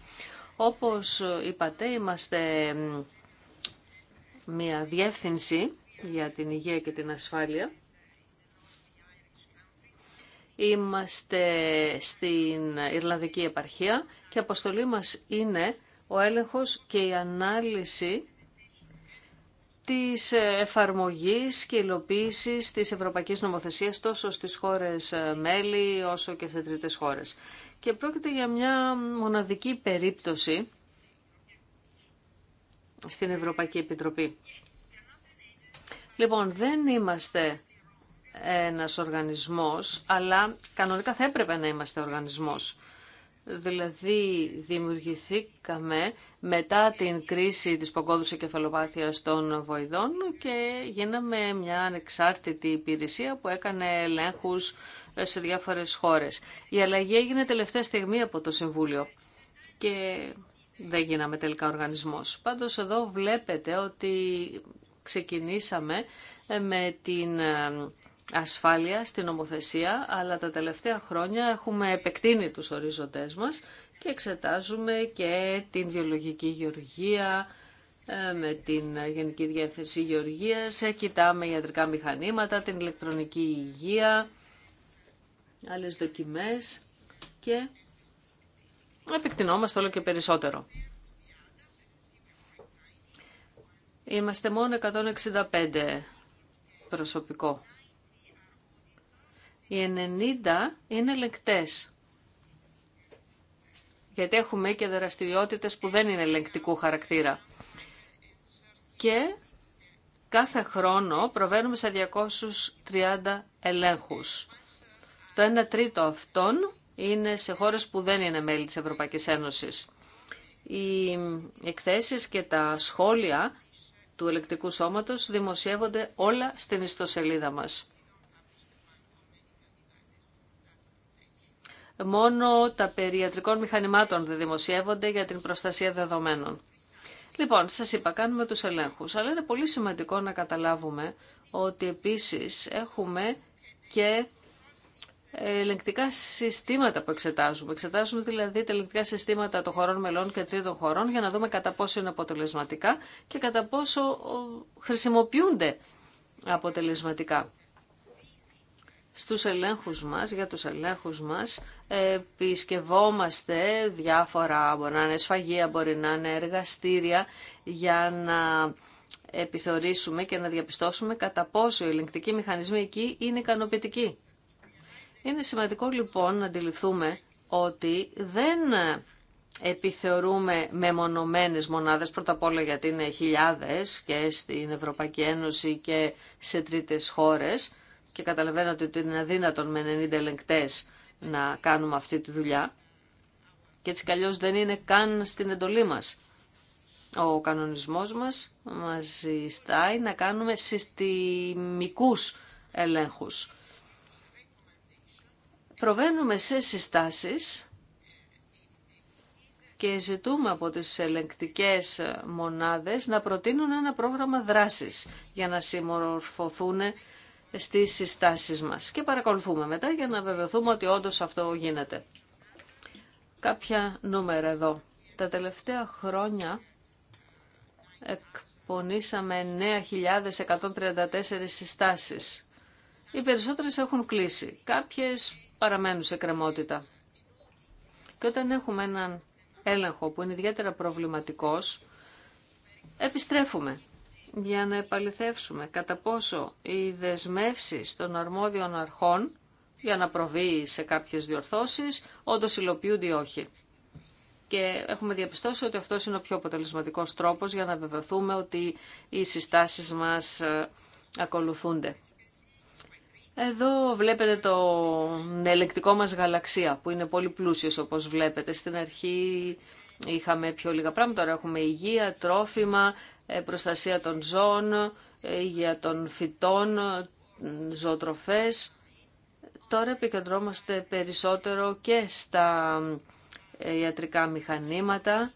A: Όπως είπατε, είμαστε μια διεύθυνση για την υγεία και την ασφάλεια. Είμαστε στην Ιρλανδική επαρχία και αποστολή μας είναι ο έλεγχος και η ανάλυση της εφαρμογής και υλοποίηση της ευρωπαϊκής νομοθεσίας τόσο στις χώρες ε, μέλη όσο και σε τρίτες χώρες. Και πρόκειται για μια μοναδική περίπτωση στην Ευρωπαϊκή Επιτροπή. Λοιπόν, δεν είμαστε ένας οργανισμός, αλλά κανονικά θα έπρεπε να είμαστε οργανισμός. Δηλαδή δημιουργηθήκαμε μετά την κρίση της ποκόδουσης κεφαλοπάθειας των βοηδών και γίναμε μια ανεξάρτητη υπηρεσία που έκανε ελέγχου σε διάφορες χώρες. Η αλλαγή έγινε τελευταία στιγμή από το Συμβούλιο και δεν γίναμε τελικά οργανισμός. Πάντως εδώ βλέπετε ότι ξεκινήσαμε με την ασφάλεια στην νομοθεσία, αλλά τα τελευταία χρόνια έχουμε επεκτείνει τους οριζοντές μας και εξετάζουμε και την βιολογική γεωργία, ε, με την Γενική Διεύθυνση Γεωργίας, ε, κοιτάμε ιατρικά μηχανήματα, την ηλεκτρονική υγεία, άλλες δοκιμές και επεκτηνόμαστε όλο και περισσότερο. Είμαστε μόνο 165 προσωπικό οι 90 είναι ελεγκτές. Γιατί έχουμε και δραστηριότητες που δεν είναι ελεγκτικού χαρακτήρα. Και κάθε χρόνο προβαίνουμε σε 230 ελέγχους. Το 1 τρίτο αυτών είναι σε χώρες που δεν είναι μέλη της Ευρωπαϊκής Ένωσης. Οι εκθέσεις και τα σχόλια του ελεκτικού σώματος δημοσιεύονται όλα στην ιστοσελίδα μας. μόνο τα περιατρικών μηχανημάτων δεν δημοσιεύονται για την προστασία δεδομένων. Λοιπόν, σας είπα, κάνουμε τους ελέγχους, αλλά είναι πολύ σημαντικό να καταλάβουμε ότι επίσης έχουμε και ελεγκτικά συστήματα που εξετάζουμε. Εξετάζουμε δηλαδή τα ελεγκτικά συστήματα των χωρών μελών και τρίτων χωρών για να δούμε κατά πόσο είναι αποτελεσματικά και κατά πόσο χρησιμοποιούνται αποτελεσματικά στους ελέγχους μας, για τους ελέγχους μας, επισκευόμαστε διάφορα, μπορεί να είναι σφαγεία, μπορεί να είναι εργαστήρια, για να επιθεωρήσουμε και να διαπιστώσουμε κατά πόσο οι ελεγκτικοί μηχανισμοί εκεί είναι ικανοποιητικοί. Είναι σημαντικό λοιπόν να αντιληφθούμε ότι δεν επιθεωρούμε με μονομένες μονάδες, πρώτα απ' όλα γιατί είναι χιλιάδες και στην Ευρωπαϊκή Ένωση και σε τρίτες χώρες, και καταλαβαίνω ότι είναι αδύνατον με 90 ελεγκτέ να κάνουμε αυτή τη δουλειά. Και έτσι καλλιώς δεν είναι καν στην εντολή μας. Ο κανονισμός μας μας ζητάει να κάνουμε συστημικούς ελέγχους. Προβαίνουμε σε συστάσεις και ζητούμε από τις ελεγκτικές μονάδες να προτείνουν ένα πρόγραμμα δράσης για να συμμορφωθούν στις συστάσεις μας και παρακολουθούμε μετά για να βεβαιωθούμε ότι όντως αυτό γίνεται. Κάποια νούμερα εδώ. Τα τελευταία χρόνια εκπονήσαμε 9.134 συστάσεις. Οι περισσότερες έχουν κλείσει, κάποιες παραμένουν σε κρεμότητα. Και όταν έχουμε έναν έλεγχο που είναι ιδιαίτερα προβληματικός, επιστρέφουμε για να επαληθεύσουμε κατά πόσο οι δεσμεύσει των αρμόδιων αρχών για να προβεί σε κάποιες διορθώσεις όντω υλοποιούνται ή όχι. Και έχουμε διαπιστώσει ότι αυτός είναι ο πιο αποτελεσματικός τρόπος για να βεβαιωθούμε ότι οι συστάσεις μας ε, ακολουθούνται. Εδώ βλέπετε το ελεκτικό μας γαλαξία που είναι πολύ πλούσιος όπως βλέπετε. Στην αρχή είχαμε πιο λίγα πράγματα, τώρα έχουμε υγεία, τρόφιμα, ε, προστασία των ζώων, ε, για των φυτών, ζωοτροφές. Τώρα επικεντρώμαστε περισσότερο και στα ε, ιατρικά μηχανήματα,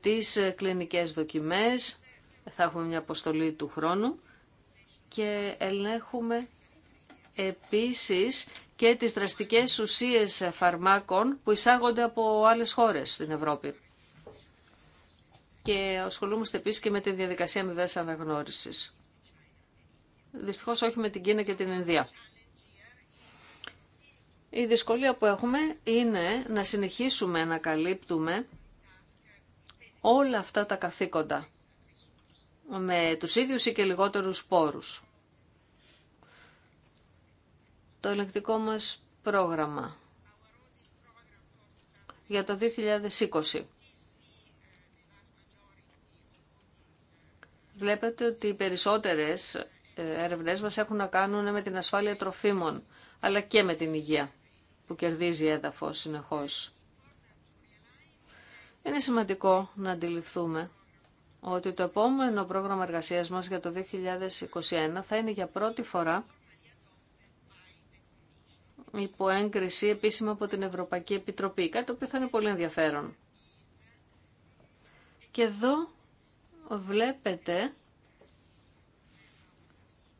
A: τις κλινικές δοκιμές, θα έχουμε μια αποστολή του χρόνου και ελέγχουμε επίσης και τις δραστικές ουσίες φαρμάκων που εισάγονται από άλλες χώρες στην Ευρώπη και ασχολούμαστε επίσης και με τη διαδικασία αμοιβές αναγνώρισης. Δυστυχώς όχι με την Κίνα και την Ινδία. Η δυσκολία που έχουμε είναι να συνεχίσουμε να καλύπτουμε όλα αυτά τα καθήκοντα με τους ίδιους ή και λιγότερους πόρους. Το ελεγκτικό μας πρόγραμμα για το 2020 βλέπετε ότι οι περισσότερες ε, έρευνές μας έχουν να κάνουν με την ασφάλεια τροφίμων, αλλά και με την υγεία που κερδίζει έδαφος συνεχώς. Είναι σημαντικό να αντιληφθούμε ότι το επόμενο πρόγραμμα εργασίας μας για το 2021 θα είναι για πρώτη φορά υπό έγκριση επίσημα από την Ευρωπαϊκή Επιτροπή, κάτι το οποίο θα είναι πολύ ενδιαφέρον. Και εδώ βλέπετε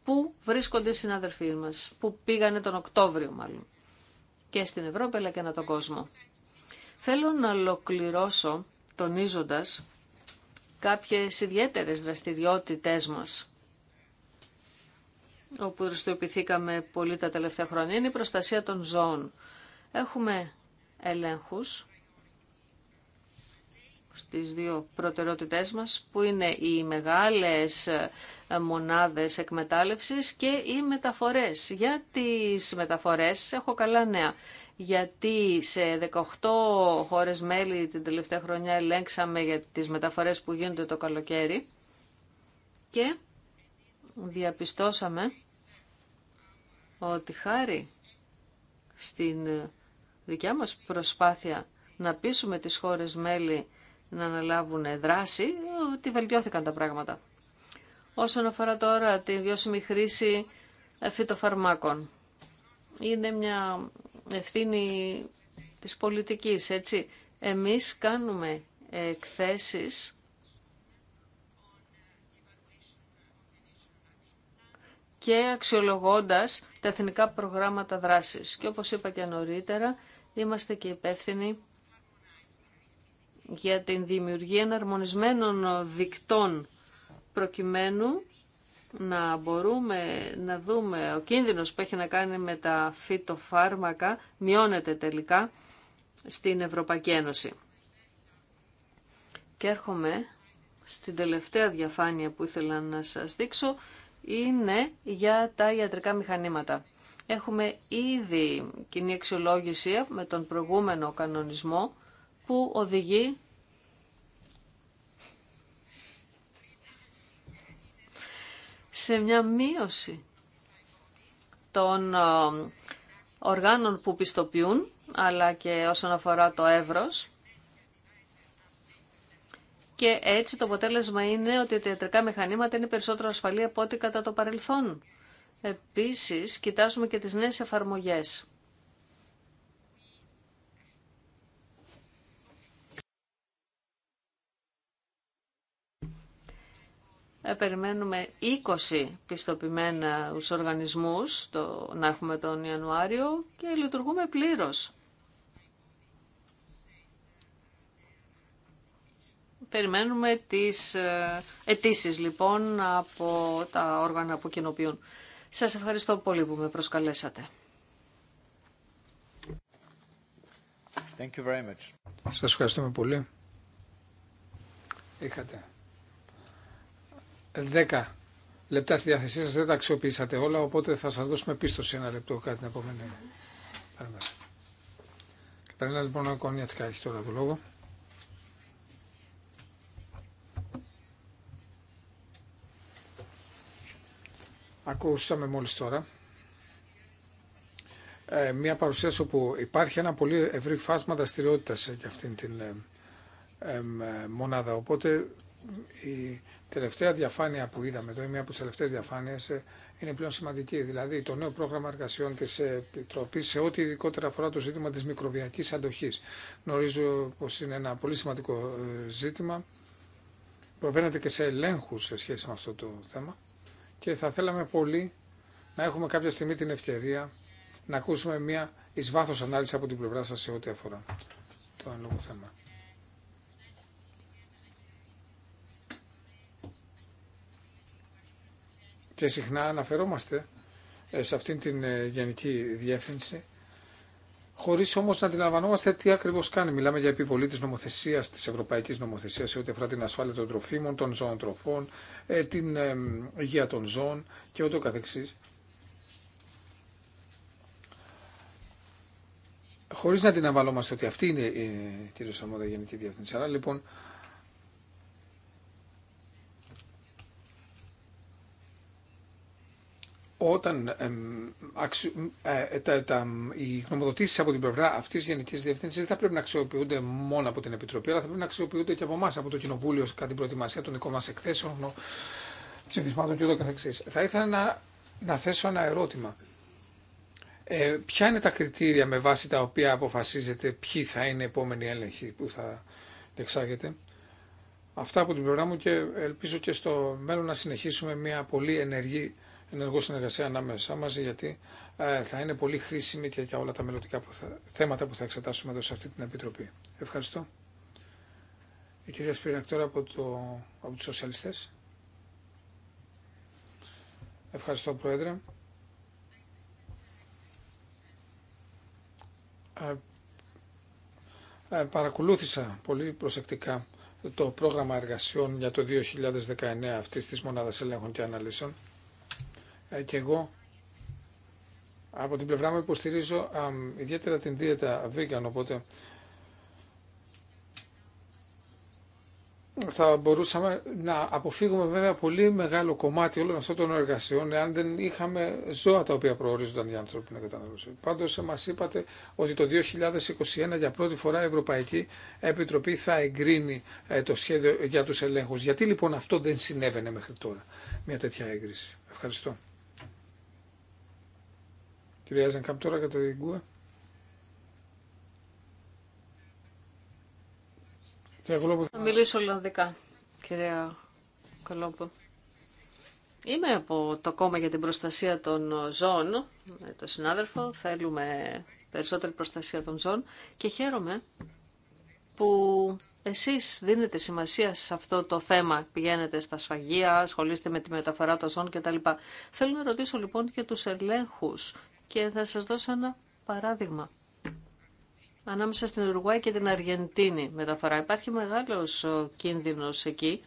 A: πού βρίσκονται οι συναδελφοί μας, πού πήγανε τον Οκτώβριο μάλλον, και στην Ευρώπη αλλά και ανά τον κόσμο. Θέλω να ολοκληρώσω τονίζοντας κάποιες ιδιαίτερες δραστηριότητές μας όπου δραστηριοποιηθήκαμε πολύ τα τελευταία χρόνια, είναι η προστασία των ζώων. Έχουμε ελέγχους στις δύο προτεραιότητές μας που είναι οι μεγάλες ε, μονάδες εκμετάλλευσης και οι μεταφορές. Για τις μεταφορές έχω καλά νέα γιατί σε 18 χώρες μέλη την τελευταία χρονιά ελέγξαμε για τις μεταφορές που γίνονται το καλοκαίρι και διαπιστώσαμε ότι χάρη στην ε, δικιά μας προσπάθεια να πείσουμε τις χώρες μέλη να αναλάβουν δράση, ότι βελτιώθηκαν τα πράγματα. Όσον αφορά τώρα τη βιώσιμη χρήση φυτοφαρμάκων, είναι μια ευθύνη της πολιτικής, έτσι. Εμείς κάνουμε εκθέσεις και αξιολογώντας τα εθνικά προγράμματα δράσης. Και όπως είπα και νωρίτερα, είμαστε και υπεύθυνοι για την δημιουργία εναρμονισμένων δικτών προκειμένου να μπορούμε να δούμε ο κίνδυνος που έχει να κάνει με τα φυτοφάρμακα μειώνεται τελικά στην Ευρωπαϊκή Ένωση. Και έρχομαι στην τελευταία διαφάνεια που ήθελα να σας δείξω είναι για τα ιατρικά μηχανήματα. Έχουμε ήδη κοινή αξιολόγηση με τον προηγούμενο κανονισμό που οδηγεί σε μια μείωση των ε, οργάνων που πιστοποιούν, αλλά και όσον αφορά το εύρος. Και έτσι το αποτέλεσμα είναι ότι τα ιατρικά μηχανήματα είναι περισσότερο ασφαλή από ό,τι κατά το παρελθόν. Επίσης, κοιτάζουμε και τις νέες εφαρμογές. Ε, περιμένουμε 20 πιστοποιημένους οργανισμούς το, να έχουμε τον Ιανουάριο και λειτουργούμε πλήρως. Περιμένουμε τις ε, αιτήσει λοιπόν από τα όργανα που κοινοποιούν. Σας ευχαριστώ πολύ που με προσκαλέσατε. Thank you very much.
B: Σας ευχαριστούμε πολύ. Είχατε 10 λεπτά στη διάθεσή σας, δεν τα αξιοποιήσατε όλα, οπότε θα σας δώσουμε πίστοση ένα λεπτό κάτι την επόμενη. Καταρχήν λοιπόν ο Κονιατσικά έχει τώρα το λόγο. Ακούσαμε μόλις τώρα ε, μια παρουσίαση όπου υπάρχει ένα πολύ ευρύ φάσμα δραστηριότητα για αυτήν την ε, ε, μονάδα. Οπότε η τελευταία διαφάνεια που είδαμε εδώ, η μία από τι τελευταίε διαφάνειε, ε, είναι πλέον σημαντική. Δηλαδή, το νέο πρόγραμμα εργασιών τη Επιτροπή σε ό,τι ειδικότερα αφορά το ζήτημα τη μικροβιακή αντοχή. Γνωρίζω πω είναι ένα πολύ σημαντικό ε, ζήτημα. Προβαίνεται και σε ελέγχου σε σχέση με αυτό το θέμα. Και θα θέλαμε πολύ να έχουμε κάποια στιγμή την ευκαιρία να ακούσουμε μία εις βάθος ανάλυση από την πλευρά σας σε ό,τι αφορά το ανάλογο θέμα. και συχνά αναφερόμαστε ε, σε αυτήν την ε, γενική διεύθυνση χωρί όμω να αντιλαμβανόμαστε τι ακριβώ κάνει. Μιλάμε για επιβολή τη νομοθεσία, τη ευρωπαϊκή νομοθεσία, σε ό,τι αφορά την ασφάλεια των τροφίμων, των ζώων τροφών, ε, την υγεία των ζώων και ούτω καθεξής. Χωρί να αντιλαμβανόμαστε ότι αυτή είναι η κυρίω αρμόδια γενική διεύθυνση. λοιπόν όταν ε, ε, οι γνωμοδοτήσει από την πλευρά αυτή τη Γενική Διευθύνση δεν θα πρέπει να αξιοποιούνται μόνο από την Επιτροπή, αλλά θα πρέπει να αξιοποιούνται και από εμά, από το Κοινοβούλιο, κατά την προετοιμασία των δικών μα εκθέσεων, ψηφισμάτων κ.ο.κ. Θα ήθελα να, να θέσω ένα ερώτημα. Ε, ποια είναι τα κριτήρια με βάση τα οποία αποφασίζεται ποιοι θα είναι οι επόμενοι έλεγχοι που θα δεξάγεται. Αυτά από την πλευρά μου και ελπίζω και στο μέλλον να συνεχίσουμε μια πολύ ενεργή ενεργό συνεργασία ανάμεσά μας γιατί ε, θα είναι πολύ χρήσιμη και για όλα τα μελλοντικά θέματα που θα εξετάσουμε εδώ σε αυτή την Επιτροπή. Ευχαριστώ. Η κυρία Σπυριακτώρα τώρα από, το, από τους σοσιαλιστές. Ευχαριστώ Πρόεδρε. Ε, ε παρακολούθησα πολύ προσεκτικά το πρόγραμμα εργασιών για το 2019 αυτής της Μονάδας Ελέγχων και Αναλύσεων ε, και εγώ από την πλευρά μου υποστηρίζω ιδιαίτερα την δίαιτα vegan, οπότε θα μπορούσαμε να αποφύγουμε βέβαια πολύ μεγάλο κομμάτι όλων αυτών των εργασιών εάν δεν είχαμε ζώα τα οποία προορίζονταν για να κατανάλωση. Πάντως μας είπατε ότι το 2021 για πρώτη φορά η Ευρωπαϊκή Επιτροπή θα εγκρίνει ε, το σχέδιο για τους ελέγχους. Γιατί λοιπόν αυτό δεν συνέβαινε μέχρι τώρα μια τέτοια έγκριση. Ευχαριστώ. Κυρία Ζανκάμπ τώρα για το Ιγκούα.
A: Θα μιλήσω Ολλανδικά, κυρία Κολόμπο. Είμαι από το κόμμα για την προστασία των ζώων, με τον συνάδελφο. Θέλουμε περισσότερη προστασία των ζώων και χαίρομαι που εσείς δίνετε σημασία σε αυτό το θέμα. Πηγαίνετε στα σφαγεία, ασχολείστε με τη μεταφορά των ζώων κτλ. Θέλω να ρωτήσω λοιπόν για τους ελέγχους και θα σας δώσω ένα παράδειγμα. Ανάμεσα στην Ουρουάη και την Αργεντίνη μεταφορά. Υπάρχει μεγάλος κίνδυνος εκεί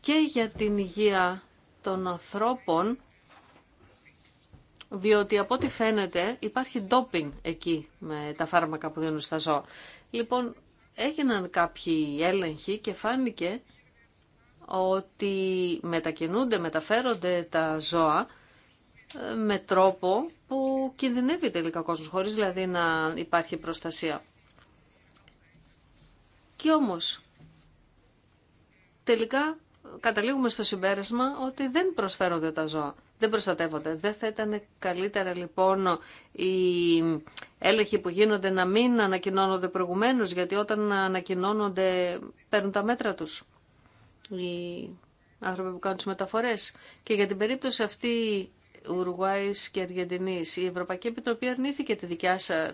A: και για την υγεία των ανθρώπων, διότι από ό,τι φαίνεται υπάρχει ντόπινγκ εκεί με τα φάρμακα που δίνουν στα ζώα. Λοιπόν, έγιναν κάποιοι έλεγχοι και φάνηκε ότι μετακινούνται, μεταφέρονται τα ζώα με τρόπο που κινδυνεύει τελικά ο κόσμος, χωρίς δηλαδή να υπάρχει προστασία. Και όμως, τελικά καταλήγουμε στο συμπέρασμα ότι δεν προσφέρονται τα ζώα. Δεν προστατεύονται. Δεν θα ήταν καλύτερα λοιπόν οι έλεγχοι που γίνονται να μην ανακοινώνονται προηγουμένως, γιατί όταν ανακοινώνονται παίρνουν τα μέτρα τους οι άνθρωποι που κάνουν τις μεταφορές. Και για την περίπτωση αυτή Ουρουγουάη και Αργεντινής. Η Ευρωπαϊκή Επιτροπή αρνήθηκε τη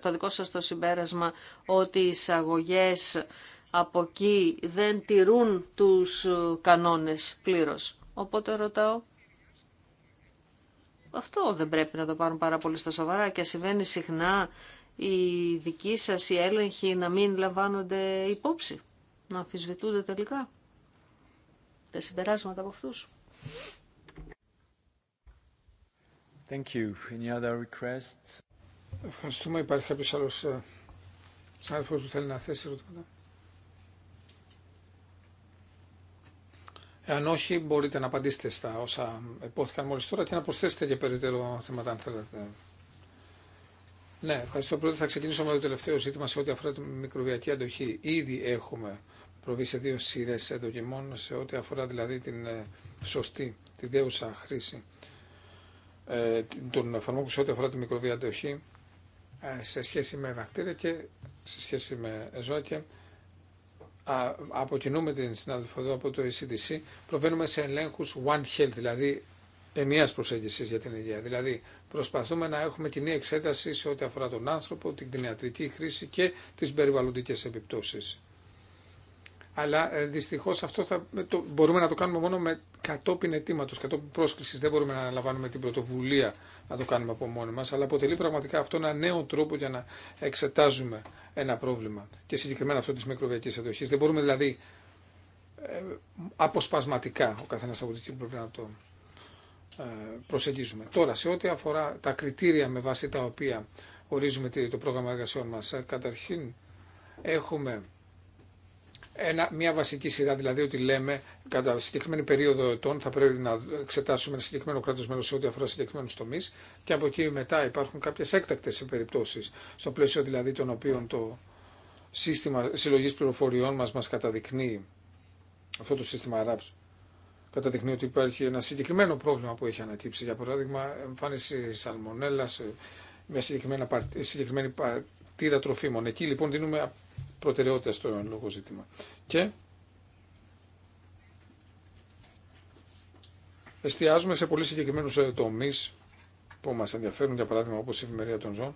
A: το δικό σα το συμπέρασμα ότι οι εισαγωγέ από εκεί δεν τηρούν τους ε, κανόνες πλήρω. Οπότε ρωτάω, αυτό δεν πρέπει να το πάρουν πάρα πολύ στα σοβαρά και συμβαίνει συχνά οι δικοί σας οι έλεγχοι να μην λαμβάνονται υπόψη, να αμφισβητούνται τελικά τα συμπεράσματα από αυτούς. Thank you. Any other
B: Ευχαριστούμε. Υπάρχει κάποιο άλλο ε, συνάδελφο που θέλει να θέσει ερωτήματα. Εάν όχι, μπορείτε να απαντήσετε στα όσα επόθηκαν μόλι τώρα και να προσθέσετε και περαιτέρω θέματα αν θέλετε. Ναι, ευχαριστώ πρώτα. Θα ξεκινήσω με το τελευταίο ζήτημα σε ό,τι αφορά τη μικροβιακή αντοχή. Ήδη έχουμε προβεί σε δύο σειρέ μόνο σε ό,τι αφορά δηλαδή την ε, σωστή, τη δέουσα χρήση ε, τον φαρμάκων σε ό,τι αφορά τη μικροβία αντοχή ε, σε σχέση με βακτήρια και σε σχέση με ζώα και από την συνάδελφο εδώ από το ECDC προβαίνουμε σε ελέγχους One Health, δηλαδή ενιαία προσέγγιση για την υγεία. Δηλαδή, προσπαθούμε να έχουμε κοινή εξέταση σε ό,τι αφορά τον άνθρωπο, την κτηνιατρική χρήση και τι περιβαλλοντικέ επιπτώσει αλλά ε, δυστυχώ αυτό θα, το, μπορούμε να το κάνουμε μόνο με κατόπιν ετήματο, κατόπιν πρόσκληση, Δεν μπορούμε να αναλαμβάνουμε την πρωτοβουλία να το κάνουμε από μόνοι μα, αλλά αποτελεί πραγματικά αυτό ένα νέο τρόπο για να εξετάζουμε ένα πρόβλημα και συγκεκριμένα αυτό της μικροβιακή αντοχής. Δεν μπορούμε δηλαδή ε, αποσπασματικά ο καθένα από την πρέπει να το ε, προσεγγίζουμε. Τώρα, σε ό,τι αφορά τα κριτήρια με βάση τα οποία ορίζουμε το πρόγραμμα εργασιών μα, καταρχήν έχουμε ένα, μια βασική σειρά, δηλαδή ότι λέμε κατά συγκεκριμένη περίοδο ετών θα πρέπει να εξετάσουμε ένα συγκεκριμένο κράτο μέλο σε ό,τι αφορά συγκεκριμένου τομεί και από εκεί μετά υπάρχουν κάποιε έκτακτε περιπτώσει, στο πλαίσιο δηλαδή των οποίων το σύστημα συλλογή πληροφοριών μα μας καταδεικνύει, αυτό το σύστημα RAPS, καταδεικνύει ότι υπάρχει ένα συγκεκριμένο πρόβλημα που έχει ανακύψει. Για παράδειγμα, εμφάνιση σαλμονέλα, ε, μια συγκεκριμένη, συγκεκριμένη τροφίμων. Εκεί λοιπόν δίνουμε προτεραιότητα στο λόγο ζήτημα. Και εστιάζουμε σε πολύ συγκεκριμένους ε, τομείς που μας ενδιαφέρουν, για παράδειγμα όπως η ευημερία των ζώων,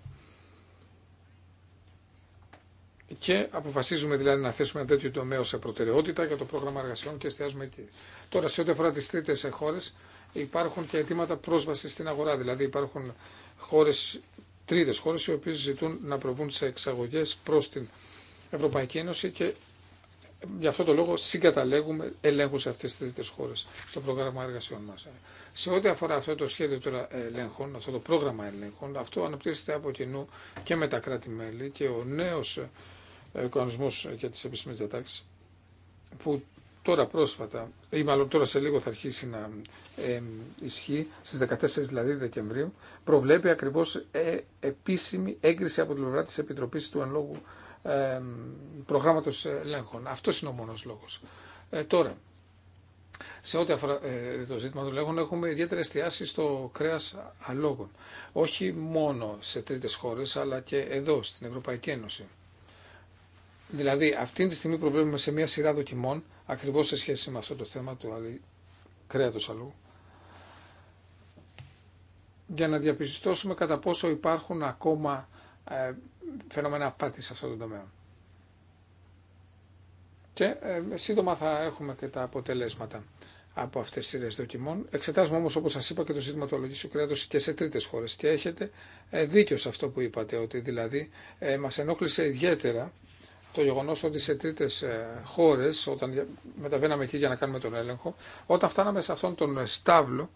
B: και αποφασίζουμε δηλαδή να θέσουμε ένα τέτοιο τομέα σε προτεραιότητα για το πρόγραμμα εργασιών και εστιάζουμε εκεί. Τώρα, σε ό,τι αφορά τι τρίτε χώρε, υπάρχουν και αιτήματα πρόσβαση στην αγορά. Δηλαδή, υπάρχουν χώρες, τρίτε χώρε, οι οποίε ζητούν να προβούν σε εξαγωγέ προ την Ευρωπαϊκή Ένωση και γι' αυτό το λόγο συγκαταλέγουμε ελέγχου σε αυτέ τι δύο χώρε στο πρόγραμμα εργασιών μα. Σε ό,τι αφορά αυτό το σχέδιο τώρα ελέγχων, αυτό το πρόγραμμα ελέγχων, αυτό αναπτύσσεται από κοινού και με τα κράτη-μέλη και ο νέο οικονομισμό ε, για τι επισημέ διατάξει που τώρα πρόσφατα, ή μάλλον τώρα σε λίγο θα αρχίσει να ε, ισχύει, στις 14 δηλαδή Δεκεμβρίου, προβλέπει ακριβώς ε, επίσημη έγκριση από την πλευρά της Επιτροπής του Ανλόγου προγράμματος ελέγχων. Αυτό είναι ο μόνος λόγος. Ε, τώρα, σε ό,τι αφορά ε, το ζήτημα των λέγων, έχουμε ιδιαίτερα εστιάσει στο κρέα αλόγων. Όχι μόνο σε τρίτε χώρε, αλλά και εδώ, στην Ευρωπαϊκή Ένωση. Δηλαδή, αυτή τη στιγμή προβλέπουμε σε μια σειρά δοκιμών, ακριβώ σε σχέση με αυτό το θέμα του κρέατο αλόγου, για να διαπιστώσουμε κατά πόσο υπάρχουν ακόμα ε, φαινόμενα απάτη σε αυτό το τομέα. Και ε, σύντομα θα έχουμε και τα αποτελέσματα από αυτέ τι σειρέ δοκιμών. Εξετάζουμε όμω, όπω σα είπα, και το ζήτημα του αλλογή του και σε τρίτε χώρε. Και έχετε ε, δίκιο σε αυτό που είπατε, ότι δηλαδή ε, μα ενόχλησε ιδιαίτερα το γεγονό ότι σε τρίτε χώρε, όταν μεταβαίναμε εκεί για να κάνουμε τον έλεγχο, όταν φτάναμε σε αυτόν τον στάβλο,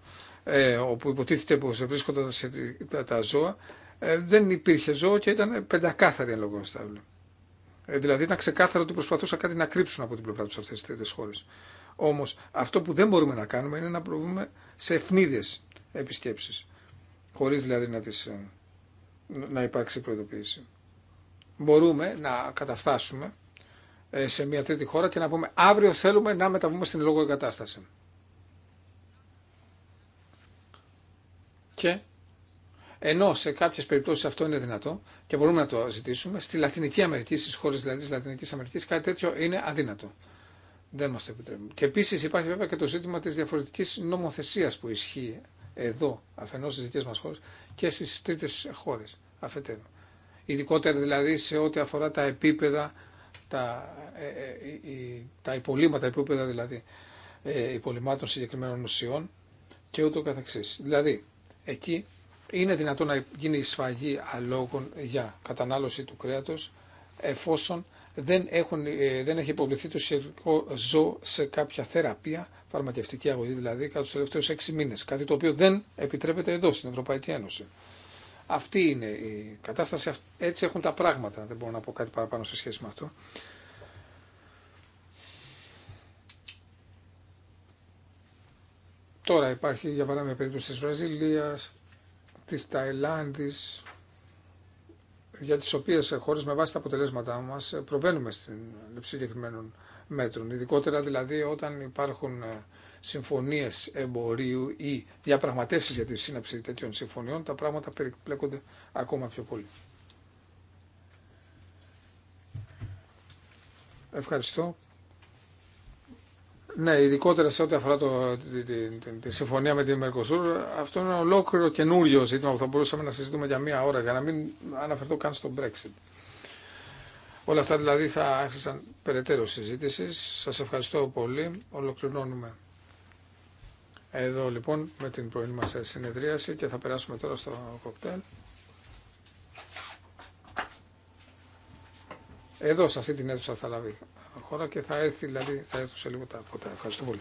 B: ε, όπου υποτίθεται πω βρίσκονταν τα, τα ζώα, ε, δεν υπήρχε ζώο και ήταν πεντακάθαρη εν λόγω ε, Δηλαδή ήταν ξεκάθαρο ότι προσπαθούσαν κάτι να κρύψουν από την πλευρά του αυτέ τι τρίτε χώρε. Όμω αυτό που δεν μπορούμε να κάνουμε είναι να προβούμε σε ευνίδιε επισκέψει. Χωρί δηλαδή να, ε, να υπάρξει προειδοποίηση. Μπορούμε να καταφτάσουμε σε μια τρίτη χώρα και να πούμε αύριο θέλουμε να μεταβούμε στην λόγω εγκατάσταση. Και ενώ σε κάποιε περιπτώσει αυτό είναι δυνατό και μπορούμε να το ζητήσουμε, στη Λατινική Αμερική, στι χώρε δηλαδή τη Λατινική Αμερική, κάτι τέτοιο είναι αδύνατο. Δεν μα το επιτρέπουν. Και επίση υπάρχει βέβαια και το ζήτημα τη διαφορετική νομοθεσία που ισχύει εδώ, αφενό στι δικέ μα χώρε και στι τρίτε χώρε αφετέρου. Ειδικότερα δηλαδή σε ό,τι αφορά τα επίπεδα, τα, ε, ε, ε τα υπολείμματα, επίπεδα δηλαδή ε, υπολείμματων συγκεκριμένων ουσιών και ούτω καθεξής. Δηλαδή, εκεί είναι δυνατόν να γίνει η σφαγή αλόγων για κατανάλωση του κρέατος εφόσον δεν, έχουν, ε, δεν έχει υποβληθεί το σχετικό ζώο σε κάποια θεραπεία, φαρμακευτική αγωγή δηλαδή, κατά του τελευταίους έξι μήνες. Κάτι το οποίο δεν επιτρέπεται εδώ στην Ευρωπαϊκή Ένωση. Αυτή είναι η κατάσταση. Έτσι έχουν τα πράγματα. Δεν μπορώ να πω κάτι παραπάνω σε σχέση με αυτό. Τώρα υπάρχει για παράδειγμα περίπτωση της Βραζιλίας της Ταϊλάνδης για τις οποίες χώρες με βάση τα αποτελέσματά μας προβαίνουμε στην λήψη συγκεκριμένων μέτρων. Ειδικότερα δηλαδή όταν υπάρχουν ε, συμφωνίες εμπορίου ή διαπραγματεύσεις για τη σύναψη τέτοιων συμφωνιών, τα πράγματα περιπλέκονται ακόμα πιο πολύ. Ευχαριστώ. Ναι, ειδικότερα σε ό,τι αφορά το, τη, τη, τη, τη, συμφωνία με την Μερκοσούρ, αυτό είναι ένα ολόκληρο καινούριο ζήτημα που θα μπορούσαμε να συζητούμε για μία ώρα, για να μην αναφερθώ καν στο Brexit. Όλα αυτά δηλαδή θα άρχισαν περαιτέρω συζήτηση. Σα ευχαριστώ πολύ. Ολοκληρώνουμε εδώ λοιπόν με την πρωινή μα συνεδρίαση και θα περάσουμε τώρα στο κοκτέιλ. Εδώ σε αυτή την αίθουσα θα λάβει χώρα και θα έρθει, δηλαδή θα έρθω σε λίγο τα φώτα. Ευχαριστώ πολύ.